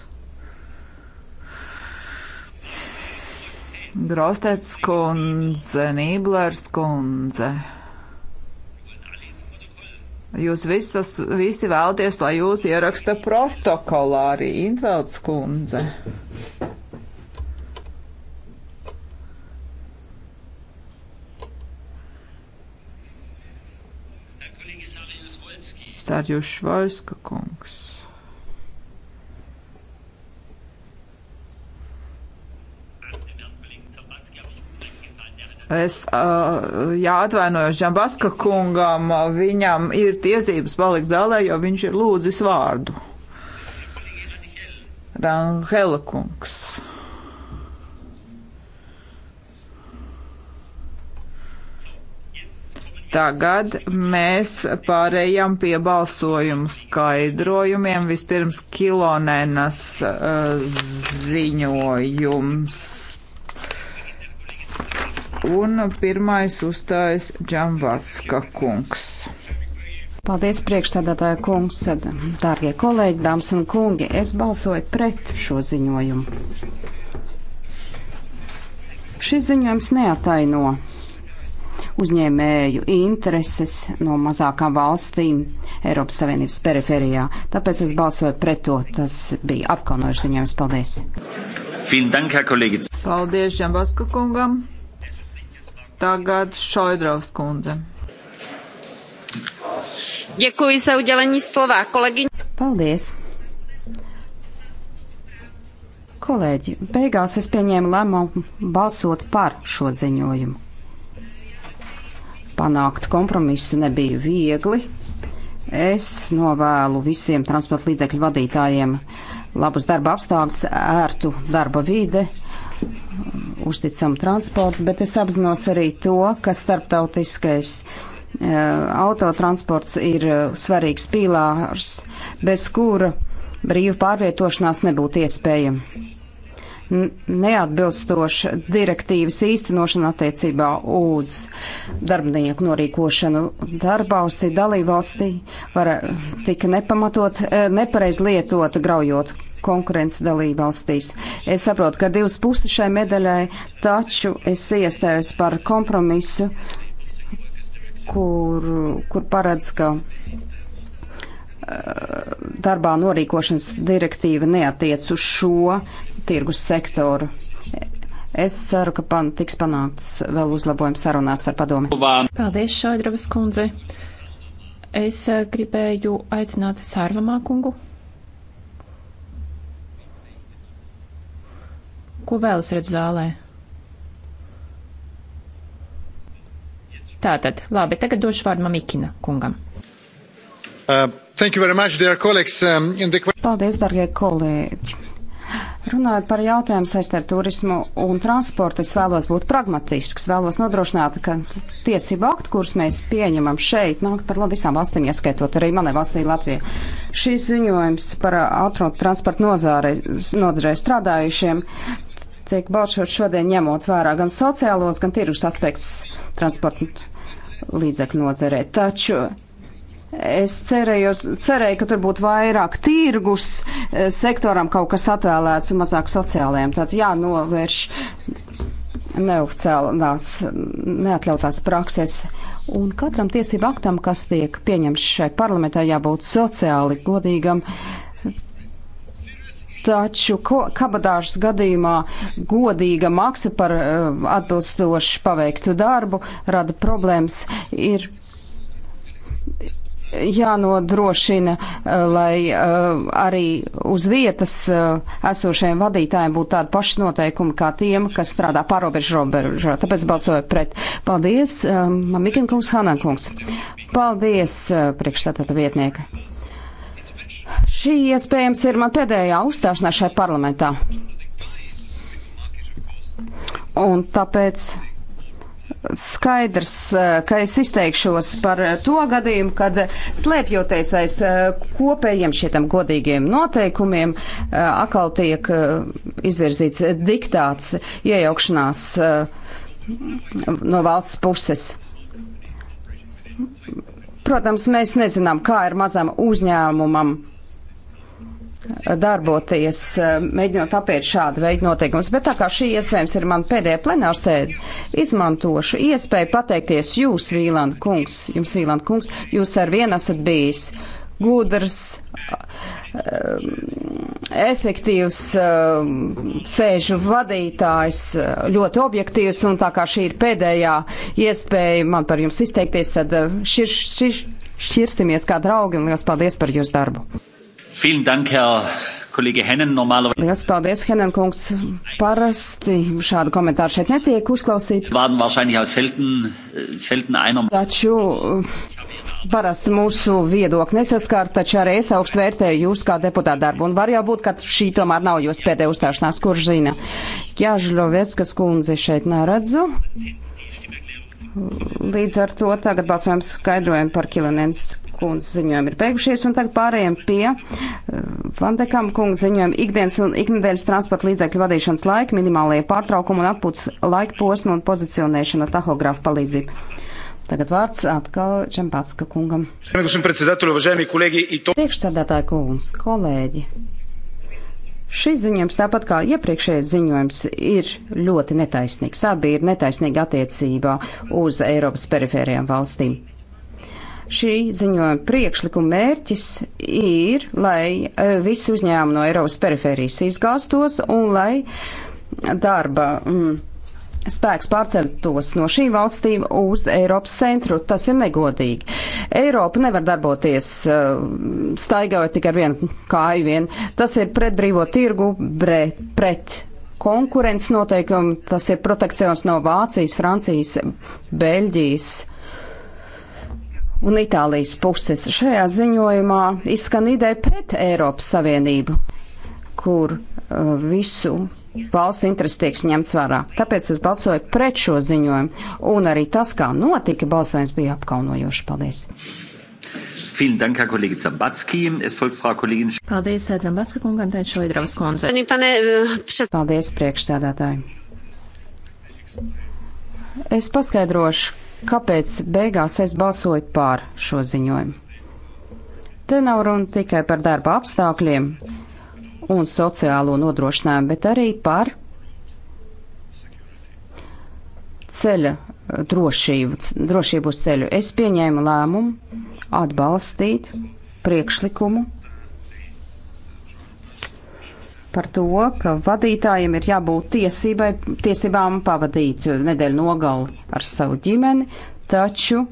Grostēts kundze, Nīblers kundze. Jūs visas, visi vēlaties, lai jūs ieraksta protokolā arī Intvelds kundze. Stārjušs Vaiska kungs. Es uh, jāatvainojos Džambaska kungam, viņam ir tiesības palikt zālē, jo viņš ir lūdzis vārdu. Rangela kungs. Tagad mēs pārējām pie balsojumu skaidrojumiem. Vispirms Kilonēnas uh, ziņojums un pirmais uzstājas Džambatska kungs. Paldies, priekšstādātāja kungs, dārgie kolēģi, dāmas un kungi. Es balsoju pret šo ziņojumu. Šis ziņojums neataino uzņēmēju intereses no mazākām valstīm Eiropas Savienības periferijā. Tāpēc es balsoju pret to. Tas bija apkaunojuši ziņojums. Paldies! Dank, Paldies, Žambaska kungam! Tagad Šoidrovs kundze. Děkuji za udělení slova, kolegyně. Paldies. Kolēģi, beigās es pieņēmu lēmumu balsot par šo ziņojumu. Panākt kompromisu nebija viegli. Es novēlu visiem transporta līdzekļu vadītājiem labus darba apstākļus, ērtu darba vide uzticamu transportu, bet es apzinos arī to, ka starptautiskais eh, autotransports ir eh, svarīgs pīlārs, bez kura brīva pārvietošanās nebūtu iespējama. Neatbilstoša direktīvas īstenošana attiecībā uz darbinieku norīkošanu darbausi dalībvalstī var eh, tika nepamatot, nepareiz lietot, graujot konkurence dalība valstīs. Es saprotu, ka divas puses šai medaļai, taču es iestājos par kompromisu, kur, kur paredz, ka eh, darbā norīkošanas direktīva neatiec uz šo tirgus sektoru. Es ceru, ka pan, tiks panākts vēl uzlabojums sarunās ar padomi. Paldies, Šaidravas kundze. Es eh, gribēju aicināt Sārvamā kungu. Ko vēl es redzu zālē? Tātad, labi, tagad došu vārdu Mamikina kungam. Uh, much, um, the... Paldies, darbie kolēģi! Runājot par jautājumu saistībā ar turismu un transportu, es vēlos būt pragmatisks, vēlos nodrošināt, ka tiesību akti, kurus mēs pieņemam šeit, nāk par labu visām valstīm, ieskaitot arī manai valstī Latviju. Šis ziņojums par autotransportu nozāri nodarē strādājušiem tiek balšot šodien ņemot vērā gan sociālos, gan tirgus aspektus transporta līdzekļu nozarē. Taču es cerēju, cerēju, ka tur būtu vairāk tirgus eh, sektoram kaut kas atvēlēts un mazāk sociālajiem. Tad jānovērš neoficiālās, neatļautās prakses. Un katram tiesību aktam, kas tiek pieņemts šai parlamentā, jābūt sociāli godīgam. Uh, Taču kabadāžas gadījumā godīga maksa par uh, atbilstoši paveiktu darbu rada problēmas. Ir jānodrošina, eh, lai uh, arī uz vietas uh, esošajiem vadītājiem būtu tādi paši noteikumi kā tiem, kas strādā pārobežu robežā. Tāpēc balsoju pret. Paldies, uh, Mikinkungs Hanankungs. Paldies, priekšstādāta vietnieka. Šī iespējams ir man pēdējā uzstāšanās šai parlamentā. Un tāpēc skaidrs, eh, ka es izteikšos par eh, to gadījumu, kad slēpjoties aiz eh, kopējiem šiem godīgiem noteikumiem, akal tiek izvirzīts diktāts iejaukšanās no valsts puses. Protams, mēs nezinām, kā ir mazam uzņēmumam darboties, eh, mēģinot apiet šādu veidu noteikumus. Bet tā kā šī iespējams ir man pēdējā plenārsēde, izmantošu iespēju pateikties jūs, Vīlanda kungs, jums, Vīlanda kungs, jūs ar vienu esat bijis gudrs, eh, efektīvs eh, sēžu vadītājs, ļoti objektīvs, un tā kā šī ir pēdējā iespēja man par jums izteikties, tad šir, šir, širsimies kā draugi, un liels paldies par jūsu darbu. Lielas paldies, Henan kungs. Parasti šādu komentāru šeit netiek uzklausīt. Selten, selten taču parasti mūsu viedokļi nesaskārt, taču arī es augstu vērtēju jūs kā deputātu darbu. Un var jau būt, ka šī tomēr nav jūs pēdējā uzstāšanās, kurš zina. Jāžļovieckas kundze šeit neredzu. Līdz ar to tagad balsojam skaidrojumu par Kilinens kundzes ziņojumi ir beigušies, un tagad pārējiem pie uh, Vandekam kundzes ziņojumi ikdienas un iknedēļas transporta līdzekļu vadīšanas laika, minimālajie pārtraukumi un atpūtas laika posma un pozicionēšana tahografa palīdzību. Tagad vārds atkal Čempatska kungam. Priekšsēdētāji kungs, kolēģi. Šis ziņojums, tāpat kā iepriekšējais ziņojums, ir ļoti netaisnīgs. Abi ir netaisnīgi attiecībā uz Eiropas perifērijām valstīm. Šī ziņojuma priekšlikuma mērķis ir, lai e, visi uzņēmumi no Eiropas perifērijas izgāstos un lai darba mm, spēks pārceltos no šīm valstīm uz Eiropas centru. Tas ir negodīgi. Eiropa nevar darboties e, staigājot tikai ar vienu kāju vien. Tas ir pret brīvo tirgu, bre, pret konkurences noteikumu, tas ir protekcijons no Vācijas, Francijas, Beļģijas un Itālijas puses. Šajā ziņojumā izskan ideja pret Eiropas Savienību, kur uh, visu valsts interesi tiek ņemts vērā. Tāpēc es balsoju pret šo ziņojumu, un arī tas, kā notika, balsojums bija apkaunojoši. Paldies! Vielen Dank, Herr Kollege Zambatski. Es folgt Frau Kollegin. Paldies, Zambatska kungam, tēt Šoidravas kundze. Eh, Paldies, priekšsēdētāji. Es paskaidrošu, kāpēc beigās es balsoju pār šo ziņojumu. Te nav runa tikai par darba apstākļiem un sociālo nodrošinājumu, bet arī par ceļa drošību, drošību uz ceļu. Es pieņēmu lēmumu atbalstīt priekšlikumu par to, ka vadītājiem ir jābūt tiesībai, tiesībām pavadīt nedēļu nogali ar savu ģimeni, taču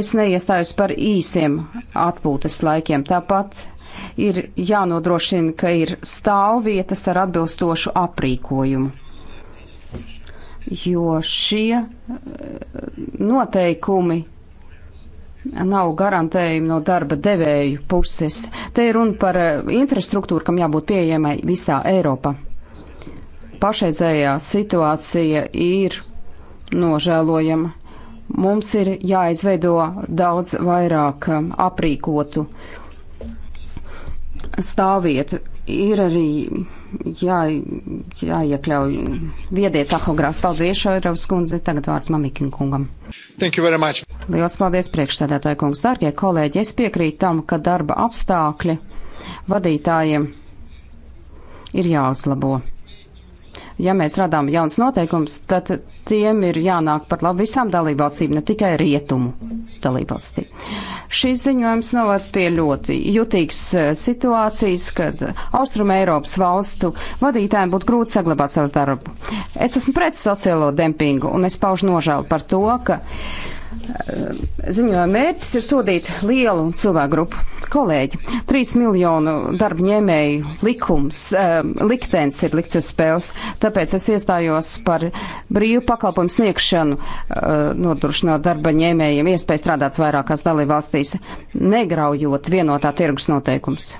es neiestājos par īsiem atpūtas laikiem. Tāpat ir jānodrošina, ka ir stāvvietas ar atbilstošu aprīkojumu. Jo šie eh, noteikumi nav garantējumi no darba devēju puses. Te ir runa par eh, infrastruktūru, kam jābūt pieejamai visā Eiropā. Pašreizējā situācija ir nožēlojama. Mums ir jāizveido daudz vairāk eh, aprīkotu stāvvietu ir arī jā, jāiekļauj viedie tahogrāfi. Paldies, Šairovs kundze. Tagad vārds Mamikina kungam. Lielas paldies, priekšsēdētāji kungs. Dārgie kolēģi, es piekrītu tam, ka darba apstākļi vadītājiem ir jāuzlabo ja mēs radām jauns noteikums, tad tiem ir jānāk par labu visām dalībvalstīm, ne tikai rietumu dalībvalstīm. Šis ziņojums novad pie ļoti jutīgas eh, situācijas, kad Austruma Eiropas valstu vadītājiem būtu grūti saglabāt savu darbu. Es esmu pret sociālo dempingu un es paužu nožēlu par to, ka Eh, Ziņojuma mērķis ir sodīt lielu cilvēku grupu. Kolēģi, 3 miljonu darba ņēmēju likums, eh, liktenis ir likts uz spēles, tāpēc es iestājos par brīvu pakalpojumu sniegšanu, eh, nodrošinot darba ņēmējiem iespēju strādāt vairākās dalībvalstīs, negraujot vienotā tirgus noteikums.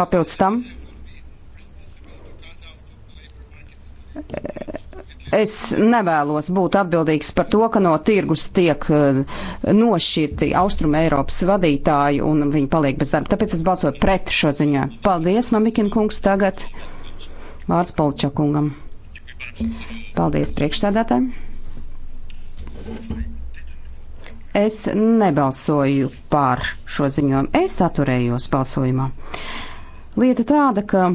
Papildus tam Es nevēlos būt atbildīgs par to, ka no tirgus tiek eh, nošķirti Austrum Eiropas vadītāji un viņi paliek bez darba. Tāpēc es balsoju pret šo ziņā. Paldies, Mamikina kungs, tagad vārds Polčakungam. Paldies priekšstādātājiem. Es nebalsoju pār šo ziņojumu. Es atturējos balsojumā. Lieta tāda, ka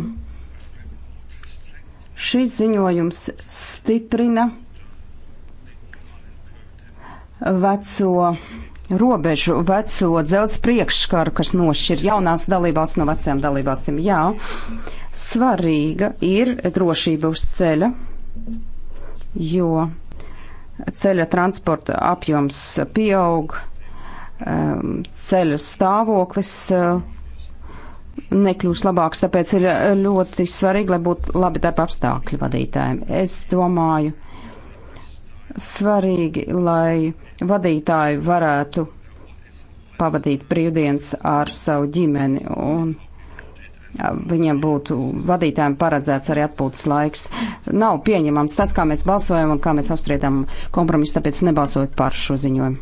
Šis ziņojums stiprina veco robežu, veco dzelzs priekšskaru, kas nošķir jaunās dalībās no vecajām dalībāstīm. Jā, svarīga ir drošība uz ceļa, jo ceļa transporta apjoms pieaug, ehm, ceļa stāvoklis nekļūs labāks, tāpēc ir eh, ļoti svarīgi, lai būtu labi darba apstākļi vadītājiem. Es domāju, svarīgi, lai vadītāji varētu pavadīt brīvdienas ar savu ģimeni un viņiem būtu vadītājiem paredzēts arī atpūtas laiks. Nav pieņemams tas, kā mēs balsojam un kā mēs apspriedām kompromisu, tāpēc nebalsojot par šo ziņojumu.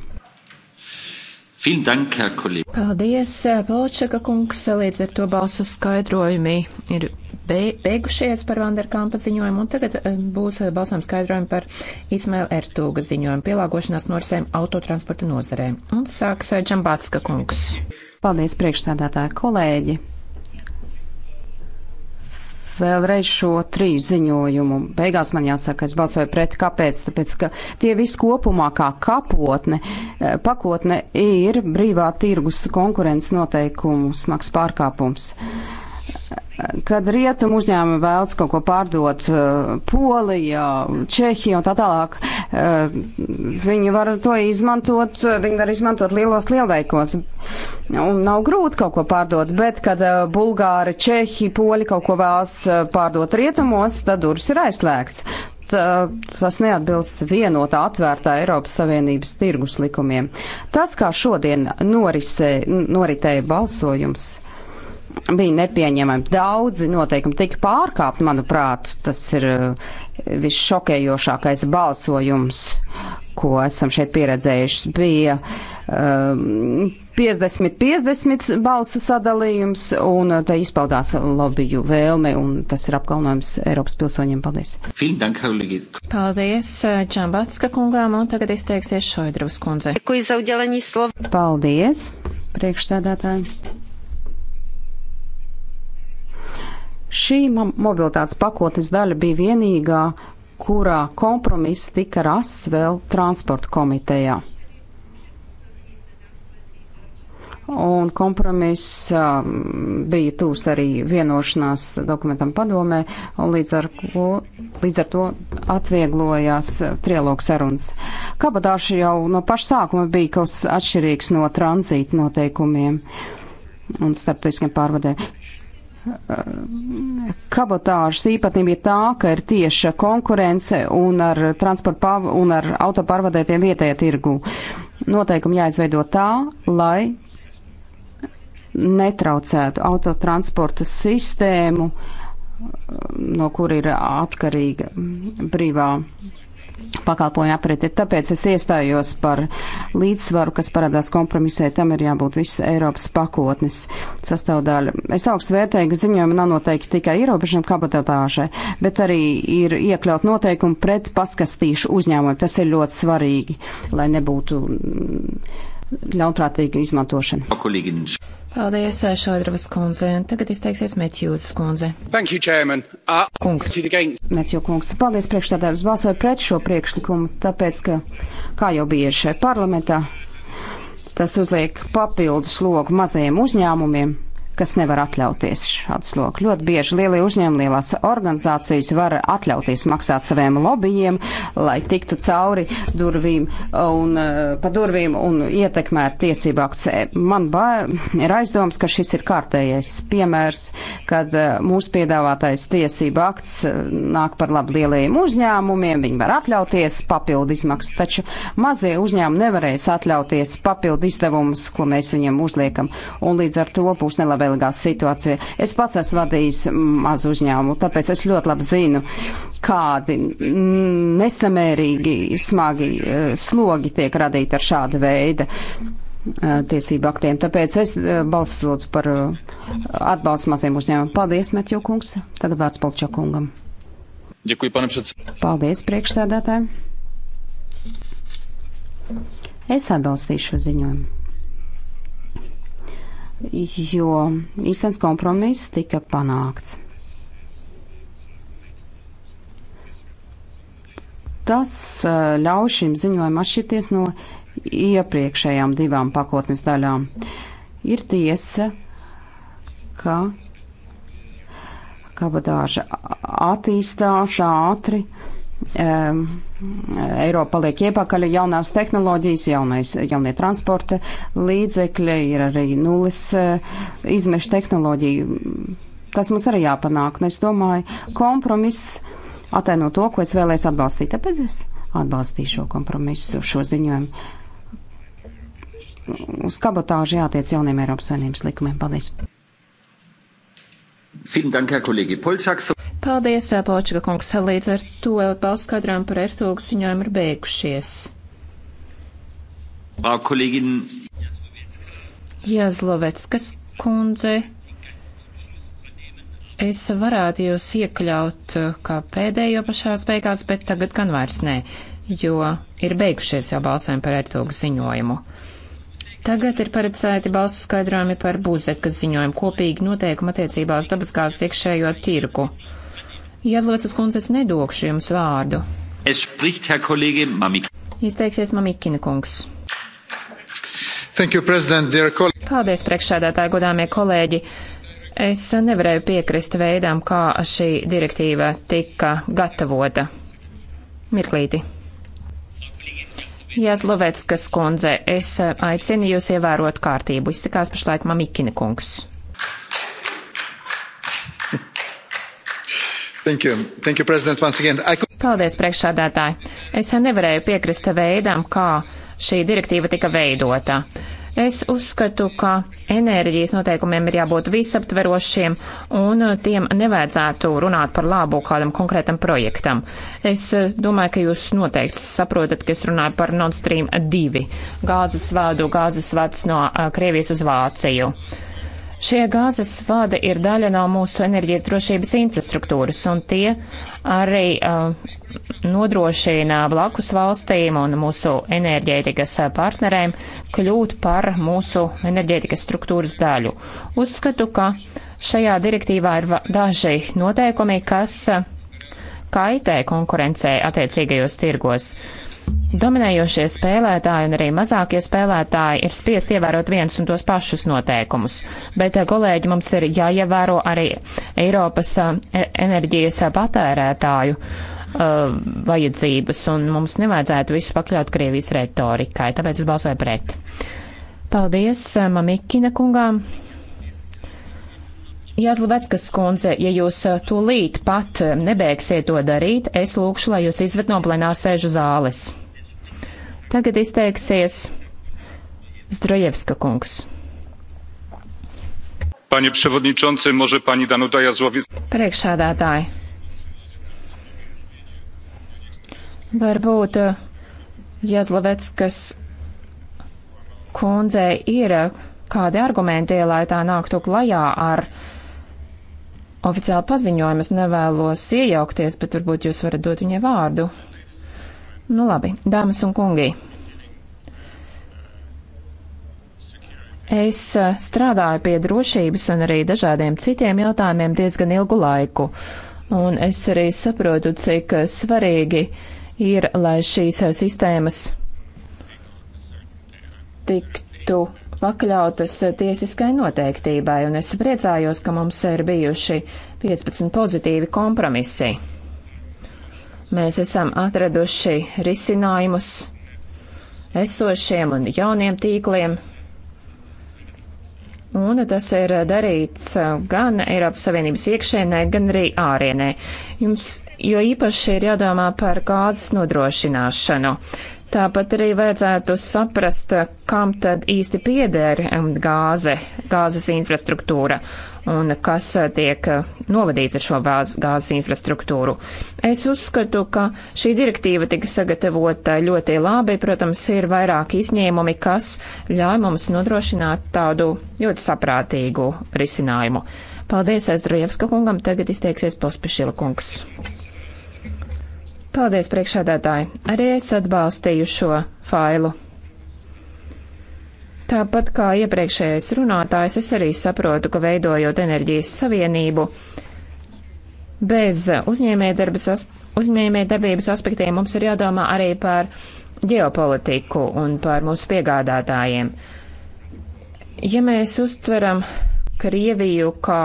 Paldies, Polčaka kungs. Līdz ar to balsu skaidrojumi ir beigušies par Vanderkampa ziņojumu, un tagad eh, būs balsām skaidrojumi par Ismaila Ertūga ziņojumu pielāgošanās norisēm autotransporta nozarē. Un sāks eh, Džambātska kungs. Paldies, priekšstādātāji kolēģi! vēlreiz šo triju ziņojumu. Beigās man jāsaka, es balsoju pret. Kāpēc? Tāpēc, ka tie visi kopumā kā kapotne, eh, pakotne ir brīvā tirgus konkurences noteikumu smags pārkāpums. Uh, Kad rietumu uzņēmumi vēlas kaut ko pārdot uh, Polijā, Čehijā un tā tālāk, uh, viņi var to izmantot, uh, viņi var izmantot lielos lielveikos. Un nav grūti kaut ko pārdot, bet kad Bulgāri, Čehi, Poļi kaut ko vēlas pārdot rietumos, tad durvis ir aizslēgts. Tas neatbilst vienotā atvērtā Eiropas Savienības tirgus likumiem. Tas, kā šodien norise, noritēja balsojums bija nepieņemami. Daudzi noteikumi tika pārkāpti, manuprāt, tas ir eh, visšokējošākais balsojums, ko esam šeit pieredzējuši. Bija 50-50 um, ehm, balsu sadalījums, un eh, te izpaudās lobiju vēlme, un tas ir apkaunojums Eiropas pilsoņiem. Paldies! Paldies eh, Čambatska kungām, un tagad izteiksies Šoidrus kundze. Paldies, priekšsēdētāji! Šī mobilitātes pakotnes daļa bija vienīgā, kurā kompromiss tika rasts vēl transporta komitejā. Un kompromiss um, bija tūs arī vienošanās dokumentam padomē, un līdz ar, ko, līdz ar to atvieglojās uh, trialogs sarunas. Kabadāši jau no paša sākuma bija kaut kas atšķirīgs no tranzīta noteikumiem un starptautiskiem pārvadēm. Kabotāžas īpatnība ir tā, ka ir tieša konkurence un ar transporta un ar autopārvadētiem vietējā tirgu. Noteikumi jāizveido tā, lai netraucētu autotransporta sistēmu, no kur ir atkarīga brīvā pakalpojumu apriti. Tāpēc es iestājos par līdzsvaru, kas parādās kompromisē, tam ir jābūt visas Eiropas pakotnes sastāvdaļa. Es augstu vērtēju, ka ziņojumi nav noteikti tikai ierobežam kabatātāžai, bet arī ir iekļaut noteikumu pret paskastīšu uzņēmumu. Tas ir ļoti svarīgi, lai nebūtu ļaunprātīgu izmantošanu. Paldies, eh, Šaidravas kundze. Tagad izteiksies Metjūzas kundze. Thank you, Chairman. Uh, kungs. Metjū kungs. Paldies priekšstādājums. Balsoju pret šo priekšlikumu, tāpēc, ka, kā jau bieži parlamentā, tas uzliek papildus logu mazajiem uzņēmumiem kas nevar atļauties šādu sloku. Ļoti bieži lielie uzņēmumi, lielās organizācijas var atļauties maksāt saviem lobbyiem, lai tiktu cauri durvīm un eh, pa durvīm un ietekmēt tiesībāks. Man ba, ir aizdoms, ka šis ir kārtējais piemērs, kad eh, mūsu piedāvātais tiesība akts eh, nāk par labu lielajiem uzņēmumiem, viņi var atļauties papildu izmaksas, taču mazie uzņēmumi nevarēs atļauties papildu izdevumus, ko mēs viņiem uzliekam, un līdz ar to būs nelabi labvēlīgā situācija. Es pats esmu vadījis mazu uzņēmumu, tāpēc es ļoti labi zinu, kādi nesamērīgi smagi eh, slogi tiek radīti ar šādu veidu eh, tiesību aktiem. Tāpēc es eh, balsotu par atbalstu maziem uzņēmumiem. Paldies, Metju kungs. Tagad vārds Polčakungam. Ďakujem, pane predsedajúci. Paldies, priekšsēdētāji. Es atbalstīšu šo ziņojumu jo īstenis kompromiss tika panākts. Tas uh, ļauj šim ziņojumam atšķirties no iepriekšējām divām pakotnes daļām. Ir tiesa, ka kabadāža attīstās ātri um, Eiropa paliek iepakaļ, jaunās tehnoloģijas, jaunais, jaunie transporta līdzekļi, ir arī nulis uh, e, izmešu tehnoloģija. Tas mums arī jāpanāk, un es domāju, kompromiss ataino to, ko es vēlēs atbalstīt. Tāpēc es atbalstīšu šo kompromisu, šo ziņojumu. Uz kabotāžu jātiec jauniem Eiropas Savienības likumiem. Paldies! Paldies, Počka kungs. Līdz ar to balss kadrām par Ertogu ziņojumu ir beigušies. Jāzloveckas kundze, es varētu jūs iekļaut uh, kā pēdējo pašās beigās, bet tagad gan vairs nē, jo ir beigušies jau balsēm par Ertogu ziņojumu. Tagad ir paredzēti balsu skaidrojumi par buzekas ziņojumu kopīgi noteikumu attiecībā uz dabaskās iekšējo tirku. Jazlocas kundzes nedokšu jums vārdu. Es spricht, Herr Kollege Mamik. Izteiksies Mamikina kungs. Thank you, President, dear colleagues. Paldies, priekšsēdētāji, godāmie kolēģi. Es nevarēju piekrist veidām, kā šī direktīva tika gatavota. Mirklīti. Jāzlovetskas kundze, es eh, aicinu jūs ievērot kārtību. Izsakās pašlaik Mamikina kungs. Thank you. Thank you, President, once again. I... Paldies, priekšsādātāji. Es nevarēju piekrist veidam, kā šī direktīva tika veidota. Uh, Es uzskatu, ka enerģijas noteikumiem ir jābūt visaptverošiem un uh, tiem nevajadzētu runāt par labu kādam konkrētam projektam. Es uh, domāju, ka jūs noteikti saprotat, ka es runāju par Nord Stream 2 gāzes vādu, gāzes vads no uh, Krievijas uz Vāciju. Uh, Šie gāzes vada ir daļa no mūsu enerģijas drošības infrastruktūras, un tie arī uh, nodrošina blakus valstīm un mūsu enerģētikas uh, partnerēm kļūt par mūsu enerģētikas struktūras daļu. Uzskatu, ka šajā direktīvā ir daži noteikumi, kas uh, kaitē konkurencei attiecīgajos tirgos. Uh, Dominējošie spēlētāji un arī mazākie spēlētāji ir spiest ievērot viens un tos pašus noteikumus, bet, eh, kolēģi, mums ir jāievēro arī Eiropas eh, e-, enerģijas eh, patērētāju uh, vajadzības, un mums nevajadzētu visu pakļaut Krievijas retorikai, tāpēc es balsoju pret. Paldies Mamikina kungām. Jāzlaveckas skundze, ja jūs tūlīt pat nebeigsiet to darīt, es lūkšu, lai jūs izved no plenārsēžu zāles. Tagad izteiksies Zdrojevska kungs. Panie przewodniczący, może pani Danuta Jazłowiecka. Priekšādātāji. Varbūt Jazloveckas kundzei ir kādi argumenti, lai tā nāktu klajā ar oficiālu paziņojumu. Es nevēlos iejaukties, bet varbūt jūs varat dot viņai vārdu. Nu labi, dāmas un kungi. Es eh, strādāju pie drošības un arī dažādiem citiem jautājumiem diezgan ilgu laiku, un es arī saprotu, cik eh, svarīgi ir, lai šīs eh, sistēmas tiktu pakļautas tiesiskai noteiktībai, un es priecājos, ka mums ir bijuši 15 pozitīvi kompromisi. Mēs esam atraduši risinājumus esošiem un jauniem tīkliem. Un tas ir darīts gan Eiropas Savienības iekšēnē, gan arī ārienē. Jums jo īpaši ir jādomā par gāzes nodrošināšanu. Tāpat arī vajadzētu saprast, kam tad īsti pieder um, gāze, gāzes infrastruktūra un kas tiek uh, novadīts ar šo gāzes infrastruktūru. Es uzskatu, ka šī direktīva tika sagatavota ļoti labi. Protams, ir vairāki izņēmumi, kas ļauj mums nodrošināt tādu ļoti saprātīgu risinājumu. Paldies Aizdrajevska kungam, tagad izteiksies Pospešila kungs. Paldies, priekšādātāji. Arī es atbalstīju šo failu. Tāpat kā iepriekšējais runātājs, es arī saprotu, ka veidojot enerģijas savienību, bez uzņēmējdarbības uzņēmē aspektiem mums ir jādomā arī par ģeopolitiku un par mūsu piegādātājiem. Ja mēs uztveram Krieviju kā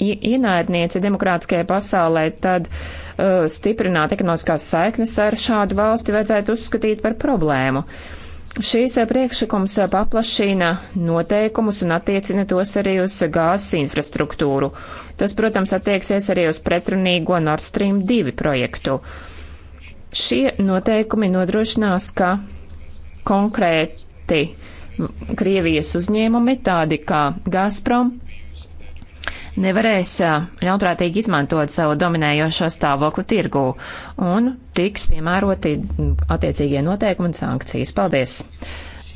ienaidniece demokrātiskajai pasaulē, tad uh, stiprināt ekonomiskās saiknes ar šādu valsti vajadzētu uzskatīt par problēmu. Šīs uh, priekšlikums uh, paplašina noteikumus un attiecina tos arī uz gāzes infrastruktūru. Tas, protams, attieksies arī uz pretrunīgo Nord Stream 2 projektu. Šie noteikumi nodrošinās, ka konkrēti Krievijas uzņēmumi, tādi kā Gazprom, nevarēs ļaunprātīgi izmantot savu dominējošo stāvokli tirgū un tiks piemēroti attiecīgie noteikumi un sankcijas. Paldies!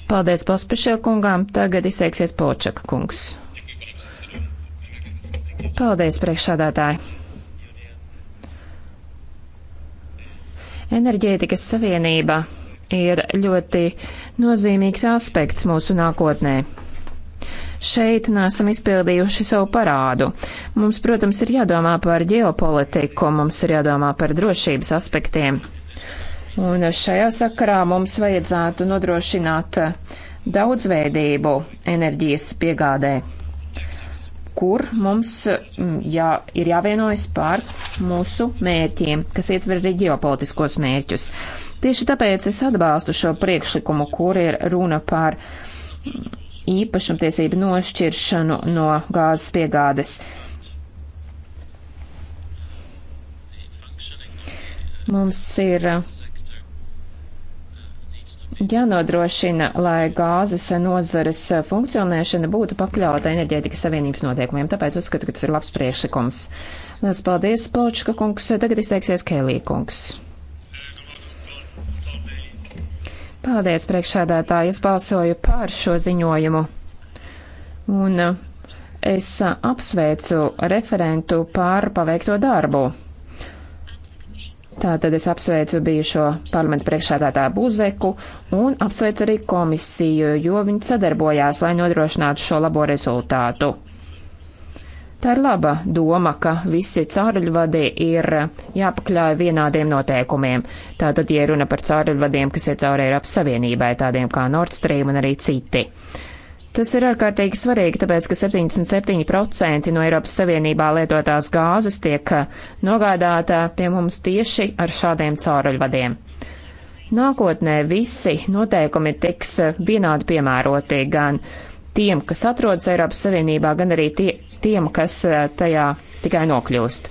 Paldies Pospešēl kungām, tagad izteiksies Počaka kungs. Paldies, priekšādātāji! Enerģētikas savienība ir ļoti nozīmīgs aspekts mūsu nākotnē šeit nesam izpildījuši savu parādu. Mums, protams, ir jādomā par ģeopolitiku, mums ir jādomā par drošības aspektiem. Un šajā sakarā mums vajadzētu nodrošināt daudzveidību enerģijas piegādē, kur mums mm, jā, ir jāvienojas par mūsu mērķiem, kas ietver arī ģeopolitiskos mērķus. Tieši tāpēc es atbalstu šo priekšlikumu, kur ir runa par īpašumtiesību nošķiršanu no gāzes piegādes. Mums ir jānodrošina, lai gāzes nozares funkcionēšana būtu pakļauta enerģētikas savienības noteikumiem, tāpēc uzskatu, ka tas ir labs priekšlikums. Lielas paldies, Počka kungs, tagad izteiksies Kēlī kungs. Paldies, priekšādātāji, es balsoju pār šo ziņojumu. Un uh, es uh, apsveicu referentu pār paveikto darbu. Tātad es apsveicu bijušo parlamentu priekšādātāju Buzeku un apsveicu arī komisiju, jo viņi sadarbojās, lai nodrošinātu šo labo rezultātu. Tā ir laba doma, ka visi cāruļvadi ir jāpakļauj vienādiem noteikumiem. Tātad, ja runa par cāruļvadiem, kas ir cauri Eiropas Savienībai, tādiem kā Nord Stream un arī citi. Tas ir ārkārtīgi svarīgi, tāpēc, ka 77% no Eiropas Savienībā lietotās gāzes tiek nogādāta pie mums tieši ar šādiem cāruļvadiem. Nākotnē visi noteikumi tiks vienādi piemēroti gan uh, tiem, kas atrodas Eiropas Savienībā, gan arī tie, tiem, kas eh, tajā tikai nokļūst.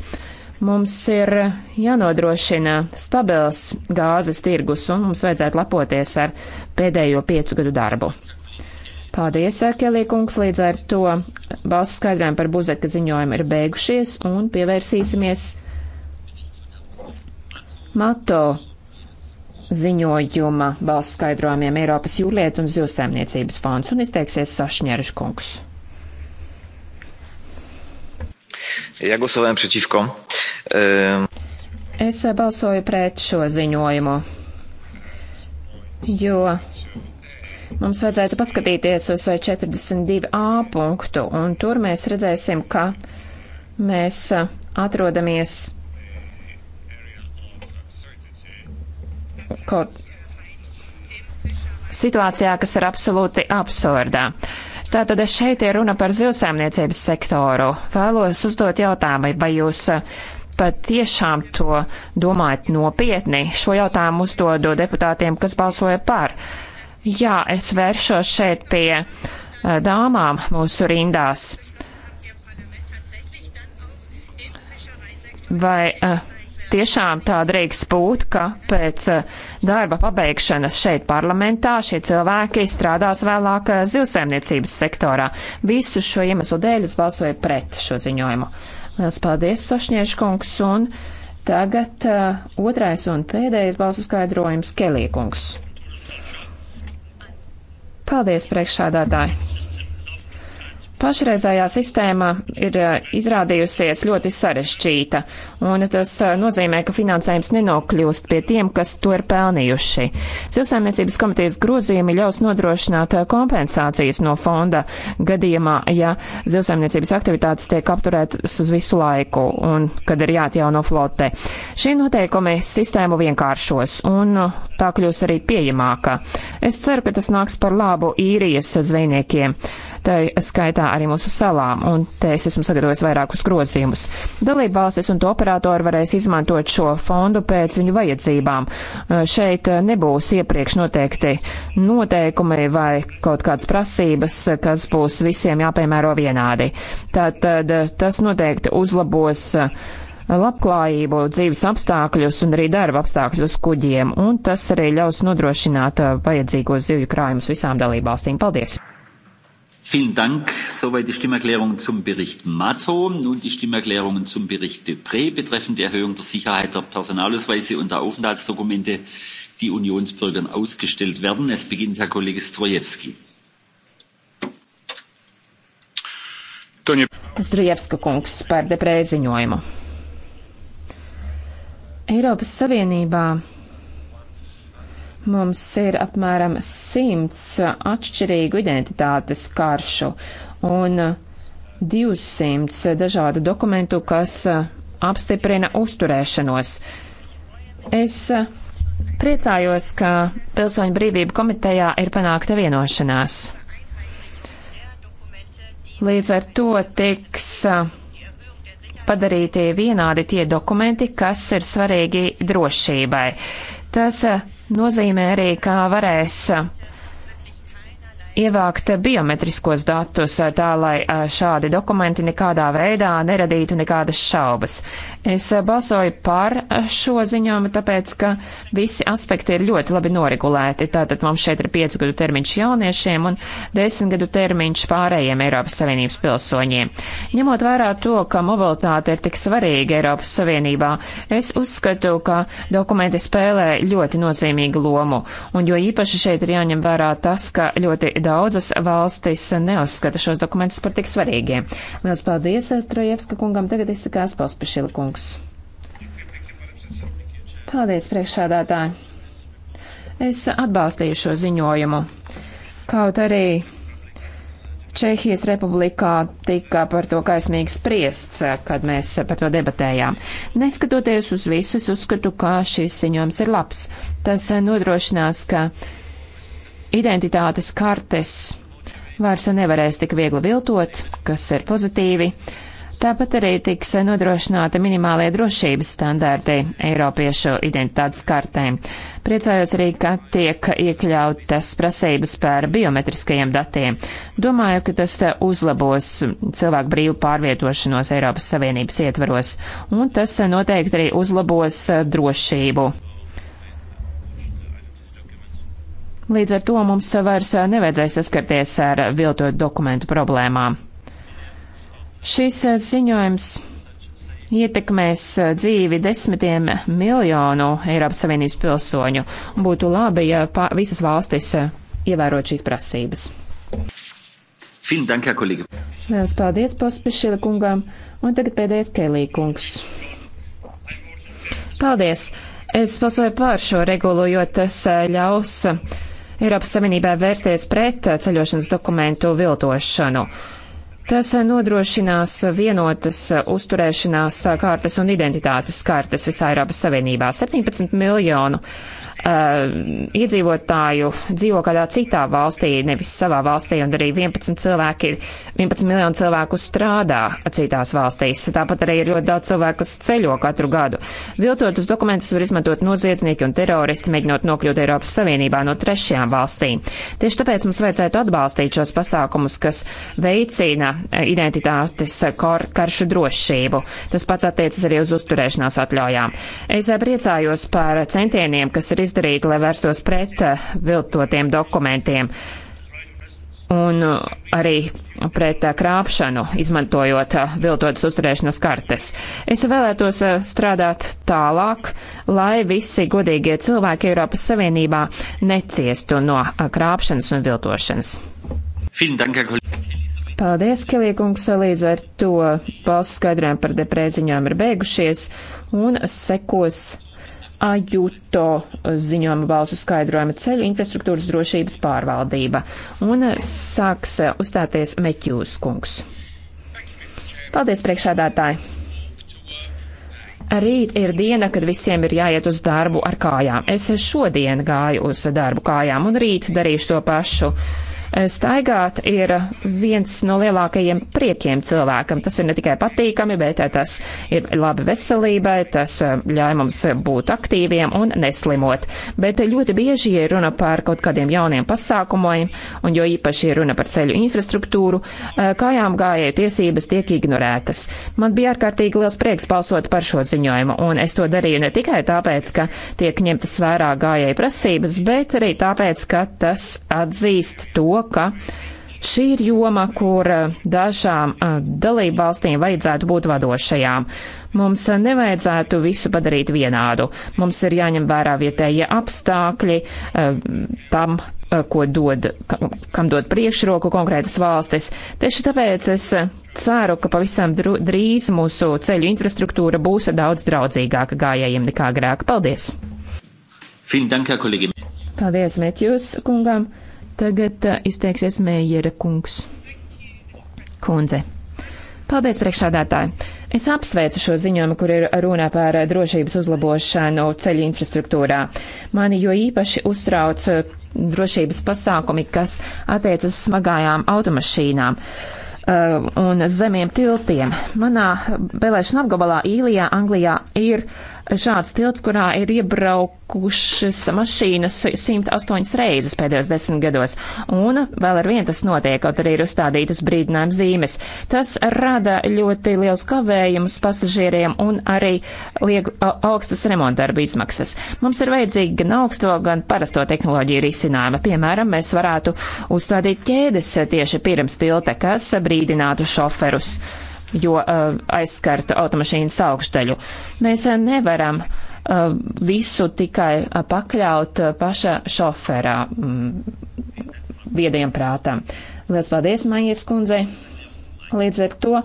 Mums ir jānodrošina stabils gāzes tirgus, un mums vajadzētu lepoties ar pēdējo piecu gadu darbu. Paldies, eh, Kelī kungs, līdz ar to balsu skaidrojumi par buzeka ziņojumu ir beigušies, un pievērsīsimies Mato ziņojuma balss skaidrojumiem Eiropas jūrlietu un zivsaimniecības fonds un izteiksies Sašņēriš kungs. Ja głosowałem przeciwko. E... Es balsoju pret šo ziņojumu, jo mums vajadzētu paskatīties uz 42a punktu, un tur mēs redzēsim, ka mēs atrodamies kaut situācijā, kas ir absolūti absurdā. Tātad šeit ir runa par zivsēmniecības sektoru. Vēlos uzdot jautājumu, vai jūs eh, pat tiešām to domājat nopietni. Šo jautājumu uzdodu deputātiem, kas balsoja par. Jā, es vēršos šeit pie eh, dāmām mūsu rindās. Vai uh, Tiešām tā drīkst būt, ka pēc eh, darba pabeigšanas šeit parlamentā šie cilvēki strādās vēlāk eh, zivsēmniecības sektorā. Visu šo iemeslu dēļ es balsoju pret šo ziņojumu. Lielas paldies, Sošņieškungs, un tagad uh, otrais un pēdējais balsu skaidrojums Kelīkungs. Paldies, priekšsādātāji! Pašreizējā sistēma ir eh, izrādījusies ļoti sarežģīta, un tas eh, nozīmē, ka finansējums nenokļūst pie tiem, kas to ir pelnījuši. Cilvēmniecības komitejas grozījumi ļaus nodrošināt eh, kompensācijas no fonda gadījumā, ja zivsaimniecības aktivitātes tiek apturētas uz visu laiku un kad ir jāatjauno flote. Šie noteikumi sistēmu vienkāršos un tā kļūs arī pieejamāka. Es ceru, ka tas nāks par labu īrijas zvejniekiem tā skaitā arī mūsu salām, un te es esmu sagatavojis vairākus grozījumus. Dalībvalstis un to operatori varēs izmantot šo fondu pēc viņu vajadzībām. Šeit nebūs iepriekš noteikti noteikumi vai kaut kādas prasības, kas būs visiem jāpiemēro vienādi. Tātad tas noteikti uzlabos labklājību, dzīves apstākļus un arī darba apstākļus kuģiem, un tas arī ļaus nodrošināt vajadzīgos zivju krājumus visām dalībvalstīm. Paldies! Vielen Dank. Soweit die Stimmerklärungen zum Bericht Mato. Nun die Stimmerklärungen zum Bericht Deprez betreffend die Erhöhung der Sicherheit der Personalausweise und der Aufenthaltsdokumente, die Unionsbürgern ausgestellt werden. Es beginnt Herr Kollege Strojewski. Strojevska kungs par Deprez ziņojumu. Eiropas Savienībā Mums ir apmēram simts atšķirīgu identitātes karšu un 200 dažādu dokumentu, kas apstiprina uzturēšanos. Es priecājos, ka Pilsoņu brīvību komitejā ir panākta vienošanās. Līdz ar to tiks padarīti vienādi tie dokumenti, kas ir svarīgi drošībai. Tas nozīmē arī, ka varēs ievākt biometriskos datus eh, tā, lai eh, šādi dokumenti nekādā veidā neradītu nekādas šaubas. Es eh, balsoju par šo ziņojumu, tāpēc, ka visi aspekti ir ļoti labi noregulēti. Tātad mums šeit ir 5 gadu termiņš jauniešiem un 10 gadu termiņš pārējiem Eiropas Savienības pilsoņiem. Ņemot vērā to, ka mobilitāte ir tik svarīga Eiropas Savienībā, es uzskatu, ka dokumenti spēlē ļoti nozīmīgu lomu, un jo īpaši šeit ir jāņem vērā tas, ka ļoti daudzas valstis neuzskata šos dokumentus par tik svarīgiem. Lielas paldies, eh, Strojevska kungam, tagad izsakās Palspišila kungs. Paldies, priekšsādātāji. Es atbalstīju šo ziņojumu. Kaut arī Čehijas republikā tika par to kaismīgi spriests, eh, kad mēs par to debatējām. Neskatoties uz visu, es uzskatu, ka šis ziņojums ir labs. Tas eh, nodrošinās, ka identitātes kartes vairs nevarēs tik viegli viltot, kas ir pozitīvi. Tāpat arī tiks nodrošināta minimālie drošības standārti Eiropiešu identitātes kartēm. Priecājos arī, ka tiek iekļautas prasības par biometriskajiem datiem. Domāju, ka tas uzlabos cilvēku brīvu pārvietošanos Eiropas Savienības ietvaros, un tas noteikti arī uzlabos drošību Līdz ar to mums vairs eh, nevajadzēja saskarties ar viltot dokumentu problēmām. Šis eh, ziņojums ietekmēs eh, dzīvi desmitiem miljonu Eiropas Savienības pilsoņu. Būtu labi, ja visas valstis ievērot šīs prasības. Lielas paldies Pospišila kungam, un tagad pēdējais Kelī kungs. Paldies! Es balsoju pār šo regulu, jo tas ļaus uh, Eiropas Savienībā vērsties pret ceļošanas dokumentu viltošanu. Tas nodrošinās vienotas uzturēšanās kartes un identitātes kartes visā Eiropas Savienībā. 17 miljonu Eh, iedzīvotāju dzīvo kādā citā valstī, nevis savā valstī, un arī 11, cilvēki, 11 miljonu cilvēku strādā citās valstīs. Tāpat arī ir ļoti daudz cilvēku, kas ceļo katru gadu. Viltotus dokumentus var izmantot noziedznieki un teroristi, mēģinot nokļūt Eiropas Savienībā no trešajām valstīm. Tieši tāpēc mums vajadzētu atbalstīt šos pasākumus, kas veicina identitātes kar karšu drošību. Tas pats attiecas arī uz uzturēšanās atļaujām. Es eh, priecājos par centieniem, kas ir izdarīt, lai vērstos pret eh, viltotiem dokumentiem un eh, arī pret eh, krāpšanu, izmantojot viltotas uzturēšanas kartes. Es vēlētos strādāt tālāk, lai visi godīgie cilvēki Eiropas Savienībā neciestu no krāpšanas un viltošanas. Paldies, Keliekungs, līdz ar to balsu skaidrojumu par deprēziņām ir beigušies un sekos Ajuto ziņojuma balsu skaidrojuma ceļu infrastruktūras drošības pārvaldība. Un sāks uzstāties Meķūs kungs. Paldies, priekšādātāji! Rīt ir diena, kad visiem ir jāiet uz darbu ar kājām. Es šodien gāju uz darbu kājām un rīt darīšu to pašu. Uh, Staigāt ir viens no lielākajiem priekiem cilvēkam. Tas ir ne tikai patīkami, bet tas ir labi veselībai, tas eh, ļauj mums būt aktīviem un neslimot. Bet ļoti bieži, ja runa par kaut kādiem jauniem pasākumiem, un jo īpaši ir runa par ceļu infrastruktūru, eh, kājām gājēju tiesības tiek ignorētas. Man bija ārkārtīgi liels prieks balsot par šo ziņojumu, un es to darīju ne tikai tāpēc, ka tiek ņemtas vērā gājēju prasības, bet arī tāpēc, ka tas atzīst to, ka šī ir joma, kur eh, dažām eh, dalību valstīm vajadzētu būt vadošajām. Mums eh, nevajadzētu visu padarīt vienādu. Mums ir jāņem vērā vietējie apstākļi tam, ko dod, kam dod priekšroku konkrētas valstis. Tieši tāpēc es ceru, ka pavisam drīz mūsu ceļu infrastruktūra būs daudz draudzīgāka gājējiem nekā agrāk. Paldies! Paldies, Metjus kungam! Tagad uh, izteiksies Mējera kungs. Kundze. Paldies, priekšādātāji! Es apsveicu šo ziņojumu, kur ir runa par uh, drošības uzlabošanu ceļu infrastruktūrā. Mani jo īpaši uztrauc uh, drošības pasākumi, kas attiecas uz smagajām automašīnām un zemiem tiltiem. Manā vēlēšana apgabalā Īlijā, Anglijā ir šāds tilts, kurā ir iebraukušas mašīnas 108 reizes pēdējos desmit gados, un vēl ar vienu tas notiek, kaut arī ir uzstādītas brīdinājuma zīmes. Tas rada ļoti liels kavējumus pasažieriem un arī liek augstas remontdarba izmaksas. Mums ir vajadzīgi gan augsto, gan parasto tehnoloģiju risinājuma. Piemēram, mēs varētu uzstādīt ķēdes tieši pirms tilta, kas brīdinātu šoferus jo uh, aizskartu automašīnas augšdaļu. Mēs uh, nevaram uh, visu tikai pakļaut paša šoferā mm, viediem prātam. Lielas paldies, Maijas kundzei! Līdz ar to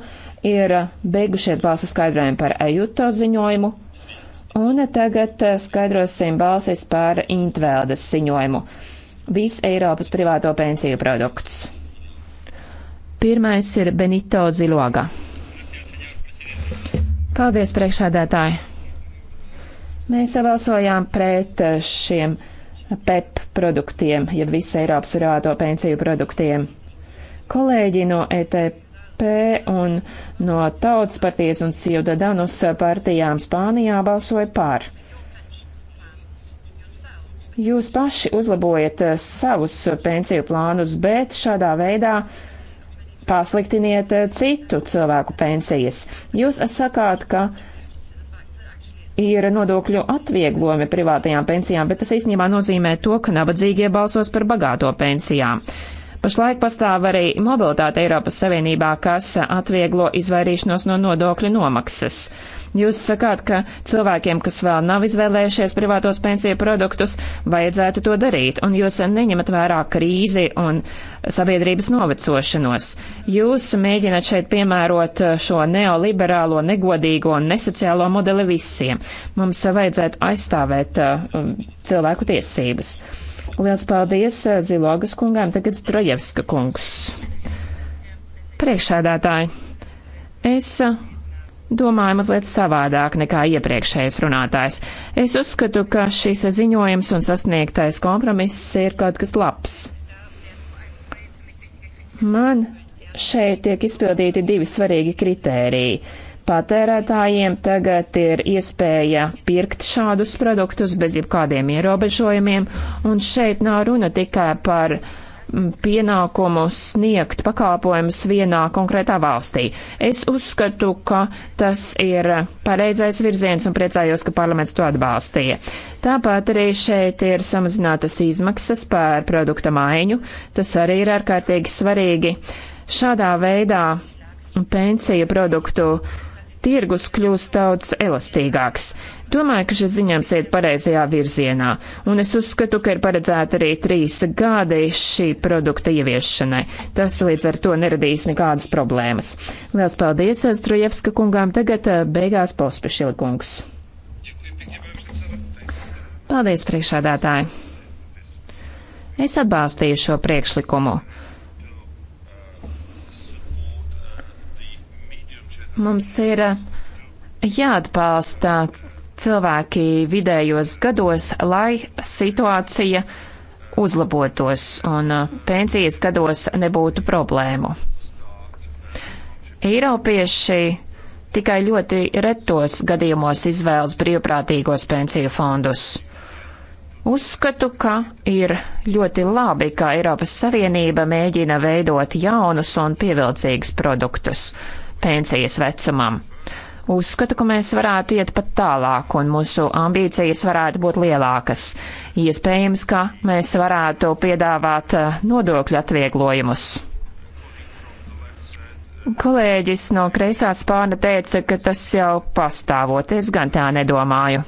ir beigušies balsu skaidrojumi par Ejuto ziņojumu, un tagad skaidrosim balsis par Intveldes ziņojumu. Viss Eiropas privāto pensiju produkts. Pirmais ir Benito Ziloga. Paldies, priekšādētāji! Mēs balsojām pret šiem PEP e produktiem, jeb ja visu Eiropas rāto pensiju produktiem. Kolēģi no ETP un no Tautas partijas un Ciudadanus partijām Spānijā balsoja par. Jūs paši uzlabojat savus pensiju plānus, bet šādā veidā uh, pasliktiniet eh, citu cilvēku pensijas. Jūs sakāt, ka ir nodokļu atvieglojumi privātajām pensijām, bet tas īstenībā nozīmē to, ka nabadzīgie balsos par bagāto pensijām. Pašlaik pastāv arī mobilitāte Eiropas Savienībā, kas atvieglo izvairīšanos no nodokļu nomaksas. Uh, Jūs sakāt, ka cilvēkiem, kas vēl nav izvēlējušies privātos pensiju produktus, vajadzētu to darīt, un jūs neņemat vērā krīzi un sabiedrības novecošanos. Jūs mēģināt šeit piemērot šo neoliberālo, negodīgo un nesociālo modeli visiem. Mums vajadzētu aizstāvēt uh, cilvēku tiesības. Liels paldies uh, Zilogas kungām, tagad Strojevska kungs. Priekšādātāji, es uh, domāju mazliet savādāk nekā iepriekšējais runātājs. Es uzskatu, ka šīs ziņojums un sasniegtais kompromiss ir kaut kas labs. Man šeit tiek izpildīti divi svarīgi kritēriji. Patērētājiem tagad ir iespēja pirkt šādus produktus bez jebkādiem ierobežojumiem, un šeit nav runa tikai par uh, pienākumu sniegt pakalpojumus vienā konkrētā valstī. Es uzskatu, ka tas ir pareizais virziens un priecājos, ka parlaments to atbalstīja. Tāpat arī šeit ir samazinātas izmaksas par produkta maiņu. Tas arī ir ārkārtīgi svarīgi. Šādā veidā pensiju produktu tirgus kļūst daudz elastīgāks. Domāju, ka šis ziņojums iet pareizajā virzienā, un es uzskatu, ka ir paredzēta arī trīs gadi šī produkta ieviešanai. Tas līdz ar to neradīs nekādas problēmas. Lielas paldies Strujevska eh, kungām, tagad eh, beigās Pospešila kungs. Paldies, priekšādātāji! Es atbalstīju šo priekšlikumu. Mums ir eh, jāatbalsta cilvēki vidējos gados, lai situācija uzlabotos un uh, pensijas gados nebūtu problēmu. Eiropieši tikai ļoti retos gadījumos izvēlas brīvprātīgos pensiju fondus. Uzskatu, ka ir ļoti labi, ka Eiropas Savienība mēģina veidot jaunus un pievilcīgus produktus pensijas vecumam. Uzskatu, ka mēs varētu iet pat tālāk, un mūsu ambīcijas varētu būt lielākas. Iespējams, ka mēs varētu piedāvāt eh, nodokļu atvieglojumus. Kolēģis no kreisā spārna teica, ka tas jau pastāvoties, gan tā nedomāju.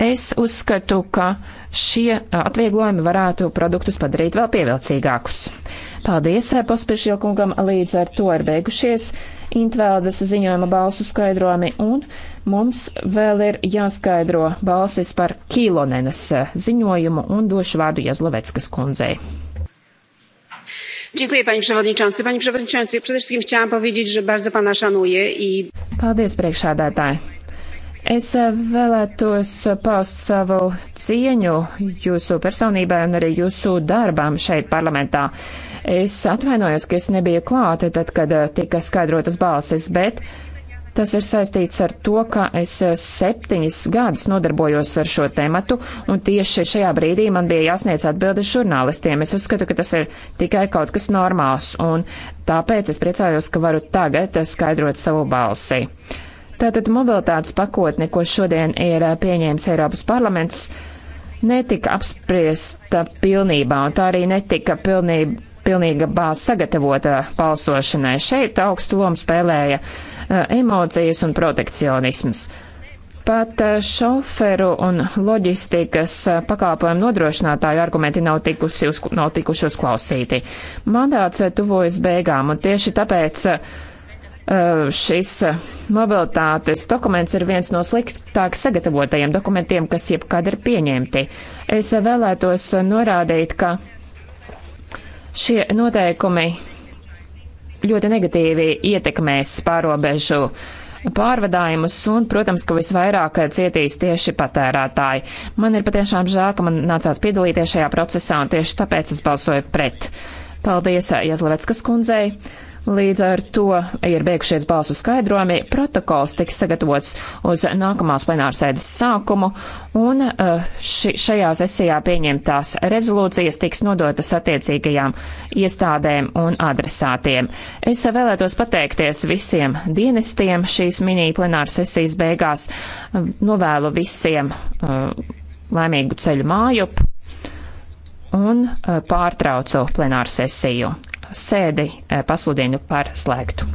Es uzskatu, ka šie eh, atvieglojumi varētu produktus padarīt vēl pievilcīgākus. Paldies eh, Pospiešilkungam, līdz ar to ir beigušies Intveldes ziņojuma balsu skaidrojumi, un mums vēl ir jāskaidro balsis par Kīlonenes eh, ziņojumu un došu vārdu Jazloveckas kundzei. Dziękuję, panie przewodniczący. Panie przewodniczący, przede wszystkim chciałam powiedzieć, że bardzo pana szanuję i. Paldies, priekšādātāji. Es eh, vēlētos paust savu cieņu jūsu personībai un arī jūsu darbām šeit parlamentā. Es atvainojos, ka es nebiju klāta tad, kad eh, tika skaidrotas balsis, bet Tas ir saistīts ar to, ka es eh, septiņus gadus nodarbojos ar šo tematu, un tieši šajā brīdī man bija jāsniedz atbildes žurnālistiem. Es uzskatu, ka tas ir tikai kaut kas normāls, un tāpēc es priecājos, ka varu tagad eh, skaidrot savu balsi. Tātad mobilitātes pakotne, ko šodien ir pieņēmis Eiropas parlaments, netika apspriesta pilnībā, un tā arī netika pilnībā pilnīga bāze sagatavota balsošanai. Šeit augstu lomu spēlēja eh, emocijas un protekcionisms. Pat eh, šoferu un loģistikas eh, pakāpojumu nodrošinātāju argumenti nav, tikusi, uz, nav tikuši uzklausīti. Mandāts tuvojas beigām, un tieši tāpēc šis mobilitātes dokuments ir viens no sliktāk sagatavotajiem dokumentiem, kas jebkad ir pieņemti. Es vēlētos norādīt, ka Šie noteikumi ļoti negatīvi ietekmēs pārobežu pārvadājumus, un, protams, ka visvairāk cietīs tieši patērētāji. Man ir patiešām žēl, ka man nācās piedalīties šajā procesā, un tieši tāpēc es balsoju pret. Paldies Jazlovetskas kundzei. Līdz ar to ir beigušies balsu skaidrojumi. Protokols tiks sagatavots uz nākamās plenārsēdes sākumu, un eh, ši, šajā sesijā pieņemtās rezolūcijas tiks nodotas attiecīgajām iestādēm un adresātiem. Es vēlētos pateikties visiem dienestiem šīs mini plenāras sesijas beigās. Novēlu visiem eh, laimīgu ceļu mājup un eh, pārtraucu plenāru sesiju sēdi eh, pasludinu par slēgtu.